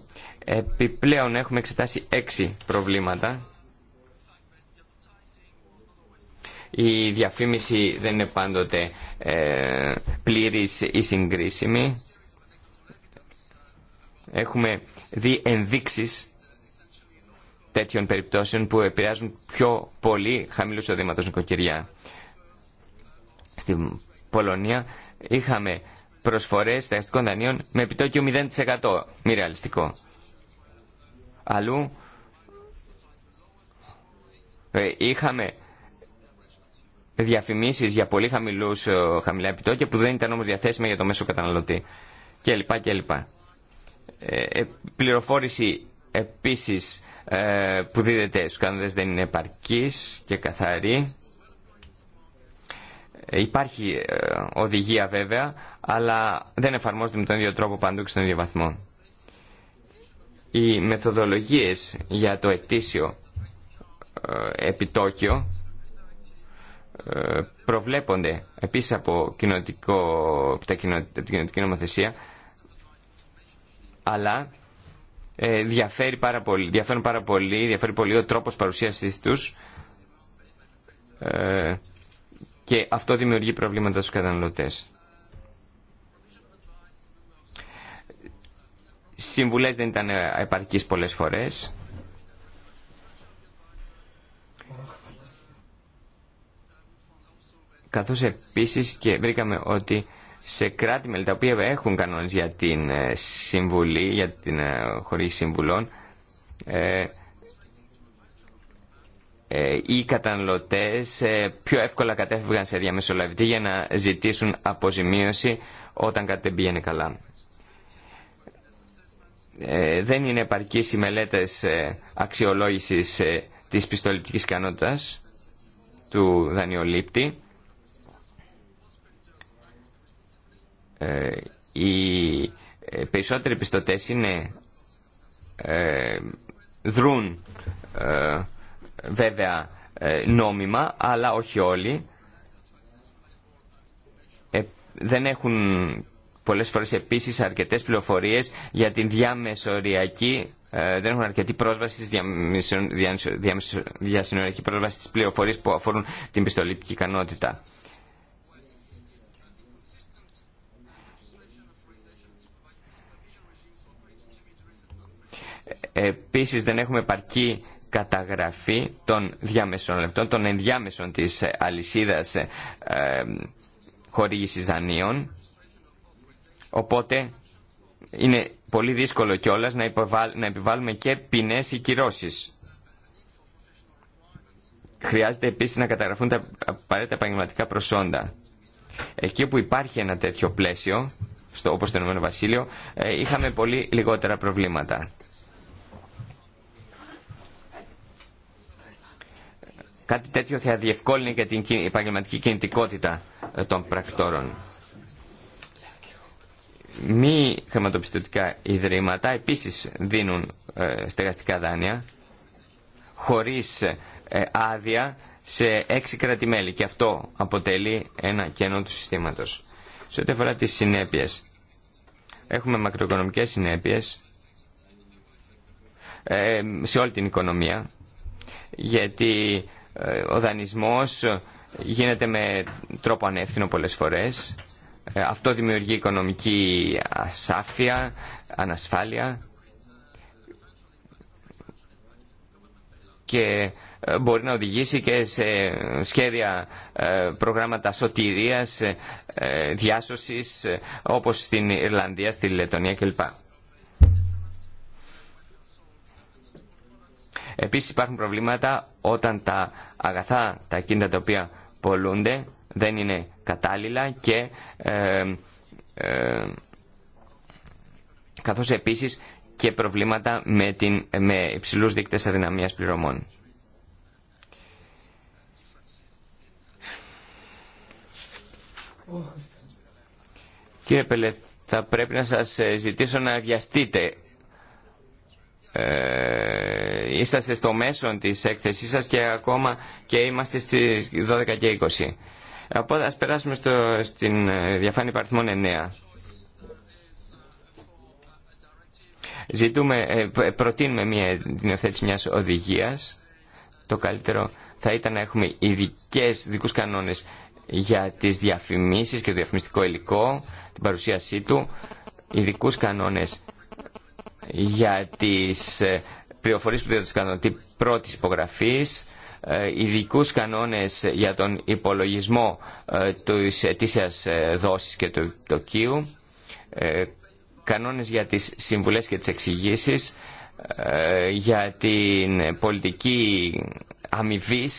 Επιπλέον έχουμε εξετάσει έξι προβλήματα. Η διαφήμιση δεν είναι πάντοτε ε, ή συγκρίσιμη. Έχουμε δει ενδείξεις τέτοιων περιπτώσεων που επηρεάζουν πιο πολύ χαμηλού εισοδήματος νοικοκυριά. Στην Πολωνία είχαμε προσφορές αστικών δανείων με επιτόκιο 0%. Μη ρεαλιστικό αλλού ε, είχαμε διαφημίσεις για πολύ χαμηλούς, ε, χαμηλά επιτόκια που δεν ήταν όμως διαθέσιμα για το μέσο καταναλωτή κλπ. λοιπά. Ε, ε, πληροφόρηση επίσης ε, που δίδεται στους κανόνες δεν είναι επαρκής και καθαρή. υπάρχει οδηγία βέβαια, αλλά δεν εφαρμόζεται με τον ίδιο τρόπο παντού και στον ίδιο βαθμό οι μεθοδολογίες για το ετήσιο ε, επιτόκιο ε, προβλέπονται επίσης από, κοινοτικό, από, τα την κοινωτική νομοθεσία αλλά ε, διαφέρει πάρα πολύ, διαφέρουν πάρα πολύ, διαφέρει πολύ ο τρόπος παρουσίασής τους και αυτό δημιουργεί προβλήματα στους καταναλωτές. συμβουλές δεν ήταν ε, επαρκείς πολλές φορές. Καθώς επίσης και βρήκαμε ότι σε κράτη με τα οποία έχουν κανόνες για την ε, συμβουλή, για την ε, χωρίς συμβουλών, ε, ε, οι καταναλωτές πιο εύκολα κατέφευγαν σε διαμεσολαβητή για να ζητήσουν αποζημίωση όταν κάτι δεν πήγαινε καλά. Ε, δεν είναι επαρκείς οι μελέτες ε, αξιολόγησης ε, της πιστοληπτικής ικανότητας του δανειολήπτη. Οι περισσότεροι πιστωτές είναι, δρούν βέβαια νόμιμα, αλλά όχι όλοι. Δεν έχουν πολλές φορές επίσης αρκετές πληροφορίες για την διαμεσοριακή ε, δεν έχουν αρκετή πρόσβαση στις διασυνοριακή πρόσβαση στις πληροφορίες που αφορούν την πιστοληπτική ικανότητα. Επίσης δεν έχουμε επαρκή καταγραφή των διαμεσολευτών, των ενδιάμεσων της αλυσίδας ε, ε, χορήγησης δανείων Οπότε είναι πολύ δύσκολο κιόλα να, να επιβάλλουμε και ποινέ ή κυρώσει. Χρειάζεται επίση να καταγραφούν τα απαραίτητα επαγγελματικά προσόντα. Εκεί όπου υπάρχει ένα τέτοιο πλαίσιο, στο, όπως το Ηνωμένο Βασίλειο, ε, είχαμε πολύ λιγότερα προβλήματα. Κάτι τέτοιο θα διευκόλυνε και την επαγγελματική κινητικότητα ε, των πρακτόρων μη χρηματοπιστωτικά ιδρύματα επίσης δίνουν ε, στεγαστικά δάνεια χωρίς ε, άδεια σε έξι και αυτό αποτελεί ένα κενό του συστήματος. Σε ό,τι αφορά τις συνέπειες, έχουμε μακροοικονομικές συνέπειες ε, σε όλη την οικονομία γιατί ο δανεισμός γίνεται με τρόπο ανεύθυνο πολλές φορές ε, αυτό δημιουργεί οικονομική ασάφεια, ανασφάλεια και ε, μπορεί να οδηγήσει και σε σχέδια ε, προγράμματα σωτηρίας, διάσωσης όπως στην Ιρλανδία, στη Λετωνία κλπ. Επίσης υπάρχουν προβλήματα όταν τα αγαθά, τα κίνητα τα οποία πολλούνται δεν είναι κατάλληλα και ε, ε, καθώς επίσης και προβλήματα με, την, με υψηλούς δείκτες αδυναμίας πληρωμών. Κύριε Πελέ, θα πρέπει να σας ε, ζητήσω να βιαστείτε. Ε, είσαστε στο μέσο της έκθεσής σας και ακόμα και είμαστε στις 12 και 20. Από, ας περάσουμε στο, στην ε, διαφάνεια παριθμών 9. Ζητούμε, ε, ε, προτείνουμε μια, την υιοθέτηση μιας οδηγίας. Το καλύτερο θα ήταν να έχουμε ειδικές δικούς κανόνες για τις διαφημίσεις και το διαφημιστικό υλικό, την παρουσίασή του, ειδικού κανόνες για τις πληροφορίες που δίνουν τους την πρώτης υπογραφής, ε, ειδικούς κανόνες για τον υπολογισμό ε, της αιτήσιας ε, δόσης και του επιτοκίου, κανόνες για τις συμβουλές και τις εξηγήσει, για την πολιτική αμοιβή,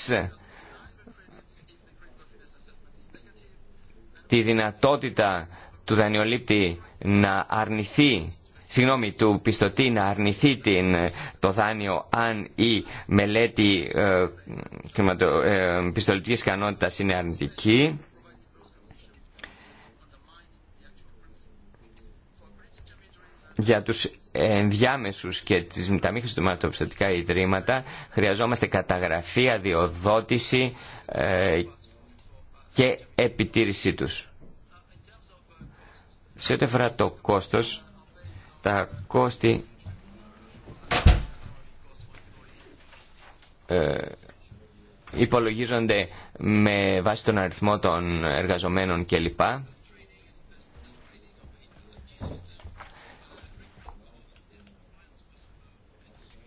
τη δυνατότητα του δανειολήπτη να αρνηθεί συγγνώμη, του πιστωτή να αρνηθεί ε, το δάνειο αν η μελέτη ε, ε είναι αρνητική. Για τους ενδιάμεσους και τις, τα μη χρησιμοποιητικά ιδρύματα χρειαζόμαστε καταγραφή, αδειοδότηση ε, και επιτήρησή τους. Σε ό,τι αφορά το κόστος, τα κόστη ε, υπολογίζονται με βάση τον αριθμό των εργαζομένων κλπ.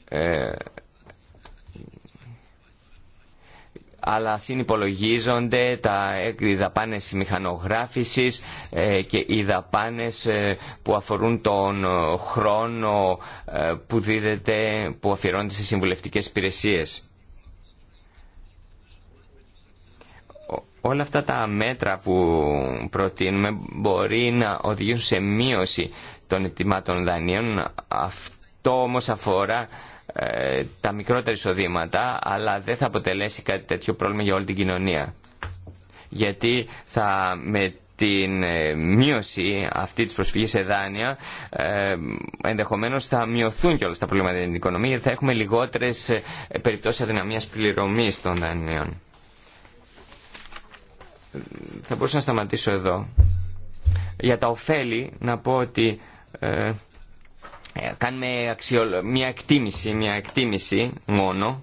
Ε, αλλά συνυπολογίζονται τα, οι δαπάνες μηχανογράφησης ε, και οι δαπάνες ε, που αφορούν τον ε, χρόνο που δίδεται, που αφιερώνεται σε συμβουλευτικέ υπηρεσίε. όλα αυτά τα μέτρα που προτείνουμε μπορεί να οδηγήσουν σε μείωση των ετοιμάτων δανείων. Αυτό όμως αφορά ε, τα μικρότερα εισοδήματα, αλλά δεν θα αποτελέσει κάτι τέτοιο πρόβλημα για όλη την κοινωνία. Γιατί θα με την ε, μείωση αυτή της προσφυγής σε δάνεια ε, ενδεχομένως θα μειωθούν και όλα τα προβλήματα στην οικονομία γιατί θα έχουμε λιγότερες περιπτώσεις αδυναμίας πληρωμής των δανείων. Θα μπορούσα να σταματήσω εδώ. Για τα ωφέλη να πω ότι ε, κάνουμε μια εκτίμηση, μια εκτίμηση μόνο.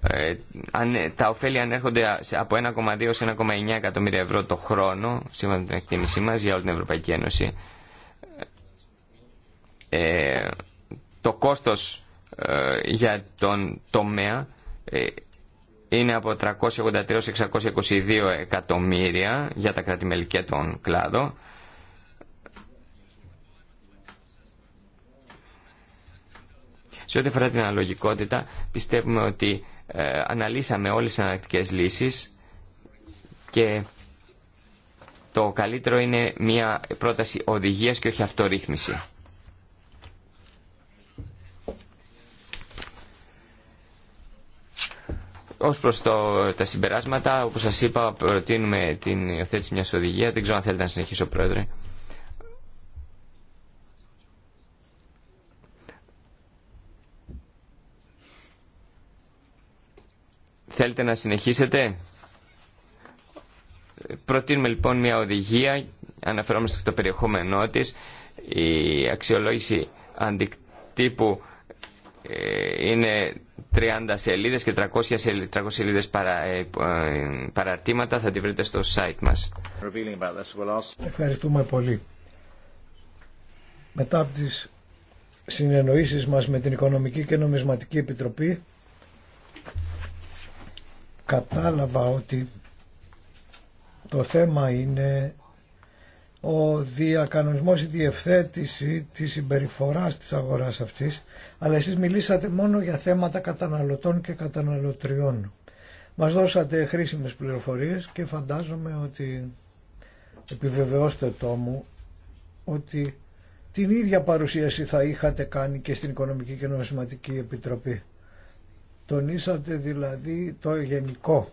Ε, ε, αν, τα ωφέλη ανέρχονται από 1,2 σε 1,9 εκατομμύρια ευρώ το χρόνο, σύμφωνα με την εκτίμησή μας, για όλη την Ευρωπαϊκή Ένωση. το κόστος για τον τομέα είναι από 383-622 εκατομμύρια για τα κράτη-μέλη και τον κλάδο. Σε ό,τι αφορά την αναλογικότητα, πιστεύουμε ότι ε, αναλύσαμε όλες τις αναλυτικές λύσεις και το καλύτερο είναι μια πρόταση οδηγίας και όχι αυτορύθμιση. Ω προ τα συμπεράσματα, όπω σα είπα, προτείνουμε την υιοθέτηση μια οδηγία. Δεν ξέρω αν θέλετε να συνεχίσω, Πρόεδρε. Θέλετε να συνεχίσετε. Προτείνουμε λοιπόν μια οδηγία, αναφερόμαστε στο περιεχόμενό της. Η αξιολόγηση αντικτύπου ε, είναι 30 σελίδες και 300 σελίδες ε, ε, παραρτήματα θα τη βρείτε στο site μας. Ευχαριστούμε πολύ. Μετά από τις συνεννοήσεις μας με την Οικονομική και Νομισματική Επιτροπή κατάλαβα ότι το θέμα είναι ο διακανονισμός ή τη ευθέτηση της συμπεριφοράς της αγοράς αυτής, αλλά εσείς μιλήσατε μόνο για θέματα καταναλωτών και καταναλωτριών. Μας δώσατε χρήσιμες πληροφορίες και φαντάζομαι ότι, επιβεβαιώστε το μου, ότι την ίδια παρουσίαση θα είχατε κάνει και στην Οικονομική και Νομισματική Επιτροπή. Τονίσατε δηλαδή το γενικό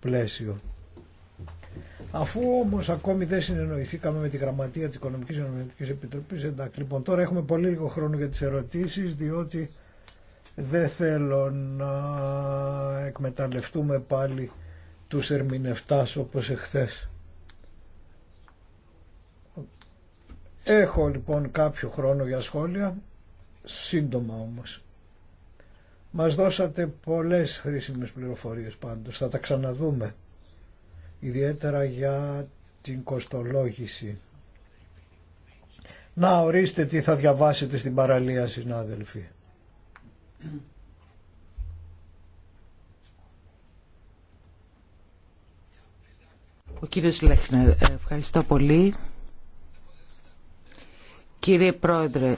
πλαίσιο. Αφού όμω ακόμη δεν συνεννοηθήκαμε με τη γραμματεία της Οικονομικής Ενωτική Επιτροπής, εντάξει, λοιπόν τώρα έχουμε πολύ λίγο χρόνο για τις ερωτήσεις, διότι δεν θέλω να εκμεταλλευτούμε πάλι τους ερμηνευτάς όπως εχθές. Έχω λοιπόν κάποιο χρόνο για σχόλια, σύντομα όμως. Μας δώσατε πολλές χρήσιμες πληροφορίες πάντως, θα τα ξαναδούμε ιδιαίτερα για την κοστολόγηση. Να ορίστε τι θα διαβάσετε στην παραλία συνάδελφοι. Ο κύριος Λέχνερ, ευχαριστώ πολύ. Κύριε Πρόεδρε,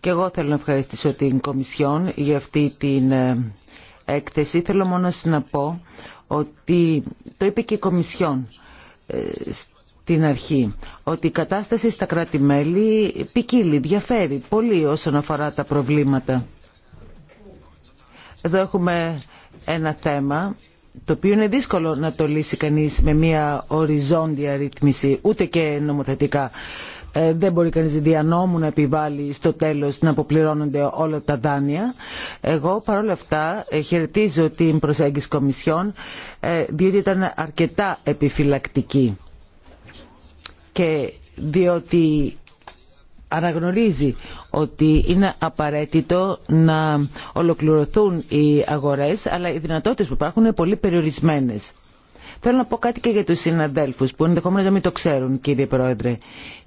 και εγώ θέλω να ευχαριστήσω την Κομισιόν για αυτή την ε, έκθεση. Θέλω μόνο να πω ότι το είπε και η Κομισιόν ε, στην αρχή ότι η κατάσταση στα κράτη-μέλη ποικίλει, διαφέρει πολύ όσον αφορά τα προβλήματα. Εδώ έχουμε ένα θέμα το οποίο είναι δύσκολο να το λύσει κανείς με μια οριζόντια ρύθμιση, ούτε και νομοθετικά. Ε, δεν μπορεί κανείς διανόμου να επιβάλλει στο τέλος να αποπληρώνονται όλα τα δάνεια. Εγώ παρόλα αυτά ε, χαιρετίζω την προσέγγιση Κομισιόν ε, διότι ήταν αρκετά επιφυλακτική και διότι αναγνωρίζει ότι είναι απαραίτητο να ολοκληρωθούν οι αγορές αλλά οι δυνατότητες που υπάρχουν είναι πολύ περιορισμένες. Θέλω να πω κάτι και για τους συναδέλφους που ενδεχομένως να μην το ξέρουν κύριε Πρόεδρε.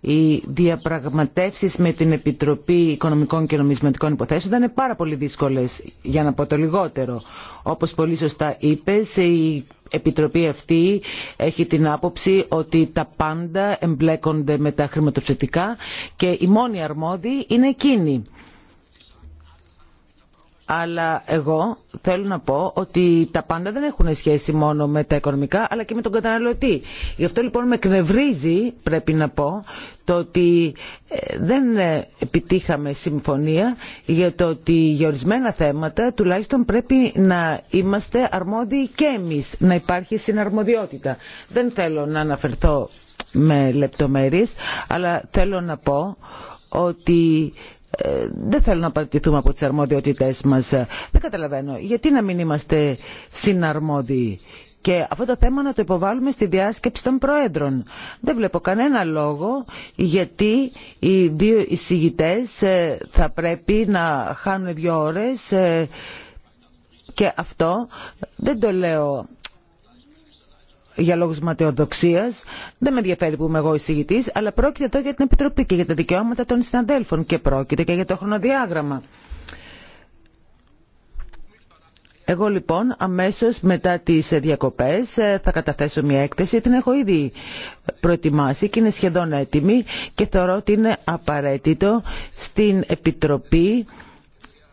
Οι διαπραγματεύσεις με την Επιτροπή Οικονομικών και Νομισματικών Υποθέσεων ήταν πάρα πολύ δύσκολες για να πω το λιγότερο. Όπως πολύ σωστά είπες η Επιτροπή αυτή έχει την άποψη ότι τα πάντα εμπλέκονται με τα χρηματοψηφιστικά και η μόνη αρμόδιοι είναι εκείνη αλλά εγώ θέλω να πω ότι τα πάντα δεν έχουν σχέση μόνο με τα οικονομικά αλλά και με τον καταναλωτή. Γι' αυτό λοιπόν με κνευρίζει πρέπει να πω το ότι ε, δεν ε, επιτύχαμε συμφωνία για το ότι για ορισμένα θέματα τουλάχιστον πρέπει να είμαστε αρμόδιοι και εμείς, να υπάρχει συναρμοδιότητα. Δεν θέλω να αναφερθώ με λεπτομέρειες αλλά θέλω να πω ότι ε, δεν θέλω να παραιτηθούμε από τις αρμόδιότητές μας. Ε, δεν καταλαβαίνω. Γιατί να μην είμαστε συναρμόδιοι και αυτό το θέμα να το υποβάλουμε στη διάσκεψη των Προέδρων. Δεν βλέπω κανένα λόγο γιατί οι δύο εισηγητές ε, θα πρέπει να χάνουν δύο ώρες και αυτό δεν το λέω για λόγους ματαιοδοξίας. Δεν με ενδιαφέρει που είμαι εγώ εισηγητής, αλλά πρόκειται εδώ για την Επιτροπή και για τα δικαιώματα των συναδέλφων και πρόκειται και για το χρονοδιάγραμμα. Εγώ λοιπόν αμέσως μετά τις διακοπές ε, θα καταθέσω μια έκθεση, την έχω ήδη προετοιμάσει και είναι σχεδόν έτοιμη και θεωρώ ότι είναι απαραίτητο στην Επιτροπή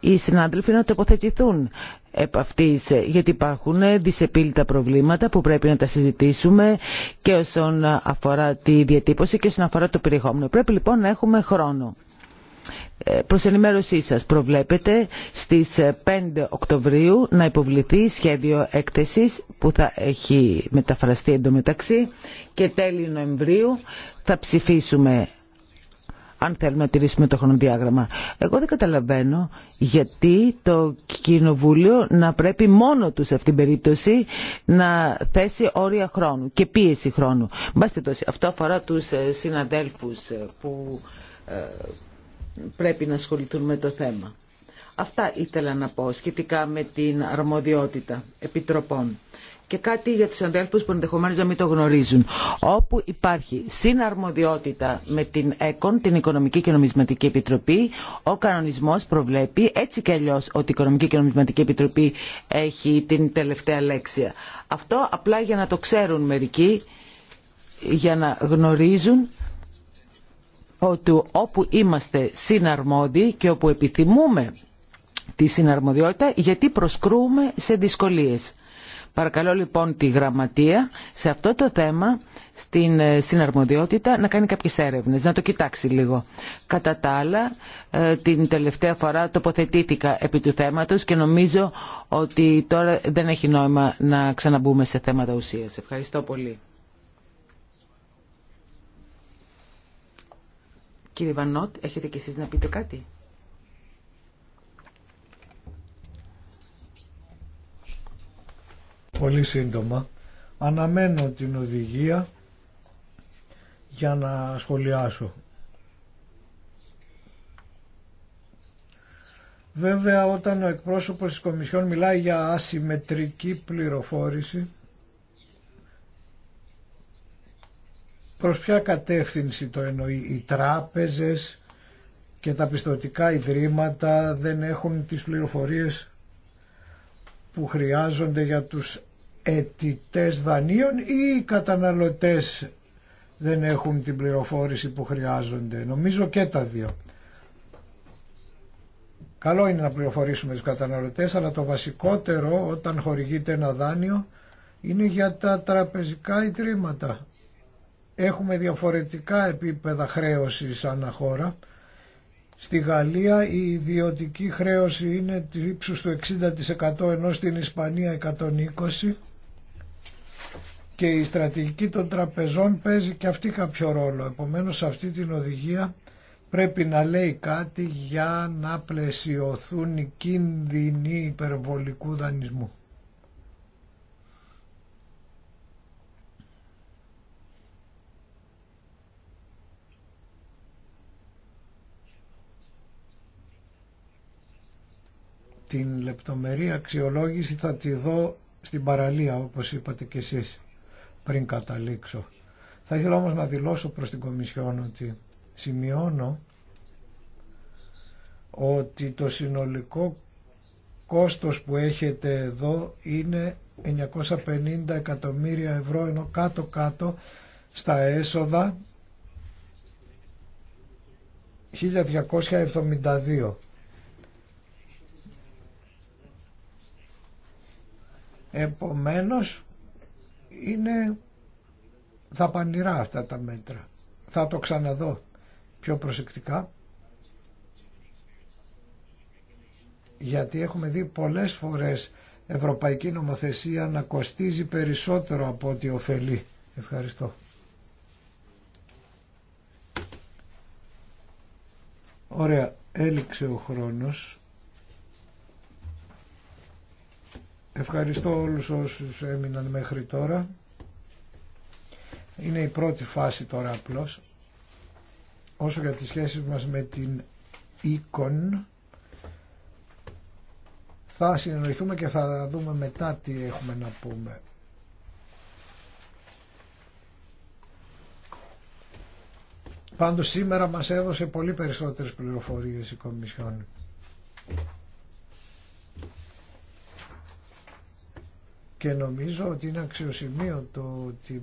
οι συνάδελφοι να τοποθετηθούν επ' αυτής, ε, γιατί υπάρχουν ε, δυσεπίλητα προβλήματα που πρέπει να τα συζητήσουμε και όσον αφορά τη διατύπωση και όσον αφορά το περιεχόμενο. Πρέπει λοιπόν να έχουμε χρόνο. Ε, προς ενημέρωσή σας προβλέπετε στις 5 Οκτωβρίου να υποβληθεί σχέδιο έκθεσης που θα έχει μεταφραστεί εντωμεταξύ και τέλη Νοεμβρίου θα ψηφίσουμε αν θέλουμε να τηρήσουμε το χρονοδιάγραμμα. Εγώ δεν καταλαβαίνω γιατί το Κοινοβούλιο να πρέπει μόνο του σε αυτήν την περίπτωση να θέσει όρια χρόνου και πίεση χρόνου. Αυτό αφορά τους ε, συναδέλφου ε, που ε, πρέπει να ασχοληθούν με το θέμα. Αυτά ήθελα να πω σχετικά με την αρμοδιότητα επιτροπών. Και κάτι για τους αδέλφους που ενδεχομένω να μην το γνωρίζουν. Όπου υπάρχει συναρμοδιότητα με την ΕΚΟΝ, την Οικονομική και Νομισματική Επιτροπή, ο κανονισμός προβλέπει έτσι και αλλιώ ότι η Οικονομική και Νομισματική Επιτροπή έχει την τελευταία λέξη. Αυτό απλά για να το ξέρουν μερικοί, για να γνωρίζουν ότι όπου είμαστε συναρμόδιοι και όπου επιθυμούμε τη συναρμοδιότητα γιατί προσκρούμε σε δυσκολίες. Παρακαλώ λοιπόν τη Γραμματεία σε αυτό το θέμα, ε, στην αρμοδιότητα να κάνει κάποιες έρευνες, να το κοιτάξει λίγο. Κατά τα άλλα, ε, την τελευταία φορά τοποθετήθηκα επί του θέματος και νομίζω ότι τώρα δεν έχει νόημα να ξαναμπούμε σε θέματα ουσίας. Ευχαριστώ πολύ. Κύριε Βανότ, έχετε κι εσείς να πείτε κάτι. πολύ σύντομα. Αναμένω την οδηγία για να σχολιάσω. Βέβαια όταν ο εκπρόσωπος της Κομισιόν μιλάει για ασυμμετρική πληροφόρηση προς ποια κατεύθυνση το εννοεί οι τράπεζες και τα πιστοτικά ιδρύματα δεν έχουν τις πληροφορίες που χρειάζονται για τους αιτητές δανείων ή οι καταναλωτές δεν έχουν την πληροφόρηση που χρειάζονται. Νομίζω και τα δύο. Καλό είναι να πληροφορήσουμε τους καταναλωτές, αλλά το βασικότερο όταν χορηγείται ένα δάνειο είναι για τα τραπεζικά ιδρύματα. Έχουμε διαφορετικά επίπεδα χρέωσης ανά χώρα. Στη Γαλλία η ιδιωτική χρέωση είναι ύψους του 60% ενώ στην Ισπανία 120% και η στρατηγική των τραπεζών παίζει και αυτή κάποιο ρόλο. Επομένως αυτή την οδηγία πρέπει να λέει κάτι για να πλαισιωθούν οι κίνδυνοι υπερβολικού δανεισμού. Την λεπτομερή αξιολόγηση θα τη δω στην παραλία όπως είπατε και εσείς πριν καταλήξω. Θα ήθελα όμως να δηλώσω προς την Κομισιόν ότι σημειώνω ότι το συνολικό κόστος που έχετε εδώ είναι 950 εκατομμύρια ευρώ ενώ κάτω κάτω στα έσοδα 1272 Επομένως είναι δαπανηρά αυτά τα μέτρα. Θα το ξαναδώ πιο προσεκτικά γιατί έχουμε δει πολλές φορές ευρωπαϊκή νομοθεσία να κοστίζει περισσότερο από ό,τι ωφελεί. Ευχαριστώ. Ωραία, έληξε ο χρόνος. Ευχαριστώ όλους όσους έμειναν μέχρι τώρα. Είναι η πρώτη φάση τώρα απλώς. Όσο για τις σχέσεις μας με την οίκον, θα συνεννοηθούμε και θα δούμε μετά τι έχουμε να πούμε. Πάντως σήμερα μας έδωσε πολύ περισσότερες πληροφορίες η Κομισιόν. Και νομίζω ότι είναι αξιοσημείωτο ότι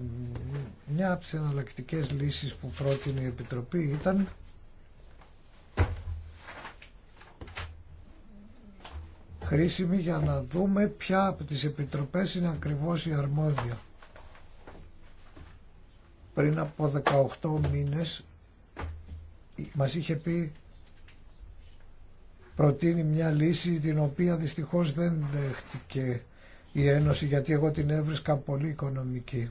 μια από τι εναλλακτικέ λύσει που πρότεινε η Επιτροπή ήταν χρήσιμη για να δούμε ποια από τις επιτροπές είναι ακριβώς η αρμόδια. Πριν από 18 μήνες μας είχε πει προτείνει μια λύση την οποία δυστυχώς δεν δέχτηκε η Ένωση γιατί εγώ την έβρισκα πολύ οικονομική.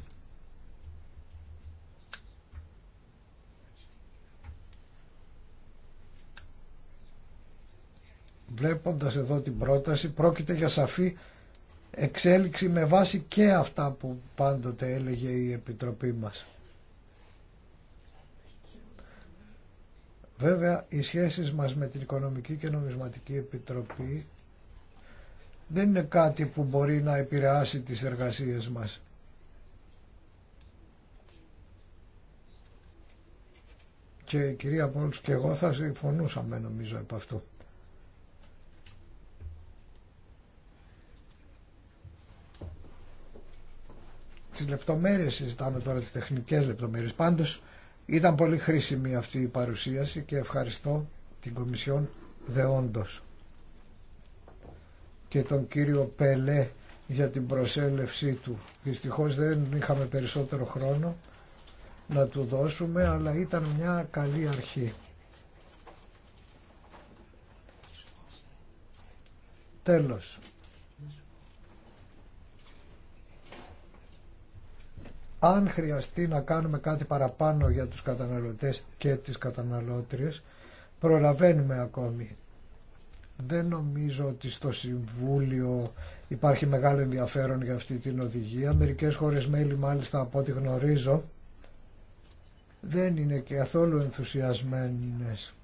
Βλέποντας εδώ την πρόταση πρόκειται για σαφή εξέλιξη με βάση και αυτά που πάντοτε έλεγε η Επιτροπή μας. Βέβαια, οι σχέσεις μας με την Οικονομική και Νομισματική Επιτροπή δεν είναι κάτι που μπορεί να επηρεάσει τις εργασίες μας. Και η κυρία Πόλτς και εγώ θα συμφωνούσαμε νομίζω από αυτό. Τις λεπτομέρειες συζητάμε τώρα, τις τεχνικές λεπτομέρειες. Πάντως ήταν πολύ χρήσιμη αυτή η παρουσίαση και ευχαριστώ την Κομισιόν δεόντως και τον κύριο Πελέ για την προσέλευσή του. Δυστυχώς δεν είχαμε περισσότερο χρόνο να του δώσουμε, αλλά ήταν μια καλή αρχή. Τέλος. Αν χρειαστεί να κάνουμε κάτι παραπάνω για τους καταναλωτές και τις καταναλώτριες, προλαβαίνουμε ακόμη. Δεν νομίζω ότι στο Συμβούλιο υπάρχει μεγάλο ενδιαφέρον για αυτή την οδηγία. Μερικές χώρες μέλη μάλιστα από ό,τι γνωρίζω δεν είναι και αθόλου ενθουσιασμένες.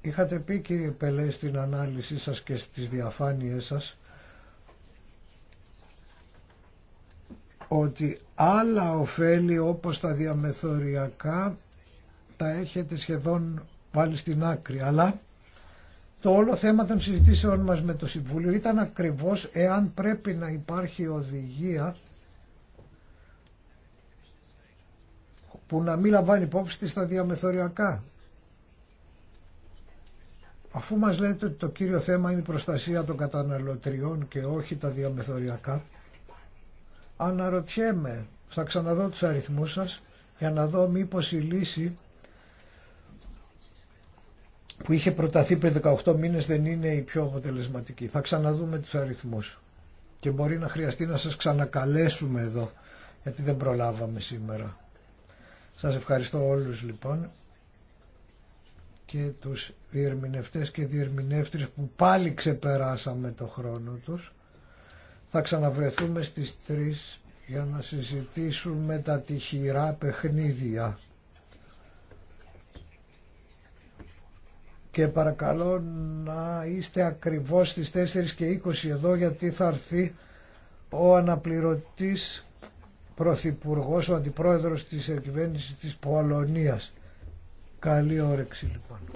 Είχατε πει κύριε Πελέ στην ανάλυση σας και στις διαφάνειές σας ότι άλλα ωφέλη όπως τα διαμεθοριακά τα έχετε σχεδόν πάλι στην άκρη. Αλλά το όλο θέμα των συζητήσεων μας με το Συμβούλιο ήταν ακριβώς εάν πρέπει να υπάρχει οδηγία που να μην λαμβάνει υπόψη της στα διαμεθοριακά. Αφού μας λέτε ότι το κύριο θέμα είναι η προστασία των καταναλωτριών και όχι τα διαμεθοριακά, αναρωτιέμαι, θα ξαναδώ τους αριθμούς σας για να δω μήπως η λύση που είχε προταθεί πριν 18 μήνες δεν είναι η πιο αποτελεσματική. Θα ξαναδούμε τους αριθμούς και μπορεί να χρειαστεί να σας ξανακαλέσουμε εδώ γιατί δεν προλάβαμε σήμερα. Σας ευχαριστώ όλους λοιπόν και τους διερμηνευτές και διερμηνεύτρες που πάλι ξεπεράσαμε το χρόνο τους. Θα ξαναβρεθούμε στις 3 για να συζητήσουμε τα τυχηρά παιχνίδια. και παρακαλώ να είστε ακριβώς στις 4 και 20 εδώ γιατί θα έρθει ο αναπληρωτής πρωθυπουργός, ο αντιπρόεδρος της κυβέρνησης της Πολωνίας. Καλή όρεξη λοιπόν.